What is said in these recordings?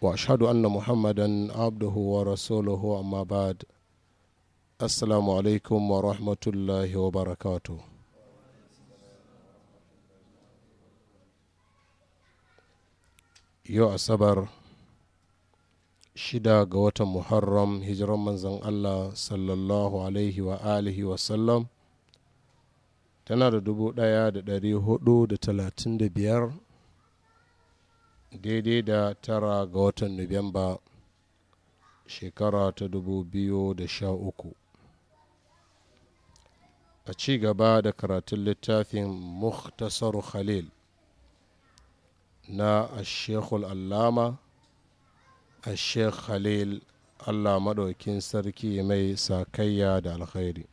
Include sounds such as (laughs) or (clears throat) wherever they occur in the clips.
واشهد ان محمدا عبده ورسوله اما بعد السلام عليكم ورحمه الله وبركاته yau asabar shida ga watan muharram hijiran manzan allah sallallahu alaihi wa alihi wasallam tana da dubu ɗaya da ɗari hudu da talatin da biyar daidai da tara ga watan nuwamba shekara ta dubu biyu da sha uku a ci gaba da karatun littafin muktasar khalil na ashekul allama ashek khalil allah maɗaukin sarki mai sakayya da alkhairi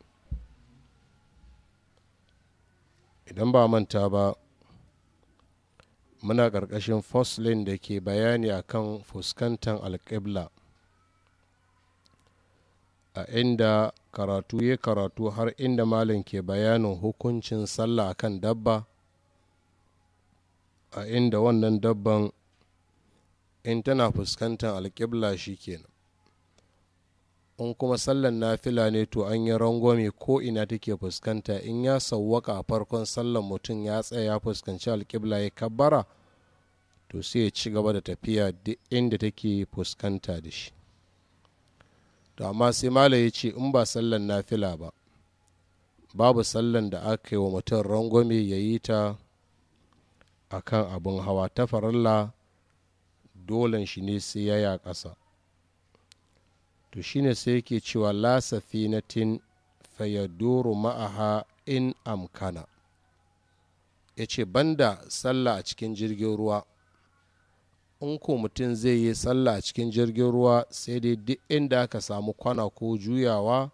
idan ba manta ba muna ƙarƙashin foslin da ke bayani akan fuskantar alƙibla a inda karatu ya karatu har inda malin ke bayanin hukuncin sallah akan dabba a inda wannan dabban in tana fuskantar alƙibla shi kenan in kuma sallan nafila ne to an yi rangwame ko ina take fuskanta in ya sauwaka a farkon sallan mutum ya tsaya ya fuskanci alƙibla ya kabbara to sai ya ci gaba da tafiya duk inda take fuskanta da shi to amma sai malam ya ce in ba sallan nafila ba babu sallan da aka yi wa mutum rangwame ya yi ta a kan abin hawa ta farilla dolen shi ne sai ya ya ƙasa to shine sai yake cewa la tin fayaduru ma'aha in amkana ya ce banda sallah a cikin jirgin ruwa in ko mutum zai yi sallah cikin jirgin ruwa sai dai duk inda aka samu kwana ko juyawa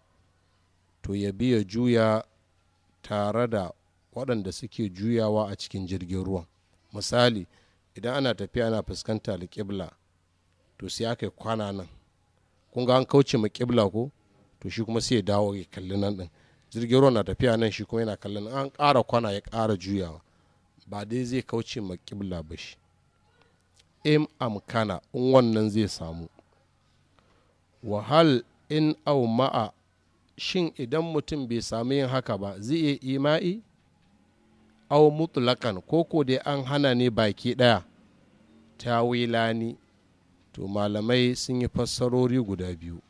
to ya biya juya tare da waɗanda suke juyawa a cikin jirgin ruwan misali idan ana tafiya ana fuskanta alƙibla to sai aka yi kwana nan kun ga an kauce ma ƙibla ko to shi kuma sai ya dawo ya kalli nan ɗin jirgin ruwa na tafiya nan shi kuma yana kallon an ƙara kwana ya ƙara juyawa ba dai zai kauce ma ƙibla ba shi in amkana in wannan zai samu wahal in au ma'a shin idan mutum bai sami yin haka ba zai iya ima'i au mutlakan ko dai an hana ne baki ɗaya tawilani to malamai sun yi fassarori guda biyu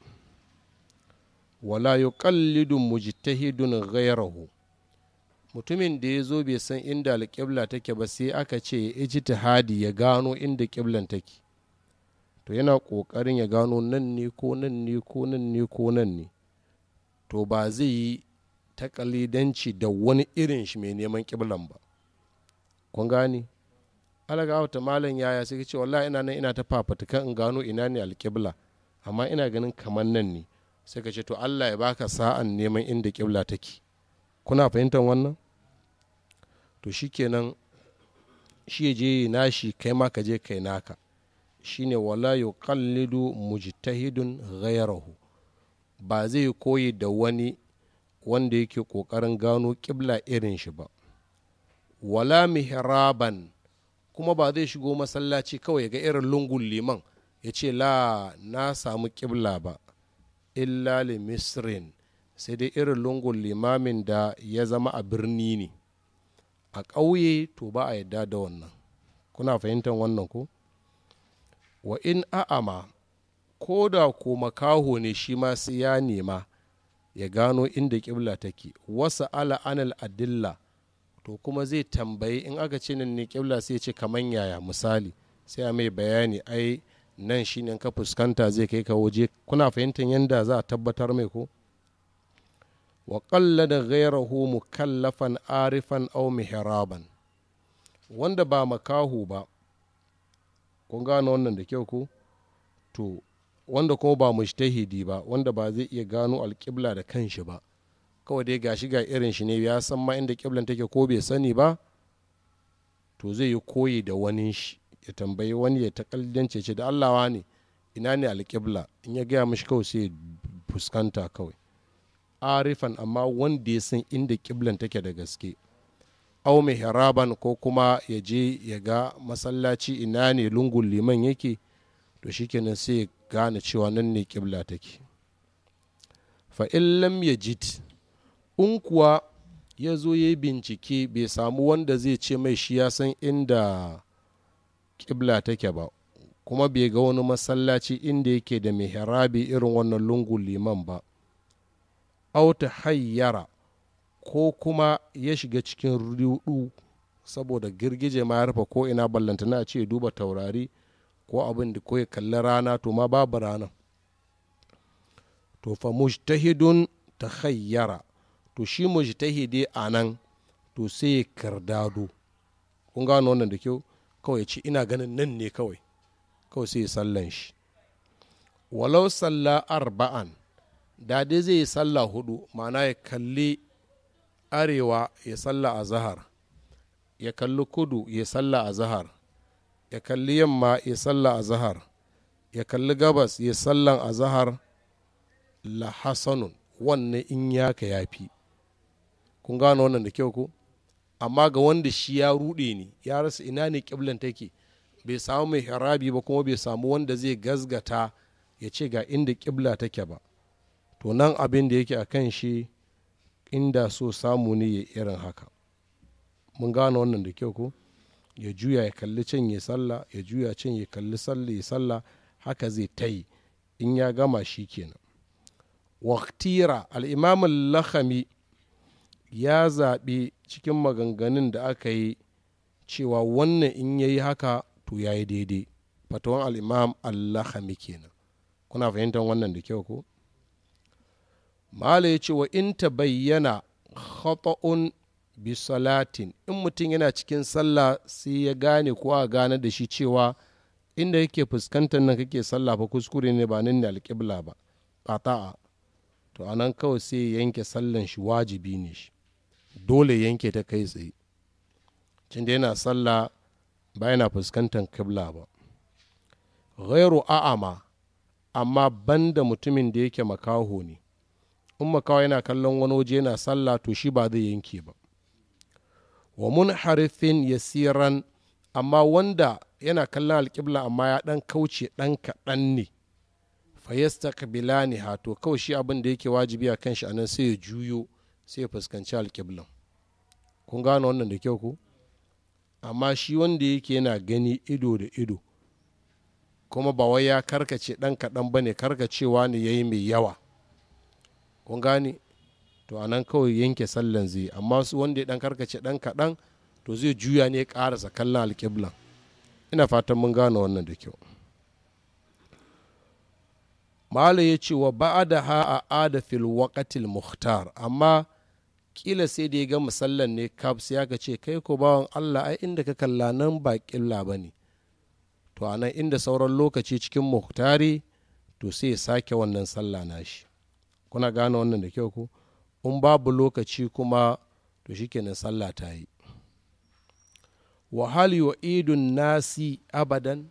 wala yuqallidu mujtahidun ghayrahu mutumin da ya zo bai san inda alƙibla take ba sai aka ce ya hadi ya gano inda ƙiblan take to yana ƙoƙarin ya gano nan ne ko nan ne ko nan ne ko nan ne to ba zai yi takalidanci da wani irin shi mai neman ƙiblan ba kun gane alaga ta malam yaya sai ce wallahi ina nan ina ta fafatuka in gano ina ne alƙibla amma ina ganin kamar nan ne sai ka ce to allah ya baka sa'an neman inda ƙibla take kuna fahimtar wannan to shikenan shi je nashi kai ma ka je kai naka shi shine wala kallidu mujtahidun ghayrahu ba zai koyi da wani wanda yake ƙoƙarin gano ƙibla irin shi ba wala mihraban kuma ba zai shigo masallaci kawai ga irin lungun liman ya ce la na samu ƙibla ba illa li misrin sai dai irin lungun limamin da ya zama a birni ne a ƙauye to ba a yadda da wannan kuna fahimtar wannan ko wa in a'ama ko da ko makaho ne shi ma sai ya nema ya gano inda ƙibla take wasa ala anal adilla to kuma zai tambayi in aka ce nan ne ƙibla sai ce kaman yaya misali sai a mai bayani ai nan shi ne ka fuskanta zai kai ka waje kuna fahimtar yadda za a tabbatar mai ko wa da mu mukallafan arifan au mihraban wanda ba makahu ba kun gano wannan da kyau ku to wanda kuma ba mujtahidi ba wanda ba zai iya gano alƙibla da kanshi ba kawai dai gashi ga irin shi ne ya san ma inda ƙiblan take ko bai sani ba to zai yi koyi da wani shi ya tambayi wani ya taƙaljance ce da allawa ne ina ne alƙibla in ya gaya mashi kawai sai fuskanta kawai arifan amma wanda ya san inda kiblan take da gaske au mihraban ko kuma ya je ya ga masallaci ina ne lungun liman yake to shikenan sai ya gane cewa nan ne kibla take fa in lam yajid in kuwa ya zo ya yi bincike bai samu wanda zai ce mai shi ya san inda kibla take ba kuma bai ga wani masallaci inda yake da mihrabi irin wannan lungun liman ba au auta hayyara ko kuma ya shiga cikin rudu saboda girgije ma ya rufe ko ina ballantana a ce duba taurari ko abin da ko ya kalli rana to ma babu rana to fa mujtahidun ta hayyara to shi mujtahidi a nan to sai ya kardado kun gano wannan da kyau kawai ya ce ina ganin nan ne kawai kawai sai ya sallan shi walau salla arba'an da dai zai yi sallah hudu ma'ana ya kalli arewa ya sallah a zahar ya kalli kudu ya sallah a zahar ya kalli yamma ya sallah a zahar ya kalli gabas ya sallan a zahar la hasanun wanne in ya ka ya fi kun gano wannan da kyau ko amma ga wanda shi ya rude ni ya rasa ina ne kiblan take bai samu mai harabi ba kuma bai samu wanda zai gazgata ya ce ga inda kibla take ba to nan abin da yake a kan shi inda so samu ne ya irin haka mun gane wannan da kyau ko ya juya ya kalli can ya sallah ya juya can ya kalli sallah ya sallah haka zai ta yi in ya gama shi kenan waktira al'imamin lahami ya zaɓi cikin maganganun da aka yi cewa wannan in ya yi haka to ya yi daidai fatawan al'imam alahami kenan kuna fahimtar wannan da kyau ko mala ya ce wa in ta bayyana khata'un bisalatin salatin in mutum yana cikin sallah sai ya gane ko a gane da shi cewa inda yake fuskantar nan kake sallah fa kuskure ne ba nan da alƙibla ba qata'a to anan kawai sai yanke sallan shi wajibi ne shi dole yanke ta kai tsaye cin da yana sallah ba yana fuskantar kibla ba ghairu a'ama amma banda mutumin da yake makaho ne in makawa yana kallon wani waje yana sallah to shi ba zai yanke ba wa mun harifin yasiran amma wanda yana kallon alƙibla amma ya ɗan kauce ɗan kaɗan ne fayasta kabila ne ha to kawai shi abin da yake wajibi a kan shi anan sai ya juyo sai ya fuskanci alƙiblan kun gane wannan da kyau ku amma shi wanda yake yana gani ido da ido kuma ba wai ya karkace ɗan kaɗan ba ne karkacewa ne ya yi mai yawa kun gane to a nan kawai yanke sallan zai amma su wanda ya dan karkace dan kaɗan to zai juya ne karasa kallon alƙiblan ina fatan mun gane wannan da kyau malam ya ce wa ba'ada ha a ada fil waqatil muhtar amma kila sai da ya ga musallan ne kaf sai aka ce kai ko bawan Allah ai inda ka kalla nan ba killa bane to anan inda sauran lokaci cikin muhtari to sai ya sake wannan sallah nashi kuna gane wannan da kyau ku in babu lokaci kuma to shikenan sallah ta yi wahal idun nasi abadan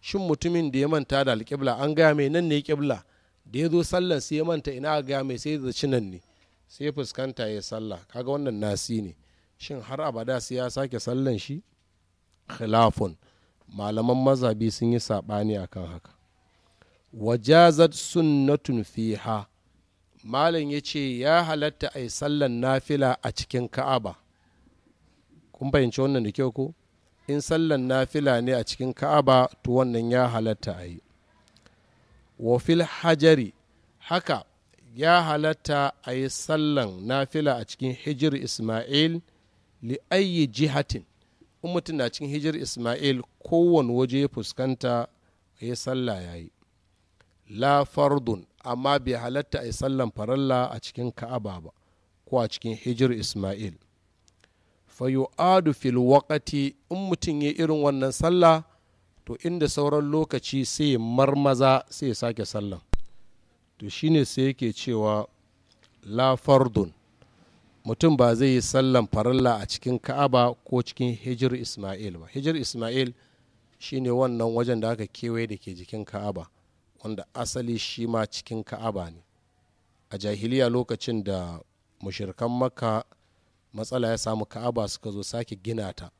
shin mutumin da ya manta da alƙibla an gaya mai nan ne ƙibla da ya zo sallar sai ya manta ina a gaya mai sai da nan ne sai ya fuskanta ya sallah kaga wannan nasi ne shin har abada sai ya sake sallan shi khilafun malaman mazabi sun yi saɓani akan haka wajazat sunnatun fiha malam ya ce ya halatta a yi sallan nafila a cikin ka'aba kun fahimci wannan da kyau ko in sallan nafila ne a cikin ka'aba to wannan ya halatta a yi wafil hajari haka ya halatta a yi sallan nafila a cikin hijir ismail li ayi jihatin in mutum na cikin hijir ismail kowane waje ya fuskanta ya yi sallah ya la fardun amma bai halatta a yi sallan faralla a cikin ka'aba ba ko a cikin hijir ismail adu fil wakati in mutum ya irin wannan sallah to inda sauran lokaci sai marmaza sai sake sallan to shine sai yake cewa la fardun mutum ba zai yi sallan faralla a cikin ka'aba ko cikin hijir ismail ba hijir ismail shine wannan wajen da aka kewaye da ke jikin ka'aba wanda asali shi ma cikin ka'aba ne a jahiliya lokacin da mushirkan maka matsala ya samu ka'aba suka zo sake gina ta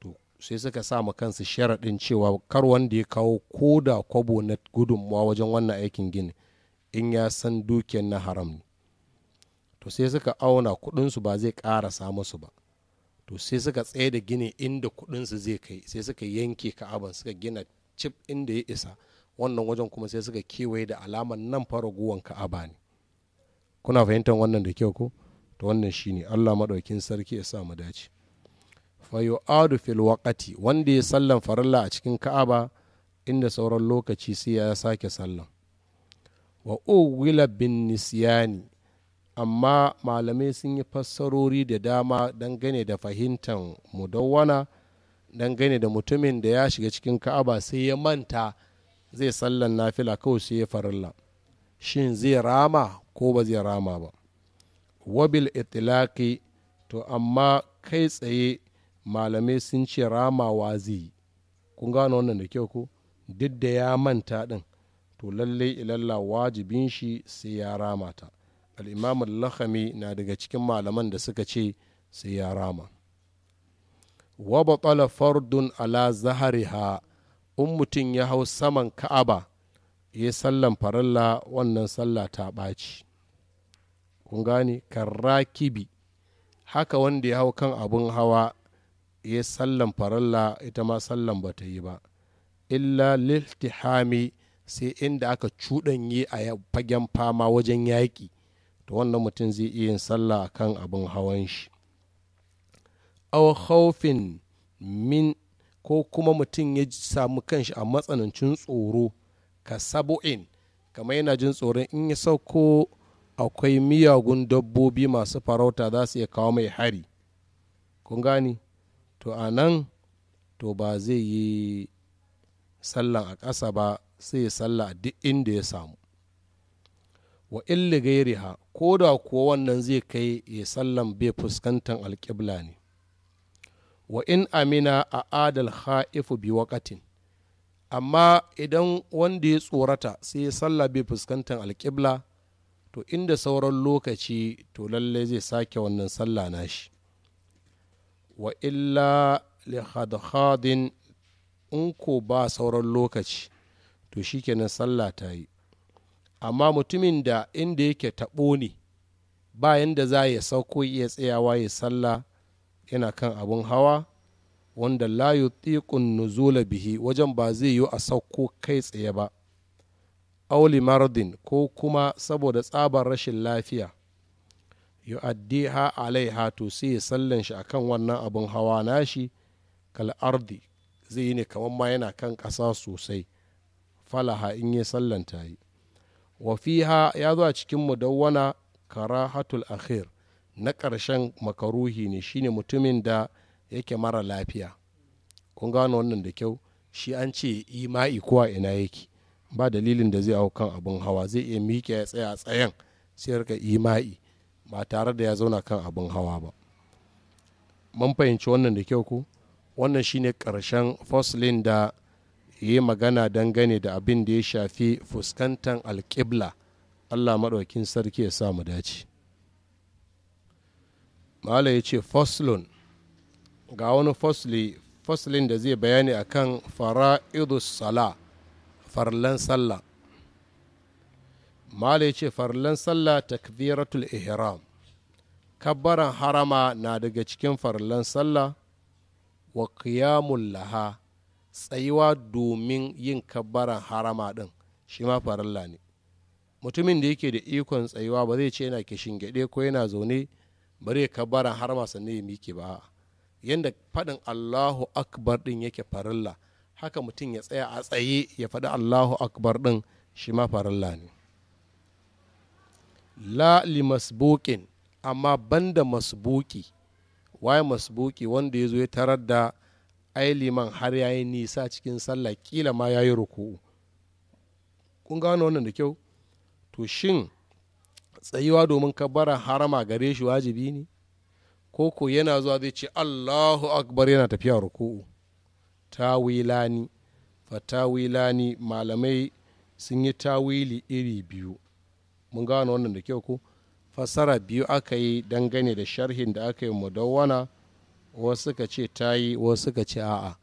to sai suka sa ma kansu sharaɗin cewa kar wanda ya kawo ko da kwabo na gudunmawa wajen wannan aikin gini in ya san dukiyar na haram ne to sai suka auna kuɗinsu ba zai ƙara ƙarasa musu ba to sai suka tsaye da gini inda kuɗinsu zai kai sai suka yanke ka'aban suka gina cif inda ya isa wannan wajen kuma sai suka kewaye da alamar nan fara guwan ka'aba ne kuna fahimtar wannan da kyau ko to wannan shine Allah maɗaukin sarki ya sa mu dace fayo adu fil wanda ya sallan farilla a cikin ka'aba inda sauran lokaci sai ya sake sallan wa uwila bin nisiyani amma malamai sun yi fassarori da dama dangane da fahimtar mudawwana dangane da mutumin da ya shiga cikin ka'aba sai ya manta zai sallan nafila kawai sai ya farilla shin zai rama ko ba zai rama ba wabil itilaki to amma kai tsaye malamai sun ce ramawa zai kun gano wannan da kyau ko duk da ya manta din to lalle ilalla wajibin shi sai ya rama ta al'imamun lakhami na daga cikin malaman da suka ce sai ya rama wa batala fardun ala zahariha in mutum ya hau saman ka'aba ya sallan farilla wannan sallah ta ɓaci kun gane karrakibi haka wanda ya hau kan abun hawa ya sallan faralla ita ma sallan ba ta yi ba illa liltihami sai inda aka cuɗanye a fagen fama wajen yaƙi to wannan mutum zai iya yin sallah kan abin hawan shi aw min ko kuma mutum ya samu kanshi a matsanancin tsoro ka sabo'in kamar yana jin tsoron in ya sauko akwai miyagun dabbobi masu farauta za su iya kawo mai hari kun gani to a nan to ba zai yi sallan a ƙasa ba sai ya salla duk inda ya samu wa illi gairiha ko da kuwa wannan zai kai ya sallan bai fuskantar alƙibla ne wa in amina a adal ha'ifu bi waƙatin amma idan wanda ya tsorata sai ya sallah bi fuskantar alƙibla to inda sauran lokaci to lallai zai sake wannan sallah nashi wa illa lihadhadin in ko ba sauran lokaci to shikenan sallah ta yi amma mutumin da inda yake taɓo ne bayan da za ya sauko iya tsayawa ya sallah yana kan abun hawa wanda layu yutiqun nuzula bihi wajen ba zai yi a sauko kai tsaye ba auli mardin ko kuma saboda tsabar rashin lafiya yu'addiha alaiha to sai ya sallan shi akan wannan abun hawa nashi kalardi zai yi ne kamar ma yana kan ƙasa sosai falaha in ya sallanta yi wa fiha ya zo a cikin mudawwana karahatul akhir na ƙarshen makaruhi ne shine mutumin da yake mara lafiya kun gano wannan da kyau shi an ce ima'i ko a ina yake ba dalilin da zai hau kan abin hawa zai iya miƙe ya tsaya a tsayan sai rika ima'i ba tare da ya zauna kan abin hawa ba mun fahimci wannan da kyau ku wannan shine ƙarshen foslin da ya yi magana dangane da abin da ya shafi fuskantar alƙibla allah maɗaukin sarki ya sa mu dace mala ya ce faslun ga wani fasli faslin da zai bayani akan fara'idus sala farlan sallah mala ya ce farlan sallah takbiratul ihram kabbaran harama na daga cikin farlan sallah wa qiyamul laha tsayuwa domin yin kabbaran harama ɗin shi ma farilla ne mutumin da yake da ikon tsayuwa ba zai ce yana kishin gyaɗe ko yana zaune bari ka bara har wasanni ya miƙe ba yadda faɗin allahu akbar ɗin yake farilla haka mutum ya tsaya a tsaye ya faɗi allahu akbar ɗin shi ma farilla ne la li masbukin amma banda masbuki waye masbuki wanda ya zo ya tarar da ai liman har ya yi nisa cikin sallah kila ma ya yi ruku'u kun gano wannan da kyau to shin tsayuwa domin kabara harama gare shi wajibi ne ko ko yana zuwa zai ce allahu akbar yana tafiya ruku'u tawilani fatawilani malamai sun yi tawili iri biyu mun gano wannan da kyau ko fasara biyu aka yi dangane da sharhin da aka yi mudawwana wasu suka ce ta yi wasu suka ce a'a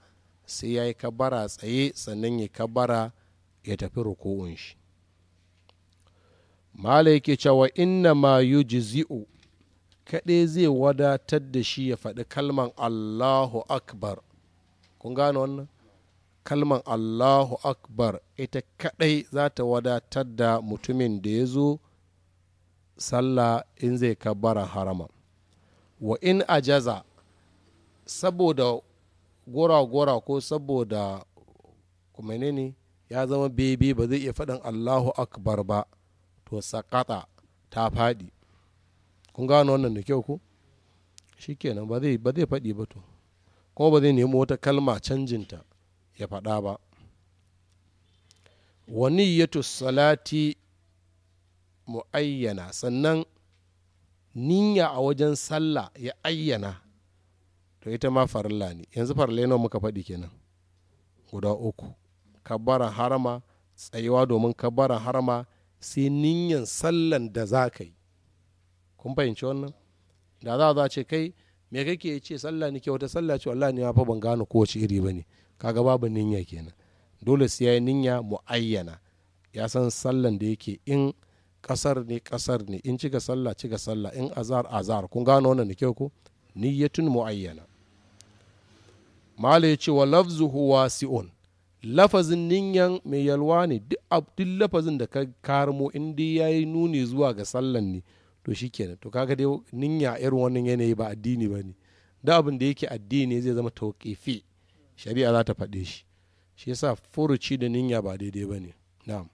sai ya yi kabara tsaye sannan ya kabara ya tafi ruku'un shi mala yake cewa inna ma jizi'u kaɗai zai wadatar da shi ya faɗi kalman allahu akbar kun gane wannan kalman allahu akbar ita kaɗai za ta wadatar da mutumin da ya zo sallah in zai kabbara harama wa in ajaza saboda gora-gora ko saboda kuma menene ya zama bebe ba zai iya faɗin allahu akbar ba to sakata ta faɗi kun gano wannan da kyau ko shikenan ba ba zai faɗi ba to kuma ba zai nemi wata kalma canjinta ya faɗa ba Wani yato salati mu'ayyana sannan niyya a wajen sallah ya ayyana to ita ma farilla ne yanzu farilla nawa muka faɗi kenan guda uku kabbaran harama tsayuwa domin kabbaran harama sai niyan sallan da za ka yi kun fahimci wannan da za a ce kai me kake ce sallah ke wata sallah ce wallahi ne fa ban gano ko kowace iri bane kaga babu niyya kenan dole sai yayi niyya muayyana ya san sallan da yake in kasar ne kasar ne in cika sallah cika sallah in azar azar kun gano wannan da ko niyyatun muayyana mala yace wa lafzuhu wasi'un lafazin ninyan mai yalwa ne duk lafazin da ka karmo in ya yi nuni zuwa ga sallan ne to shi kenan to kaga dai ninya irin wannan yanayi ba addini ba ne da abin da yake addini zai zama tauƙifi shari'a za ta faɗe shi shi yasa furuci da ninya ba daidai ba ne na'am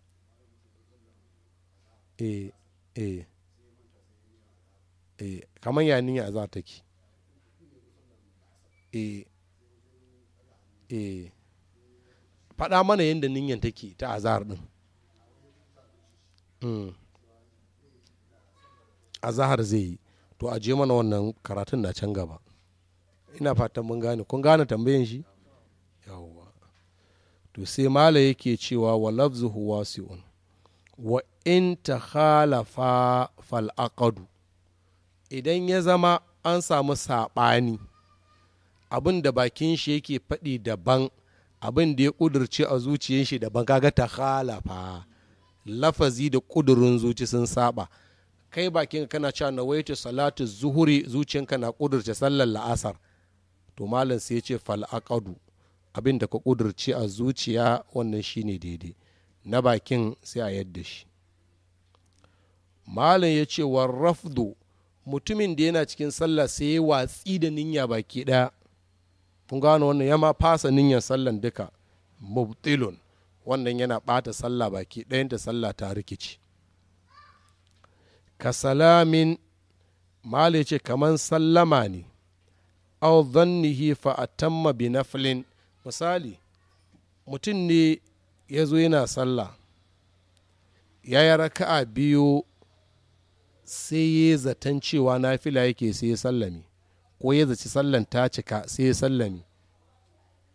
eh eh eh kamar ya ninya za ta ki eh eh faɗa mana yadda ninyan take ta azahar ɗin hmm. azahar zai yi to a je mana wannan karatun na can gaba ina fatan mun gane kun gane tambayin shi yawwa to sai mala yake cewa wa lafzuhu wasi'un wa in ta halafa fal'akadu idan ya zama an samu saɓani abin da bakin shi yake faɗi daban abin da ya ƙudurce a zuciyar shi daban kaga ta halafa lafazi da ƙudurin zuci sun saba kai bakin kana cewa na waita salatu zuhuri zuciyanka na kudurce sallar la'asar to malam sai ya ce fal aqadu abin da ka kudurci a zuciya wannan shine daidai na bakin sai a yadda shi malam ya ce warrafdu mutumin da yana cikin sallah sai ya watsi da ninya baki ɗaya kun gano wannan ya ma fasa niyyar sallan duka mubtilun wannan yana ɓata sallah baki ɗayanta sallah ta rikici ka salamin mali ce kaman sallama ne au zannihi fa atamma bi naflin misali mutum ne ya zo yana sallah ya yi raka'a biyu sai ya zaton cewa nafila yake sai ya sallame ko ya zaci sallan ta cika sai ya sallame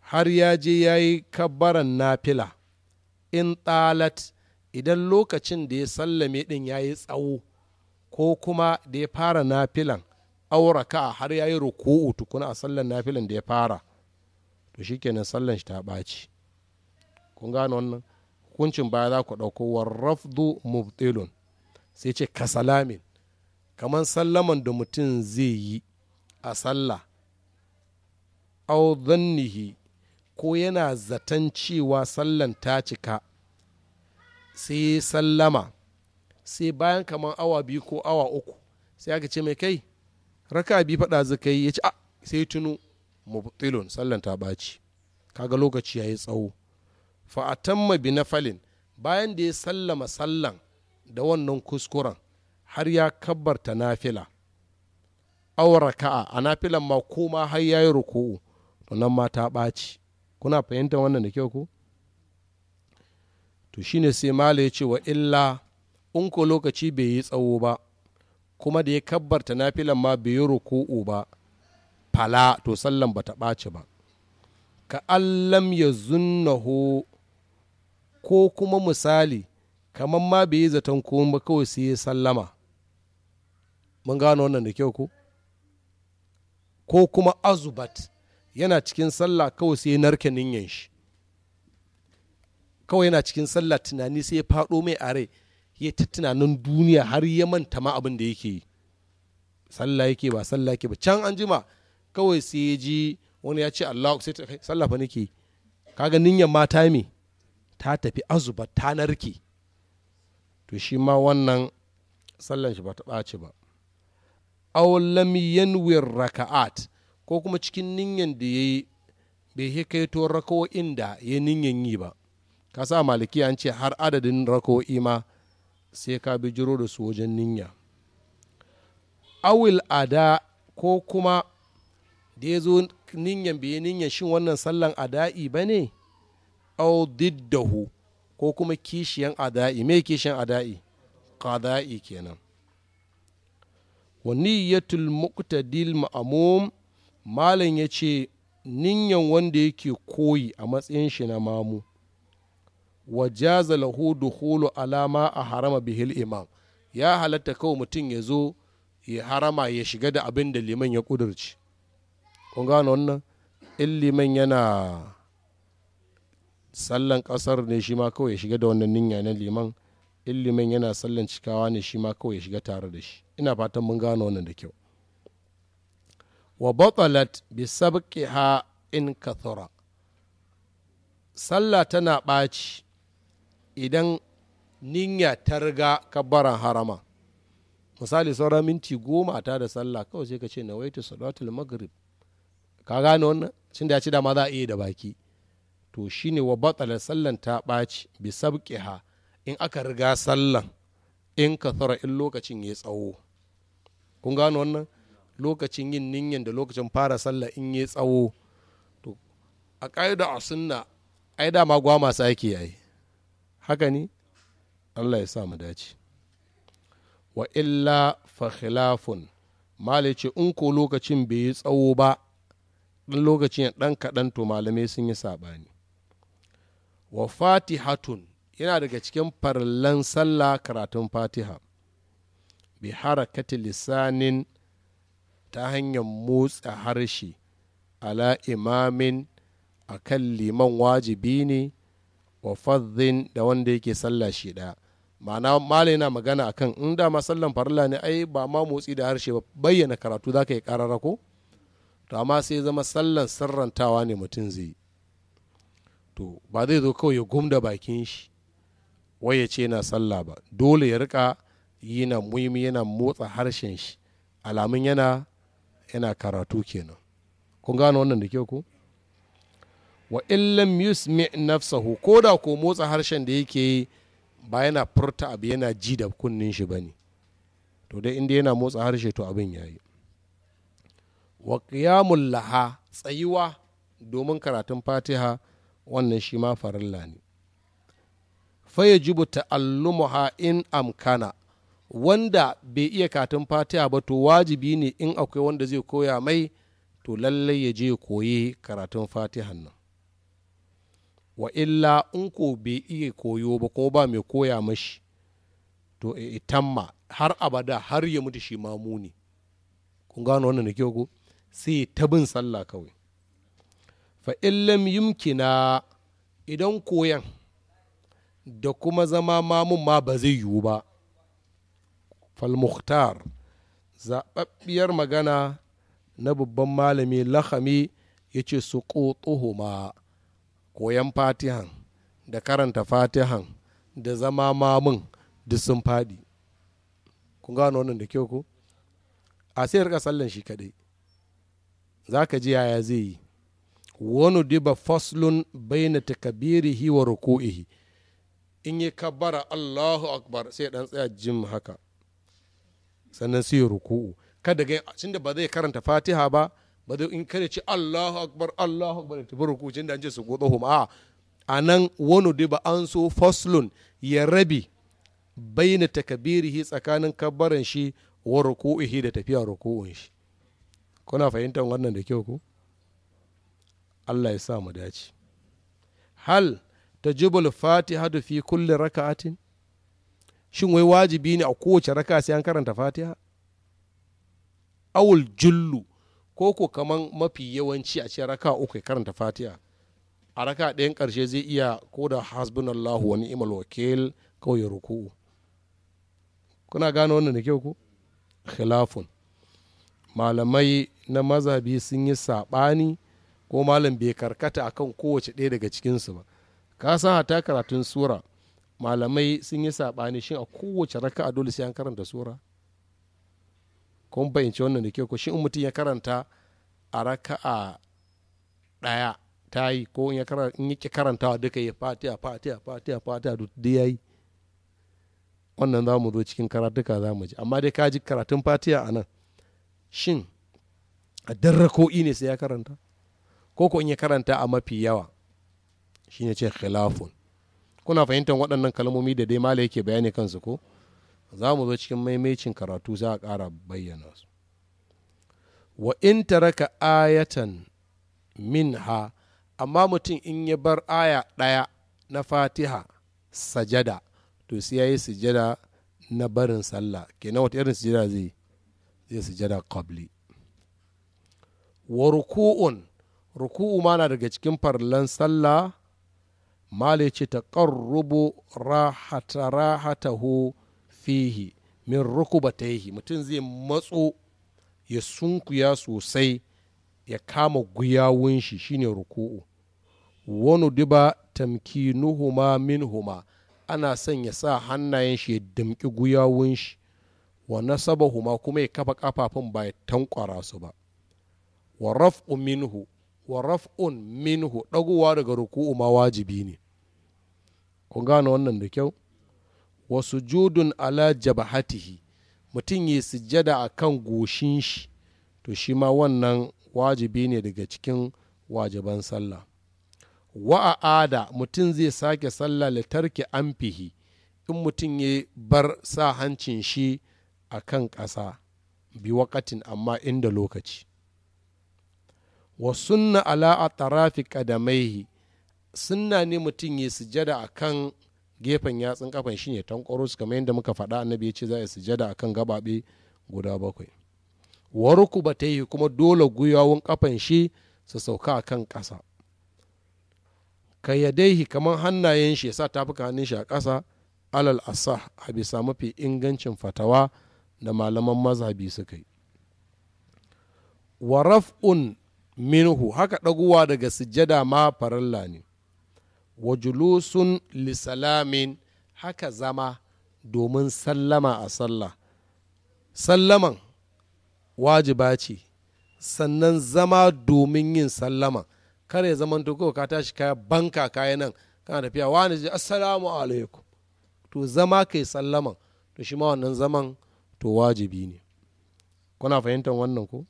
har ya je ya yi kabbaran nafila in talat idan lokacin da ya sallame ɗin ya yi tsawo ko kuma da ya fara nafilan auraka har ya yi ruku'u tukuna a sallan nafilan da ya fara to shi kenan sallan shi ta ɓaci kun gano wannan hukuncin baya za ku ɗauko warrafdu mubtilun sai ce kasalamin kamar sallaman da mutum zai yi a sallah au zannihi ko yana zaton cewa sallan ta cika sai sallama sai bayan kamar awa biyu ko awa uku sai aka ce mai kai raka bi faɗa zaka yi ya ce a ah, sai tunu mubtilun sallan ta baci kaga lokaci ya yi tsawo fa'atamma bi falin bayan da ya sallama sallan da wannan kuskuren har ya kabbarta nafila aura ka'a a filan ma koma har ya yi ruku'u to nan ma ta ɓaci kuna fahimtar wannan da kyau ko to shine sai mala ya ce wa illa in ko lokaci bai yi tsawo ba kuma da ya kabbarta na filan ma bai yi ruku'u ba fala to sallan bata ɓaci ba ka allam ya zunnahu ko kuma misali kamar ma bai yi zaton komai kawai sai ya sallama mun gano wannan da kyau ko ko kuma azubat yana cikin sallah kawai sai narke ninyan shi kawai yana cikin sallah tunani sai ya faɗo mai a rai ya ta tunanin duniya har ya manta ma abin da yake yi sallah yake ba sallah yake ba can an jima kawai sai ya ji wani ya ce Allah sai ta kai sallah fa nake kaga ninyan mata me ta tafi Azubat ta narke to shi ma wannan sallan shi ba ta ɓace ba aw lam yanwi raka'at ko kuma cikin ninyan da yayi bai hikaito raka'o'in da ya ninyan yi ba ka sa maliki an ce har adadin raka'o'i ma sai ka bi jiro da su wajen ninya awil ada ko kuma da ya zo ninyan bai ninyan shin wannan sallan ada'i ba ne aw diddahu ko kuma kishiyan ada'i me kishiyan ada'i qada'i kenan wa niyyatul muqtadil ma'mum malam yace ce ninyan wanda yake koyi a matsayin shi na mamu wa jaza lahu dukhulu alama a harama bihil imam ya halatta kawai mutum ya zo ya harama ya shiga da abin da liman ya kudurci kun gano wannan in liman yana sallan kasar ne shi ma kawai ya shiga da wannan ninya na liman illimin yana sallan cikawa ne shi ma kawai ya shiga tare da shi ina fatan mun gano wannan da kyau wa batalat bi sabqiha in kathura sallah tana ɓaci idan ninya ta riga kabbaran harama misali sauran minti goma ta da sallah kawai sai ka ce na waitu salatul maghrib ka gane wannan cin da ya ci dama za a iya da baki to shine wa batalat sallan ta ɓaci bi sabqiha in aka riga sallan in ka tsara in lokacin ya tsawo kun gano wannan lokacin yin ninyan da lokacin fara sallah in ya tsawo to a ƙa'ida a sunna ai dama gwa masu aiki yayi haka ne allah ya sa mu dace wa illa fa khilafun ce in ko lokacin bai yi tsawo ba ɗan lokacin ya ɗan kaɗan to malamai sun yi saɓani wa fatihatun yana daga cikin farlan sallah karatun fatiha bi harakati lisanin ta hanyar motsa harshe ala imamin a kan liman wajibi ne wa fadhin da wanda yake sallah shi ɗaya ma'ana malai na magana akan in inda ma sallan farla ne ai ba ma motsi da harshe ba bayyana karatu za ka yi karara ko to amma sai zama sallan sirrantawa ne mutum zai to ba zai zo kawai ya gumda bakin shi wai ya ce yana sallah ba dole ya rika yana muhimmi yana motsa harshen shi alamun yana yana karatu kenan kun gano wannan da ke ku wa illam yusmi nafsahu ko da ko motsa harshen da yake yi ba yana furta abu yana ji da kunnin shi bane to dai inda yana motsa harshe to abin yayi wa qiyamul laha tsayuwa domin karatun fatiha wannan shi ma farilla ne fayajibu ta'allumuha in amkana wanda bai iya katin fatiha ba to wajibi ne in akwai wanda zai koya mai to lallai ya je koyi karatun fatihan nan wa illa in ko bai iya koyo ba ko ba mai koya mashi to e itamma har abada har ya mutu shi mamuni kun gano wannan da kyau ko sai ta bin sallah kawai fa illam yumkina idan koyan da kuma zama mamun ma ba zai yiwu ba falmukhtar zaɓaɓɓiyar magana na babban malami lahami ya ce su ma koyan fatihan da karanta fatihan da zama mamun duk sun faɗi kun gano wannan da kyau ko a sai rika sallan shi kaɗai za ka ji yaya zai yi wani diba faslun na takabiri wa ruku'ihi in yi kabbara Allahu akbar sai dan tsaya jim haka sannan sai ruku'u kada ga cin da ba zai karanta Fatiha ba ba zai in kada ci Allahu akbar Allahu akbar tafi ruku'u cin da an ce su godo hum a nan wani da an so faslun ya rabi baina takabirihi tsakanin kabbaran shi wa ruku'ihi da tafiya ruku'un shi kuna fahimtar wannan da kyau ku Allah ya sa mu dace hal ta jubal fatiha da fi kulle raka'atin shin wai wajibi ne a kowace raka sai an karanta fatiha awul jullu ko ko kaman mafi yawanci a ce raka uku ya karanta fatiha a raka ɗayan ƙarshe zai iya ko da hasbunallahu wa ni'mal wakil kawai ruku'u kuna gano wannan da kyau ko khilafun malamai na mazhabi sun yi saɓani ko malam bai karkata akan kowace ɗaya daga cikinsu ba ka san hata karatun sura malamai sun yi saɓani shin a kowace raka a dole sai an karanta sura kun bayyance wannan da kyau ko shin mutum ya karanta a a ɗaya ta yi ko in ya karanta karantawa duka ya fati a fati a duk ya yi wannan za mu zo cikin karatuka za mu ji amma dai ka ji karatun fati a nan shin a darrako'i ne sai ya karanta ko ko in ya karanta a mafi yawa Shi shine ce khilafun kuna fahimtar waɗannan kalmomi da dai mala yake bayani kansu ko za mu zo cikin maimacin karatu za a ƙara bayyana su wa in taraka ayatan ha, amma mutum in ya bar aya ɗaya na fatiha sajada to sai ya yi sujada na barin sallah na wata irin sujada zai zai sujada qabli wa ruku'un ruku'u ma na daga cikin farlan sallah mala ce ta ƙarrubo rahata rahatahu fihi min rukubataihi mutum zai matso ya sunkuya sosai ya kama guyawun shi shine ruku'u wani duba tamkinuhuma minhuma ana son ya sa hannayen shi ya damƙi guyawun shi wa nasabahuma kuma ya kafa kafafun ba ya tankwara su ba wa raf'u minhu wa raf'un minhu ɗagowa daga ruku'u ma wajibi ne kun gane wannan da kyau wa sujudun ala jabahatihi mutum ya sujjada a kan goshin shi to shi ma wannan wajibi ne daga cikin wajiban sallah wa ada mutum zai sake sallah litarki amfihi in mutum ya bar sa hancin shi akan kan ƙasa bi wakatin amma inda lokaci wa sunna ala a tarafi kadamaihi sunna ne mutum ya sujada a kan gefen yatsun kafan shi ne tankwaro su kamar yadda muka faɗa annabi ya ce za a sujada a kan gababe guda bakwai ruku ba ta yi kuma dole gwiwawun kafan shi su sauka a kan ƙasa ka kamar hannayen shi ya sa fuka hannun shi a ƙasa alal asah a bisa mafi ingancin fatawa da malaman mazhabi suka yi wa raf'un minhu haka ɗaguwa daga sujjada ma farilla ne wa julusun lisalamin haka zama domin sallama a sallah sallaman wajiba ce sannan zama domin yin sallama kar ya zama to ka tashi kaya banka kaya nan kana tafiya wani ji assalamu alaikum to zama kai sallaman to shi ma wannan zaman to wajibi ne kuna fahimtar wannan ko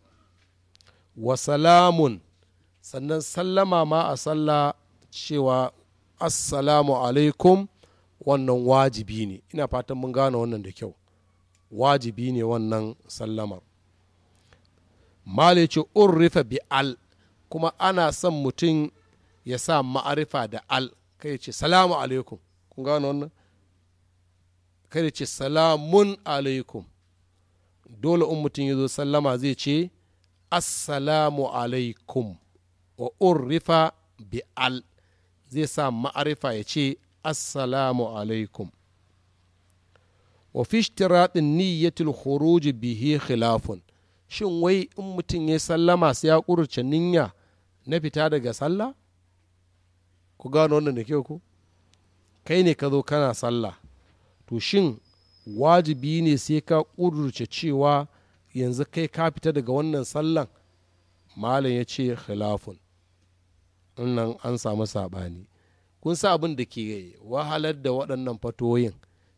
wa salamun sannan sallama ma a sallah cewa assalamu alaikum wannan wajibi ne ina fatan mun gane wannan da kyau wajibi ne wannan sallamar malice urrifa bi al kuma ana son mutum ya sa ma'arifa da al kai ce salamu alaikum kun gane wannan kai ce salamun alaikum dole in mutum ya zo sallama zai ce assalamu alaikum wa urrifa bi al zai sa ma'arifa ya ce assalamu alaikum wa fi shtiratin niyyatul khuruj bihi khilafun shin wai in mutum ya sallama sai ya ƙurce niyya na fita daga sallah ku gano wannan da kyau ku kai ne ka zo kana sallah to shin wajibi ne sai ka ƙurce cewa yanzu kai ka fita daga wannan sallan malam ya ce khilafun nan an samu saɓani kun sa abin da ke wahalar da waɗannan fatoyin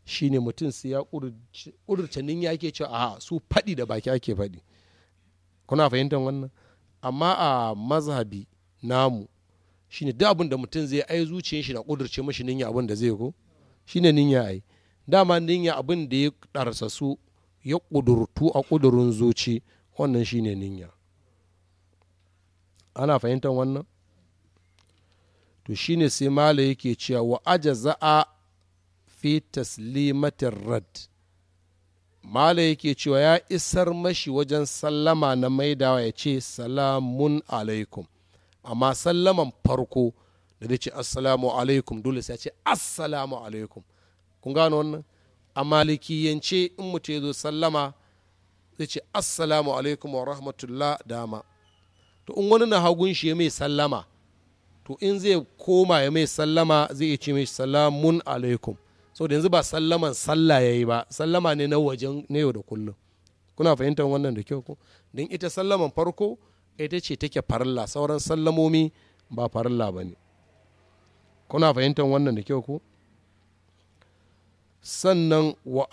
shine mutum sai ya ƙudurta nin ya ke cewa a su faɗi da baki ake faɗi kuna fahimtar wannan amma a mazhabi namu shine duk abin da mutum zai ai zuciyar shi na ƙudurce mashi ninya abin da zai ko shine ninya ai dama ninya abin da ya ɗarsa su ya ƙudurtu a ƙudurin zuci wannan shine ninya ana fahimtar wannan to shine sai mala yake cewa wa za'a fi taslimatin rad mala yake cewa ya isar mashi wajen sallama na maidawa ya ce salamun alaikum amma sallaman farko da ce assalamu alaikum dole sai ya ce assalamu alaikum kun gano wannan a malikiyance in mutum ya zo sallama zai ce assalamu alaikum wa rahmatullah dama to in wani na hagun shi ya mai sallama to in zai koma ya mai sallama zai iya ce mai salamun alaikum so da yanzu ba sallaman sallah ya yi ba sallama ne na wajen na yau da kullum kuna fahimtar wannan da kyau ko don ita sallaman farko ita ce take farilla sauran sallamomi ba farilla ba ne kuna fahimtar wannan da kyau ko sannan wa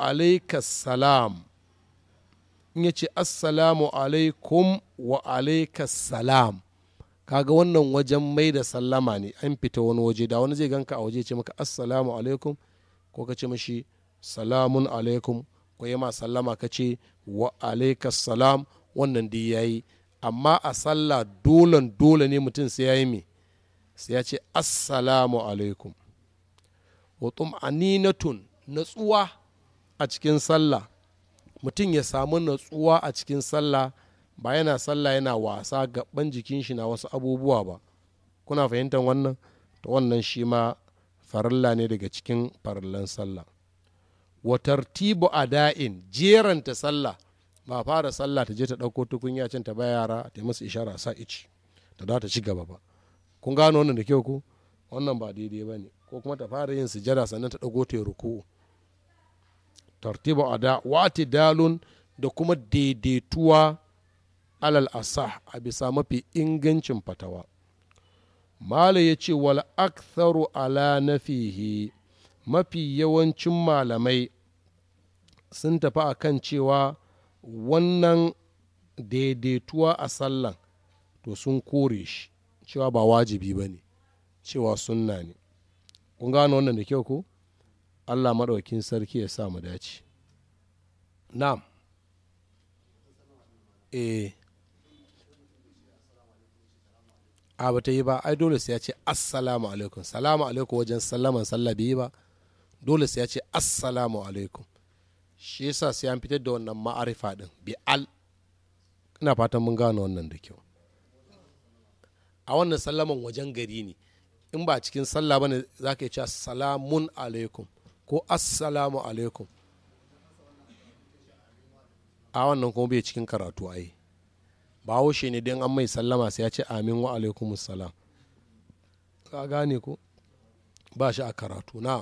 salam in ya ce assalamu alaikum wa salam kaga wannan wajen mai da sallama ne an fita wani waje da wani zai ganka a waje ce maka assalamu alaikum ko ka ce mashi salamun alaikum ko ya ma sallama ka ce wa salam wannan dai yi amma a sallah dolan dole ne mutum sai ya yi mai sai ya ce assalamu alaikum wa tum'aninatun natsuwa a cikin sallah mutum ya samu natsuwa a cikin sallah ba yana sallah yana wasa gaban jikin shi na wasu abubuwa ba kuna fahimtar wannan ta wannan shi ma farilla ne daga cikin farillan sallah wa tartibu da'in jeranta sallah ba fara sallah ta je ta ɗauko tukunya can ta ba yara ta musu ishara sa ici ta za ta ci gaba ba kun gano wannan da kyau ku wannan ba daidai ba ne ko kuma ta fara yin sujada sannan ta ɗago ta yi ruku'u tartibu ada wati dalun da kuma daidaituwa alal asah a bisa mafi ingancin fatawa mala ya ce wal aktharu ala nafihi mafi yawancin malamai sun tafi a kan cewa wannan daidaituwa a sallan to sun kore shi cewa ba wajibi ba ne cewa sunna ne kun gane wannan da kyau ko allah maɗaukin sarki ya sa mu dace na'am eh a ta yi ba ai dole sai ya ce assalamu alaikum salamu alaikum wajen sallaman sallah bai yi ba dole sai ya ce assalamu alaikum shi yasa sai an fitar da wannan ma'arifa din bi al ina fatan mun gane wannan da kyau a wannan sallaman wajen gari ne in ba cikin sallah bane zaka iya cewa salamun alaikum ko assalamu alaikum a wannan kuma bai cikin karatu ai ba shi ne don an mai sallama sai ya ce amin wa alaikum salam ka gane ko ba shi a karatu na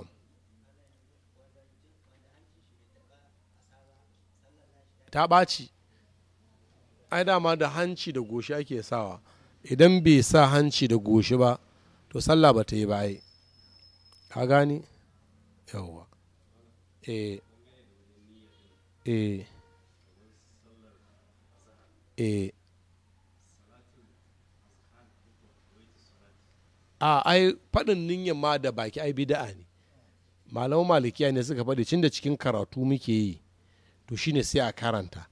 ta ɓaci ai dama da hanci da goshi ake sawa idan bai sa hanci da goshi ba to sallah ba ta yi ba ai ka gane yawwa eh eh eh a ai faɗin niyyar ma da baki ai bida'a ne malaman malikiya ne suka faɗi cin da cikin karatu muke yi to shine sai a karanta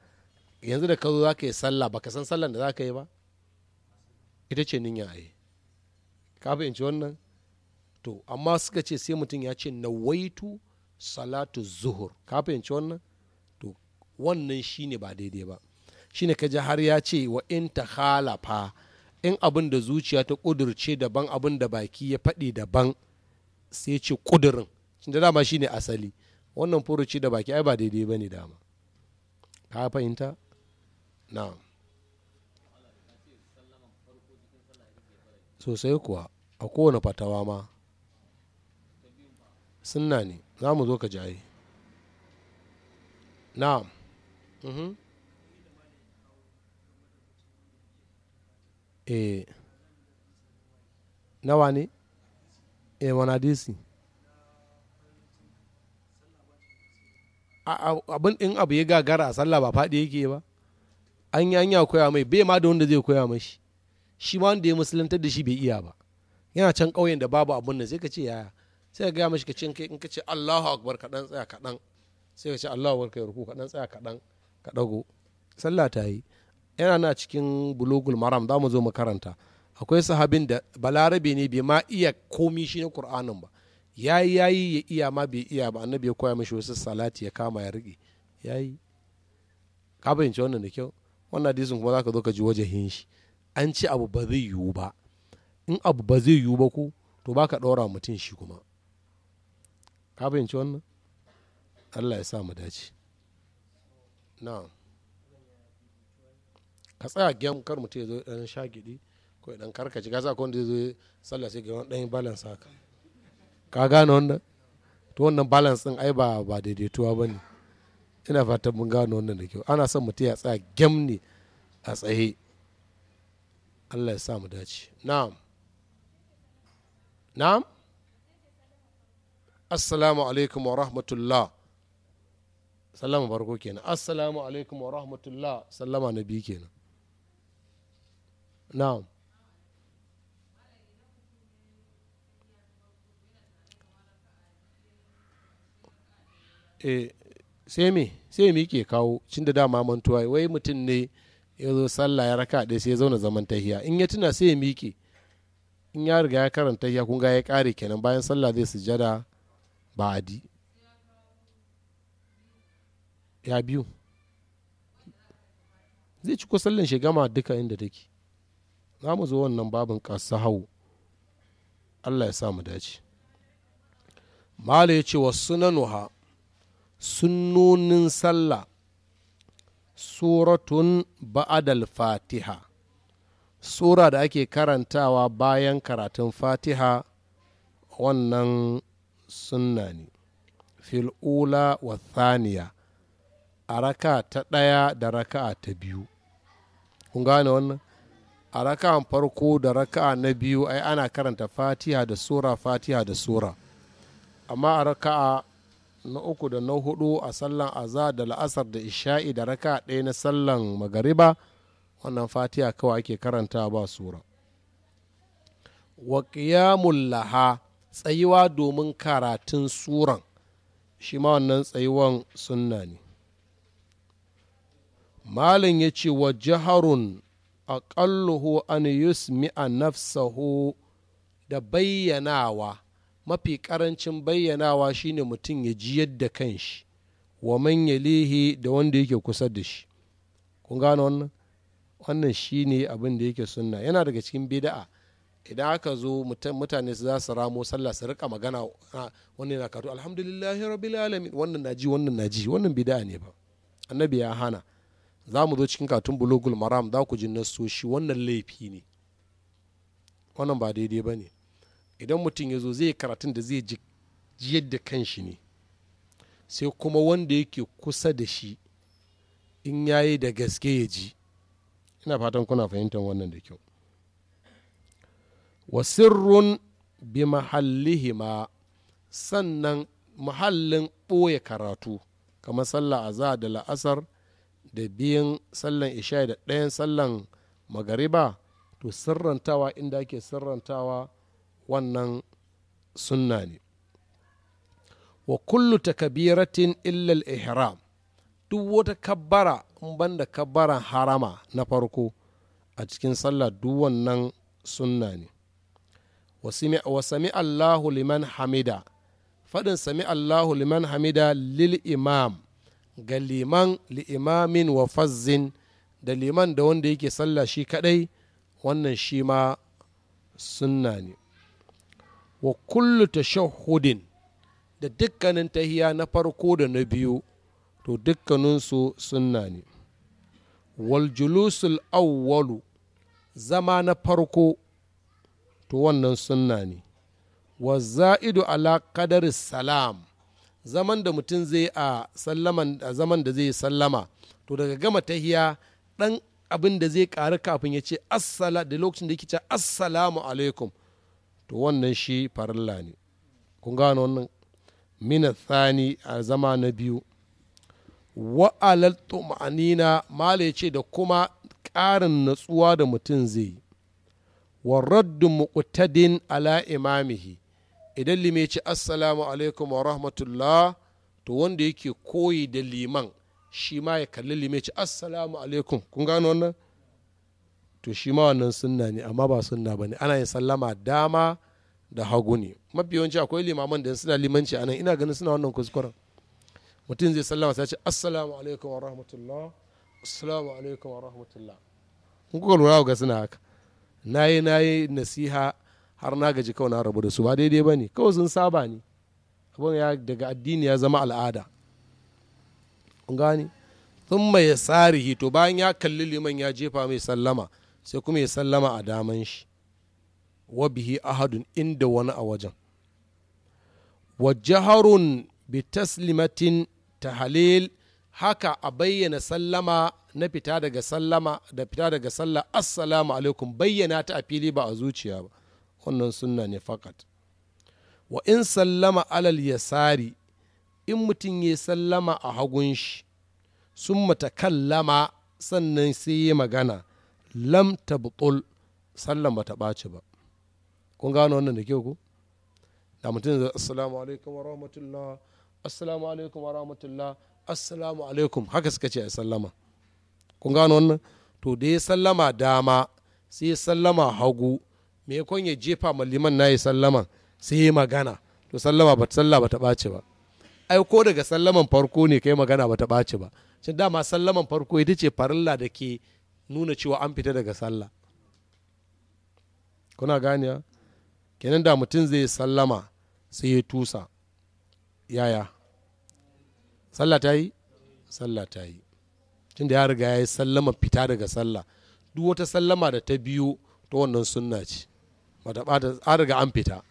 yanzu da ka zo za ka yi sallah baka san sallan da za ka yi ba ita ce niyyar ai ka fahimci wannan to amma suka ce sai mutum ya ce nawaitu salatu zuhur ka fahimci wannan to wannan shine ba daidai ba shine kaji har ya ce wa in ta halafa in abin da zuciya ta ƙudurce daban abin da baki ya faɗi daban sai ce ƙudurin da dama shine asali wannan furuci da baki ai ba daidai ba ne dama ka fahimta na sosai kuwa a kowane fatawa ma sunna ne za mu zo ka jaye na'am mhm eh nawa ne eh wani disi abin in abu ya gagara a sallah ba faɗi yake ba an yi hanya koya mai bai ma da wanda zai koya mashi shi ma wanda ya musulantar da shi bai iya ba yana can ƙauyen da babu abin da sai ka ce yaya sai ka gaya mashi ka kai in ka ce Allahu akbar ka dan tsaya kaɗan sai ka ce Allahu akbar ka yi ruku ka dan tsaya kaɗan ka ɗago sallah ta yi yana na cikin bulugul maram za mu zo mu karanta akwai sahabin da balarabe ne bai ma iya komi shi na qur'anin ba yayi yayi ya iya ma bai iya ba annabi ya koya mashi wasu salati ya kama ya rike yayi ka fahimci wannan da kyau wannan hadisin kuma zaka zo ka ji wajahin shi an ce abu ba zai yiwu ba in abu ba zai yiwu ba ko to baka ɗora mutum shi kuma ka fahimci wannan allah ya sa mu dace na ka tsaya gyan kar mutum ya zo sha shagidi ko ɗan karkaci ka sa ko wanda zai zo sallah sai ga wani dan balance haka ka gane wannan to wannan balance ɗin ai ba ba daidaituwa ne ina fatan mun gane wannan da kyau ana son mutum ya tsaya gyan ne a tsaye allah ya sa mu dace na'am na'am assalamu alaikum wa rahmatullah sallama farko kenan assalamu alaikum wa rahmatullah sallama na biyu kenan Na. eh sai me sai me ke kawo cin da dama mantuwa wai mutum ne ya zo sallah ya raka ɗaya sai ya zauna zaman tahiya in ya tuna sai ya miƙe in ya riga ya karanta tahiya kun ga ya ƙare kenan bayan sallah zai sujada Ba a di ya biyu zai ci sallan shi gama duka inda take za mu zo wannan babin ƙasa hau allah ya sa mu dace mala ya ce wa sunanuha sunonin sallah suratun ba'adal fatiha sura da ake karantawa bayan karatun fatiha wannan sunna ne fil'ula wa thaniya a raka ta ɗaya da raka ta biyu kun gane wannan a raka'an farko da raka na biyu ai ana karanta fatiha da sura fatiha da sura amma a raka na uku da na hudu a sallan aza da la'asar da isha'i da raka ɗaya na sallan magariba wannan fatiha kawai ake karanta ba sura wa qiyamul laha tsayuwa domin karatun suran shi ma wannan tsayuwan sunna ne malin ya ce wa jiharun aƙalluhu an a nafsahu da bayyanawa mafi ƙarancin bayyanawa shine mutum ya ji yadda kanshi wa manya da wanda yake kusa da shi kun gano wannan wannan shine abin da yake sunna yana daga cikin bida'a idan aka zo mutane su za su ramo sallah su rika magana ah, wannan na karatu alhamdulillah rabbil alamin wannan na ji wannan na ji wannan bid'a ne ba annabi ya hana za mu zo cikin katun bulogul maram za ku ji nasoshi wannan laifi ne wannan ba daidai ba ne idan mutum ya zo zai karatun da zai ji yadda kanshi ne sai kuma wanda yake kusa da shi in yayi da gaske ya ji ina fatan kuna fahimtar wannan da kyau wa sirrun bi mahallihima sannan mahallin ɓoye karatu kamar sallah aza da la'asar da biyan sallan isha da ɗayan sallan magariba to sirrantawa inda ake sirrantawa wannan sunna ne wa kullu takabiratin illal ihram duk wata kabbara in banda kabbaran harama na farko a cikin sallah duk wannan sunna ne wa sami Allahu liman hamida faɗin sami Allahu liman hamida lil imam ga liman li'imamin wa fazzin da liman da wanda yake sallah shi kadai wannan shi ma sunna ne wa kullu tashahhudin da dukkanin tahiya na farko da na biyu to dukkaninsu sunna ne wal julusul awwalu zama na farko to wannan sunna ne wa za'idu ala salam zaman da mutum zai a a zaman da zai sallama to daga gama tahiya dan abin da zai karu kafin ya ce assala da lokacin da yake ce assalamu alaikum to wannan shi farilla ne kun gano wannan mina thani a zama na biyu alal tumanina mala ya ce da kuma ƙarin natsuwa da mutum zai yi wa raddu muqtadin ala imamihi idan lime ci assalamu alaikum wa rahmatullah to wanda yake koyi da liman shi ma ya kalli lime ci assalamu alaikum kun gano wannan to shi ma wannan sunna ne amma ba sunna ba ne ana yin sallama dama da hagu ne mafi yawanci akwai limaman da suna limanci anan ina ganin suna wannan kuskuren mutum zai sallama sai ce assalamu alaikum wa rahmatullah assalamu alaikum wa rahmatullah kun kuka lura ga suna haka na yi na yi nasiha har na gaji kawai na rabu da su ba daidai ba ne kawai sun saba ne abin ya daga addini ya zama al'ada gani sun mai sarihi to bayan ya kalli liman ya jefa mai sallama sai kuma ya sallama a daman shi wa bihi ahadun inda wani a wajen wa jaharun bi taslimatin halil haka a bayyana sallama na fita daga sallama da fita daga sallah assalamu alaikum bayyana ta a fili ba a zuciya ba wannan sunna ne fakat wa in sallama alal yasari in mutum ya sallama a hagun shi sun kallama sannan sai yi magana lam ta butul sallama ta ɓaci ba kun gano wannan da ke ku da mutum zai assalamu alaikum wa rahmatullah assalamu alaikum wa rahmatullah assalamu alaikum haka suka ce a sallama kun gano wannan to da ya sallama dama sai ya sallama hagu me kon ya jefa malliman na ya sallama sai ya magana to sallama ba sallah ba ta ɓace ba ai ko daga sallaman farko ne kai magana ba ta ɓace ba cin dama sallaman farko ita ce farilla da ke nuna cewa an fita daga sallah kuna gane kenan da mutum zai sallama sai ya tusa yaya sallah ta yi sallah ta yi da ya riga ya yi sallama fita daga sallah duk wata sallama da ta biyu ta wannan sunna ce bata bata an riga an fita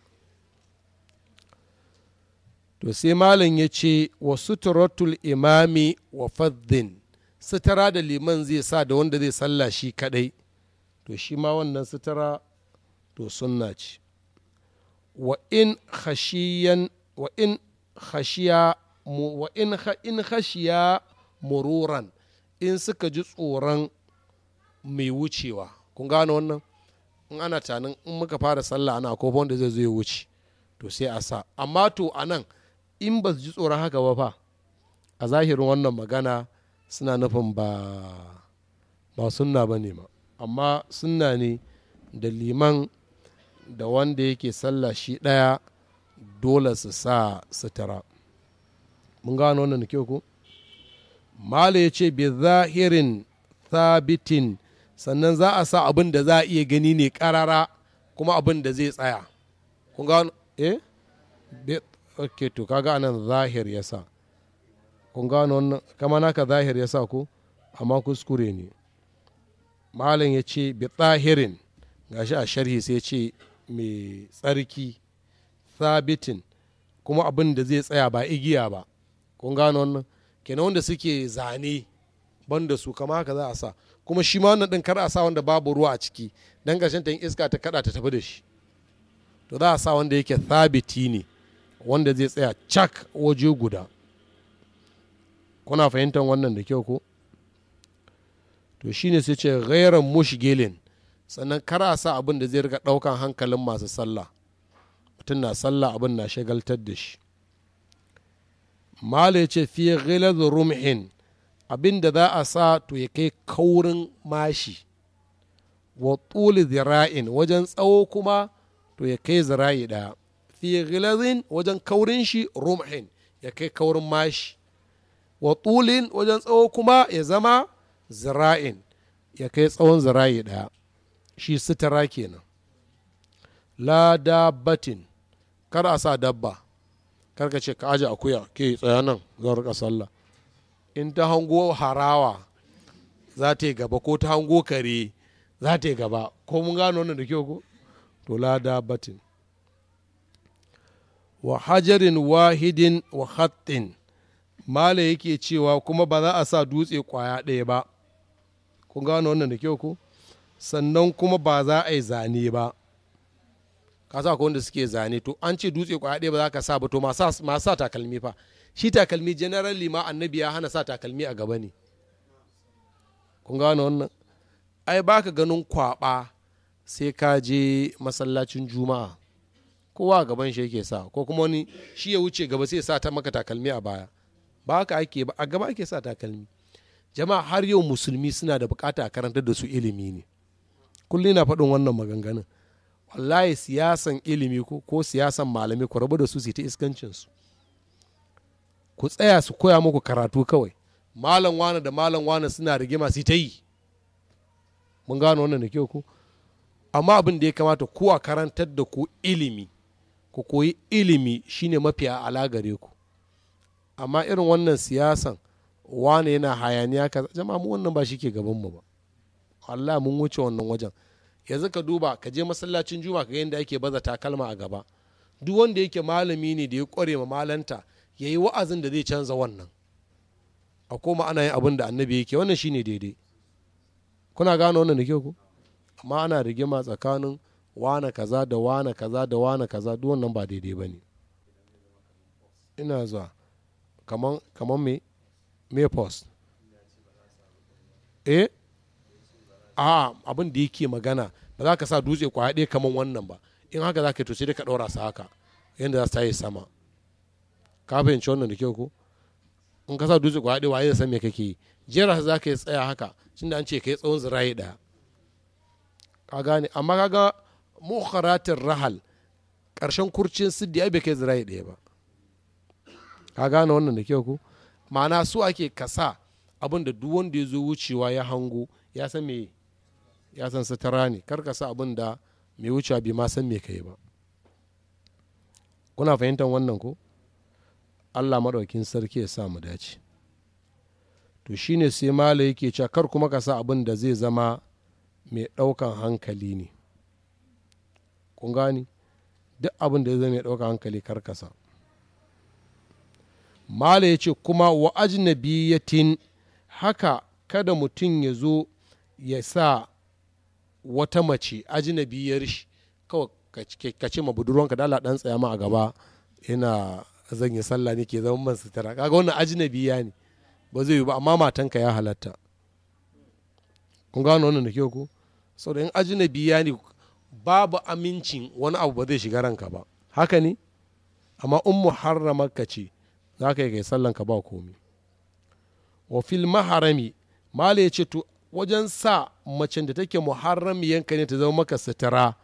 to sai malam ya ce wa suturatul imami wa faddin sutara da liman zai sa da wanda zai sallah shi kadai to shi ma wannan sutara to sunna ce wa in khashiyan wa in khashiya wa in khashiya mururan in suka ji tsoron mai wucewa kun gano wannan in ana tanin in muka fara sallah ana ko wanda zai zo ya wuce to sai a sa amma to a nan in ba su ji tsoron haka ba fa a zahirin wannan magana suna nufin ba ba sunna ba ne ma amma sunna ne da liman da wanda yake sallah shi ɗaya dole su sa sutura mun gano wannan da kyau ko malo ya ce bi zahirin sabitin sannan za a sa abin da za a iya gani ne karara kuma abin da zai tsaya kun ga eh ok to kaga anan zahir ya sa kun ga wannan kama naka zahir ya sa ku amma kuskure ne malam ya ce bi tsahirin gashi a sharhi sai ce mai tsarki sabitin kuma abin da zai tsaya ba igiya ba kun gano wannan kenan wanda suke zane banda su kama haka za a sa kuma shi ma wannan din kar a sa wanda babu ruwa a ciki dan ƙarshen ta yin iska ta kada ta tafi da shi to za a sa wanda yake thabiti ne wanda zai tsaya cak waje guda kuna fahimtar wannan da kyau ko to shine sai ce ghairan mushgilin sannan kar a sa abin da zai rika ɗaukan hankalin masu sallah mutum na sallah abin na shagaltar da shi mala ya ce fiye da rumhin abin da za a sa to ya kai kaurin mashi wa tuli zira'in wajen tsawo kuma to ya kai zira'i ɗaya fiye ghilazin wajen kaurin shi rumhin ya kai kaurin mashi wa tulin wajen tsawo kuma ya zama zira'in ya kai tsawon zira'i ɗaya shi sitara kenan la dabbatin kar a sa dabba karka ce ka aji akuya ke tsaya nan zan rika sallah in ta hango harawa za ta yi gaba ko ta hango kare za ta yi gaba ko mun gano wannan da kyau ko to lada batin wa hajarin wahidin wa hattin mala yake cewa kuma ba za a sa dutse kwaya ɗaya ba kun gano wannan da kyau ko sannan kuma ba za a yi zane ba ka sa ko wanda suke zane to an ce dutse kwaya ɗaya ba za ka sa ba to ma sa takalmi fa shi takalmi generally ma annabi ya hana sa takalmi a gaba ne kun gano wannan ai ka ganin kwaba sai ka je masallacin juma'a kowa a gaban shi yake sa ko kuma wani shi ya wuce gaba sai sa ta maka takalmi a baya ba ka ake ba a gaba ake sa takalmi jama'a har yau musulmi suna da bukata a karanta da su ilimi ne kullum na faɗin wannan maganganun wallahi siyasan ilimi ko ko siyasan malami ku rabu da su su ta iskancinsu ku tsaya su koya muku karatu kawai malam wane da malam wane suna rigima su ta yi mun gano wannan da kyau ku. amma abin da ya kamata ku a karantar da ku ilimi ku koyi ilimi shine mafi ala gare ku amma irin wannan siyasan wane yana hayaniya kaza jama'a mu wannan ba shi ke gaban mu ba Allah mun wuce wannan wajen yanzu ka duba ka je masallacin juma ka yanda ake baza takalma a gaba duk wanda yake malami ne da ya kware ma malanta ya yi wa'azin da zai canza wannan a koma ana yin abin da annabi yake wannan shine daidai kuna gane wannan da ku amma ana rigima tsakanin wane kaza da wane kaza da wane kaza duk wannan ba daidai ba ne ina zuwa kaman me me post eh a abin da yake magana ba za ka sa dutse kwaya ɗaya kamar wannan ba in haka za ka to sai dai ka ɗora su haka yadda za su tayi sama ka fahimci wannan da kyau ko in ka sa dutse kwaya ɗaya waye san me kake yi jera za ka yi tsaya haka da an ce ka yi tsawon zirayi ɗaya ka gane amma kaga mukharatin rahal ƙarshen kurcin siddi ai bai kai zirayi ɗaya ba ka gane wannan da kyau ko ma'ana su ake kasa abin da duk wanda ya zo wucewa ya hango ya san me ya san tara ne kar ka sa abin da mai wuce bai ma san me kai ba kuna fahimtar wannan ko allah maɗaukin sarki ya sa mu dace to shine sai mala yake cewa kar kuma ka sa abin da zai zama mai ɗaukan hankali ne kun gani duk abin da zai zama mai ɗaukan hankali kar karkasa mala ya ce kuma wa ajnabiyatin haka kada mutum ya zo ya sa wata mace ajinabiyar shi kawai ka ce ma budurwanka da Allah dan tsaya ma a gaba ina zan yi sallah ne ke zama man sutura kaga wannan ajinabiya ne ba zai yi ba amma matanka ya halatta kun gano wannan da ke ku saboda in ajinabi ne babu amincin wani abu ba zai shiga ranka ba haka ne amma in muharramar ka ce za ka yi kai sallan ka ba komi wa fil maharami mala ya ce to wajen sa macen da take yanka ne ta zama maka sutura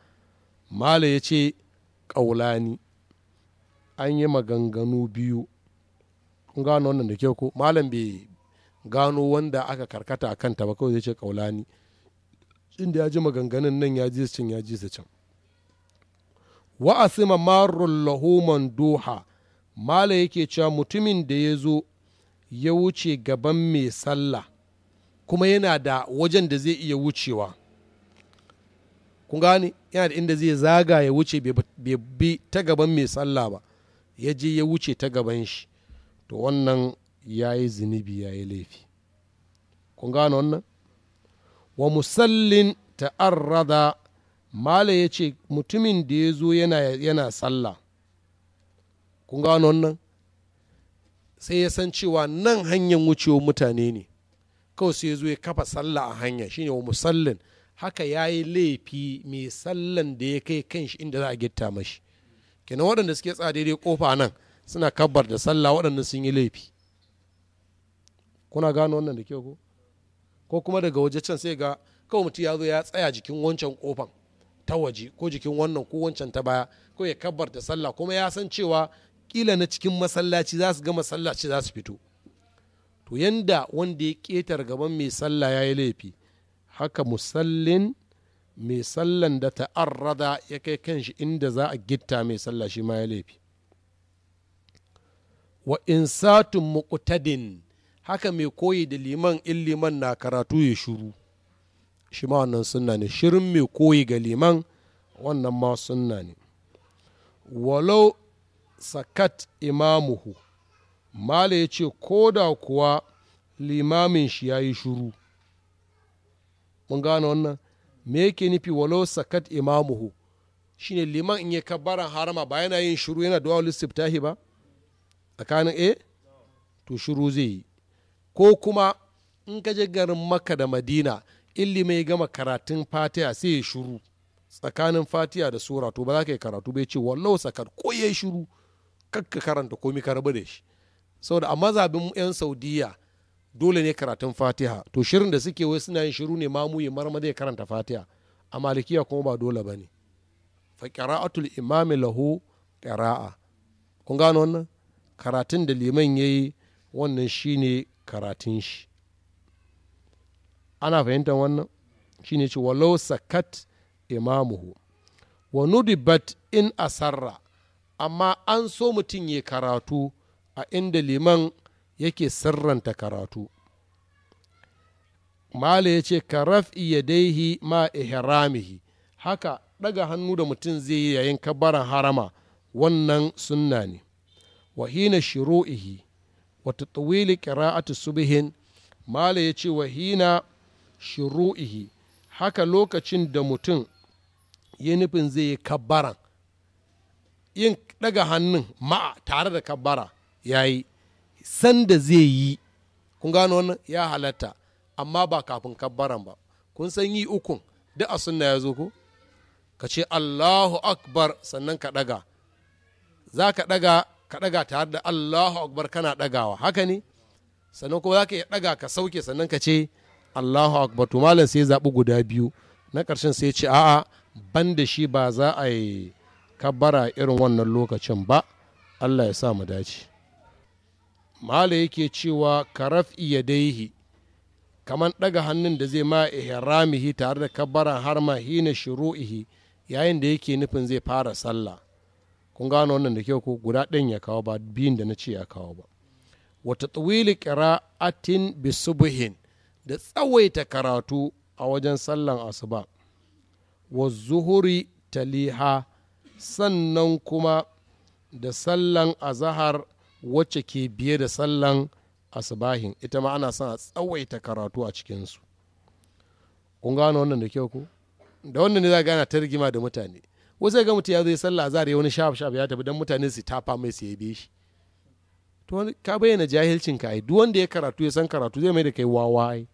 mala ya ce ƙaulani an yi maganganu biyu kun gano wannan da kyau ko malam bai gano wanda aka karkata a kanta ba kawai zai ce ƙaulani inda ya ji maganganun nan ya ji cin ya ji su can wa asima marrul lahuman doha mala yake cewa mutumin da ya zo ya wuce gaban mai sallah kuma yana da wajen da zai iya wucewa kun gane yana da inda zai zaga ya wuce bai bi ta gaban mai sallah ba ya je ya wuce ta gaban shi to wannan ya yi zunubi ya yi laifi kun gane wannan wa musallin ta'arrada mala ya ce mutumin da ya zo yana sallah kun gano wannan sai ya san cewa nan hanyar wucewa mutane ne kawai sai zo ya kafa sallah a hanya shine wa musallin haka ya yi laifi mai sallan da ya kai kanshi inda za a gitta mashi kenan waɗanda suke tsaya daidai kofa nan suna kabbar da sallah waɗanda sun yi laifi kuna gano wannan da kyau ko ko kuma daga waje can sai ga kawai mutum ya zo ya tsaya jikin wancan kofan ta waje ko jikin wannan ko wancan ta baya ko ya da sallah kuma ya san cewa kila na cikin masallaci za su ga masallaci za su fito to yanda wanda ya ƙetar gaban mai sallah ya yi laifi haka musallin mai sallan da ta'arrada ya kai kanshi inda za a gitta mai sallah shi ma ya laifi wa insatun muqtadin haka mai koyi da liman in liman na karatu ya shuru shi ma wannan sunna ne shirin mai koyi ga liman wannan ma sunna ne walau sakat imamuhu mala ya ce ko da kuwa limamin shi ya yi shuru mun gane wannan me yake nufi walau sakat imamuhu shi ne liman in ya kabbaran harama ba yana yin shuru yana da listiftahi ba tsakanin e to shuru zai yi ko kuma in ka je garin maka da madina illi mai gama karatun fatiha sai ya shuru tsakanin fatiya da sura to ba za ka yi karatu bai ce wallau sakar ko ya shuru kakka karanta komi ka rabu da shi saboda a mazabin 'yan saudiya dole ne karatun fatiha to shirin da suke wai suna yin shiru ne mamu ya zai karanta fatiha a malikiya kuma ba dole ba ne fa qira'atul imami lahu qira'a kun gano wannan karatun da liman yayi wannan shine karatun shi ana fahimtar wannan shine ce walau sakat imamuhu wa nudibat in asarra amma an so mutum ya karatu a inda liman yake sirranta karatu mala ya ce ka raf'i yadaihi ma ihramihi haka daga hannu da mutum zai yi yayin kabaran harama wannan sunna ne wa hina shiru'ihi wa tatawili qira'ati subhin mala ya ce wa hina shiru'ihi haka lokacin da mutum ya nufin zai yi kabaran yin daga hannun ma'a tare da kabbara ya yi sanda zai yi kun gano wannan ya halatta amma ba kafin kabbaran ba kun san yi ukun duk a sunna ya zo ku ka ce allahu akbar sannan ka daga za ka daga ka daga tare da allahu akbar kana ɗagawa haka ne sannan kuma za ka ɗaga ka sauke sannan ka ce allahu akbar to malam sai zaɓi guda biyu na ƙarshen sai ce a'a ban da shi ba za a yi kabbara irin wannan lokacin ba allah ya sa mu dace mala yake cewa karaf iyadaihi kamar ɗaga hannun da zai ma ihramihi tare da kabbaran ma hina shuru'ihi yayin da yake nufin zai fara sallah kun gano wannan da kyau ko guda ɗin ya kawo ba biyun da na ce ya kawo ba wata tsawili atin bisubuhin da tsawaita karatu a wajen sallan asuba wa zuhuri taliha sannan kuma da sallan azahar wacce ke biye da sallan asubahin ita ma ana son a tsawaita karatu a cikinsu kun gano wannan da kyau ko da wannan ne za gana ta rigima da mutane wasu ga mutum ya zai sallah a zare wani shaf shaf ya tafi dan mutane su tafa mai su yabe shi to ka bayyana jahilcin ka ai duk wanda ya karatu ya san karatu zai mai da kai wawa ai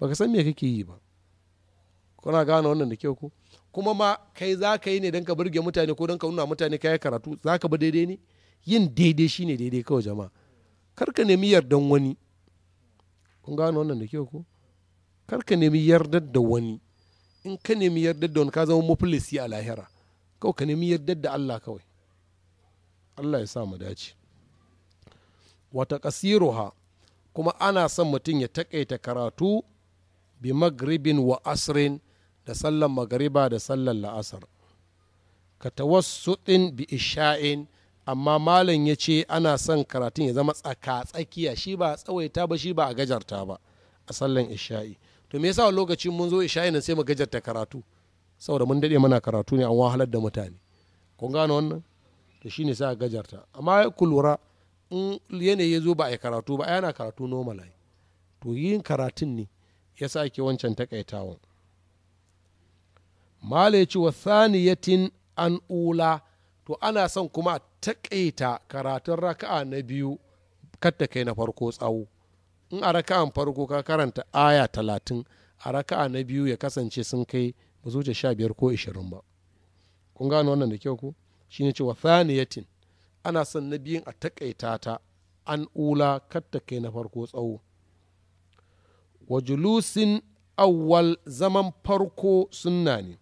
baka san me kake yi ba kuna gano wannan da kyau ko kuma ma kai za ka yi ne don ka burge mutane ko don ka nuna mutane ka yi karatu za ka bi daidai ne yin daidai shine daidai kawai jama'a kar ka nemi yardan wani kun gano wannan da kyau ko kar ka nemi yardar da wani in ka nemi yardar da wani ka zama mafilisi a lahira kawai ka nemi yardar da Allah kawai Allah ya sa mu dace wata kasiruha kuma ana son mutum ya takaita karatu bi magribin wa asrin da sallan magariba da sallan la'asar ka tawassutin bi isha'in amma malam ya ce ana son karatun ya zama tsaka tsakiya shi ba a tsawaita ba shi ba a gajarta ba a sallan isha'i to me yasa lokacin mun zo isha'i nan sai mu gajarta karatu saboda mun dade mana karatu ne an wahalar da mutane kun gane wannan to shine sai a gajarta amma ku lura in yanayi ya ba a yi karatu ba yana karatu normal ai to yin karatun ne yasa ake wancan takaitawan mala ya ce wa thaniyatin an ula to ana son kuma taƙaita karatun raka'a na biyu katta kai na farko tsawo in a raka'an farko ka karanta aya talatin a raka'a na biyu ya kasance sun kai ba zuce sha biyar ko ishirin ba kun gano wannan da kyau ku shine cewa thaniyatin ana son na biyun a taƙaita ta an ula katta kai na farko tsawo wa julusin awwal zaman farko sunna ne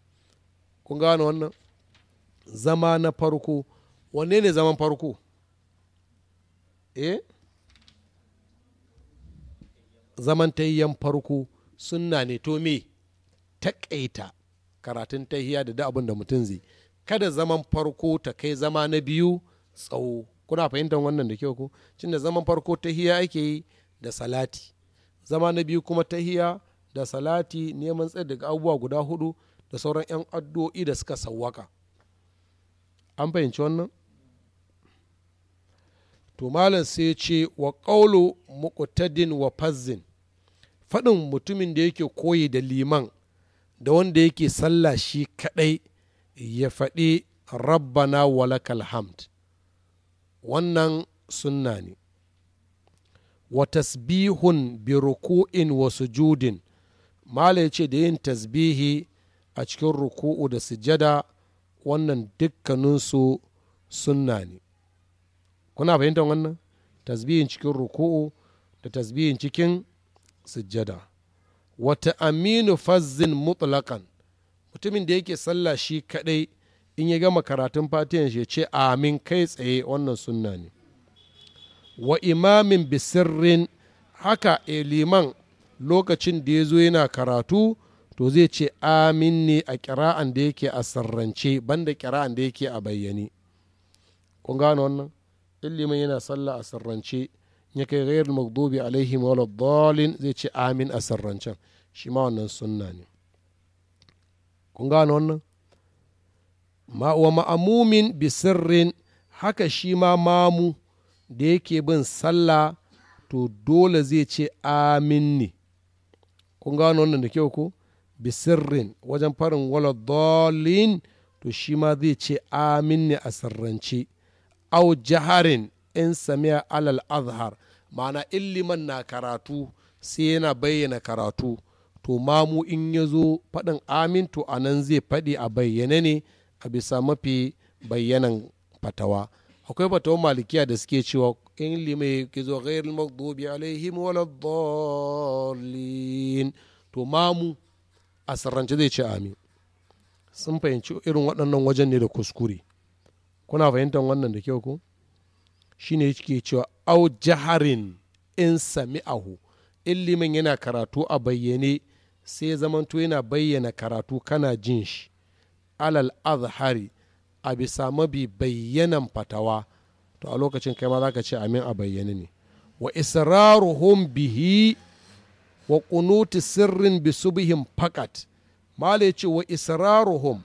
kun gano wannan zama na farko wanne ne zaman farko eh zaman tahiyan farko sunna ne to me taƙaita karatun tahiya da abin da mutum zai kada zaman farko ta kai zama na biyu tsawo kuna fahimtar wannan da kyau ko da zaman farko tahiya ake yi da salati zama na biyu kuma tahiya da salati neman tsaye daga abubuwa guda hudu da sauran 'yan addu'o'i da suka sawwaka an fahimci wannan to malam sai ya ce wa ƙaulu muƙutadin wa fazzin faɗin mutumin da yake koyi da liman da wanda yake sallah shi kaɗai ya faɗi rabbana walakal hamd wannan sunna ne wa tasbihun bi ruku'in wa sujudin malam ya ce da yin tasbihi a cikin ruku'u da sujada wannan dukkaninsu sunna ne kuna fahimtar wannan tasbihin cikin ruku'u da tasbihin cikin sujjada wata aminu fazzin mutlaqan mutumin da yake sallah shi kaɗai in ya gama karatun fatiyan shi ya ce amin kai tsaye wannan sunna ne wa imamin bisirrin haka eh, liman lokacin da ya zo yana karatu to zai ce amin ne a kira'an da yake a sarrance banda kira'an da yake a bayyane kun gano wannan illimin yana sallah a sarrance ya kai gairar magdobi alaihim wala dalin zai ce amin a sarrancen shi ma wannan sunna ne kun gano wannan ma wa ma'amumin bisirrin haka shi ma mamu da yake bin sallah to dole zai ce amin ne kun gano wannan da kyau ko bisirrin wajen farin wala dolin to shi ma zai ce amin ne a sirrance au jaharin in samiya alal azhar ma'ana illiman na karatu sai yana bayyana karatu to mamu in ya zo faɗin amin to a nan zai faɗi a bayyane ne a bisa mafi bayyanan fatawa akwai fatawa malikiya da suke cewa in limai ke zo ghairul maghdubi alaihim dolin to mamu a sirrance zai ce amin sun fahimci irin waɗannan wajen ne da kuskure kuna fahimtar wannan da kyau ko shine yake cewa au jaharin in sami'ahu in liman yana karatu a bayyane sai zamanto yana bayyana karatu kana jin shi alal azhari a bisa mabi bayyanan fatawa to a lokacin kai ma za ka ce amin a bayyane ne wa israruhum bihi wa kunuti sirrin bi fakat male ce wa israruhum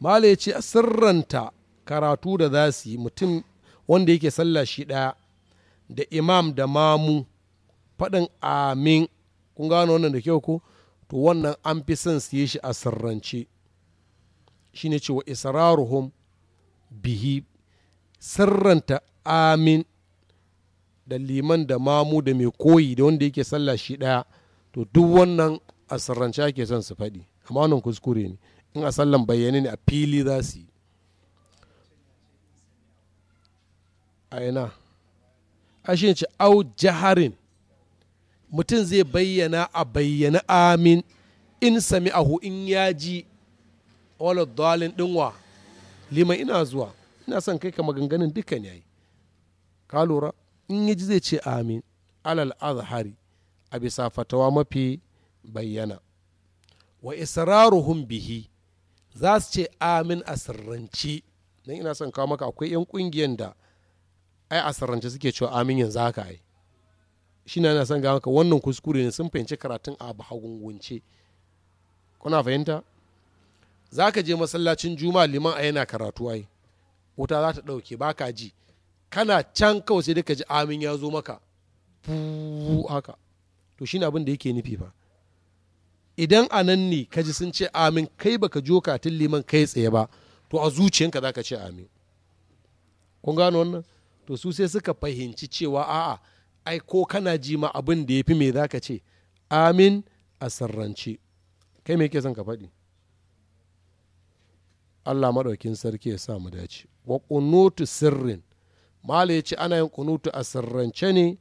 male ce sirranta karatu da za su yi mutum wanda yake sallah shi ɗaya da imam da mamu faɗin amin kun gano wannan da kyau ko to wannan an fi son su yi shi a sirrance shi ne wa israruhum bihi sirranta amin da liman da mamu da mai koyi da wanda yake sallah shi ɗaya to duk wannan a sirrance ake son su faɗi amma wannan kuskure ne in a sallan bayyane ne a fili za su yi a ina a shi ce au jaharin mutum zai bayyana a bayyana amin in sami ahu in ya ji wala dalin dinwa liman ina zuwa ina son kai ka maganganun dukkan yayi ka lura in ya ji zai ce amin alal azhari a bisa fatawa mafi bayyana wa israruhum bihi za su ce amin a sirrance don ina son kawo maka akwai 'yan kungiyar da ai a sirrance suke cewa amin yanzu haka ai shi na son ga maka wannan kuskure ne sun fahimci karatun a hagungunce kuna fahimta za ka je masallacin juma'a liman a yana karatu ai wuta za ta ɗauke ba ka ji kana can kawai sai ka ji amin ya zo maka haka to shi abin da yake nufi fa idan a nan ne ka ji sun ce amin kai baka joka tun liman kai tsaye ba to a zuciyanka za ka ce amin kun gano wannan to su sai suka fahimci cewa a'a ai ko kana ji ma abin da ya fi mai za ka ce amin a sarrance kai me ke son ka faɗi allah maɗaukin sarki ya sa mu dace wa sirrin mala ya ce ana yin kunutu a sirrance ne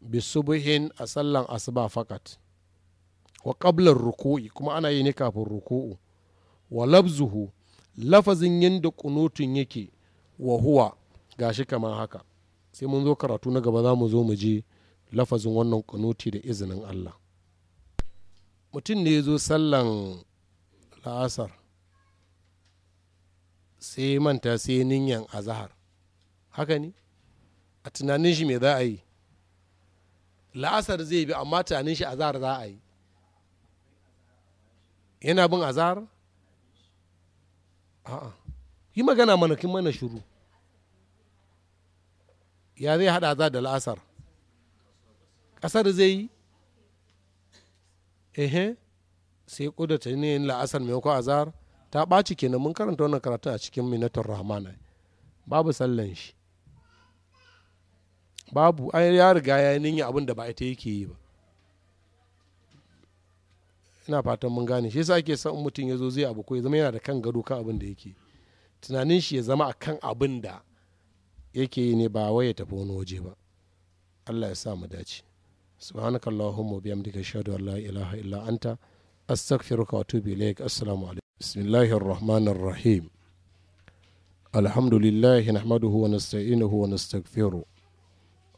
bisubuhin a sallan asuba fakat wa ƙablar ruku'i kuma ana yi ne kafin ruku'u wa labzuhu lafazin yadda kunutun yake wa huwa gashi kamar haka sai mun zo karatu na gaba za mu zo mu je lafazin wannan kunuti da izinin Allah mutum ne ya zo sallan la'asar sai manta sai ninyan azahar haka ne a tunanin shi me za a yi la'asar zai bi amma tunanin shi azar za a yi yana bin azar a'a yi magana mana mana shuru ya zai hada azar da la'asar ƙasar zai yi ehe sai kudata ne yin la'asar maimakon azar ta ɓaci kenan mun karanta wannan karatun a cikin minatun rahmanai babu sallan shi babu ai ya riga ya ninya abin da ba ita yake yi ba ina fatan mun gane shi yasa ake son in mutum ya zo zai abu ko ya zama yana da kan gado kan abin da yake tunanin shi ya zama a kan abin da yake yi ne ba wai ya tafi wani waje ba allah ya sa mu dace subhanakallahumma bihamdika ashhadu an la ilaha illa anta astaghfiruka wa atubu ilaik assalamu alaikum bismillahir rahmanir rahim alhamdulillahi nahmaduhu wa nasta'inuhu wa nastaghfiruh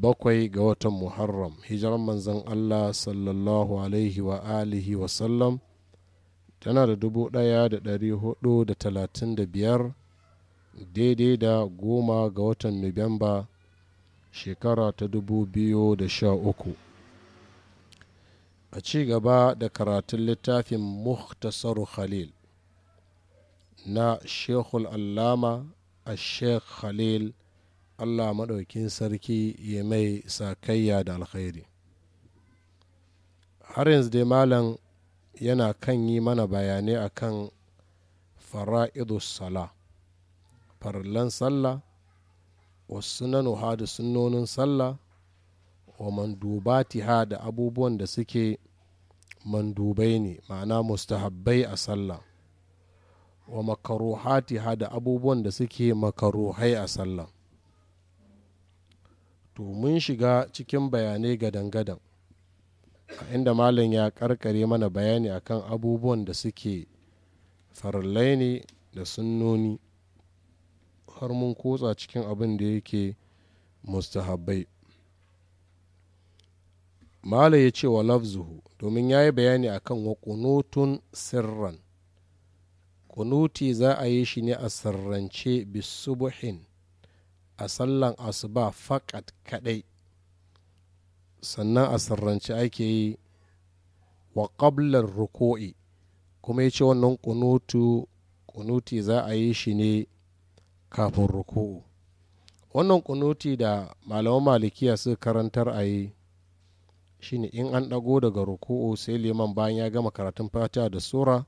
bakwai ga watan muharram hijiran manzan allah sallallahu alaihi wa alihi wasallam tana da dubu daya da dari hudu da talatin da biyar daidai da goma ga watan nuwamba shekara ta dubu biyu da sha uku a ci gaba da karatun littafin muhtasaru khalil na shekul allama a sheikh khalil allah maɗaukin sarki ya mai sakayya da alkhairi har yanzu dai malam yana kan yi mana bayanai akan fara'idus sala farlan sallah wasu nanuha da sunonin sallah wa mandubatiha da abubuwan da suke mandubai ne ma'ana mustahabbai a sallah wa makaruhatiha da abubuwan da suke makaruhai a sallah to mun shiga cikin bayanai gadan-gadan a inda malam ya karkare mana bayani akan abubuwan da suke farallai ne da sunnoni har mun kotsa cikin abin da yake mustahabbai Malam ya ce wa lafzuhu domin ya yi bayani akan wa kunutun sirran kunuti za a yi shi ne a sirrance bisubuhin a sallan asuba fakat kadai sannan a sirrance ake yi wa ƙablar ruko'i kuma ya ce wannan kunutu kunuti za a yi shi ne kafin ruku'u wannan kunuti da malaman malikiya su karantar a yi shine in an ɗago daga ruku'u sai liman bayan ya gama karatun fata da sura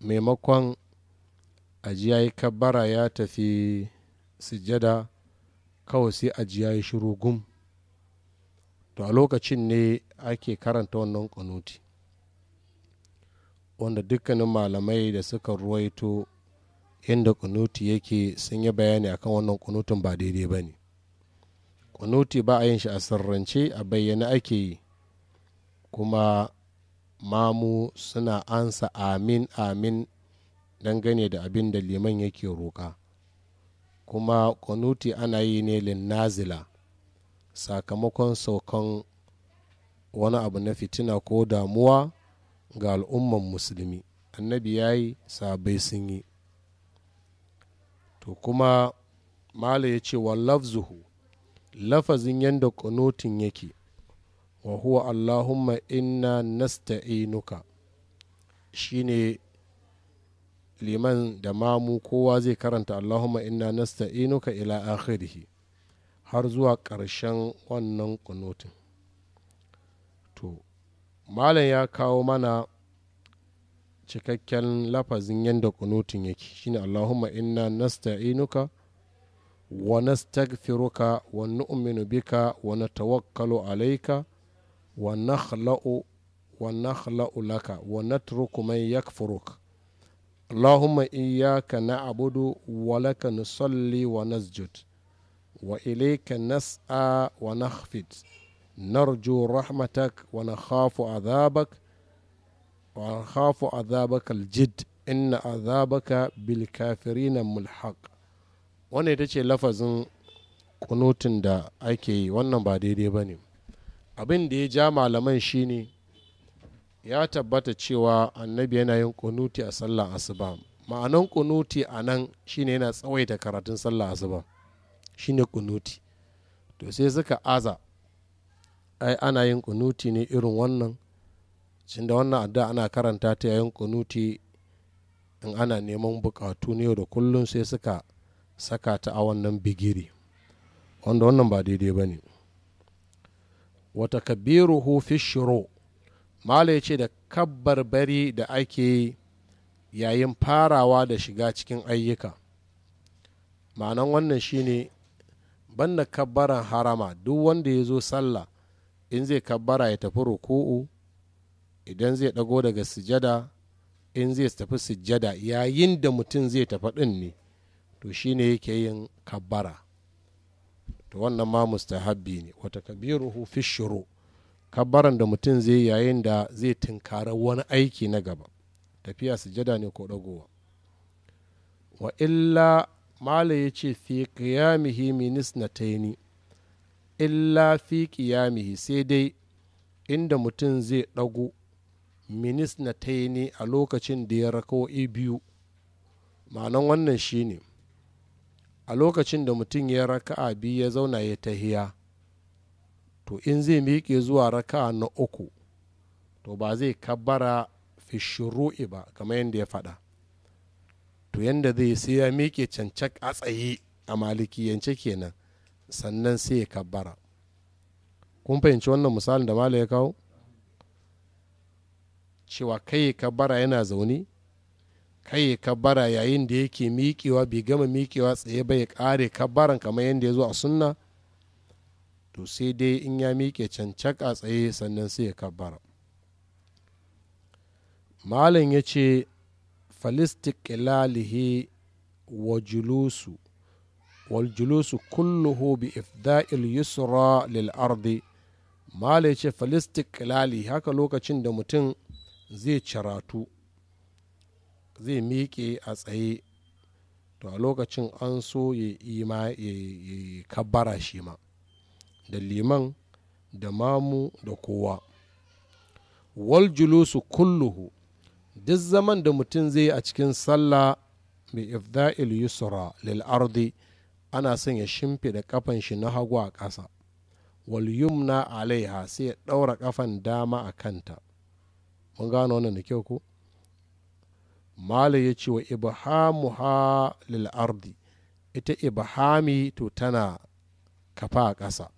maimakon ajiya ya yi kabbara ya tafi sujada kawai sai ajiya ya shiru gum to a lokacin ne ake karanta wannan kunuti wanda dukkanin malamai da suka ruwaito inda kunuti yake sun yi bayani akan wannan kunutin ba daidai ba ne kunuti ba a yin shi a sirrance a bayyana ake yi kuma mamu suna ansa amin amin dangane da abin da liman yake roƙa kuma kwanuti ana yi ne linnazila sakamakon saukan wani abu na fitina ko damuwa ga al'umman musulmi annabi ya yi sabai sun yi to kuma mala ya ce wa lafzuhu lafazin yadda kunutin yake wa huwa allahumma inna nasta'inuka shine liman da mamu kowa zai karanta allahumma inna nasta'inuka ila akhirihi har zuwa ƙarshen wannan kunutin to malam ya kawo mana cikakken lafazin yadda kunutin yake shine allahumma inna nasta'inuka wa nastaghfiruka wa nu'minu bika wa natawakkalu alayka wa nakhla'u wa nakhla'u laka wa natruku man yakfuruka Allahumma iyyaka na'budu wa laka nusalli wa nasjud wa ilayka nas'a wa nakhfid narju rahmatak wa nakhafu adhabak wa nakhafu adhabaka aljid inna adhabaka bil kafirina mulhaq wannan ita ce lafazin kunutun da ake yi wannan ba daidai bane abin da ya ja malaman shine ya tabbata cewa annabi yana yin kunuti a sallar asuba ma'anan kunuti a nan shine yana tsawaita karatun sallar asuba shine kunuti to sai suka aza ai ana yin kunuti ne irin wannan cin da wannan adda ana karanta ta yayin kunuti in ana neman bukatu ne da kullum sai suka saka ta a wannan bigiri wanda wannan ba daidai ba ne wata Kabiru fi malo ya ce da bari da ake yayin farawa da shiga cikin ayyuka ma'anan wannan shine banda kabbaran harama duk wanda ya zo sallah in zai kabbara ya tafi ruku'u idan zai ɗago daga sujada in zai tafi sujada yayin da mutum zai tafi ɗin ne to shine yake yin kabbara to wannan ma mustahabbi ne wata kabiruhu fi shuru' kabbaran da mutum zai yayin da zai tunkara wani aiki na gaba tafiya sujada ne ko ɗagowa wa illa mala ya ce fi qiyamihi minis na taini illa fi qiyamihi sai dai inda mutum zai ɗago minis na taini a lokacin da ya rako'i biyu ma'anan wannan shine a lokacin da mutum ya raka'a biyu ya zauna ya tahiya to in zai miƙe zuwa raka na uku to ba zai kabbara fi shuru'i ba kamar yadda ya faɗa to yadda zai sai ya miƙe cancak a tsaye a malikiyance kenan sannan sai ya kabbara kun fahimci wannan misalin da malam ya kawo cewa kai kabbara yana zaune kai kabbara yayin da yake miƙewa bai gama miƙewa tsaye bai ya ƙare kabbaran kamar yadda ya zo a sunna to sai dai in ya miƙe cancak a tsaye sannan sai ya kabbara malam ya ce falistiqlalihi wa julusu wal julusu kulluhu bi ifda'il yusra lil ardi malam ya ce ilalihi haka lokacin da mutum zai caratu zai miƙe a tsaye to a lokacin an so ya kabbara shi ma da liman da mamu da kowa wal julusu kulluhu duk zaman da mutum zai a cikin sallah mai ifda'il yusra lil ardi ana son ya shimfida kafan shi na hagu a ƙasa wal yumna alaiha sai ya ɗaura kafan dama a kanta mun gano wannan da kyau ko mala ya ce wa ha lil ardi ita ibhami to tana kafa a ƙasa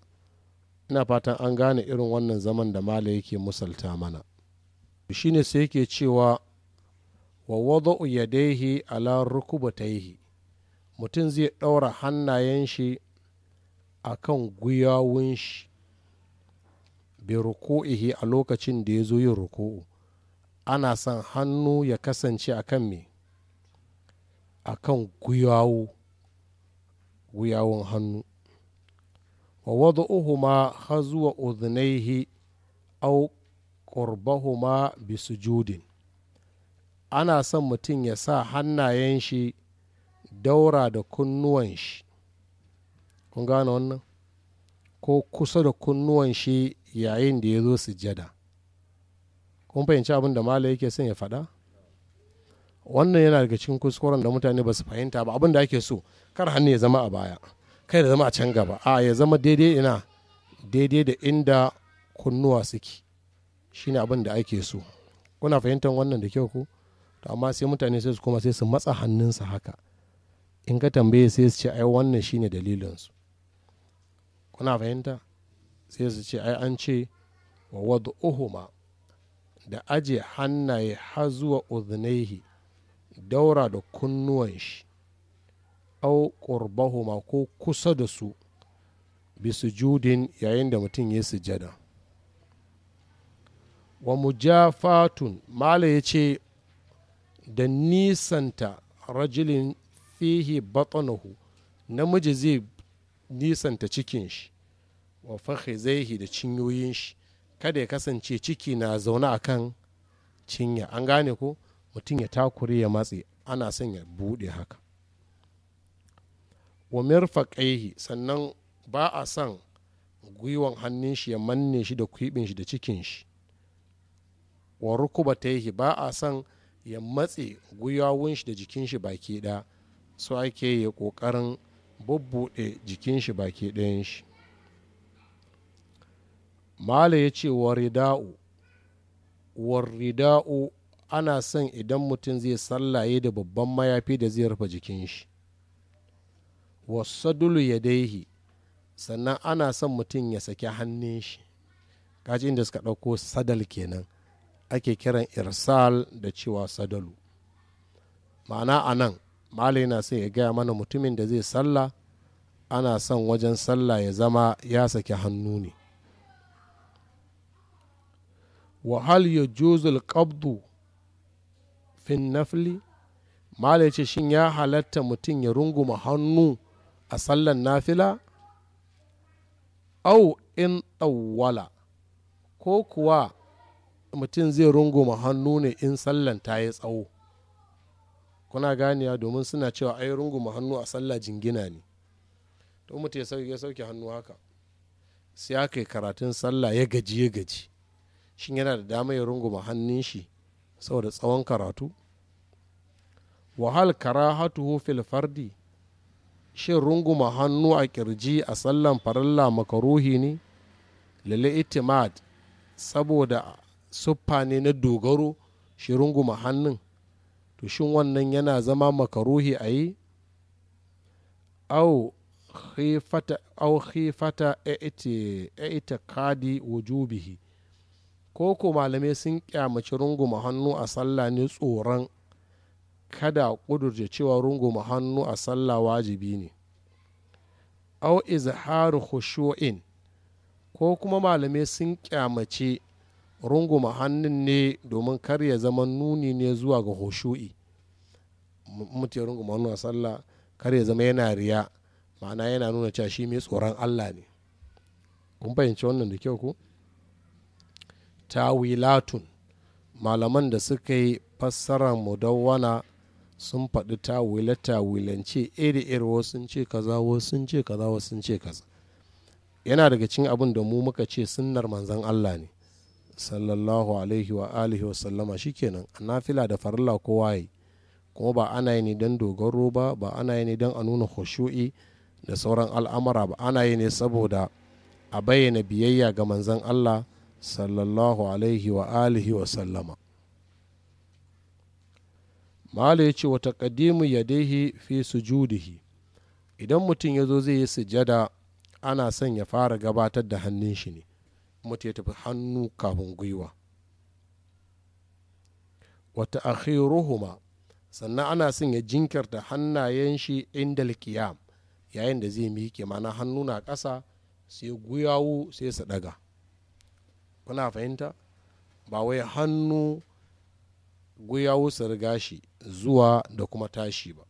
ina fatan an gane irin wannan zaman da mala yake musalta mana shi ne sai yake cewa wa wada'u yadaihi ala rukubataihi mutum zai ɗaura hannayen shi a kan gwiwawun shi bi ruku'ihi a lokacin da ya zo yin ruku'u ana son hannu ya kasance a kan me a kan gwiwawun hannu wa wada'uhuma hazuwa uznaihi au qurbahuma bisujudin ana son mutum ya sa hannayen shi daura da kunnuwan shi kun gane wannan ko kusa da kunnuwan shi yayin da ya zo sujada kun fahimci abin da mala yake son ya faɗa wannan yana daga cikin kuskuren da mutane ba su fahimta ba abin da ake so kar hannu ya zama a baya kai da zama a can gaba a ya zama daidai ina daidai da inda kunnuwa suke shine abin da ake so kuna fahimtar wannan da kyau ko to amma sai mutane sai su kuma sai su matsa hannunsa haka in ka tambaye sai su ce ai wannan shine dalilinsu kuna fahimta sai su ce ai an ce wa uhuma da aje hannaye har zuwa udhnaihi daura da kunnuwan shi au qurbahuma ko kusa da su bi judin yayin da mutum ya sujada wa mujafatun mala ya ce da nisanta rajulin fihi batanahu namiji zai nisanta cikin shi wa fakhizaihi da cinyoyin shi kada ya kasance ciki na zaune akan cinya an gane ko mutum ya takure ya matse ana son ya buɗe haka wa kaihi sannan ba a son gwiwan hannun shi ya manne shi da kwibin shi da cikin shi wa taihi ba a son ya matse gwiwawun shi da jikin shi baki ɗaya so ake yi ƙoƙarin bubbuɗe jikin shi baki ɗayan shi mala ya ce wa warida'u rida'u ana son idan mutum zai sallaye da babban mayafi da zai rufe jikin shi Wasu wasadulu ya daihi sannan ana son mutum ya saki hannun shi kaji inda suka ɗauko sadal kenan ake kiran irsal da cewa sadalu ma'ana a nan malai na sai ya gaya mana mutumin da zai sallah ana son wajen sallah ya zama ya saki hannu ne wahal ya juzul qabdu fin nafli malai ce shin ya halatta mutum ya runguma hannu a sallan nafila au in ɗauwala ko kuwa mutum zai runguma hannu ne in sallan ta yi tsawo kuna ganiya domin suna cewa ai runguma hannu a salla jingina ne to mutum ya sauke hannu haka sai aka yi karatun sallah ya gaji ya gaji shin yana da dama ya runguma hannun shi saboda tsawon karatu wahal karahatuhu fil fardi shin runguma hannu a kirji a sallan farilla makaruhi ne lalle itimad saboda suffa ne na dogaro shi runguma hannun to shin wannan yana zama makaruhi a yi au khifata ita kadi wujubihi ko ko malamai sun kyamaci runguma hannu a sallah ne tsoron kada a cewa runguma hannu a sallah wajibi ne au izharu khushu'in ko kuma malamai sun kyamace runguma hannun ne domin kar ya zama nuni ne zuwa ga hushu'i mutum runguma hannu a sallah kar ya zama yana riya ma'ana yana nuna cewa shi mai tsoron allah ne kun fahimci wannan da kyau ku tawilatun malaman da suka yi fassarar mudawwana sun faɗi tawila tawilance iri iri wasu sun ce kaza wasu sun ce kaza wasu sun ce kaza yana daga cin abin da mu muka ce sunnar manzan Allah ne sallallahu alaihi wa alihi wa sallama shikenan nafila da farilla kowa yi kuma ba ana yi ne don dogaro ba ba ana yi ne don a nuna khushu'i da sauran al'amura ba ana yi ne saboda a bayyana biyayya ga manzan Allah sallallahu alaihi wa alihi wa sallama mala ya ce wata ya ya fi sujudihi idan mutum ya zo zai yi sujada ana son ya fara gabatar da hannun shi ne mutu ya tafi hannu kafin gwiwa wata akhiruhuma sannan ana son ya jinkirta hannayen shi inda qiyam yayin da zai miƙe mana hannu na ƙasa sai guyawu sai su ɗaga kuna fahimta ba wai hannu guya su riga shi zuwa da kuma tashi ba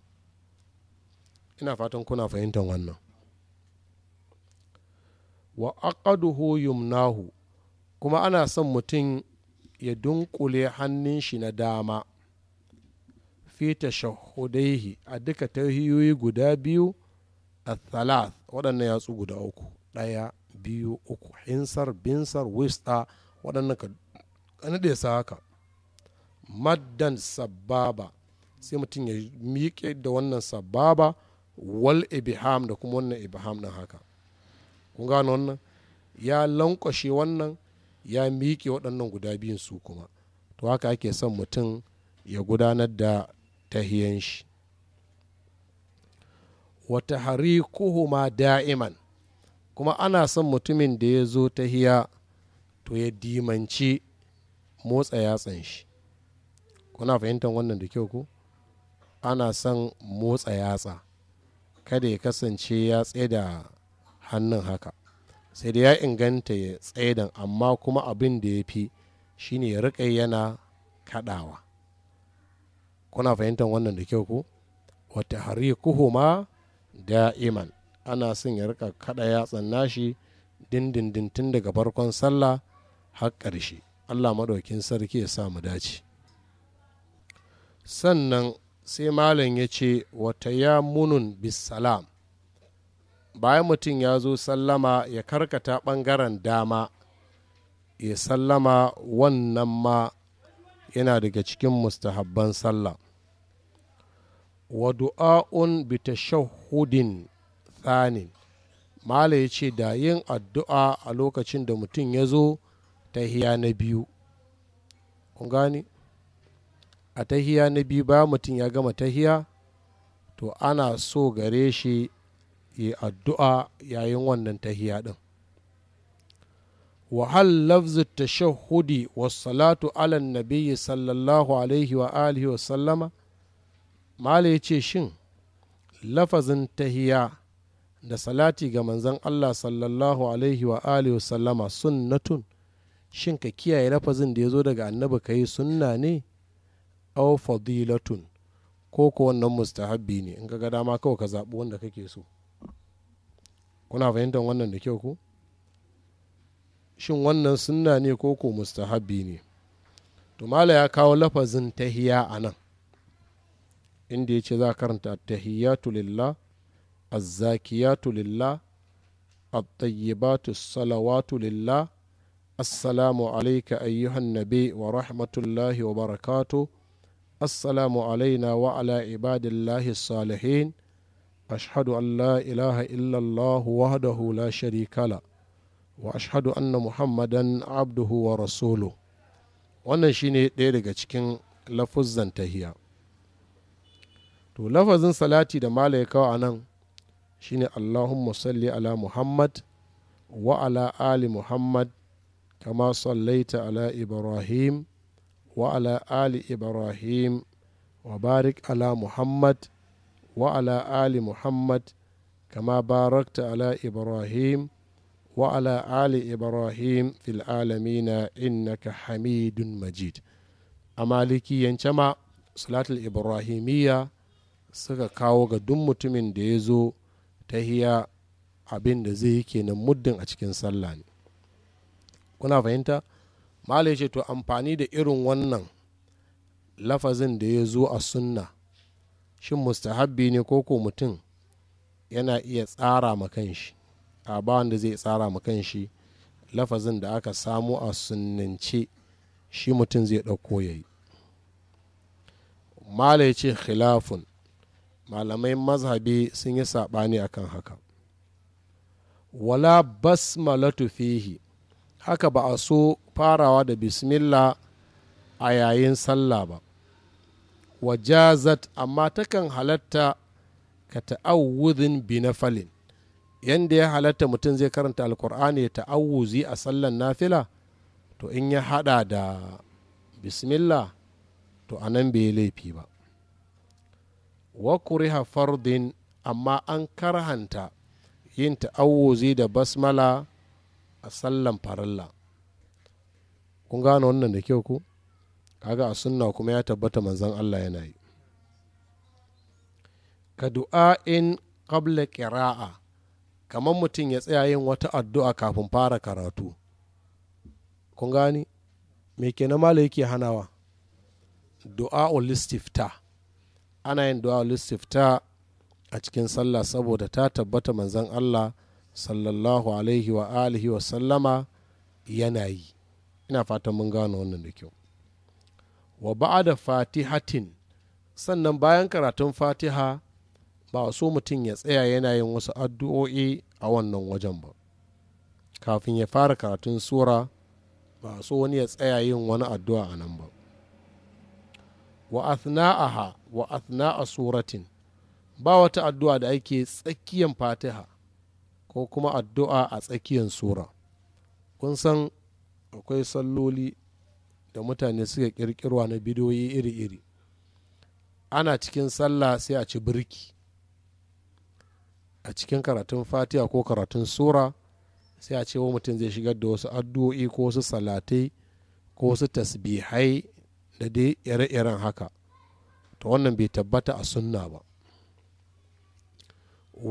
ina fatan kuna fahimtar wannan wa aqaduhu yumnahu kuma ana son mutum ya dunkule hannun shi na dama fi tashahudaihi a duka tahiyoyi guda biyu a thalath waɗannan yatsu guda uku ɗaya biyu uku hinsar binsar wista waɗannan ka naɗe sa haka maddan sababa sai mutum ya miƙe da wannan sababa wal ibham da kuma wannan ibham din haka kun gano wannan ya lankwashe wannan ya miƙe waɗannan guda biyun su kuma to haka ake son mutum ya gudanar da tahiyan shi wata kuhuma da'iman kuma ana son mutumin da ya zo tahiya to ya dimanci motsa yatsan shi kuna fahimtar wannan da kyau ko ana son motsa yatsa kada ya kasance ya tsaye da hannun haka sai da ya inganta ya da amma kuma abin da ya fi shine ya yana kaɗawa kuna fahimtar wannan da kyau ko wata hari kuhuma da'iman ana son ya rika kaɗa yatsan nashi dindindin tun daga farkon sallah har ƙarshe allah maɗaukin sarki ya sa mu dace sannan sai malam ya ce wata ya munun bisalam bayan mutum ya zo sallama ya karkata ɓangaren dama ya sallama wannan ma yana daga cikin mustahabban sallah wadu'a'un bita bi tashahhudin malam ya ce da yin addu'a a lokacin da mutum ya zo ta hiya na biyu a tahiya na biyu ba mutum ya gama tahiya to ana so gare shi yi addu'a yayin wannan tahiya ɗin wahal lafzu tashahudi salatu alan nabiyyi sallallahu alaihi wa alihi wa sallama mala ya ce shin lafazin tahiya da salati ga manzan allah sallallahu alaihi wa alihi wa sallama sunnatun shin ka kiyaye lafazin da ya zo daga annabi ka yi sunna ne aw fadilatun ko ko wannan mustahabbi ne in ga dama kawai ka zaɓi wanda kake so kuna fahimtar wannan da kyau ko shin wannan sunna ne ko ko mustahabbi ne to ya kawo lafazin tahiya a nan inda ya ce za karanta tahiyatu lillah azzakiyatu lillah salawatu lillah assalamu alayka ayyuhan nabi wa rahmatullahi wa barakatuh assalamu alaina wa ala ibadillahi salihin ashadu an la ilaha illallah wahdahu hula sharikala wa ashhadu anna muhammadan abduhu wa rasuluhu wannan shine ɗaya daga cikin lafuzan tahiya to lafazin salati da mala kawo a nan shine allahumma salli ala muhammad wa ala ali muhammad kama sallaita ala ibrahim wa ala ali ibrahim wa ala muhammad wa ali muhammad kama barakta ala ibrahim wa ali ibrahim fil alamina innaka hamidun majid a maliki yance ma salatul ibrahimiyya suka kawo ga duk mutumin da ya zo ta hiya abinda zai yi kenan muddin a cikin sallah ne kuna fahimta malai ce to amfani da irin wannan lafazin da ya zo a sunna shin mustahabbi ne ko ko mutum yana iya tsara ma kanshi a ba wanda zai tsara ma kanshi lafazin da aka samu a sunnance shi mutum zai ɗauko ya yi malai ce khilafun malamai mazhabi sun yi saɓani akan haka wala basmalatu fihi haka ba a so farawa da bismillah a yayin sallah ba wajazat amma takan halatta ka ta'awudin binafalin yadda ya halatta mutum zai karanta alkur'ani ya ta'awuzi a sallan nafila to in ya hada da bismillah to a nan bai laifi ba wa kuriha fardin amma an karhanta yin ta'awuzi da basmala a sallan faralla kun gane wannan da kyau ku kaga a sunna kuma ya tabbata manzan Allah yana yi ka du'a in qabla kira'a kamar mutum ya tsaya yin wata addu'a kafin fara karatu kun gani me ke na mala yake hanawa du'a listifta ana yin du'a listifta a cikin sallah saboda ta tabbata manzan Allah sallallahu alaihi wa alihi wa sallama yana yi ina fatan mun gano wannan da kyau wa ba'a da fatihatin sannan bayan karatun fatiha ba so mutum ya tsaya yana yin wasu addu'o'i a wannan wajen ba kafin ya fara karatun sura ba so wani ya tsaya yin wani addu'a a nan ba wa athna'aha wa athna'a suratin ba wata addu'a da ake tsakiyan fatiha ko kuma addu'a a tsakiyar sura kun san akwai salloli da mutane suka kirkirwa na bidoyi iri-iri ana cikin sallah sai a ci birki a cikin karatun fatiha ko karatun sura sai a ce wa mutum zai shigar da wasu addu'o'i ko wasu salatai ko wasu tasbihai da dai ire-iren haka ta wannan bai tabbata a sunna ba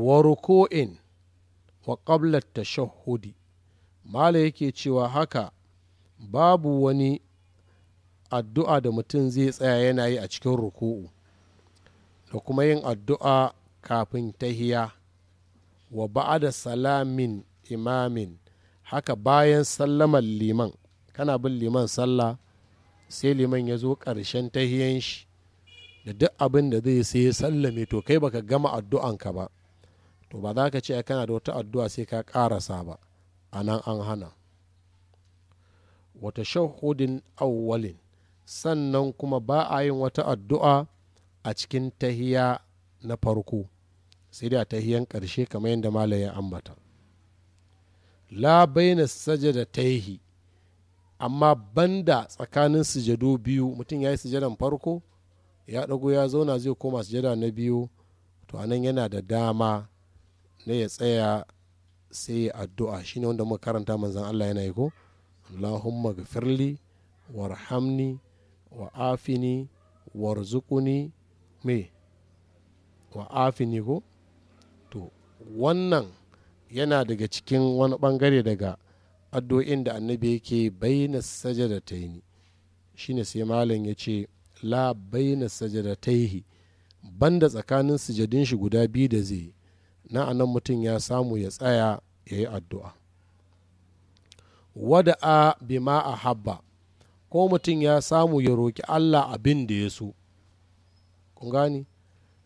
waruko'in wa ƙablar shahudi mala yake cewa haka babu wani addu'a da mutum zai tsaya yana yi a cikin ruku'u da kuma yin addu'a kafin tahiya wa ba'ada salamin imamin haka bayan sallamar liman kana bin liman sallah sai liman ya zo ƙarshen tahiyan shi da duk abin da zai sai sallame to kai baka gama addu'anka ba to ba za ka ce kana da wata addu'a sai ka karasa ba a nan an hana wata shahudin auwalin sannan kuma ba a yin wata addu'a a cikin tahiya na farko sai da tahiyan ƙarshe kamar yadda malam ya ambata la baina da taihi amma banda tsakanin sujadu biyu mutum ya yi sujadan farko ya ɗago ya zauna zai koma sujada na biyu to anan yana da dama na ya tsaya sai addu'a shine wanda muka karanta manzan Allah yana yi ko Allahumma gafirli warhamni wa afini warzuquni me wa afini ko to wannan yana daga cikin wani bangare daga addu'o'in da annabi yake bayyana sajadataini shine sai malam ya ce la bayyana yi banda tsakanin sujadin shi guda biyu da zai na anan mutum ya samu ya tsaya ya yi addu'a a bima a habba ko mutum ya samu ya roƙi allah abin da ya so kun gani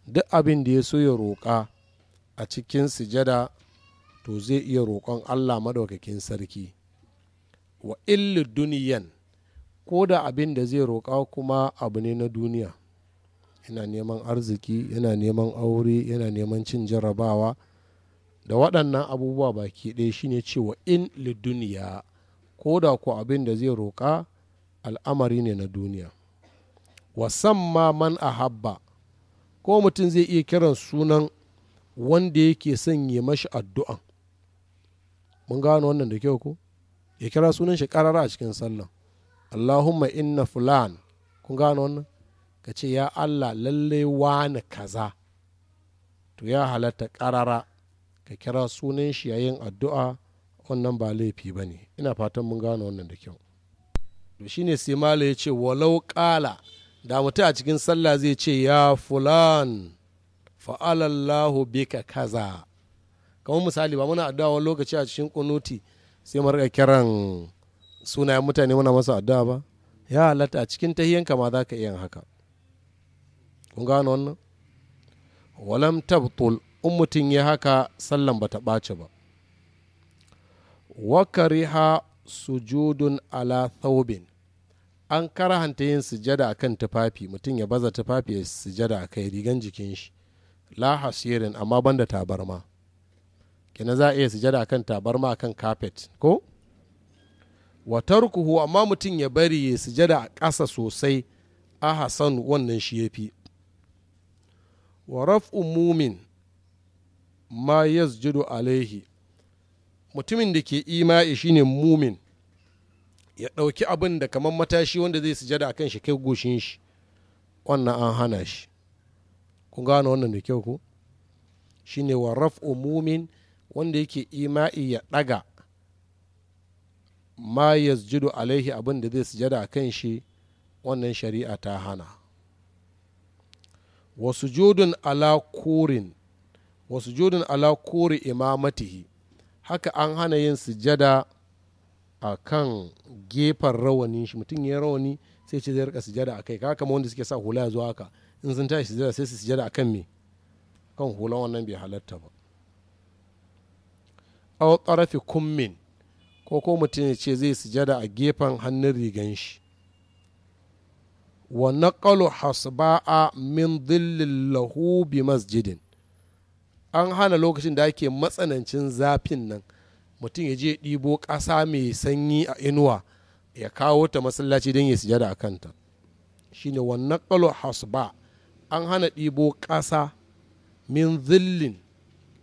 duk abin da ya so ya roƙa a cikin sujada to zai iya roƙon allah maɗaukakin sarki wa illu duniyan ko da abin da zai roƙa kuma abu ne na duniya yana neman arziki yana neman aure yana neman cin jarabawa da waɗannan abubuwa baki ɗaya shine cewa in liduniya ko da ku abin da zai roƙa al'amari ne na duniya wasamma man a habba ko mutum zai iya kiran sunan wanda yake son mashi addu'an mun gano wannan da kyau ko ya kira sunan shi karara a cikin sallan allahumma inna fulan kun gano wannan ka ce ya allah lallai wani kaza to ya halatta ƙarara ka kira sunan shi yayin addu'a wannan ba laifi ba ne ina fatan mun gane wannan da kyau to shine sai mala ya ce walau kala da mutum a cikin sallah zai ce ya fulan fa'alallahu bika kaza kamar misali ba muna addu'a wani lokaci a cikin kunuti sai mu rika kiran sunayen mutane muna masa addu'a ba ya halatta a cikin tahiyanka ma za ka iya haka kun gano wannan walam tabtul in mutum ya haka sallan bata ɓace ba wakariha sujudun ala thawbin an karahanta yin sujada akan tufafi mutum ya baza tufafi ya sujada a kai rigan jikin shi la hasirin amma banda tabarma kina za a iya sujada akan tabarma akan carpet ko wa tarkuhu amma mutum ya bari ya sujada a ƙasa sosai a hasan wannan shi ya fi wa raf'u mumin ma yasjudu alaihi mutumin da ke ima'i shine mumin ya ɗauki abin da kamar matashi wanda zai sujada akan shi kai goshin shi wannan an hana shi kun gane wannan da kyau ku shine wa raf'u mumin wanda yake ima'i ya ɗaga ma yasjudu alaihi abin da zai sujada akan shi wannan shari'a ta hana wasu judun ala kurin wasu judun ala kuri imamatihi haka an hana yin sujada a kan gefen rawani shi mutum ya rawani sai ce zai rika sujada a kai kaka kama wanda suke sa hula ya zuwa haka in sun tashi sujada sai su sujada a kan me kan hula wannan bai halatta ba au tsarafi kummin ko ko mutum ya ce zai sujada a gefen hannun rigan shi wa naƙalu hasba'a min dillin lahu bi masjidin an hana lokacin da ake matsanancin zafin nan mutum ya je ɗibo ƙasa mai sanyi a inuwa ya kawo ta masallaci don ya sijada a kanta shi ne wa naƙalu hasba an hana ɗibo ƙasa min zillin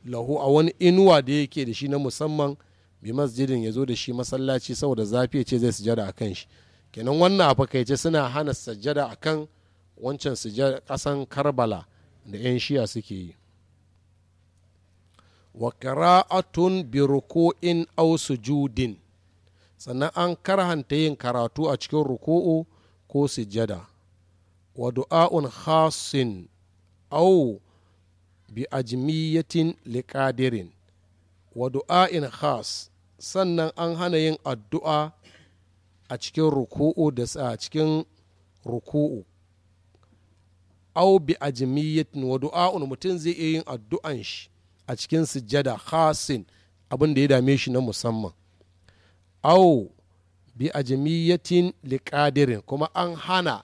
lahu a wani inuwa da yake da shi na musamman bi masjidin ya zo da shi masallaci saboda zafi ya ce zai sijada a kan shi kenan wannan a fakaice suna hana sajjada kan wancan sujjada kasan karbala da 'yan shiya suke yi wa qira'atun bi ruku'in aw sujudin sannan an karhanta yin karatu a cikin ruku'u ko sujjada wa du'a'un khasin aw bi ajmiyatin liqadirin wa du'a'in khas sannan an hana yin addu'a a cikin ruku'u da a cikin ruku'u au bi ajmiyatin wa du'a'un mutum zai iya yin addu'an shi a cikin sujjada khasin abin da ya dame shi na musamman au bi ajmiyatin liqadirin kuma an hana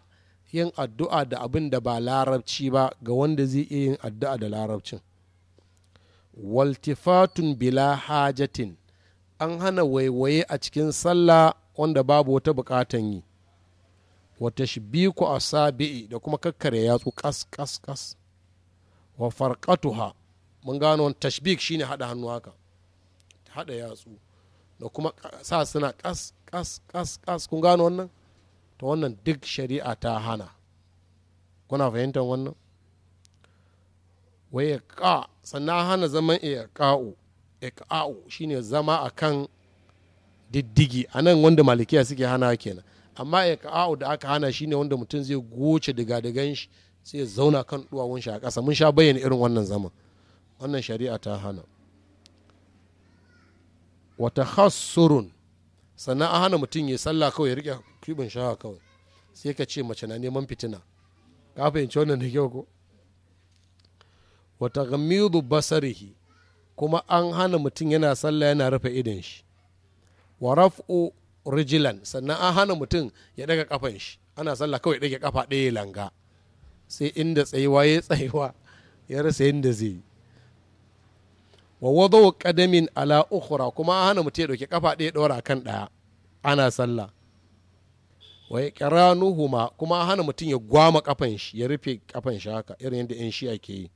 yin addu'a da abin da ba larabci ba ga wanda zai iya yin addu'a da larabcin waltifatun bila hajatin an hana waiwaye a cikin sallah wanda babu wata bukatan yi wata ku a sabi'i da kuma kakkare yatsu kas kas kas wa farqatuha mun gano tashbik shine hada hannu haka hada yatsu da kuma sa suna kas kas kas kas kun gano wannan to wannan duk shari'a ta hana kuna fahimtar wannan wai ka sannan hana zaman iya ka'u shine zama akan diddigi a nan wanda malikiya suke hana kenan amma ya ka'a'u da aka hana shine wanda mutum zai goce diga-digan shi sai ya zauna kan duwawun shi a ƙasa mun sha bayyana irin wannan zaman wannan shari'a ta hana wata hassurun sannan a hana mutum ya sallah kawai ya riƙe kibin shawa kawai sai ka ce mace na neman fitina ka fahimci wannan da kyau ko wata gamidu basarihi kuma an hana mutum yana sallah yana rufe idon shi wa raf'u rijilan sannan an hana mutum ya daga kafan shi ana sallah kawai dage kafa ɗaya langa sai inda tsayuwa ya tsayuwa ya rasa yadda zai yi wa wadau kadamin ala ukhra kuma an hana mutum ya dauki kafa ɗaya ɗora kan ɗaya ana sallah wa ma kuma an hana mutum ya gwama kafan shi ya rufe kafan shi haka irin yadda yan shi ake yi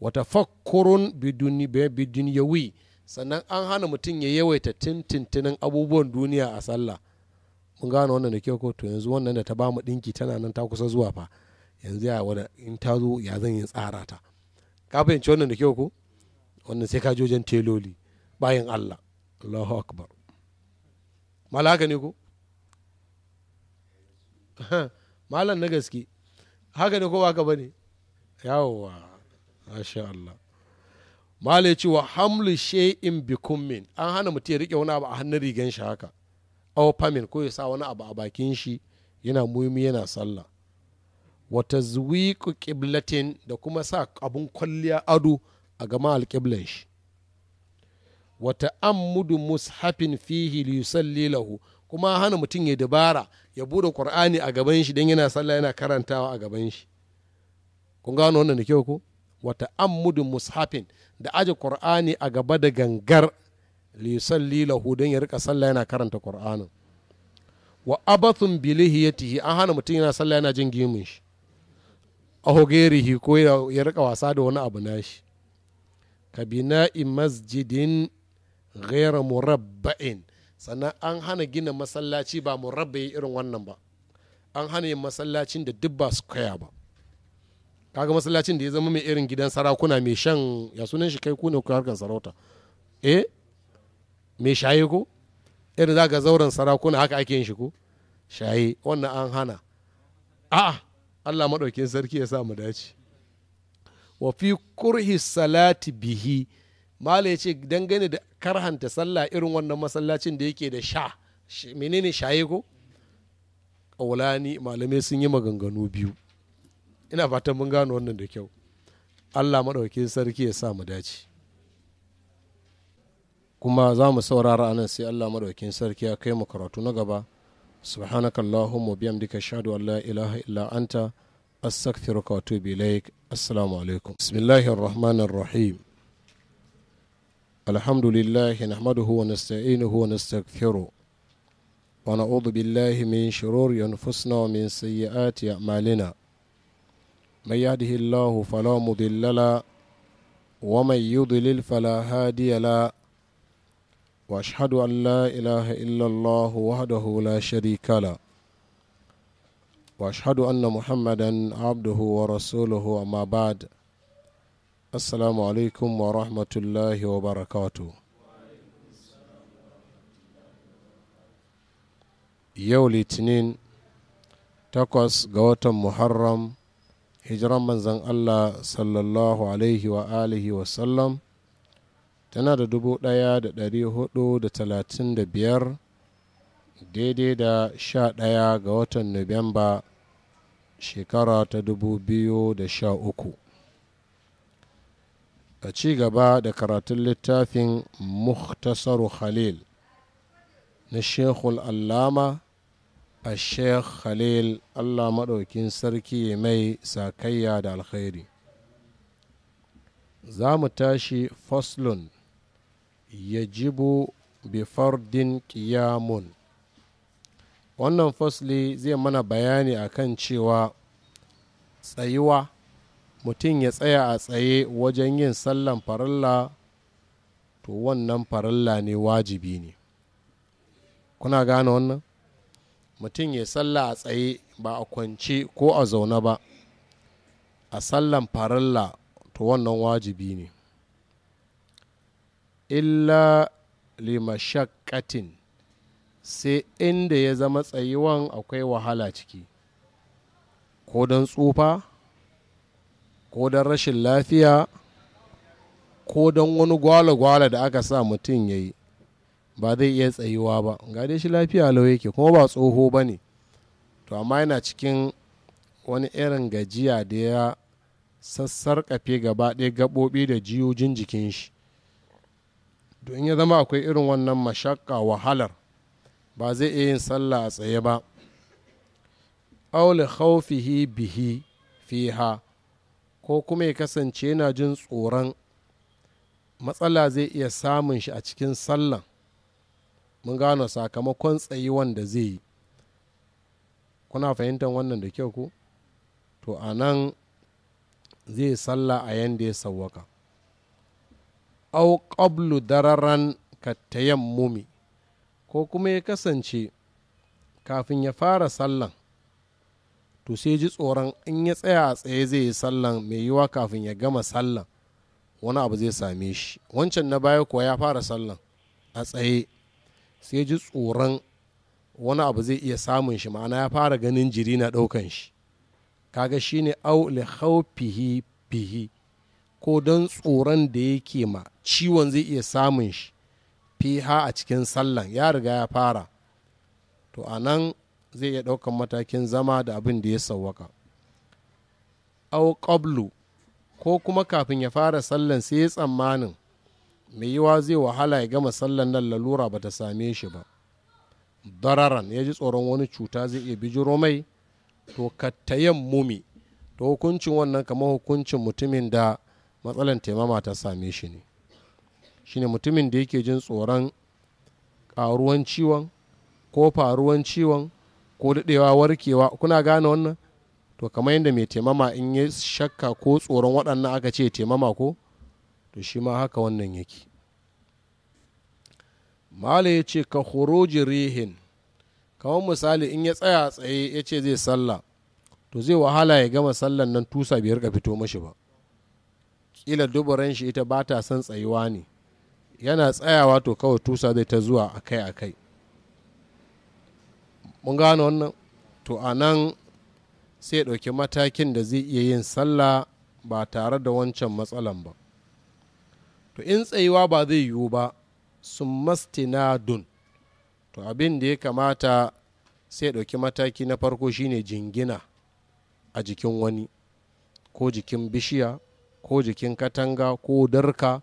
wa tafakkurun bidunyawi sannan an hana mutum ya yawaita tintintinin abubuwan duniya a sallah mun gane wannan da kyau ko to yanzu wannan da ta bamu dinki tana nan ta kusa zuwa fa yanzu ya wada in ta zo ya zan yi tsara ta ka fahimci wannan da kyau ko wannan sai ka jojen teloli bayan Allah Allahu akbar malaka ne ko (laughs) malam na gaske haka ne ko ba ka bane yawwa masha Allah mala ce wa hamlu shay'in min an hana mutum ya rike wani abu a hannun rigan shi haka aw famin ko ya sa wani abu a bakin shi yana muhimmi yana sallah wa tazwiqu ƙiblatin da kuma sa abun kwalliya ado a gama alƙiblan shi wa mudu mushafin fihi li lahu kuma hana mutum ya dabara ya bude qur'ani a gaban shi don yana sallah yana karantawa a gaban shi kun gano wannan da kyau ko wata an mudu mushafin da aji qur'ani a gaba da gangar lisalli Lila, Hudun ya rika sallah yana karanta qur'anin wa abathun bilihiyatihi an hana mutum yana sallah yana jin gimin shi a hogerihi ko ya rika wasa da wani abu nashi kabina masjidin ghaira murabba'in sannan an hana gina masallaci ba murabba'i irin wannan ba an hana yin masallacin da duk ba square ba kaga masallacin da ya zama mai irin gidan sarakuna mai shan ya sunan shi kai ku ne harkar sarauta eh mai shaye ko irin za ka zauren sarakuna haka ake yin shi ko shaye wannan an hana a'a Allah maɗaukin sarki ya sa mu dace wa fi kurhi salati bihi mala ya ce dangane da karhanta sallah irin wannan masallacin da yake da sha menene shaye ko ƙaulani malamai sun yi maganganu biyu ina fatan mun gano wannan da kyau allah maɗaukin sarki ya sa mu dace kuma za mu saurara anan sai allah maɗaukin sarki ya kai mu karatu na gaba subhanakallahumma bihamdika shahadu an la ilaha illa anta astaghfiruka wa atubu ilaik assalamu alaikum bismillahir rahmanir rahim الحمد لله نحمده ونستعينه ونستغفره ونعوذ بالله من شرور انفسنا ومن سيئات اعمالنا من يهده الله فلا مضل له ومن يضلل فلا هادي له واشهد ان لا اله الا الله وحده لا شريك له واشهد ان محمدا عبده ورسوله اما بعد السلام عليكم ورحمه الله وبركاته يولي litinin تقص ga محرم hijiran manzan allah sallallahu alaihi wa alihi sallam tana da dubu ɗaya da ɗari hudu da talatin da biyar daidai da sha ɗaya ga watan nuwamba shekara ta dubu biyu da sha uku a ci gaba da karatun littafin muhtasaru khalil na shekul allama a sheikh khalil allah maɗaukin sarki mai sakayya da alkhairi za mu tashi faslun bifar bifardin ƙiyamun wannan fasli zai mana bayani akan cewa tsayuwa mutum ya tsaya a tsaye wajen yin sallan faralla to wannan faralla ne wajibi ne kuna gane wannan mutum ya sallah a tsaye ba a kwance ko a zaune ba a sallan faralla to wannan wajibi ne illa limashakatin sai inda ya zama tsayuwan akwai wahala ciki ko don tsufa ko don rashin lafiya ko don wani gwale-gwale da aka sa mutum ya yi ba zai iya tsayuwa ba ga dai shi lafiya lau yake kuma ba tsoho ba ne to amma yana cikin wani irin gajiya da ya sassarƙafe gaba ɗaya gaɓoɓi da jiyojin jikin shi to ya zama akwai irin wannan mashakka wahalar ba zai iya yin sallah a tsaye ba aule khaufihi bihi fiha ko kuma ya kasance yana jin tsoron matsala zai iya samun shi a cikin sallan mun gano sakamakon tsayi wanda zai yi kuna fahimtar wannan da kyau ku to a nan zai salla a yanda ya sawwaka au qablu dararan mumi ko kuma ya kasance kafin ya fara sallan to sai ji tsoron in ya tsaya a tsaye zai yi sallan mai yiwa kafin ya gama sallan wani abu zai same shi wancan na baya kuwa ya fara sallan a tsaye sai ji tsoron wani abu zai iya samun shi ma'ana ya fara ganin jiri na ɗaukan shi kaga shine au le khawfihi bihi ko don tsoron da yake ma ciwon zai iya samun shi fiha a cikin sallan ya riga ya fara to a nan zai iya ɗaukan matakin zama da abin da ya sauwaka au ƙablu ko kuma kafin ya fara sallan sai ya tsammanin mai yiwa zai wahala ya gama sallan nan lalura bata same shi ba dararan ya ji tsoron wani cuta zai iya bijiro mai to kattayen mumi to hukuncin wannan kamar hukuncin mutumin da matsalan taimama ta same shi ne shine mutumin da yake jin tsoron ƙaruwan ciwon ko faruwan ciwon ko daɗewa warkewa kuna gane wannan to kamar yadda mai taimama in ya shakka ko tsoron waɗannan aka ce taimama ko to shi ma haka wannan yake mala ya ce ka horoji rihin kawon misali in ya tsaya tsaye ya ce zai salla to zai wahala ya gama sallan nan tusa biyar ka fito mashi ba kila dubaran shi ita ba ta son tsayuwa ne yana tsayawa to kawai tusa zai ta zuwa akai akai mun gane wannan to a nan sai ya ɗauki matakin da zai iya yin sallah ba tare da wancan matsalan ba to in tsayuwa ba zai yiwu ba sun mastinadun to abin da ya kamata sai ɗauki mataki na farko shine jingina a jikin wani ko jikin bishiya ko jikin katanga ko darka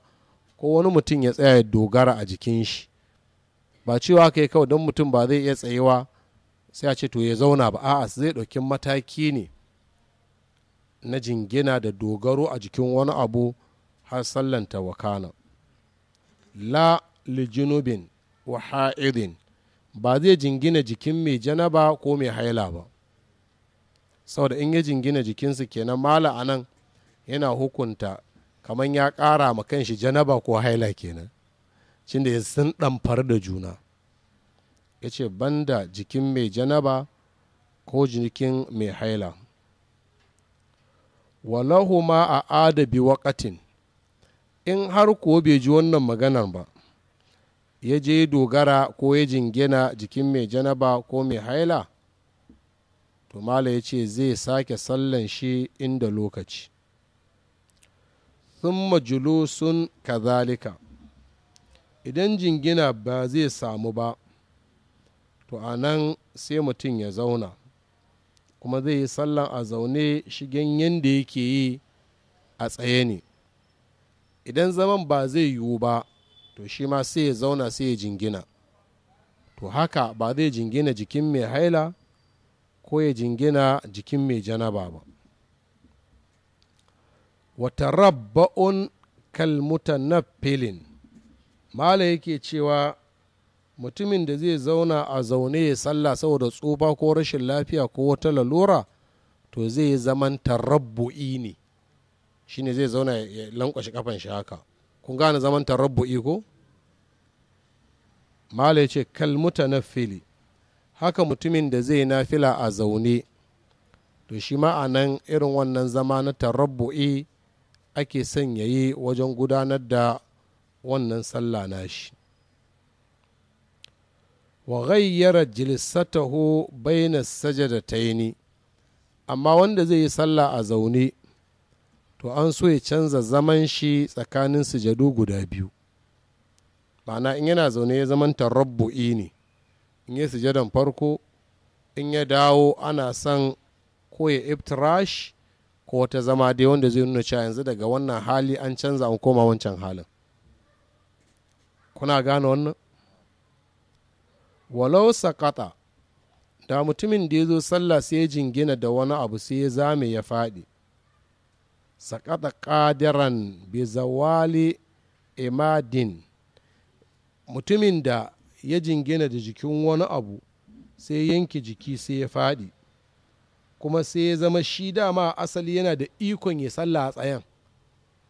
ko wani mutum ya tsaya dogara a jikin shi ba cewa kai kawai don mutum ba zai iya tsayuwa sai a ce to ya zauna ba a'a zai ɗauki mataki ne na jingina da dogaro a jikin wani abu har sallanta wakana la lijunubin wa ha'idin ba zai jingina jikin mai janaba ko mai haila ba saboda in ya jingina jikinsu kenan mala a nan yana hukunta kamar ya ƙara ma shi janaba ko haila kenan cin da ya sun ɗamfar da juna ya ce banda jikin mai janaba ko jikin mai haila walahu ma a adabi wakatin. in har kuwa bai ji wannan maganar ba ya je dogara ko ya jingina jikin mai janaba ko mai haila to mala ya ce zai sake sallan shi inda lokaci sun sun sun kazalika idan jingina ba zai samu ba to a nan sai mutum ya zauna kuma zai yi sallan a zaune shigen yadda yake yi a tsaye ne idan zaman ba zai yiwu ba to shi ma sai ya zauna sai ya jingina to haka ba zai jingina jikin mai haila ko ya jingina jikin mai janaba ba wata rabba'un kalmutan filin mala yake cewa mutumin da zai zauna a zaune ya sallah saboda tsufa ko rashin lafiya ko wata lalura to zai zaman tarabbu'i ne shine zai zauna ya lankwashe kafan shi haka kun gane zaman tarabbu'i ko mala ce kalmuta na fili haka mutumin da zai na fila a zaune to shi ma'anan irin wannan zama na tarabbu'i ake son yi wajen gudanar da wannan sallah na shi wa ghayyara jilisatahu baina sajadataini amma wanda zai yi sallah a zaune to an so ya canza zaman shi tsakanin sujadu guda biyu ma'ana in yana zaune ya zaman rabbu'i ne in ya sujadan farko in ya dawo ana son ko ya iftirash ko ta zama dai wanda zai nuna cewa yanzu daga wannan hali an canza an koma wancan halin kuna gane wannan walau sakata da mutumin da ya zo sallah sai ya jingina da wani abu sai ya zame ya faɗi sakata ƙadiran bi zawali imadin mutumin da ya jingina da jikin wani abu sai yanke jiki sai ya faɗi kuma sai ya zama shi dama asali yana da ikon ya sallah a tsayan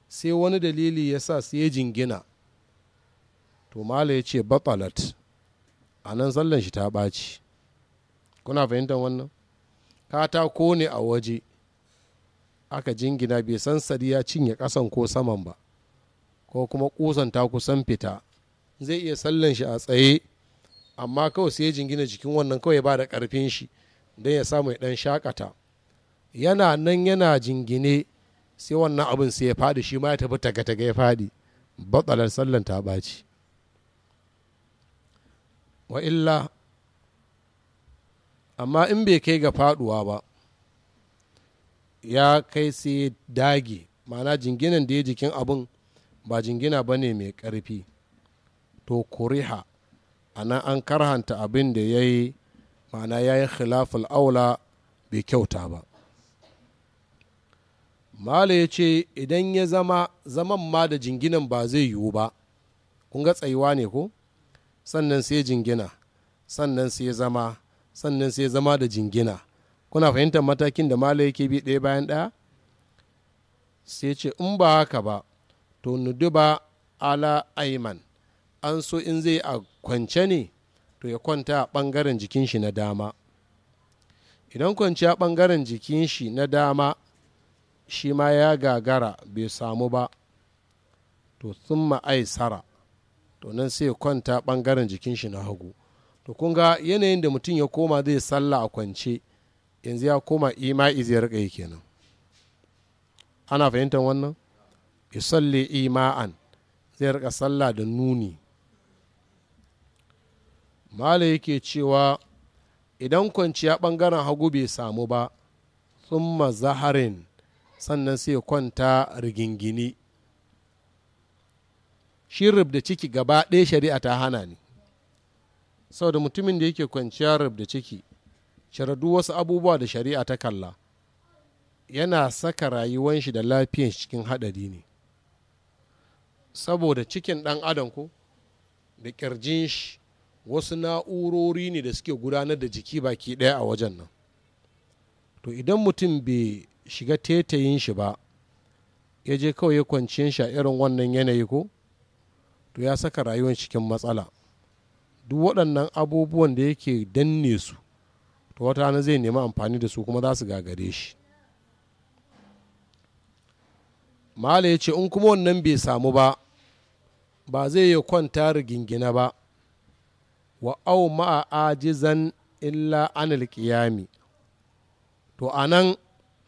sai wani dalili ya sa sai ya jingina to mala ya ce batalat a nan sallan shi ta ɓaci kuna fahimtar wannan katako ne a waje aka jingina bai san ya cinye kasan ko saman ba ko kuma kusan ta kusan fita zai iya sallan shi a tsaye amma kawai sai ya jingina jikin wannan kawai ba da ƙarfin shi don ya samu ya ɗan shakata yana nan yana jingine sai wannan abin sai ya fadi shi ma ya tafi taga ya faɗi batsalar sallan ta ɓaci wa illa amma in bai kai ga faɗuwa ba ya kai sai dage ma'ana jinginan da ya jikin abin ba jingina ba ne mai ƙarfi to kuriha ana an karhanta abin da ya yi ma'ana ya yi khilaful aula bai kyauta ba mala ya ce idan ya zama zaman ma da jinginan ba zai yiwu ba kun ga tsayuwa ne ko sannan sai jingina sannan sai zama sannan sai zama da jingina kuna fahimtar matakin da mala yake bi ɗaya bayan ɗaya sai ce in ba haka ba to nuduba ala aiman an so in zai a kwance ne to ya kwanta a ɓangaren jikin shi na dama idan kwanci a ɓangaren jikin shi na dama shi ma ya gagara bai samu ba to sun ma'aisara to nan sai ya kwanta ɓangaren jikin shi na hagu to kunga yanayin da mutum ya koma zai sallah a kwance yanzu ya koma ima'i zai rika yi kenan ana fahimtar wannan yusalli ima'an zai rika sallah da nuni mala yake cewa idan kwanciya ɓangaren hagu bai samu ba tsumma zaharin sannan sai kwanta rigingini shi rubda ciki gaba ɗaya shari'a ta hana ni da mutumin da yake kwanciya rubda ciki sharadu wasu abubuwa da shari'a ta kalla yana saka rayuwan shi da lafiyan cikin haɗari ne saboda cikin ɗan adam ko da ƙirjin shi wasu na'urori ne da suke gudanar da jiki baki ɗaya a wajen nan to idan mutum bai shiga tetayin shi ba ya je kawai ya kwanci shi a irin wannan yanayi ko to ya saka rayuwar cikin matsala duk waɗannan abubuwan da yake danne su to wata rana zai nemi amfani da su kuma za su gagare shi mala ya ce in kuma wannan bai samu ba ba zai yi kwanta rigingina ba wa au ma'a ajizan illa anil qiyami to a nan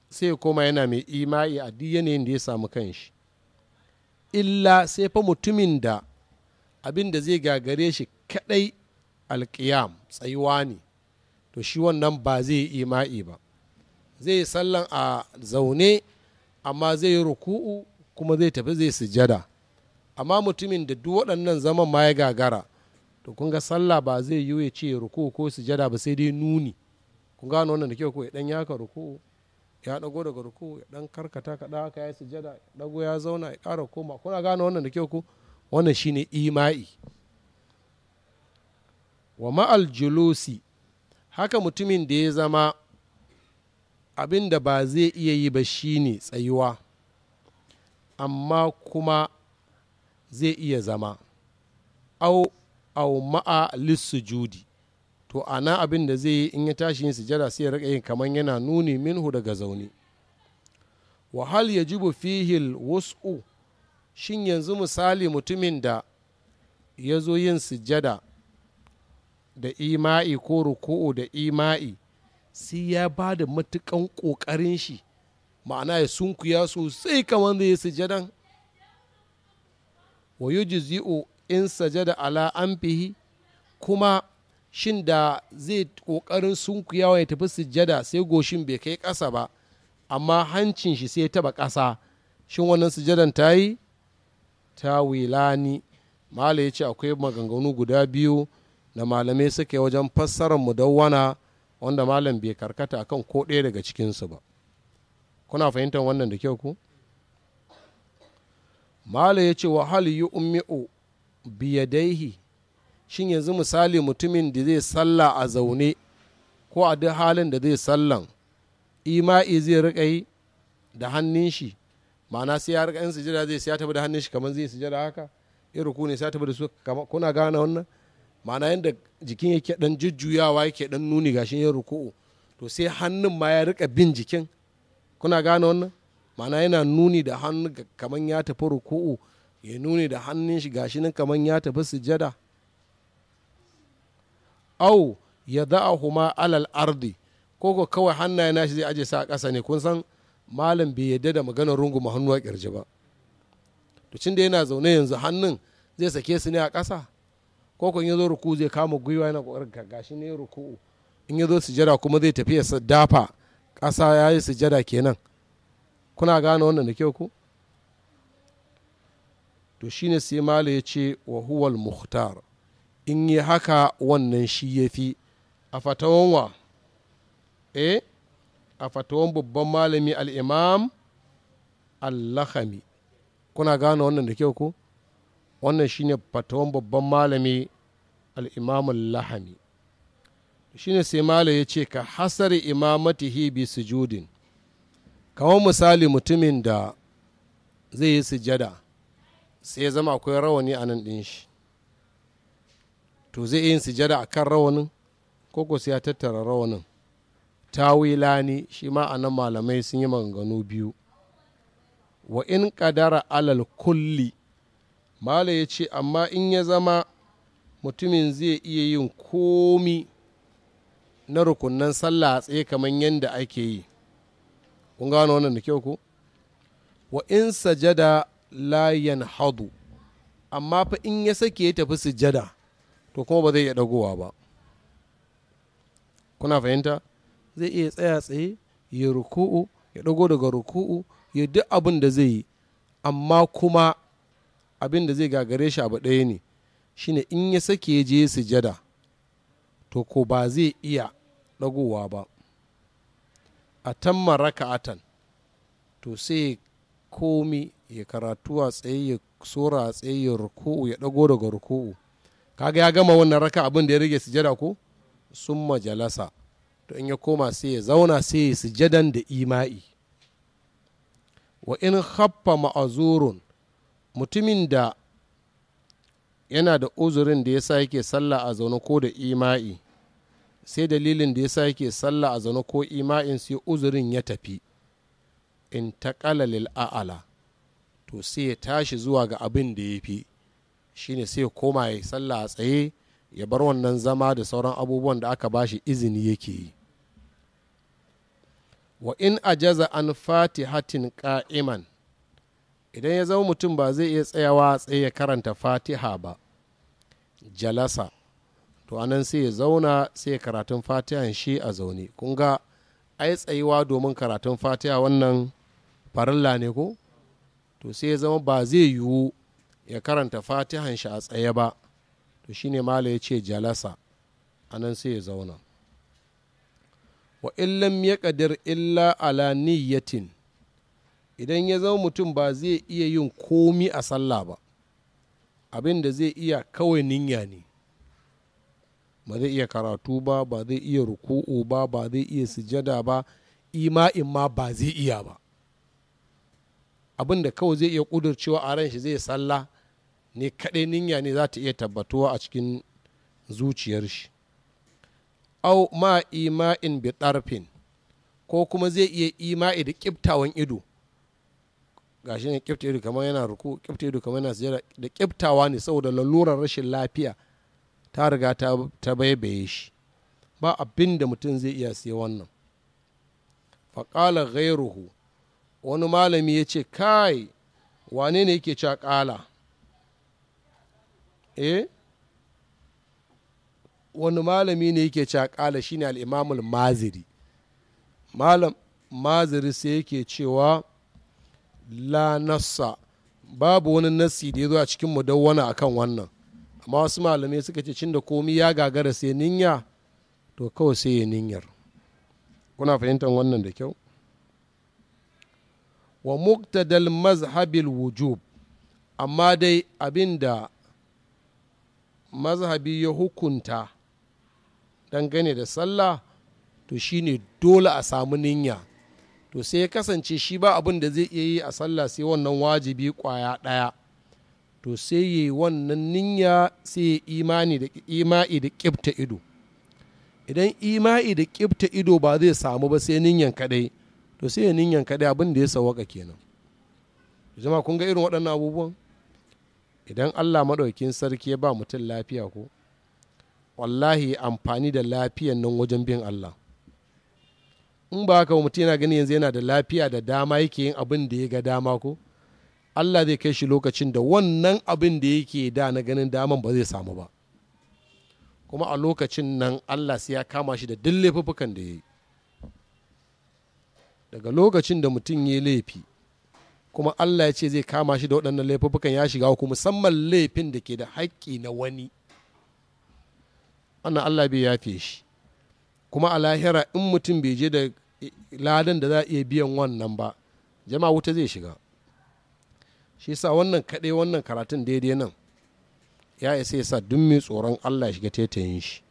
sai koma yana mai imai a duk yanayin da ya samu kan shi illa sai fa mutumin da abin da zai gagare shi kadai alkiyam tsayuwa ne to shi wannan ba zai yi ima'i ba zai yi sallan a zaune amma zai yi ruku'u kuma zai tafi zai sujada amma mutumin da duk waɗannan zaman ma ya gagara to kun ga sallah ba zai yi ya ce ruku'u ko sujada ba sai dai nuni kun gano wannan da kyau ko ya dan ruku'u ya dago daga ruku'u ya dan karkata kada haka ya sujada ya dago ya zauna ya ƙara koma kuna gano wannan da kyau ko wannan shine ima'i wa ma'al julusi haka mutumin da ya zama abin da ba zai iya yi ba shi ne tsayuwa amma kuma zai iya zama au au ma'a judi to ana abin da zai yi in ya tashi yin sujada sai ya rika yin kamar yana nuni minhu daga zaune wahal ya jibu fihil wasu shin yanzu misali mutumin da ya zo yin sujada da ima'i ko ruku'u da ima'i sai ya ba da matukan ƙoƙarin shi ma'ana ya sunkuya sosai kamar zai sujadan wa yujzi'u in sajada ala anfihi kuma shin da zai ƙoƙarin sunkuyawa ya tafi sujada sai goshin bai kai ƙasa ba amma hancin shi sai ya taba ƙasa shin wannan sujadan ta yi ta wilani mala ya ce akwai maganganu guda biyu da malamai suke wajen fassarar mudawwana wanda malam bai karkata akan ko ɗaya daga cikinsu ba kuna fahimtar wannan da kyau ku malam ya ce wa hal biya biyadaihi shin yanzu misali mutumin da zai salla a zaune ko a duk halin da zai sallan ima'i zai riƙa yi da hannun shi ma'ana sai ya riƙa yin sujada zai sai ya tafi da hannun shi kamar zai sujada haka irin ku ne sai ya tafi da su kuna gane wannan ma'ana yadda jikin yake dan jujjuyawa yake dan nuni gashin yin ruku'u to sai hannun ma ya rika bin jikin kuna gane wannan ma'ana yana nuni da hannu kaman ya tafi ruku'u ya nuni da hannun shi gashi nan kaman ya tafi sujada au ya huma alal ardi ko ko kawai hannaye nashi zai aje sa a ƙasa ne kun san malam bai yadda da maganar rungu hannu a kirji ba to cin da yana zaune yanzu hannun zai sake su ne a ƙasa ko kun yazo ruku zai kama gwiwa yana kokarin ga shi ne ruku in yazo sujada kuma zai tafi ya dafa ƙasa ya yi sujada kenan kuna gane wannan da kyau ku to shine sai mala ya ce wa huwal muhtar in yi haka wannan shi ya fi a fatawan wa eh a fatawan babban malami al'imam al-lakhami kuna gane wannan da kyau ku wannan shine fatawan babban malami al'imamun lahami shine sai malam ya ce ka hasari imamatihi bi sujudin kamar misali mutumin da zai yi sujada sai ya zama akwai rawani a nan ɗin shi to zai yi sujada a kan rawanin ko sai ya tattara rawanin ta tawilani shi ma a malamai sun yi maganganu biyu wa in kadara alal kulli mala ya ce amma in ya zama mutumin zai iya yin komi na rukunan sallah a tsaye kamar yadda ake yi kun gano wannan da kyau ku wa in sajada layan hadu amma fa in ya sake ya tafi sujada to kuma ba zai iya dagowa ba kuna fahimta zai iya tsaya tsaye ya ruku'u ya dago daga ruku'u ya duk abin da zai yi amma kuma abin da zai gagare shi abu ɗaya ne shine in ya sake je sujada to ko ba zai iya ɗagowa ba a tamma raka'atan to sai komi ya karatu a tsaye ya sora a tsaye ya ruku'u ya ɗago daga ruku'u kaga ya gama wannan raka abin da ya rage sujada ko Sun majalasa. to in ya koma sai ya zauna sai ya sujadan da ima'i wa in haffa ma'azurun mutumin da yana da uzurin da ya sa yake sallah a zaune ko da ima'i sai dalilin da ya sa yake sallah a zaune ko ima'in sai uzurin ya tafi in taƙala lil a'ala to sai ya tashi zuwa ga abin da ya fi shine sai ya koma ya sallah a tsaye ya bar wannan zama da sauran abubuwan da aka bashi izini yake yi wa in ajaza an fatihatin ka'iman idan ya zama mutum ba zai iya tsayawa tsaye ya karanta fatiha ba jalasa to anan sai ya zauna sai ya karatun fatihan shi a zaune kun ga ai tsayuwa domin karatun fatiha wannan farilla ne ko to sai ya zama ba zai yiwu ya karanta fatihan shi a tsaye ba to shine mala ya ce jalasa anan sai ya zauna wa illam ya illa ala niyyatin idan ya zama mutum ba zai iya yin komi a sallah ba abin zai iya kawai ninya ne ba zai iya karatu ba ba zai iya ruku'u ba ba zai iya sujada ba ima'in ma ba zai iya ba abin kawai zai iya ƙudurcewa a ran shi zai sallah ne kaɗai ninya ne za ta iya tabbatuwa a cikin zuciyar shi au ma ima'in bi ko kuma zai iya ima'i da ƙiftawan ido gashi ne kyafta ido kamar yana ruku kyafta ido kamar yana sujada da kyaftawa ne saboda lalurar rashin lafiya ta riga ta baibaye shi ba abin da mutum zai iya sai wannan faƙala gairuhu wani malami ya ce kai wane ne yake cewa ƙala eh wani malami ne yake cewa ƙala shine al'imamul maziri malam maziri sai yake cewa la nassa babu wani nassi da ya zo a cikin mudawwana akan wannan amma wasu malamai suka ce cin da komi ya gagara sai ninya to kawai sai ya ninyar kuna fahimtar wannan da kyau wa muktadal mazhabil wujub amma dai abinda mazhabi ya hukunta dangane da sallah to shine dole a samu ninya to sai ya kasance shi ba abin da zai iya yi a sallah sai wannan wajibi kwaya ɗaya to sai ya yi wannan ninya sai ya imani da ima'i da ƙibta ido idan ima'i da ƙibta ido ba zai samu ba sai ninyan kaɗai to sai ya ninyan kaɗai abin da ya sawaka kenan zama kun ga irin waɗannan abubuwan idan allah maɗaukin sarki ya ba mutum lafiya ko wallahi amfani da lafiyan nan wajen bin allah in ba haka mutum yana gani yanzu yana da lafiya da dama yake yin abin da ya ga dama ko Allah zai kai shi lokacin da wannan abin da yake da na ganin daman ba zai samu ba kuma a lokacin nan Allah sai ya kama shi da duk laifuffukan da ya yi daga lokacin da mutum ya laifi kuma Allah ya ce zai kama shi da waɗannan laifuffukan ya shiga ku musamman laifin da ke da haƙƙi na wani wannan Allah bai yafe shi kuma a lahira in mutum bai je da ladan da za a iya biyan wannan ba jama'a wuta zai shiga shi sa wannan kaɗai wannan karatun daidai nan ya isa ya sa duk mai tsoron allah shiga tetayin shi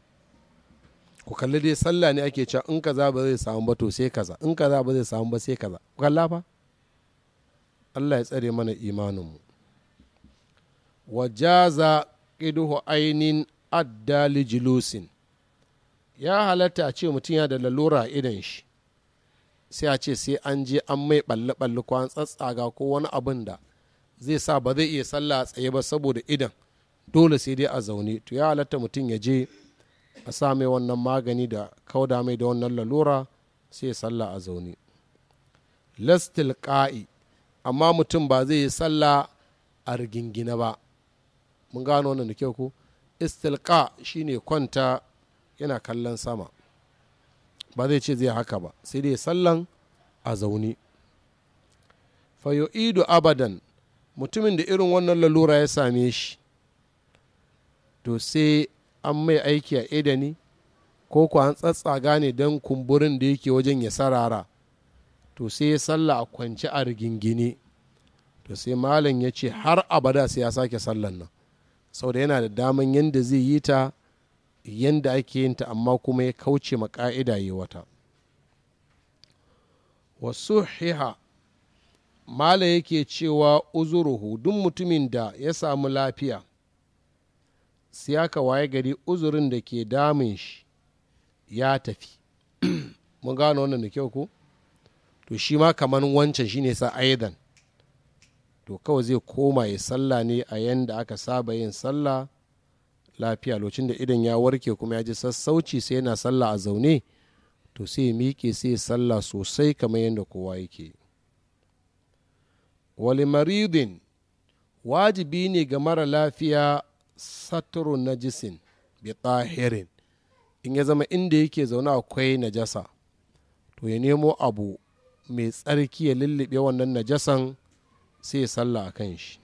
ku kalli dai sallah ne ake cewa in kaza ba zai samu ba to sai kaza in kaza ba zai samu ba sai kaza ku kalla fa allah ya tsare mana imaninmu wajaza ƙiduhu ainihin adda julusin ya halatta a ce mutum ya da lalura idan shi sai a ce sai an je an mai balle balle ko an tsatsaga ko wani abin da zai sa ba zai iya sallah a tsaye ba saboda idan dole sai dai a zaune to ya halatta mutum ya je a sa mai wannan magani da kauda mai da wannan lalura sai ya sallah a zaune lastil ka'i amma mutum ba zai yi sallah a rigingina ba mun gano wannan da kyau ko istilka shine kwanta yana kallon sama ba zai ce zai haka ba sai dai sallan a zaune Ido abadan mutumin da irin wannan lalura ya same shi to sai an mai aiki a edani ko ku an tsatsaga ne don kumburin da yake wajen ya sarara to sai ya salla a kwance a rigingine to sai malam ya ce har abada sai ya sake sallan nan sau da yana da daman yadda zai yi ta yanda ake yin ta amma kuma ya kauce ma ƙa'ida yi wata wasu hiha mala yake cewa uzuruhu duk mutumin da ya samu lafiya sai aka waye gari uzurin da ke damun shi ya tafi (clears throat) mun gano wannan da kyau ko to shi ma kamar wancan shi ne sa aidan to kawai zai koma ya sallah ne a yanda aka saba yin sallah lafiya lokacin da idan ya warke kuma ya ji sassauci sai yana sallah a zaune to sai ya miƙe sai ya sallah sosai kamar yadda kowa yake wali maridin wajibi ne ga mara lafiya saturu najisin bi tahirin in ya zama inda yake zaune akwai najasa to ya nemo abu mai tsarki ya lullube wannan najasan sai ya sallah a kan shi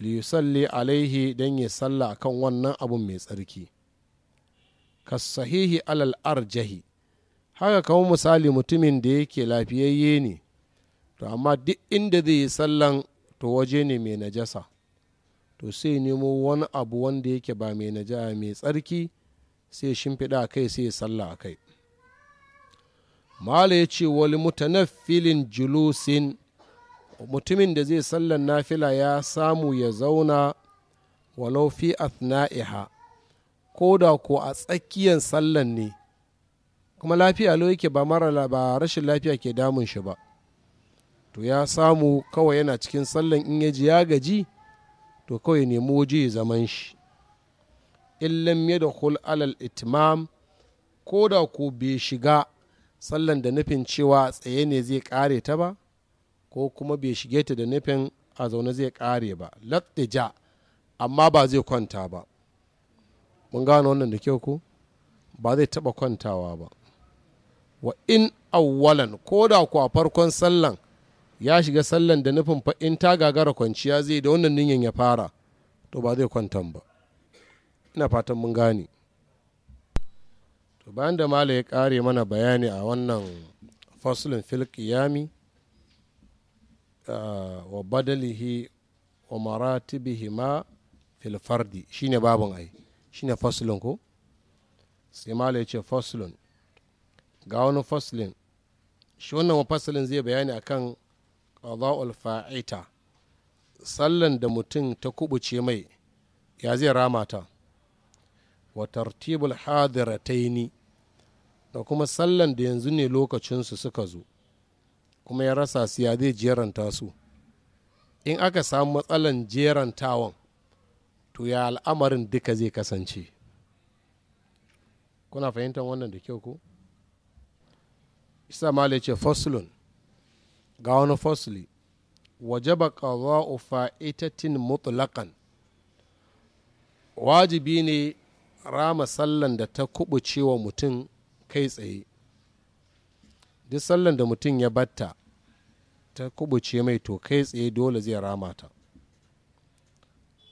liyusalli alaihi don ya salla kan wannan abun mai tsarki ka sahihi alal arjahi haka kawo misali mutumin da yake lafiyayye ne to amma duk inda zai yi sallan to waje ne mai najasa to sai nemo wani abu wanda yake ba mai najasa mai tsarki sai shimfiɗa kai sai ya salla a kai mala ya ce wali filin julusin mutumin da zai sallan nafila ya samu ya zauna walau fi athna'iha ko da ko a tsakiyar sallan ne kuma lafiya lo yake ba mara ba rashin lafiya ke damun shi ba to ya samu kawai yana cikin sallan in ya ji ya gaji to kawai nemo waje ya zaman shi illam ya da alal itimam ko da ko bai shiga sallan da nufin cewa tsaye ne zai kare ta ba ko kuma bai shige ta da nufin a zaune zai kare ba lattija amma ba zai kwanta ba mun gane wannan da kyau ko ba zai taba kwantawa ba wa in awwalan ko da ku a farkon sallan ya shiga sallan da nufin fa in ta gagara kwanciya zai da wannan ninyan ya fara to ba zai kwantan ba ina fatan mun gane to bayan da mala ya kare mana bayani a wannan fasulin fil qiyami wa badalihi wa ma fil fardi shine babun ai shine faslun ko sai malai ce faslun ga wani faslin shi wannan faslin zai bayani akan qada'ul fa'ita sallan da mutum ta kubuce mai ya zai ramata wa tartibul hadirataini da kuma sallan da yanzu ne lokacinsu suka zo kuma ya rasa su ya zai jeranta su in aka samu matsalan jerantawan to ya al'amarin duka zai kasance kuna fahimtar wannan da kyau ko isa ya ce faslun ga wani fasli wajaba qada'u fa'itatin mutlaqan wajibi ne rama sallan da ta kubuce wa mutum kai tsaye duk sallan da mutum ya batta ta kubuce mai to kai tsaye dole zai rama ta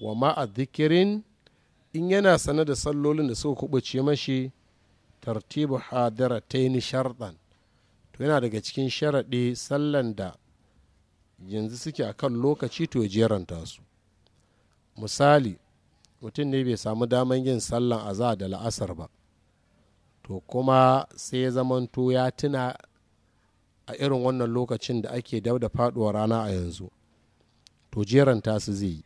wa a zikirin in yana sane da sallolin da suka kubuce mashi tartibu hadara yi sharɗan to yana daga cikin sharaɗe sallan da yanzu suke a kan lokaci to ya jeranta su misali mutum ne bai samu daman yin sallan a aza da la'asar ba to kuma sai ya zamanto ya tuna a irin wannan lokacin da ake dab da faduwa rana a yanzu to ta su zai yi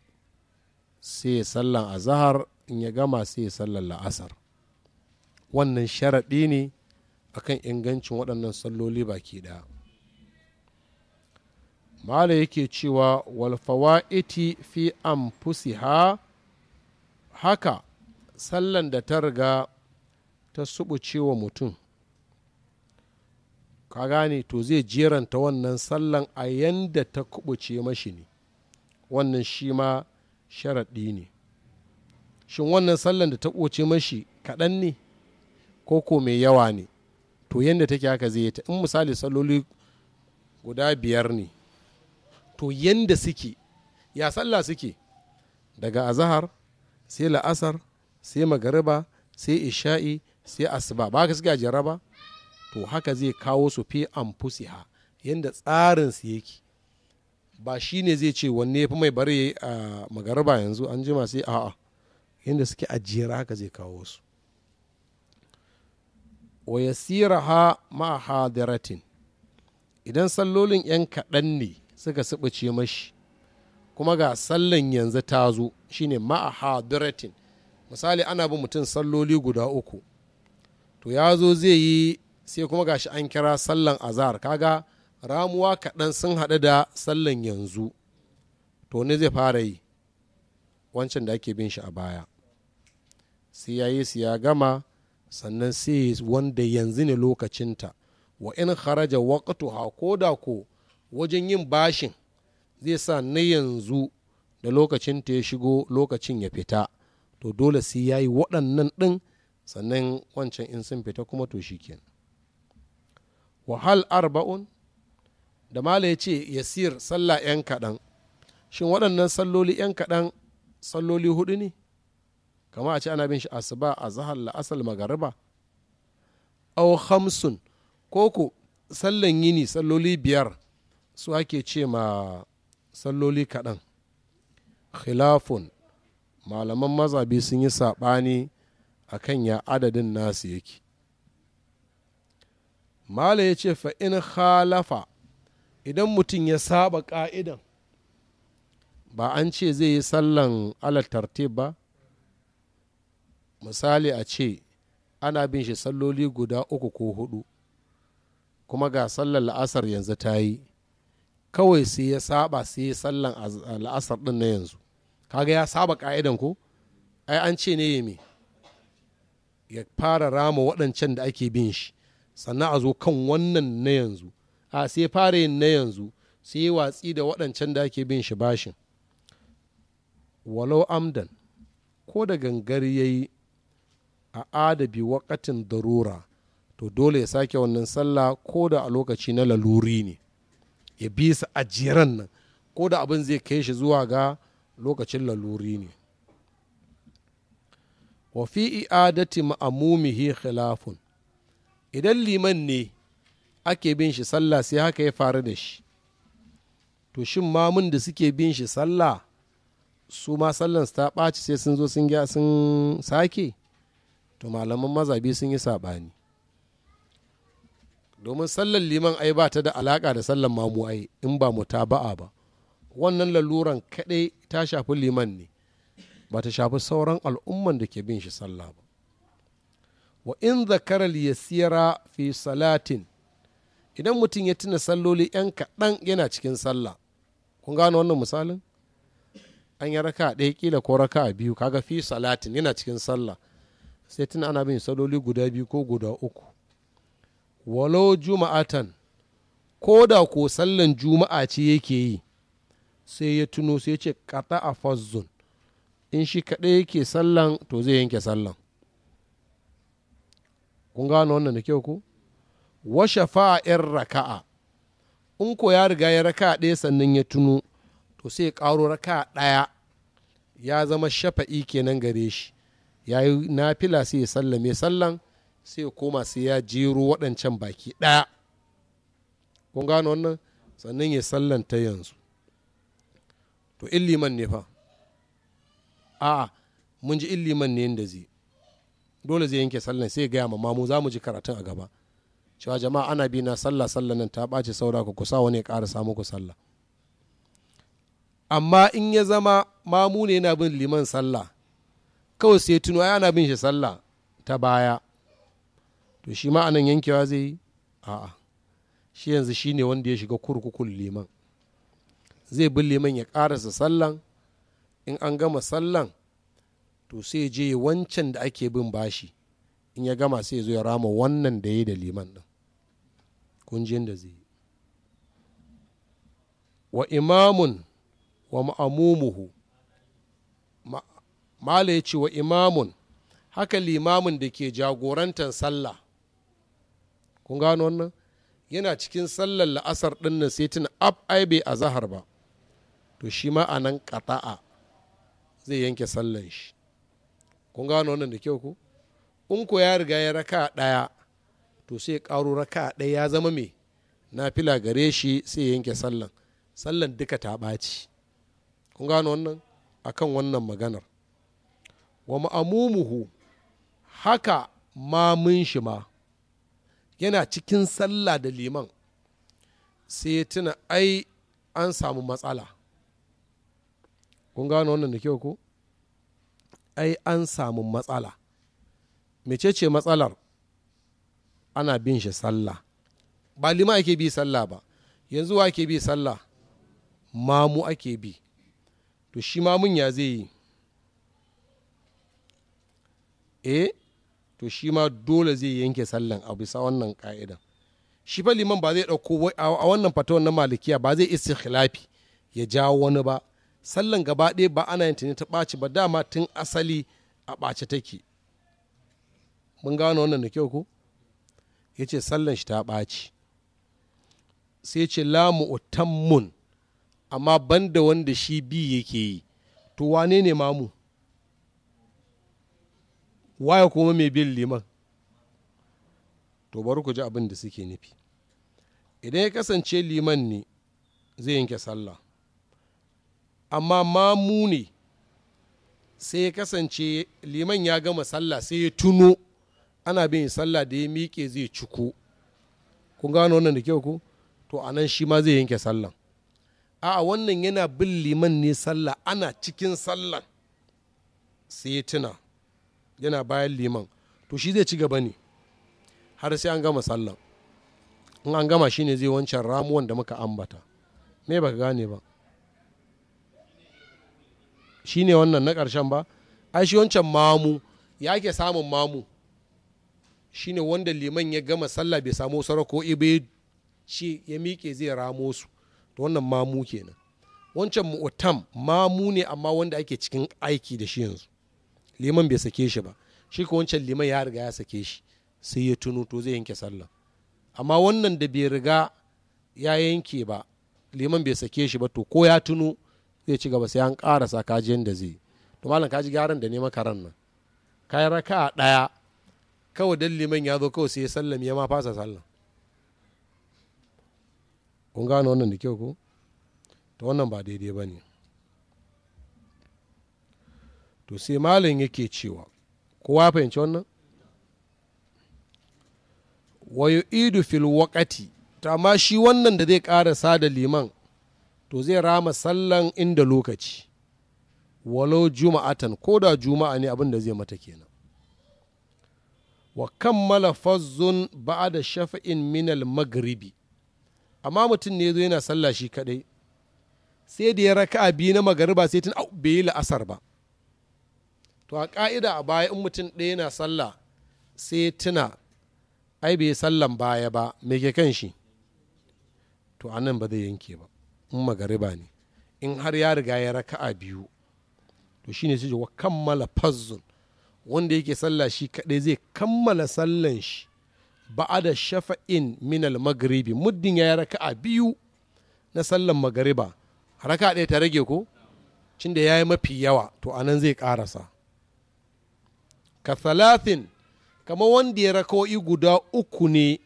sai ya sallan azahar in ya gama sai ya sallan la'asar wannan sharaɗi ne akan ingancin waɗannan salloli baki ɗaya mala yake cewa walfawa iti fi an ha haka sallan da ta riga ta suɓuce wa mutum ka gane to zai jeranta wannan sallan a yanda ta kubuce mashi ne wannan shi ma sharaɗi ne shin wannan sallan da ta kubuce mashi kaɗan ne ko ko mai yawa ne to yanda take haka zai yi ta in misali saloli guda biyar ne to yanda suke ya sallah suke daga azahar sai la'asar sai magariba sai isha'i sai asuba ba ka suke a jaraba to haka zai kawo su fi ha yadda tsarinsu yake ba shi ne zai ce wanne fi mai bari a magaraba yanzu an jima sai a'a yadda suke ajiyar haka zai kawo su wa yasira ha hadiratin idan sallolin 'yan kaɗan ne suka subuce mashi kuma ga sallan yanzu ta zo shine hadiratin misali ana bin mutum salloli guda uku to ya zo zai yi sai kuma gashi an kira sallan azar kaga ramuwa kaɗan sun haɗu da sallan yanzu to ne zai fara yi wancan da ake bin shi a baya sai ya yi ya gama sannan sai wanda yanzu ne lokacinta wa in haraja waqtu ha ko da ko wajen yin bashin zai sa na yanzu da lokacinta ya shigo lokacin ya fita to dole sai ya yi waɗannan ɗin sannan wancan in sun fita kuma to shi kenan wahal arba'un da mala ya ce yasir sallah 'yan kaɗan shin waɗannan salloli 'yan kaɗan salloli hudu ne kama a ce ana bin shi asuba a zahar la'asal magariba au hamsun koko sallan yini salloli biyar su ake ce ma salloli kaɗan khilafun malaman mazabi sun yi saɓani a kan ya adadin nasu yake malam ya ce fa'in halafa idan mutum ya saba ka'idan ba an ce zai yi sallan ala ba misali a ce ana bin shi salloli guda uku ko hudu kuma ga sallar la'asar yanzu ta yi kawai sai ya saba sai ya sallan la'asar din na yanzu kaga ya saba ka'idan ko ai an ce ne ya fara rama waɗancan da ake bin shi sannan a zo kan wannan na yanzu a sai fara yin na yanzu sai yi watsi da waɗancan da ake bin shi bashin walau amdan ko da gangar ya yi a adabi wakatin darura to dole ya sake wannan sallah ko da a lokaci na laluri ne ya bi su ajiyaran nan ko da abin zai kai shi zuwa ga lokacin laluri ne wa fi i'adati ma'amumihi khilafun idan liman ne ake bin shi sallah sai haka ya faru da shi to shin mamun da suke bin shi sallah su ma sallan ta ɓaci sai sun zo sun gya sun sake to malaman mazabi sun yi saɓani domin sallar liman ai ba ta da alaƙa da sallar mamu ai in ba mu ta ba'a ba wannan laluran kaɗai ta shafi liman ne ba ta shafi sauran al'umman da ke bin shi sallah ba wa in zakara liyasira fi salatin idan mutum ya tuna salloli yan kaɗan yana cikin sallah kun gano wannan misalin an yi raka ɗaya kila ko raka a biyu kaga fi salatin yana cikin sallah sai tuna ana bin salloli guda biyu ko guda uku walau juma'atan ko da ko sallan juma'a ce yake yi sai ya tuno sai ce kaɗa a fazzun in shi kaɗai yake sallan to zai yanke sallan kun gano wannan da kyau ku wa shafa'ir raka'a in ko ya riga ya raka'a ɗaya sannan ya tuno to sai ya ƙaro raka'a ɗaya ya zama shafa'i kenan gare shi ya yi nafila sai ya sallame sallan sai ya koma sai ya jero waɗancan baki ɗaya kun gano wannan sannan ya sallanta yanzu to illiman ne fa a mun ji illiman ne yadda zai dole zai yanke sallan sai gaya ma mamu za mu ji karatun a gaba cewa jama'a ana bi na sallah sallah nan ta ɓace saura ku kusa wani ya ƙara samu ku sallah amma in ya zama mamu ne yana bin liman sallah kawai sai tuno ai ana bin shi sallah ta baya to shi ma anan yankewa zai yi a'a shi yanzu shi ne wanda ya shiga kurkukun liman zai bin liman ya ƙarasa sallan in an gama sallan to sai je wancan da ake bin bashi in ya gama sai zo ya rama wannan da ya da liman din kunjin da zai wa imamun wa ma'amumuhu mala ya ce wa imamun haka limamin da ke jagorantar sallah kun gano wannan yana cikin sallar la'asar ɗin nan sai tun ab ai bai a zahar ba to shi ma a nan ƙata'a zai yanke sallar shi kun gano wannan da kyau ku in ko ya riga ya raka ɗaya to sai ƙaro raka ɗaya ya zama me fila gare shi sai yanke sallan sallan duka ta ɓaci kun gano wannan akan wannan maganar wa ma'amumuhu haka ma mun shi ma yana cikin sallah da liman sai ya tuna ai an samu matsala kun gano wannan da kyau ko ai an samu matsala mecece matsalar ana bin shi sallah ba lima ake bi sallah ba yanzu wa ake bi sallah mamu ake bi to shi mamun ya zai yi e to shi ma dole zai yanke sallan a bisa wannan ka'idan shi fa liman ba zai ɗauko a wannan fatawan na malikiya ba zai isi khilafi ya jawo wani ba sallan gaba ɗaya ba ana yin ta ne ta ɓaci ba dama tun asali a ɓace take mun gano wannan da kyau ko ya ce sallan shi ta ɓaci sai ce lamu mun amma banda wanda shi bi yake yi to wane ne mamu waya kuma mai bin liman to bari ku ji abin da suke nufi idan ya kasance liman ne zai yanke sallah amma ma ne sai ya kasance liman ya gama sallah sai ya tuno ana bin sallah da ya miƙe zai ciko kun gano wannan da kyau ko to a nan shi ma zai yanke sallah a'a wannan yana bin liman ne sallah ana cikin sallah sai ya tuna yana bayan liman to shi zai ci gaba ne har sai an gama sallah in an gama shi ne zai wancan ramuwan da muka ambata me baka gane ba shine wannan na ƙarshen ba ai shi wancan mamu ya ke samun mamu shine wanda liman ya gama sallah bai samu sarako ibe ce ya miƙe zai ramo su to wannan mamu kenan wancan mu'utam mamu ne amma wanda ake cikin aiki da shi yanzu liman bai sake shi ba shi ko wancan liman ya riga ya sake shi sai ya tuno to zai yanke sallah amma wannan da bai riga ya yanke ba liman bai sake shi ba to ko ya tuno zai ci gaba sai an karasa kajiyan da zai to malam kaji gyaran da nema karan nan kai raka daya kawai dan liman ya zo kawai sai sallam ya ma fasa sallam kun gano wannan da kyau ko to wannan ba daidai ba ne to sai malam yake cewa kowa fahimci wannan wayo idu fil wakati ta ma shi wannan da zai karasa da liman to zai rama sallan inda lokaci walau juma'atan ko da juma'a ne abin da zai mata kenan wa kammala fazzun ba da shafa'in minal magribi amma mutum ne zo yana sallah shi kadai sai da ya raka biyu na magariba sai tun bai yi la'asar ba to a ka'ida a baya in mutum ɗaya yana sallah sai tuna ai bai sallan baya ba me ke kan shi to anan ba zai yanke ba in magariba ne in har ya riga ya raka'a biyu to shine sai wa kammala fazzun wanda yake sallah shi kadai zai kammala sallan shi da shafa'in minal magribi muddin ya raka'a biyu na sallan magariba raka ɗaya ta rage ko cin da ya yi mafi yawa to anan zai karasa ka talatin kama wanda ya rako'i guda uku ne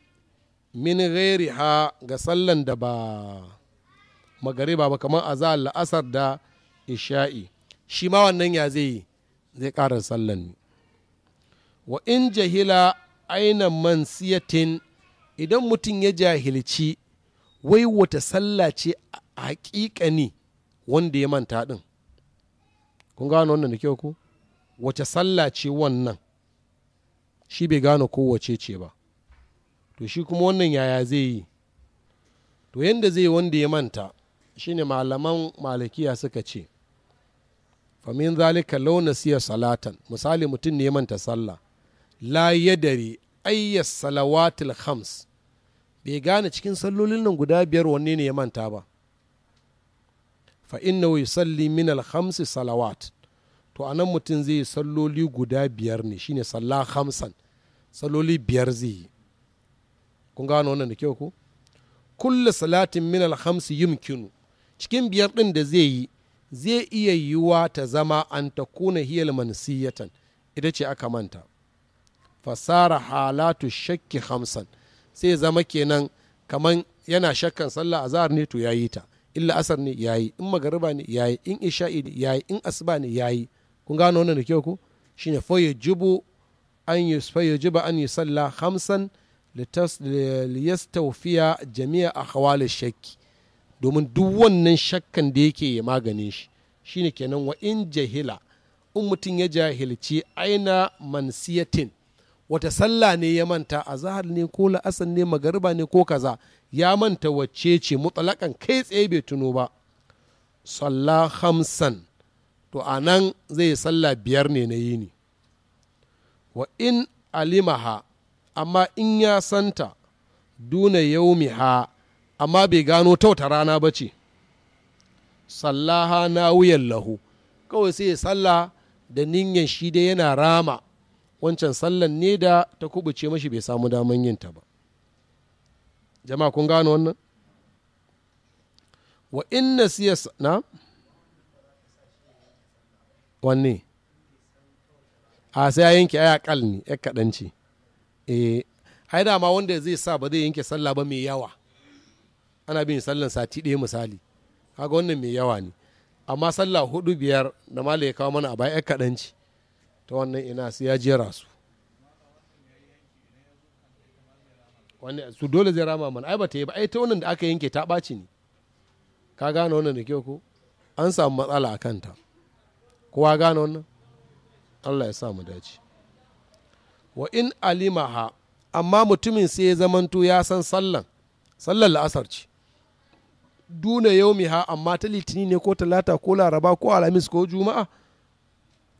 min gairi ha ga sallan da ba magariba ba kamar azahar la'asar da isha'i shi ma wannan ya zai yi zai ƙara sallan ne wa in jahila aina siyatin idan mutum ya jahilci wai wata sallah ce a ne wanda ya manta ɗin kun gano wannan da kyau ku wace sallah ce wannan shi bai gano kowace ce ba to shi kuma wannan yaya zai yi to yadda zai wanda ya manta shine malaman malikiya suka ce famin zalika launa siya salatan misali mutum ne manta sallah la yadari ayyas salawatil khams bai gane cikin sallolin nan guda biyar wanne ne ya manta ba fa inna yusalli min al salawat to anan mutum zai yi salloli guda biyar ne shine salla hamsan salloli biyar zai yi kun gano wannan da kyau ko kullu salatin min al yin yumkinu cikin biyar ɗin da zai yi zai iya yiwuwa ta zama an ta kuna hiyal mansiyatan ita ce aka manta fasara halatu shakki hamsan sai zama kenan kamar yana shakkan sallah azhar ne to yayi ta illa asar ne yayi in magariba ne yayi in isha'i ne yayi in asuba ne yayi kun gano wannan da kyau ku shine fa yajibu an yusfayajiba an yusalla hamsan liyastawfiya jami'a ahwal shakki domin duk wannan shakkan da yake ya maganin shi shine kenan wa in jahila in mutum ya jahilci aina mansiyatin wata sallah ne ya manta a zahar ne ko la'asar ne magariba ne ko kaza ya manta wacce ce mutsalakan kai tsaye bai tuno ba sallah hamsan to a nan zai sallah biyar ne na yini wa in alimaha amma in ya santa duna yaumiha amma bai gano tauta rana ba ce sallaha na wuyan lahu kawai sai ya salla da ninyan shi dai yana rama wancan sallan ne da ta kubuce mashi bai samu daman yin ta ba jama'a kun gano wannan wa inna siya na wanne a sai ya yanke aya kal ne ya kaɗan ce eh ai dama wanda zai sa ba zai yanke sallah ba mai yawa ana bin sallan sati ɗaya misali kaga wannan mai yawa ne amma sallah hudu biyar da malai ya kawo mana a baya kaɗanci ta wannan ina su ya jera su wani su dole zai rama mana ai ba ta yi ba ai ta wannan da aka yanke ta ɓaci ne ka gane wannan da kyau ko an samu matsala a kanta kowa gane wannan allah ya sa mu dace wa in alimaha amma mutumin sai ya zamanto ya san sallan sallan la'asar ce duna ha amma ta litini ne ko talata ko laraba ko alhamis ko juma'a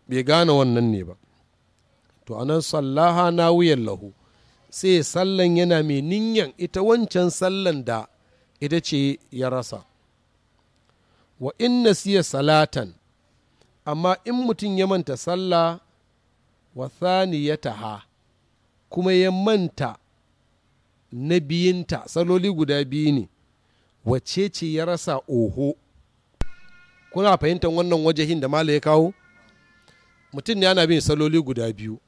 bai gane wannan ne ba to anan sallaha na wuyan lahu sai sallan yana mai ninyan ita wancan sallan da ita ce ya rasa wa inna siya salatan amma in mutum ya manta salla wa ha kuma ya manta na biyinta saloli guda biyu ne Wacece ce ya rasa oho kuna fahimtar wannan wajahin da mala ya kawo mutum ne ana bin saloli guda biyu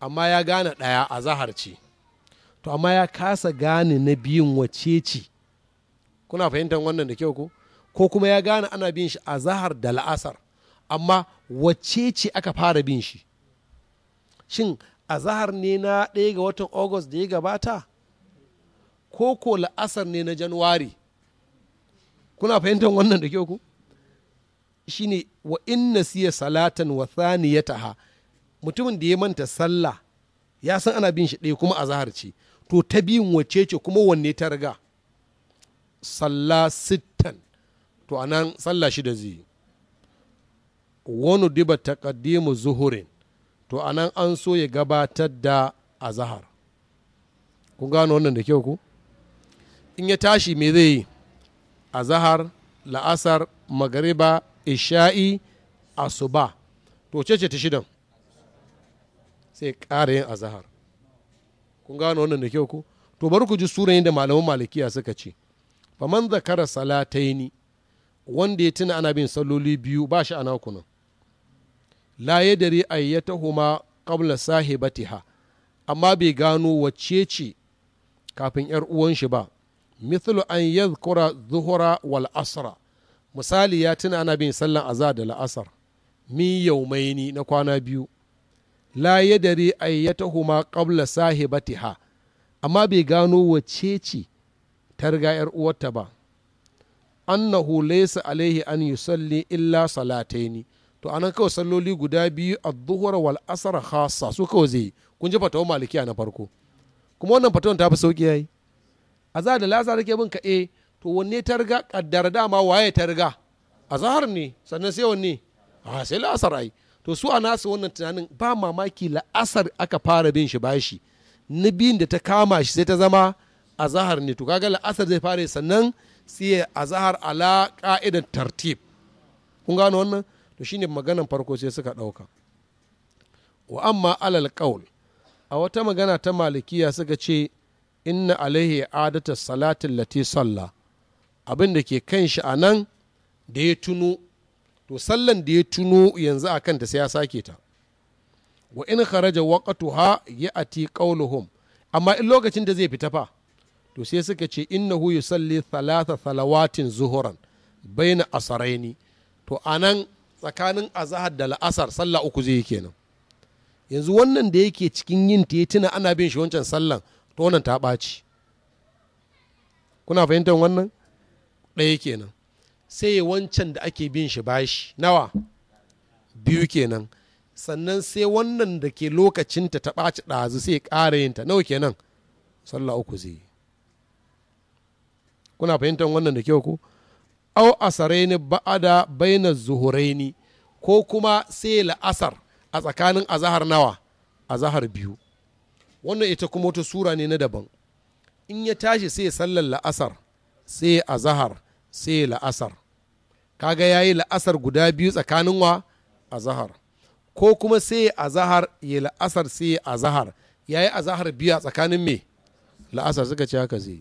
amma ya gane ɗaya a zaharci ce to amma ya kasa gane na biyun wace ce kuna fahimtar wannan da kyau ko ko kuma ya gane ana bin shi a zahar da la'asar amma wacece ce aka fara bin shi shin a zahar ne na ɗaya ga watan august da ya gabata ko ko la'asar ne na januwari kuna fahimtar wannan da kyau ku ne wa inna siya salatan wa taha? mutumin da ya manta sallah ya san ana bin shi ɗaya kuma azahar ce to ta biyun wace ce kuma wanne ta riga sallah sittan to a nan sallah shida zai wani diba kaddimu zuhurin to a nan an so ya gabatar da azahar Ku gano wannan da kyau ku in ya tashi me zai yi azahar la'asar magariba isha'i asuba to ce ta shidan sai ƙara yin azahar kun gano wannan da kyau ku to bari ku ji surayin da malaman malikiya suka ce faman zakara ni wanda ya tuna ana bin saloli biyu ba shi ana kunan la yadari ayyatahuma qabla sahibatiha amma bai gano wacce ce kafin yar uwan shi ba mithlu an yadhkura zuhura wal asra misali ya tuna ana bin sallan azhar da la'asar min yaumaini na kwana biyu la yadari sahi qabla sahibatiha amma bai gano wace ce ta riga yar uwarta ba annahu laysa alaihi an salli illa salataini to anan kawai salloli guda biyu a dhuhr wal asr khassa su kawai zai kun ji fatawar malikiya na farko kuma wannan fatawar ta fi sauki yi. za da lasa take bin ka eh to wanne ta riga kaddara dama waye ta riga zahar ne sannan sai wanne a sai la'asar ai to su a nasu wannan tunanin ba mamaki la'asar aka fara bin shi bashi na biyun da ta kama shi sai ta zama azahar ne to kaga la'asar zai fara sannan sai azahar ala ka'idar tartib kun gano wannan to shine maganan farko sai suka ɗauka wa amma alal qaul a wata magana ta malikiya suka ce inna alaihi adata salatin lati salla abin da ke kan shi a nan da ya tuno to sallan da ya tuno yanzu a kanta sai ya sake ta wa in kharaja waqtuha ya'ti qawluhum amma in lokacin da zai fita fa to sai suka ce innahu yusalli thalatha salawatin zuhuran baina asaraini to anan tsakanin azhar da la'asar sallah uku zai yi kenan yanzu wannan da yake cikin yin tituna ana bin shi wancan sallan to wannan ta ɓaci kuna fahimtar wannan ɗaya kenan sai wancan da ake bin shi bashi nawa biyu kenan sannan sai wannan da ke lokacinta ta ɓaci ɗazu sai ƙara yinta nawa kenan sallah uku zai kuna fahimtar wannan da kyau ko au asaraini ba'ada baina zuhuraini ko kuma sai la'asar a tsakanin azahar nawa azahar biyu wannan ita kuma wata sura ne na daban in ya tashi sai sallar la'asar sai azahar sai la'asar kaga ya yi la'asar guda biyu tsakanin wa azahar ko kuma sai azahar ya la'asar sai azahar ya yi azahar biyu a tsakanin me la'asar suka ce haka zai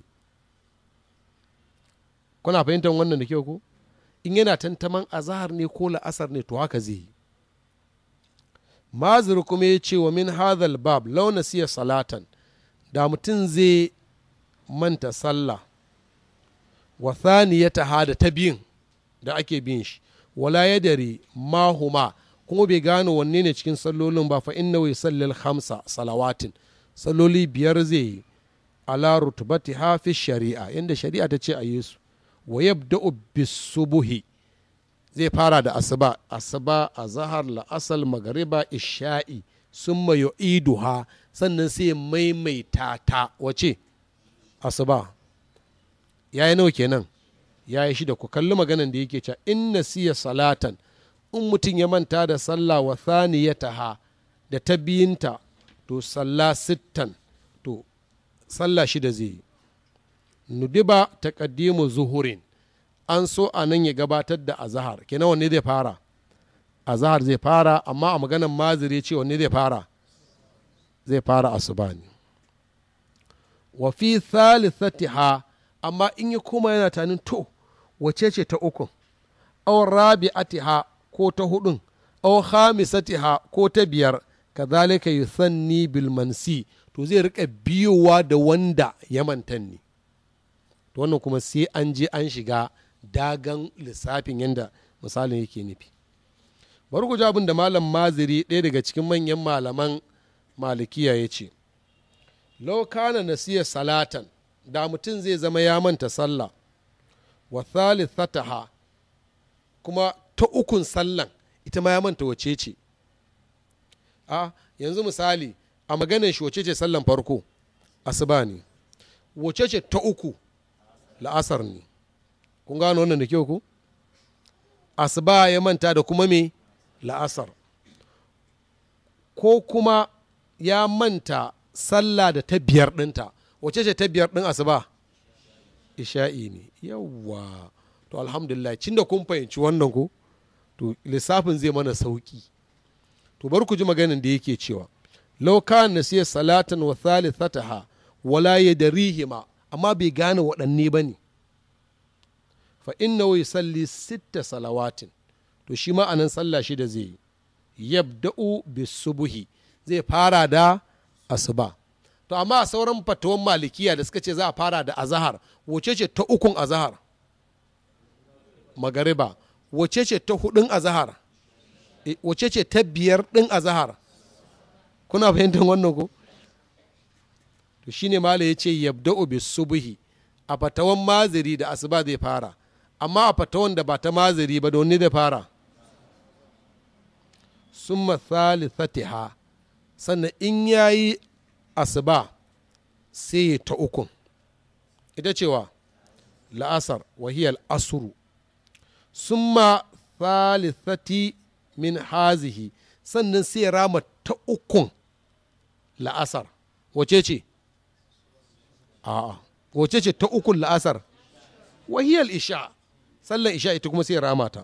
kuna fahimtar wannan da kyau ko in yana tantaman azahar ne ko la'asar ne to haka zai maziru kuma ya ce wa min hadhal bab launa siya salatan da mutum zai manta sallah wa ta hada ta biyun da ake bin shi wala ya dare mahuma kuma bai gano wanne ne cikin sallolin ba fa inna wai sallil hamsa salawatin salloli biyar zai yi ala rutubati hafi shari'a inda shari'a ta ce a yesu wa yabda'u bisubuhi zai fara da asuba asuba a zahar la'asal magariba isha'i sun mayo iduha sannan sai maimaita ta wace asuba ya yi nawa kenan ya yi shida ku kalli maganan da yake cewa in siya salatan in mutum ya manta da sallah wa taha da ta biyinta to sallah sittan to sallah shida zai yi nudiba taqaddimu zuhurin an so a nan ya gabatar da azahar kenan wanne zai fara azahar zai fara amma a maganan maziri ce wanne zai fara zai fara asuba ne wa fi tiha, amma in ya koma yana tanin to wace ce ta ukun aw rabi'atiha ko ta hudun aw tiha ko ta biyar kazalika yusanni bil mansi to zai rika biyowa da wanda ya mantan ne to wannan kuma sai an je an shiga dagan lissafin yadda misalin yake nufi bari ku abin da malam maziri ɗaya daga cikin manyan malaman malikiya ya ce na nasiya salatan da mutum zai zama ya manta sallah wa thalithataha kuma ta ukun sallan ita ma ya manta wace ce a yanzu misali a maganar shi wace ce sallan farko asuba ne wace ce ta uku la'asar ne kun gano wannan da kyau ku asuba ya manta da kuma me la'asar ko kuma ya manta sallah da ta biyar ɗinta wace ce ta biyar ɗin asuba isha'i ne yawwa to alhamdulillah cin da kun fahimci wannan ku to lissafin zai mana sauki to bar ku ji maganin da yake cewa lauka na siya salatan wa thalithataha wala ya rihima amma bai gane waɗanne ba ne. fa wai salli sitta salawatin to shi ma anan sallah shida zai yi yabda'u bisubuhi zai fara da asuba to amma sauran fatawan malikiya da suka ce za a fara da azahar wace ce ta ukun azahar magariba wace ce ta hudun azahar e, wace ce ta biyar din azahar kuna fahimtar wannan ko to shine malai yace ce yabda'u bisubuhi a fatawan maziri da asuba zai fara amma a fata wanda ba ta maziri ba don ni da fara sun sati ha sannan in ya yi asuba sai ta ukun ita cewa la'asar wahiyar asuru summa sati min hazihi sannan sai rama ta ukun la'asar wace ce a'a wace ce ta ukun la'asar wahiyar isha sallar isha ita kuma sai rama ta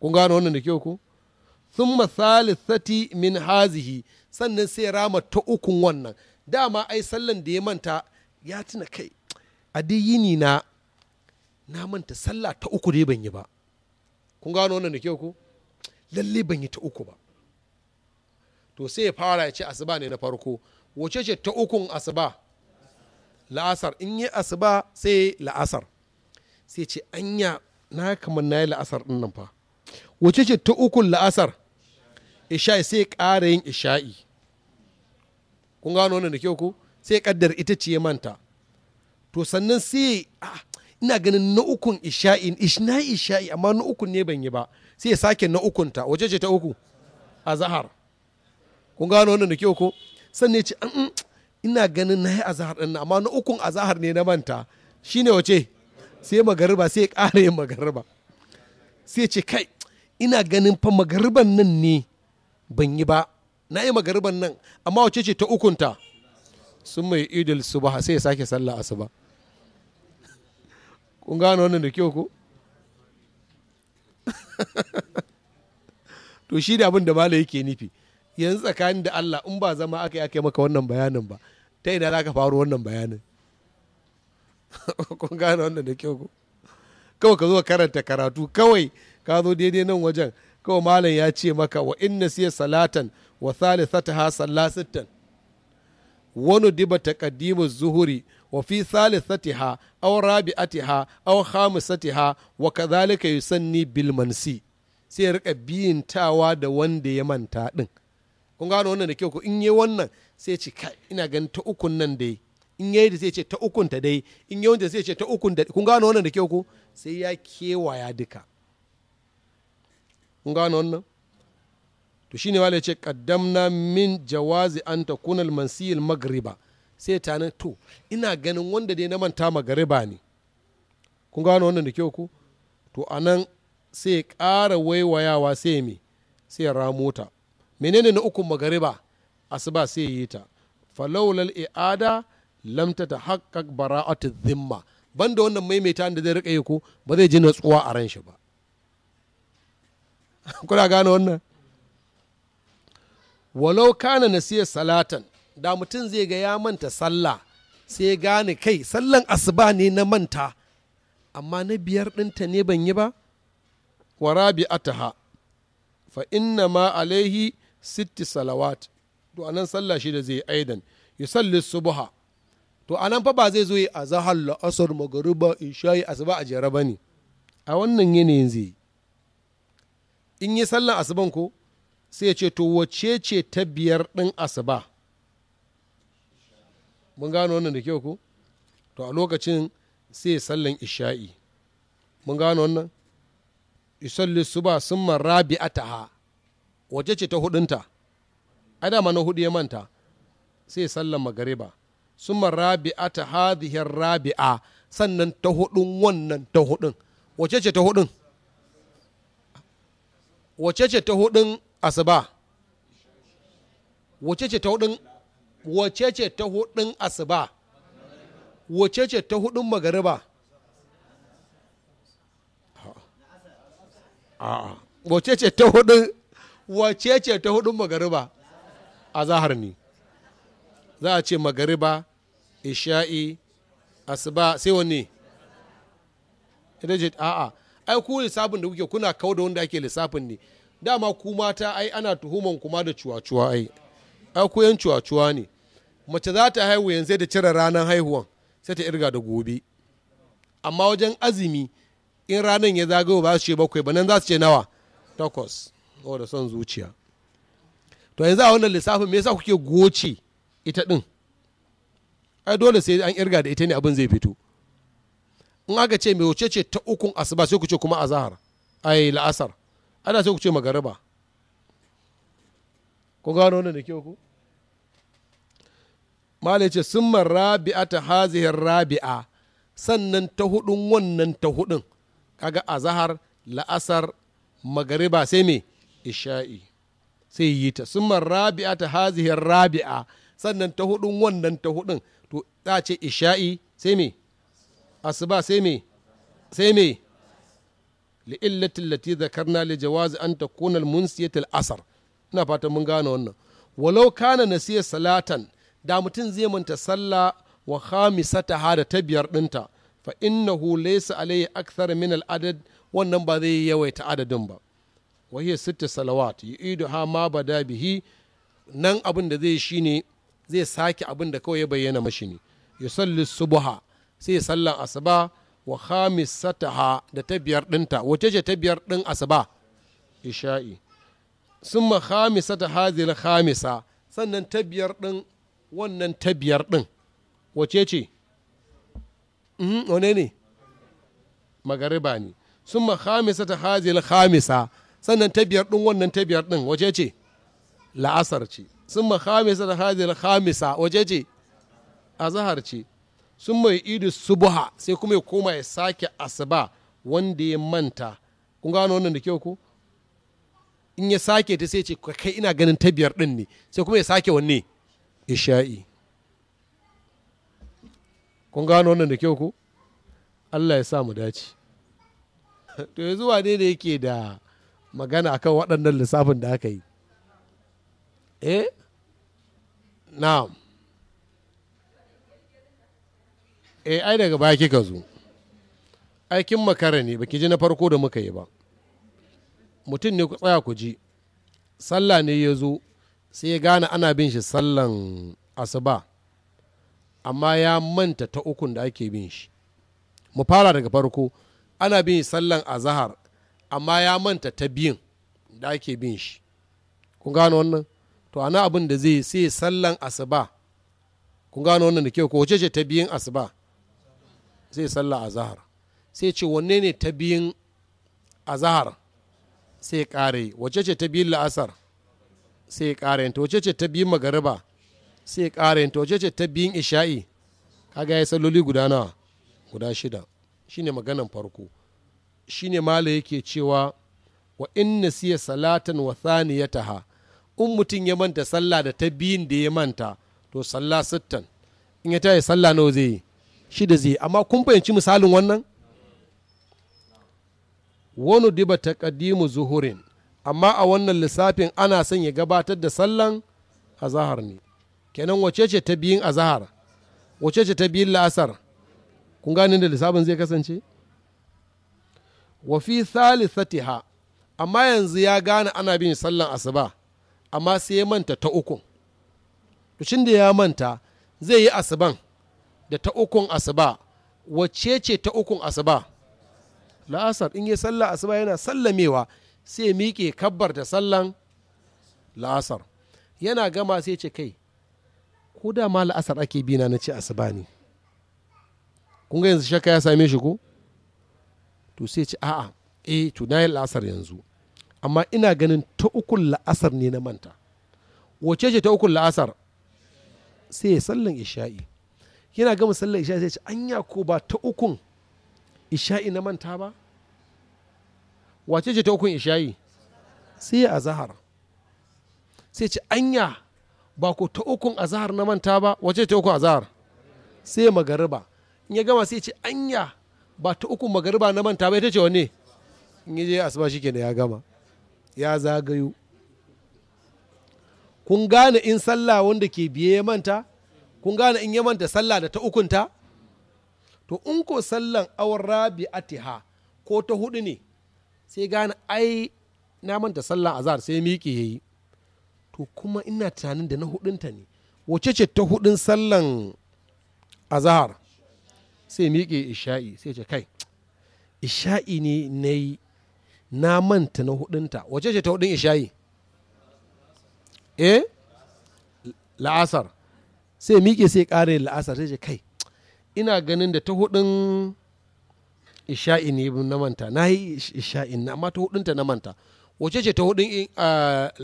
kun gano wannan da kyau ko thumma thalithati min hazihi sannan sai rama ta ukun wannan dama ai sallan da ya manta ya tuna kai a dai yini na na manta sallah ta uku dai ban yi ba kun gano wannan da kyau ko lalle ban yi ta uku ba to sai ya fara ya ce asuba ne na farko wace ce ta ukun asuba la'asar in yi asuba sai la'asar sai ce anya na kamar na yi la'asar dinnan nan fa wace ce ta ukun la'asar isha'i sai ya ƙara yin isha'i kun gano wannan da kyau ko sai kaddar ita ce manta to sannan sai ah, ina ganin na ukun isha'i na isha'i amma na ukun ne ban yi ba sai ya sake na ta wace ce ta uku a zahar kun gano wannan da kyau ko sannan ya ce ina ganin na yi a zahar ɗin amma na ukun a zahar ne na manta shine wace sai magariba sai ya ƙara yin magariba sai ce kai ina ganin fa magariban nan ne ban yi ba na yi magariban nan amma wace ce ta ukunta sun mai idil ba sai ya sake sallah ba kun gano wannan da kyau ko (laughs) to shi da abin da mala yake nufi yanzu tsakanin da Allah in ba zama aka yi aka yi maka wannan bayanin ba ta ina za ka faru wannan bayanin (laughs) kun gane wannan da kyau ko kawai ka zo karanta karatu kawai ka zo daidai nan wajen kawai malam ya ce maka wa inna siya salatan wa ha sallasittan wani diba taqaddimu zuhuri wa fi thalithatiha aw rabi'atiha aw ha wa kadhalika yusanni bil mansi sai rika tawa da wanda ya manta din kun gano wannan da kyau ko in yi wannan sai ci kai ina ganin ta ukun nan yi. in yayi da zai ce ta ukun ta dai in yayi da zai ce ta ukun da kun gano wannan da ke ku sai ya kewaya duka kun gano wannan to shine wala ce qaddamna min jawazi an takuna al al maghriba sai ta nan to ina ganin wanda dai na manta magariba ne kun gano wannan da ke ku to anan sai ƙara waiwayawa sai me sai ramo ta menene na ukun magariba asuba sai yi ta falawlal i'ada lamta ta haqqaq bara'atu zimma banda wannan maimaita da zai riƙe yi ko ba zai ji natsuwa a ran shi ba (laughs) kuna gane wannan walau kana siya salatan da mutum zai ga ya manta sallah sai ya gane kai sallan asuba ne na manta amma na biyar ɗinta ne ban yi ba wa rabi'ataha fa inna ma alaihi sitti salawat to anan sallah shi da zai aidan yusalli subha to anan fa ba zai zo yi zahar la'asar magariba isha'i asuba a jere ba ne a wannan yanayin zai in yi sallan asuban ko sai ya ce to wace ce ta biyar ɗin asuba mun gano wannan da kyau ko to a lokacin sai sallan isha'i mun gano wannan isalli suba sun a taha wace ce ta hudunta ai na hudu ya manta sai sallan magariba Suma ta rabi'ata hadhihi rabi'a sannan ta hudun wannan ta hudun wace ce ta hudun wace ce ta hudun asuba wace ce ta hudun wace ce ta hudun asuba wace ce ta hudun magariba a'a wace ce ta hudun wace ce ta hudun magariba a zahar ne za a ce magariba isha'i asuba sai wanne rigid a'a ai ku lissafin da kuke kuna kawo da wanda ake lissafin ne dama ku mata ai ana tuhuman kuma da cuwa-cuwa ai ai ku yan cuwa-cuwa ne mace za ta haihu yanzu da cire ranar haihuwan sai ta irga da gobe amma wajen azumi in ranar ya zagayo ba su ce bakwai ba nan za su ce nawa takwas da son zuciya to yanzu a wannan lissafin me yasa kuke goce ita din ai dole sai an irga da ita ne abin zai fito in aka ce mai wuce ce ta ukun asuba sai ku ce kuma azahar ai la'asar ana sai ku ce magariba ku gano wannan da kyau ku malai ce sun rabi'a ta hazihin rabi'a sannan ta hudun wannan ta hudun kaga azahar la'asar magariba sai me isha'i sai yi ta sun rabi'a ta hazihin rabi'a sannan ta hudun wannan ta hudun to za ce isha'i sai me asuba sai me sai me li'illati allati zakarna li jawazi an takuna al munsiyat al asr ina fatan mun gane wannan walau kana nasiya salatan da mutum zai manta sallah wa khamisataha da ta biyar dinta fa innahu laysa alayhi akthar min al adad wannan ba zai yawaita adadin ba wa hiya sitta salawat yu'idu ha ma bada bihi nan abin da zai shine zai sake abin da kawai ya bayyana mashi ne ya salli subuha sai sallan asuba wa khamisataha da ta biyar dinta wace ce ta biyar din asuba isha'i sun ma khamisata hazil khamisa sannan ta biyar din wannan ta biyar din wace ce mhm, wane ne magariba ne sun ma khamisata hazil khamisa sannan ta biyar din wannan ta biyar din wace ce la'asar ce sun ma khamisa da hadir Hamisa waje ce a zahar ce sun mai idu subuha sai kuma ya koma ya sake asuba wanda ya manta kun gano wannan da kyau ku. in ya sake ta sai ce kai ina ganin ta biyar din ne sai kuma ya sake wanne isha'i kun gano wannan da kyau ku. Allah ya sa mu dace (laughs) to yanzu wane ne yake da magana akan waɗannan lissafin da aka yi eh na'am eh ai daga baya kika zo aikin makara ne baki ji na farko da muka yi ba mutum ne ku tsaya ku ji sallah ne ya zo sai ya gane ana bin shi sallan asuba amma ya manta ta ukun da ake bin shi mu fara daga farko ana bin sallan azahar amma ya manta ta biyun da ake bin shi kun gane wannan to ana abin da zai sai sallan asuba kun gano wannan da kyau ko wace ce ta biyun asuba sai sallah zahar sai ce wanne ne ta biyun zahar sai kare wace ce ta biyun la'asar sai kare to wace ce ta biyun magariba sai kare to wace ce ta biyun isha'i kaga ya salloli guda nawa guda shida shine maganan farko shine mala yake cewa wa in nasiya salatan wa thaniyataha in mutum ya manta sallah da ta biyun da ya manta to sallah sittan in ya tayi sallah nawa zai yi shida zai amma kun fahimci misalin wannan wani diba kadimu zuhurin amma a wannan lissafin ana son ya gabatar da sallan azahar ne kenan wace ce ta biyun azahar wace ce ta biyun la'asar kun gane da lissafin zai kasance wa fi thalithatiha amma yanzu ya gane ana bin sallan asuba amma sai ya manta ta ukun tushin da ya manta zai yi asuban da ta ukun asuba wacce ce ta ukun asuba la'asar in yi sallah asuba yana sallamewa sai miƙe kabbar da sallan la'asar yana gama sai ce kai ko da ma la'asar ake bina na ce asuba ne kun ga yanzu shakka ya same shi ko to sai ce a'a eh to na yi la'asar yanzu amma ina ganin ta ukun la'asar ne na manta wace ce ta ukun la'asar sai ya sallan isha'i yana gama sallan isha'i sai ce anya ko ba ta ukun isha'i na manta ba wace ce ta ukun isha'i sai ya azahar sai ce anya ba ko ta ukun azahar na manta ba wace ta ukun azahar sai magariba in ya gama sai ce anya ba ta ukun magariba na manta ba ita ce wanne in ya je asuba da ya gama ya zagayo kun gane in sallah wanda ke biye ya manta kun gane in ya manta sallah da ta ukunta to in ko sallan awar rabi rabi'atiha ko ta hudu ne sai gane ai na manta sallah azhar sai miƙe ya yi to kuma ina tunanin da na hudunta ne wace ce ta hudun sallan azhar sai miƙe isha'i sai ce kai isha'i ne na yi na manta na hudunta wace ce ta hudun ishayi eh la'asar sai miƙe sai ƙare la'asar sai ce kai ina ganin da ta hudun isha'i ne na manta na yi isha'i na amma ta hudunta na manta wace ce ta hudun eh,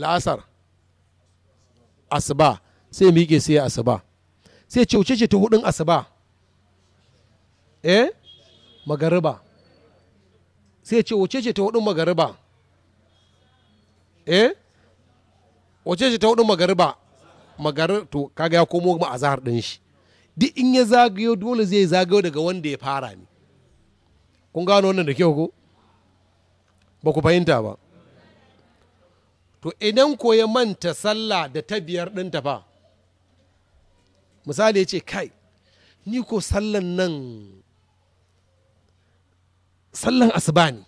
la'asar asuba sai miƙe sai asuba sai ce wace ce ta hudun asuba eh magariba sai ce wace ce ta hudun magariba eh wace ce ta hudun magariba magar to kaga ya komo ma azhar din shi duk in ya zagayo dole zai zagayo daga wanda ya fara ne kun gano wannan da kyau ko ba ku fahimta ba to idan ko ya manta sallah da ta biyar ɗinta fa misali ya ce kai ni ko sallan nan sallan asuba ne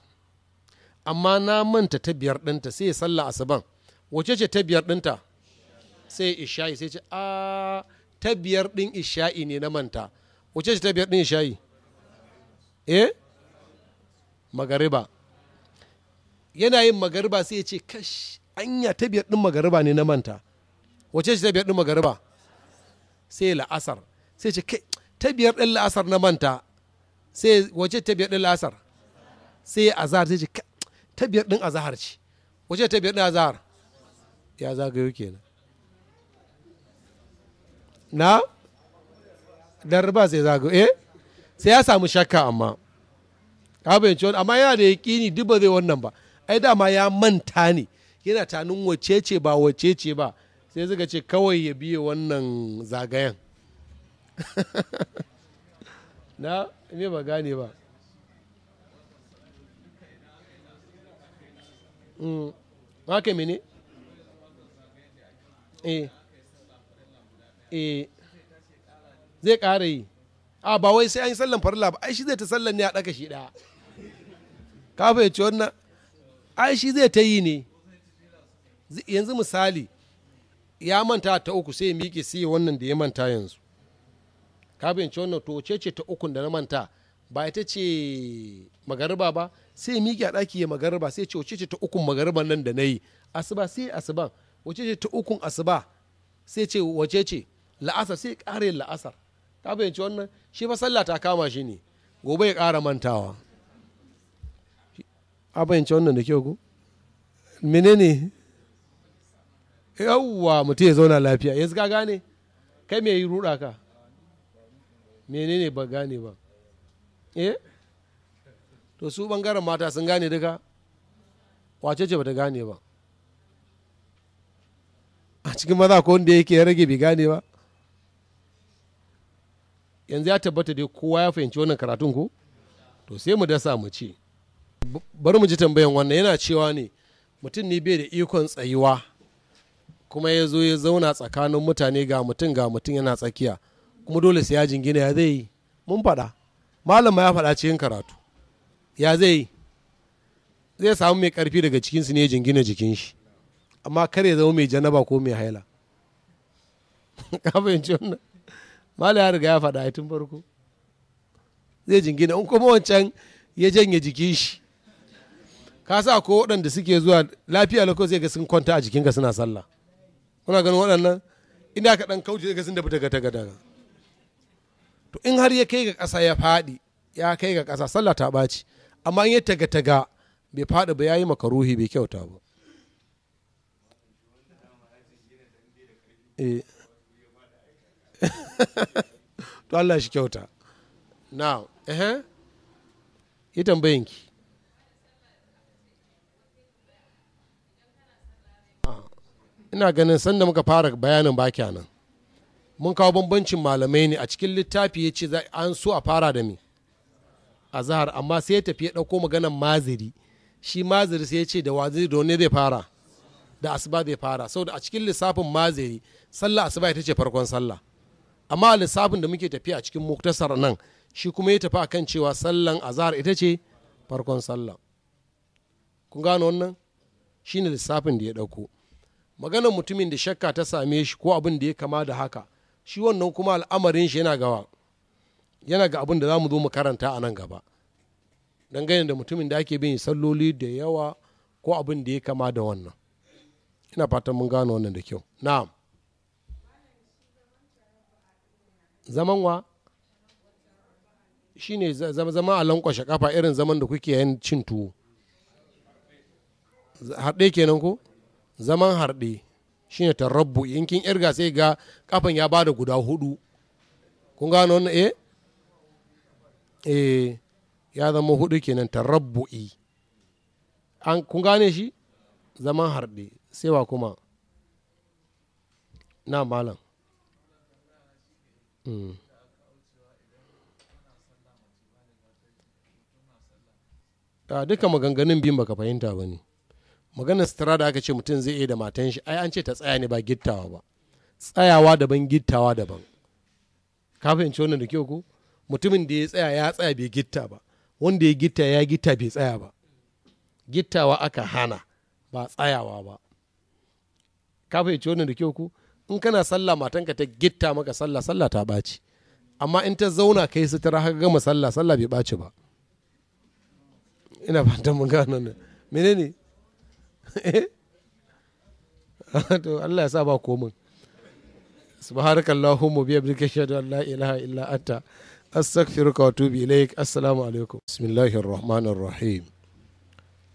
amma na manta ta biyar ɗinta sai ya sallan asuban wace ce ta biyar ɗinta sai isha'i sai ce a ta biyar ɗin isha'i ne na manta wace ce ta biyar ɗin isha'i eh magariba yana yin magariba sai ya ce kash anya ta biyar ɗin magariba ne na manta wace ce ta biyar ɗin magariba sai la'asar sai ce ta biyar ɗin la'asar na manta sai wace ta biyar ɗin la'asar sai a zahar sai ce ta biyar din zahar ce wace ta biyar din zahar? ya zagayo kenan na darba sai zagayo eh sai ya samu shakka amma ka bayanci wani amma yana da yaƙini duk ba zai wannan ba ai dama ya manta ne yana tanin wace ce ba wace ce ba sai suka ce kawai ya biye wannan zagayen (laughs) na ne ba gane ba haka mm. mene eh eh zai ƙara yi a ba wai sai an yi sallan farilla ba ai shi zai ta sallan ne a ɗaka shi ɗaya ka fahimci wannan ai shi zai ta yi ne yanzu misali ya manta ta uku sai ya miƙe sai wannan da ya manta yanzu ka fahimci wannan to ce ce ta ukun da na manta ba ita ce magariba ba sai miki a ɗaki ya magariba sai ce wace ce ta ukun magariba nan da na yi asuba sai asuban wace ce ta ukun asuba sai ce wace ce la'asar sai ƙare la'asar ta bayanci wannan shi fa sallah ta kama shi ne gobe ya ƙara mantawa a bayanci wannan da kyau mene menene yawwa mutum ya zauna lafiya yanzu ka gane kai mai yi ruɗa ka menene ba gane ba eh to su bangaren mata sun gane duka kwace ce bata gane ba a cikin maza ko wanda yake ya rage bai gane ba yanzu ya tabbata dai kowa ya fahimci wannan karatun ko to sai mu dasa mu ce bari mu ji tambayan wannan yana cewa ne mutum ne bai da ikon tsayuwa kuma ya zo ya zauna tsakanin mutane ga mutum ga mutum yana tsakiya kuma dole sai ya jingina ya zai yi mun faɗa malama ya faɗa cikin karatu ya zai zai samu mai ƙarfi daga cikinsu ne jingina jikin shi amma kar ya zama mai janaba ko mai haila (laughs) kafin wannan mala ya riga ya faɗa a tun farko zai jingina in kuma wancan ya janye jikin shi ka sa ko waɗanda suke zuwa lafiya lokacin zai ga sun kwanta a jikinka suna sallah kuna ganin waɗannan inda ka ɗan kauce zai ga sun da fita gata gata to in har ya kai ga ƙasa ya faɗi ya kai ga ƙasa sallah ta ɓaci amma in ya taga taga bai faɗi ba ya yi makaruhi bai kyauta ba eh. (laughs) to Allah shi kyauta now eh yi tambayinki ah. ina ganin sanda muka fara bayanin ba kenan mun kawo bambancin malamai ne a cikin littafi ya ce an so a fara da me a zahar amma sai ya tafi ya ɗauko maganan maziri shi maziri sai ya ce da waziri da wani zai fara da asuba zai fara da a cikin lissafin maziri sallah asuba ita ce farkon sallah amma a lissafin da muke tafiya a cikin muktasar nan shi kuma ya tafi akan cewa sallan azhar ita ce farkon sallah kun gano wannan shine lissafin da ya ɗauko maganar mutumin da shakka ta same shi ko abin da ya kama da haka shi wannan kuma al'amarin shi yana gawa yana ga abin da za mu zo mu karanta a nan gaba dangane da mutumin da ake bin salloli da yawa ko abin da ya kama da wannan ina fatan mun gano wannan da kyau na'am zaman wa shine zama a lankwashe kafa irin zaman da kuke yin cin tuwo harɗe kenan ko zaman harɗe shine tarabbu in kin irga sai ga kafan ya bada guda hudu kun gano wannan eh eh ya zama hudu kenan tarabbu'i an kun gane shi zaman harɗe sai wa kuma na malam mm. duka maganganun biyun baka fahimta ba ne maganar sutura da aka ce mutum zai iya da matan shi ai an ce ta tsaya ne ba gittawa ba tsayawa daban gittawa daban ka fahimci wannan da kyau ko mutumin da ya tsaya ya tsaya bai gitta ba wanda ya gitta ya gitta bai tsaya ba gittawa aka hana ba tsayawa ba ka fahimci wannan da kyau ko in kana sallah matanka ta gitta maka sallah sallah ta ɓaci amma in ta zauna kai sutura haka gama sallah sallah bai ɓaci ba ina fatan mun gane ne menene Eh? (laughs) to Allah ya sa ba komin wa bihamdika ashhadu an la ilaha illa anta astaghfiruka wa atubu ilaik assalamu alaikum bismillahir rahmanir rahim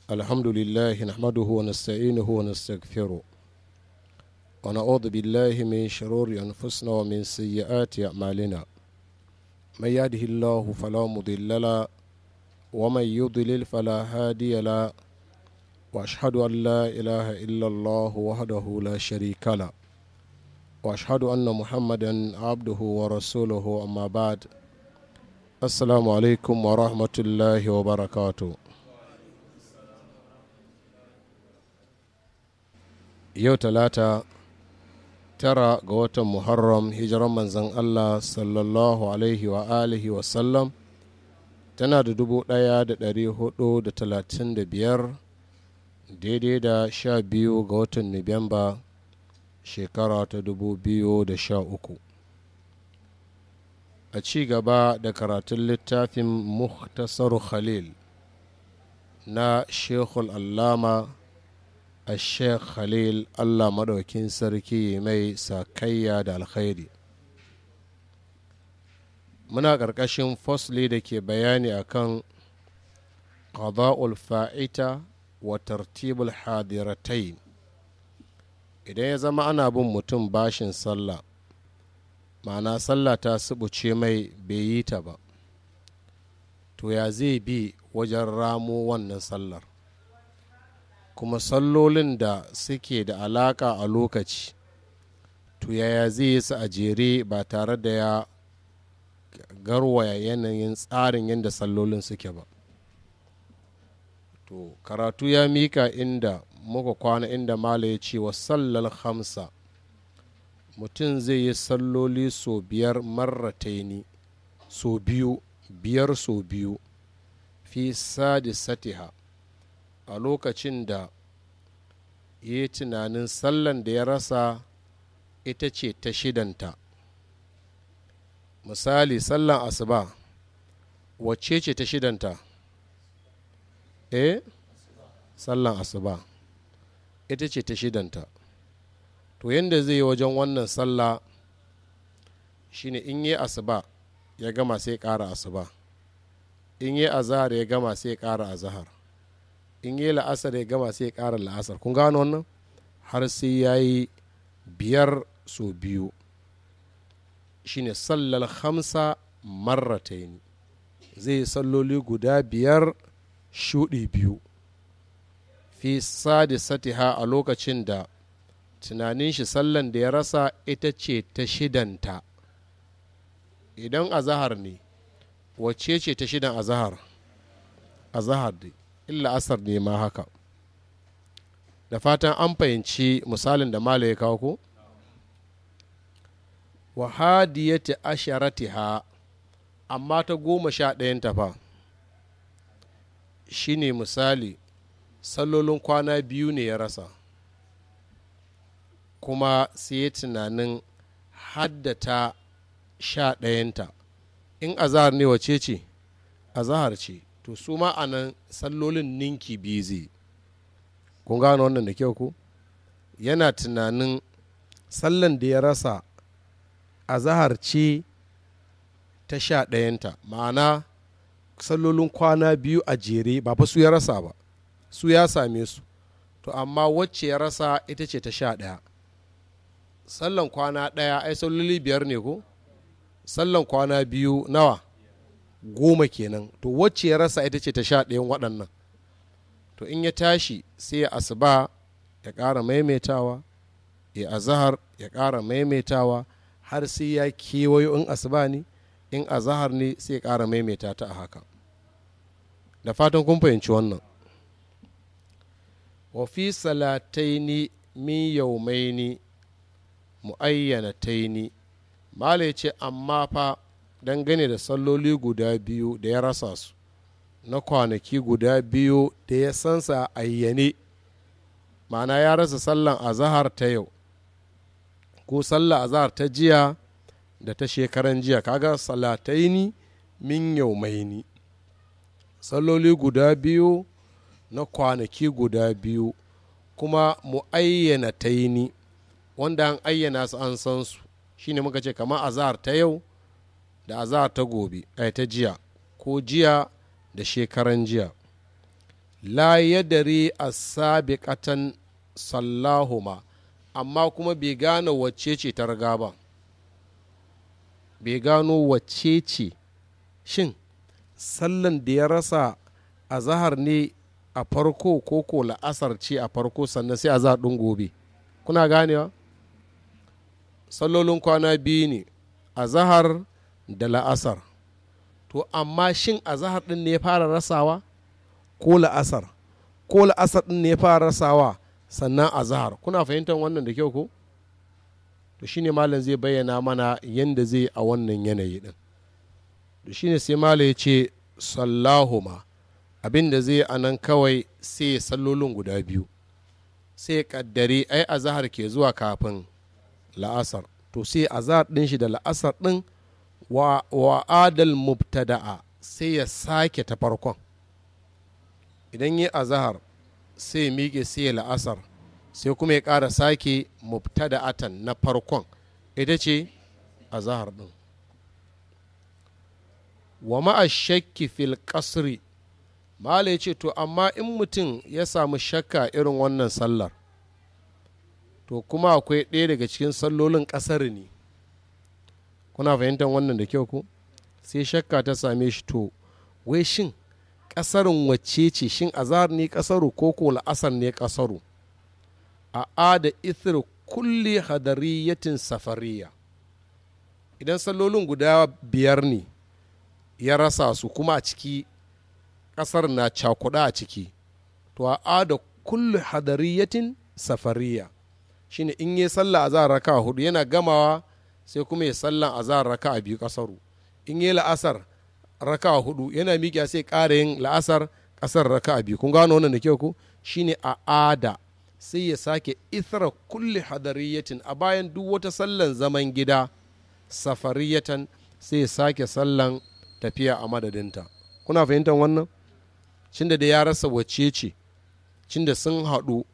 alhamdulillahi nahmaduhu wa nasta'inuhu wa nastaghfiruh wa na'udhu billahi min shururi anfusina wa min sayyiati a'malina man yahdihillahu fala mudilla la wa man yudlil fala hadiya la واشهد ان لا اله الا الله وحده لا شريك له واشهد ان محمدا عبده ورسوله اما بعد السلام عليكم ورحمه الله وبركاته yau talata tara ga watan muharram hijiran manzan allah sallallahu alaihi wa alihi sallam tana da dubu daya da dari hudu da talatin da biyar daidai da sha biyu ga watan nuwamba shekara ta dubu biyu da sha uku a ci gaba da karatun littafin muhtasar khalil na shekul allama a sheikh khalil allah maɗaukin sarki mai sakayya da alkhairi muna ƙarƙashin fosli da ke bayani akan ƙaza'ul fa'ita wa tartibul hadiratain idan ya zama ana bin mutum bashin sallah ma'ana sallah ta subuce mai bai yi ta ba to ya zai bi wajen ramo wannan sallar kuma sallolin da suke da alaka a lokaci to yaya zai yi su a jere ba tare da ya garwaya yanayin tsarin yadda sallolin suke ba to karatu ya mika inda muka kwana inda mala ya ce wa sallal hamsa mutum zai yi salloli so biyar marrataini so biyu biyar so biyu fi sadi satiha a lokacin da ya yi tunanin sallan da ya rasa ita ce ta shidanta misali sallan asuba wacce ce ta shidanta eh sallan asuba ita ce ta shidanta to yadda zai yi wajen wannan sallah shine in yi asuba ya gama sai ƙara asuba in yi azahar ya gama sai ƙara azahar in yi la'asar ya gama sai ƙara la'asar kun gano wannan har sai ya yi biyar so biyu shine sallar hamsa marrataini zai yi salloli guda biyar shuɗi biyu fi Sadi satiha a lokacin da tunanin shi sallan da ya rasa ita ce ta shidanta idan azahar ne wacce ce ta shidan azahar azahar ne illa asar ne ma haka da fatan an fahimci misalin da mala ya kawo ko wa hadiyati asharatiha amma ta goma sha ɗayanta fa Shi ne misali sallolin kwana biyu ne ya rasa kuma sai ya tunanin haddata sha ɗayanta in azahar ne wace ce azahar ce to su ma a nan sallolin ninki biyu zai kun gano wannan da kyau ku yana tunanin sallan da ya rasa azahar ce ta sha ɗayanta ma'ana sallolin kwana biyu a jere ba fa su ya rasa ba su ya same su to amma wacce ya rasa ita ce ta sha ɗaya sallan kwana ɗaya ai salloli biyar ne ko sallan kwana biyu nawa goma kenan to wacce ya rasa ita ce ta sha ɗayan waɗannan to in ya tashi sai ya asuba ya ƙara maimaitawa ya azahar ya ƙara maimaitawa har sai ya kewayo in asuba ne in azahar ne sai ƙara maimaita ta a haka da fatan kun fahimci wannan wa fi salataini min yaumaini mu'ayyanataini taini ya ce amma fa dangane da salloli guda biyu da ya rasa su na kwanaki guda biyu da ya sansa ayyane ma'ana ya rasa sallan azahar ta yau ko sallah azahar ta jiya da ta shekaran jiya kaga salataini min ni salloli guda biyu na kwanaki guda biyu kuma mu ayyana ni wanda an ayyana su an san su shine muka ce kama azahar ta yau da azahar ta gobe ai eh, ta jiya ko jiya da shekaran jiya la yadari asabiqatan sallahuma amma kuma bai gane wacce ce ta riga ba bai gano wacce ce shin sallan da ya rasa a zahar ne a farko ko ko la'asar ce a farko sannan sai a zaɗin gobe kuna ganewa sallolin kwana biyu ne a zahar da la'asar to amma shin a zahar ɗin ne ya fara rasawa ko la'asar ko la'asar ɗin ne ya fara rasawa sannan a zahar kuna fahimtar wannan da kyau ko to shine malam zai bayyana mana yadda zai a wannan yanayi din to shine sai malam ya ce sallahuma abin da zai a nan kawai sai sallolin guda biyu sai kaddare ai azahar ke zuwa kafin la'asar to sai azahar din shi da la'asar din wa, wa adal mubtada'a sai ya sake ta farkon idan yi azahar sai mike miƙe sai la'asar sai kuma ya ƙara sake atan na farkon ita ce a zahar ɗin wa ma'a shakki fil kasri mala ya ce to amma in mutum ya samu shakka irin wannan sallar to kuma akwai ɗaya daga cikin sallolin ƙasar ne kuna fahimtar wannan da kyau ko sai shakka ta same shi to wai shin ƙasarin wacce ce shin zahar ne ƙasaru ko ko la'asar ne ƙasaru a ada ithir kulli hadariyatin safariya idan sallolin guda biyar ne ya rasa su kuma a ciki ƙasar na cakuɗa a ciki to a ada kulli hadariyatin safariya shine in yi sallah a raka hudu yana gamawa sai kuma ya sallan a zan raka a biyu ƙasaru in yi la'asar raka hudu yana miƙa sai ƙara yin la'asar ƙasar raka a biyu kun gano wannan da kyau ku shine a ada sai ya sake ithra kulli hadariyatin a bayan duk wata sallan zaman gida safariyatan sai ya sake sallan tafiya a madadinta kuna fahimtar wannan cinda da ya rasa wacce ce cinda sun haɗu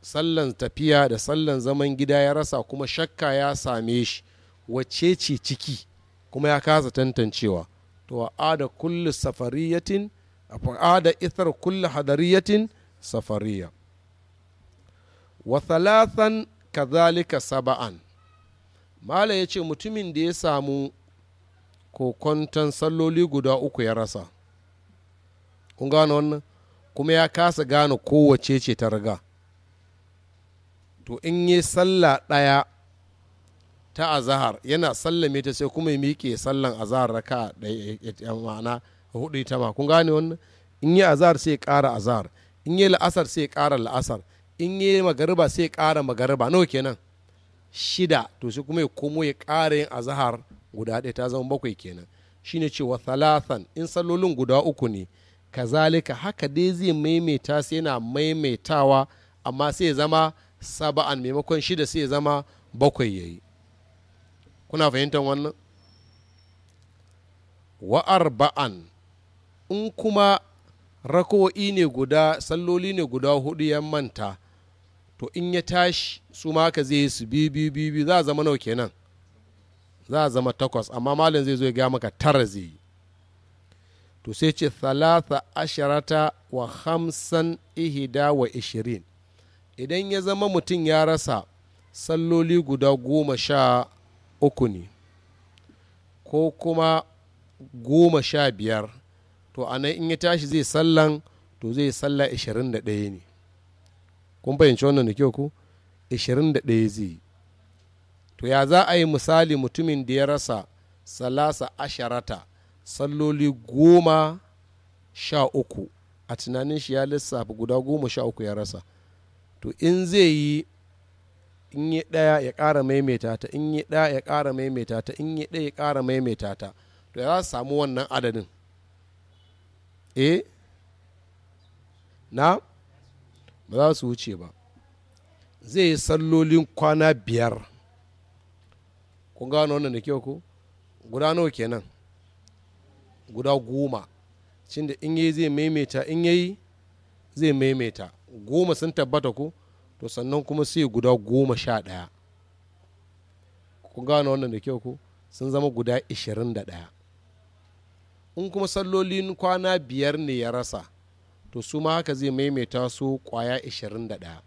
sallan tafiya da sallan zaman gida ya rasa kuma shakka ya same shi wacce ce ciki kuma ya kasa tantancewa to ada kulli safariyatin ada ithar kulli hadariyatin safariya wa thalathan kazalika saba'an mala ya ce mutumin da ya samu kokonton salloli guda uku ya rasa kun gane wannan kuma ya kasa gane kowace ce ta riga to in yi sallah ɗaya ta azahar yana sallame ta sai kuma ya miƙe sallan azahar raka ɗaya ma'ana hudu ita ma kun gane wannan in yi azahar sai ya ƙara azahar in yi la'asar sai ya ƙara la'asar in yi magariba sai ya ƙara magariba nawa kenan shida to sai kuma ya komo ya ƙara yin azahar guda ɗaya ta zama bakwai kenan shine cewa thalathan in sallolin guda uku ne kazalika haka dai zai maimaita sai yana maimaitawa amma sai ya zama saba'an maimakon shida sai ya zama bakwai ya yi kuna fahimtar wannan wa arba'an in kuma rako'i ne guda salloli ne guda hudu ya manta to in ya tashi su ma haka zai su biyu biyu biyu za a zama nawa kenan za a zama takwas amma malin zai zo ya gaya maka tara zai yi to sai ce thalatha asharata wa hamsan ihida wa ishirin idan ya zama mutum ya rasa salloli guda goma sha uku ne ko kuma goma sha biyar to a in ya tashi zai sallan to zai salla ishirin da ɗaya ne kun fahimci wannan da kyau ku 21 zai to ya za a yi misali mutumin da ya rasa salasa asharata salloli goma sha uku a tunanin shi ya lissafa guda goma sha uku ya rasa to in zai yi in yi ɗaya ya ƙara maimaita ta in yi ɗaya ya ƙara maimaita ta in yi ɗaya ya ƙara maimaita ta to ya za su samu wannan adadin eh na ba za su wuce ba zai yi sallolin kwana biyar kun gano wannan da kyau ko guda nawa kenan guda goma cin da in yi zai maimaita in yi zai maimaita goma sun tabbata ko to sannan kuma sai guda goma sha ɗaya kun gano wannan da kyau ko sun zama guda ishirin da ɗaya in kuma sallolin kwana biyar ne ya rasa to su ma haka zai maimaita su kwaya 21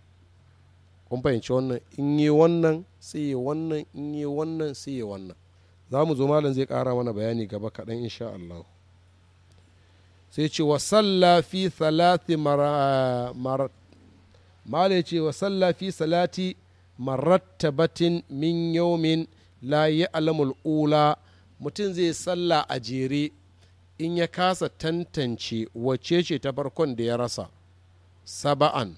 kun fahimci wannan in yi wannan sai yi wannan in yi wannan sai yi wannan za mu zo malam zai kara mana bayani gaba kaɗan insha Allah sai ce wa sallafi salati marat malam ce wa sallafi salati marattabatin min yaumin la yi alamul ula mutum zai salla a jere in ya kasa tantance wace ce ta farkon da ya rasa saba'an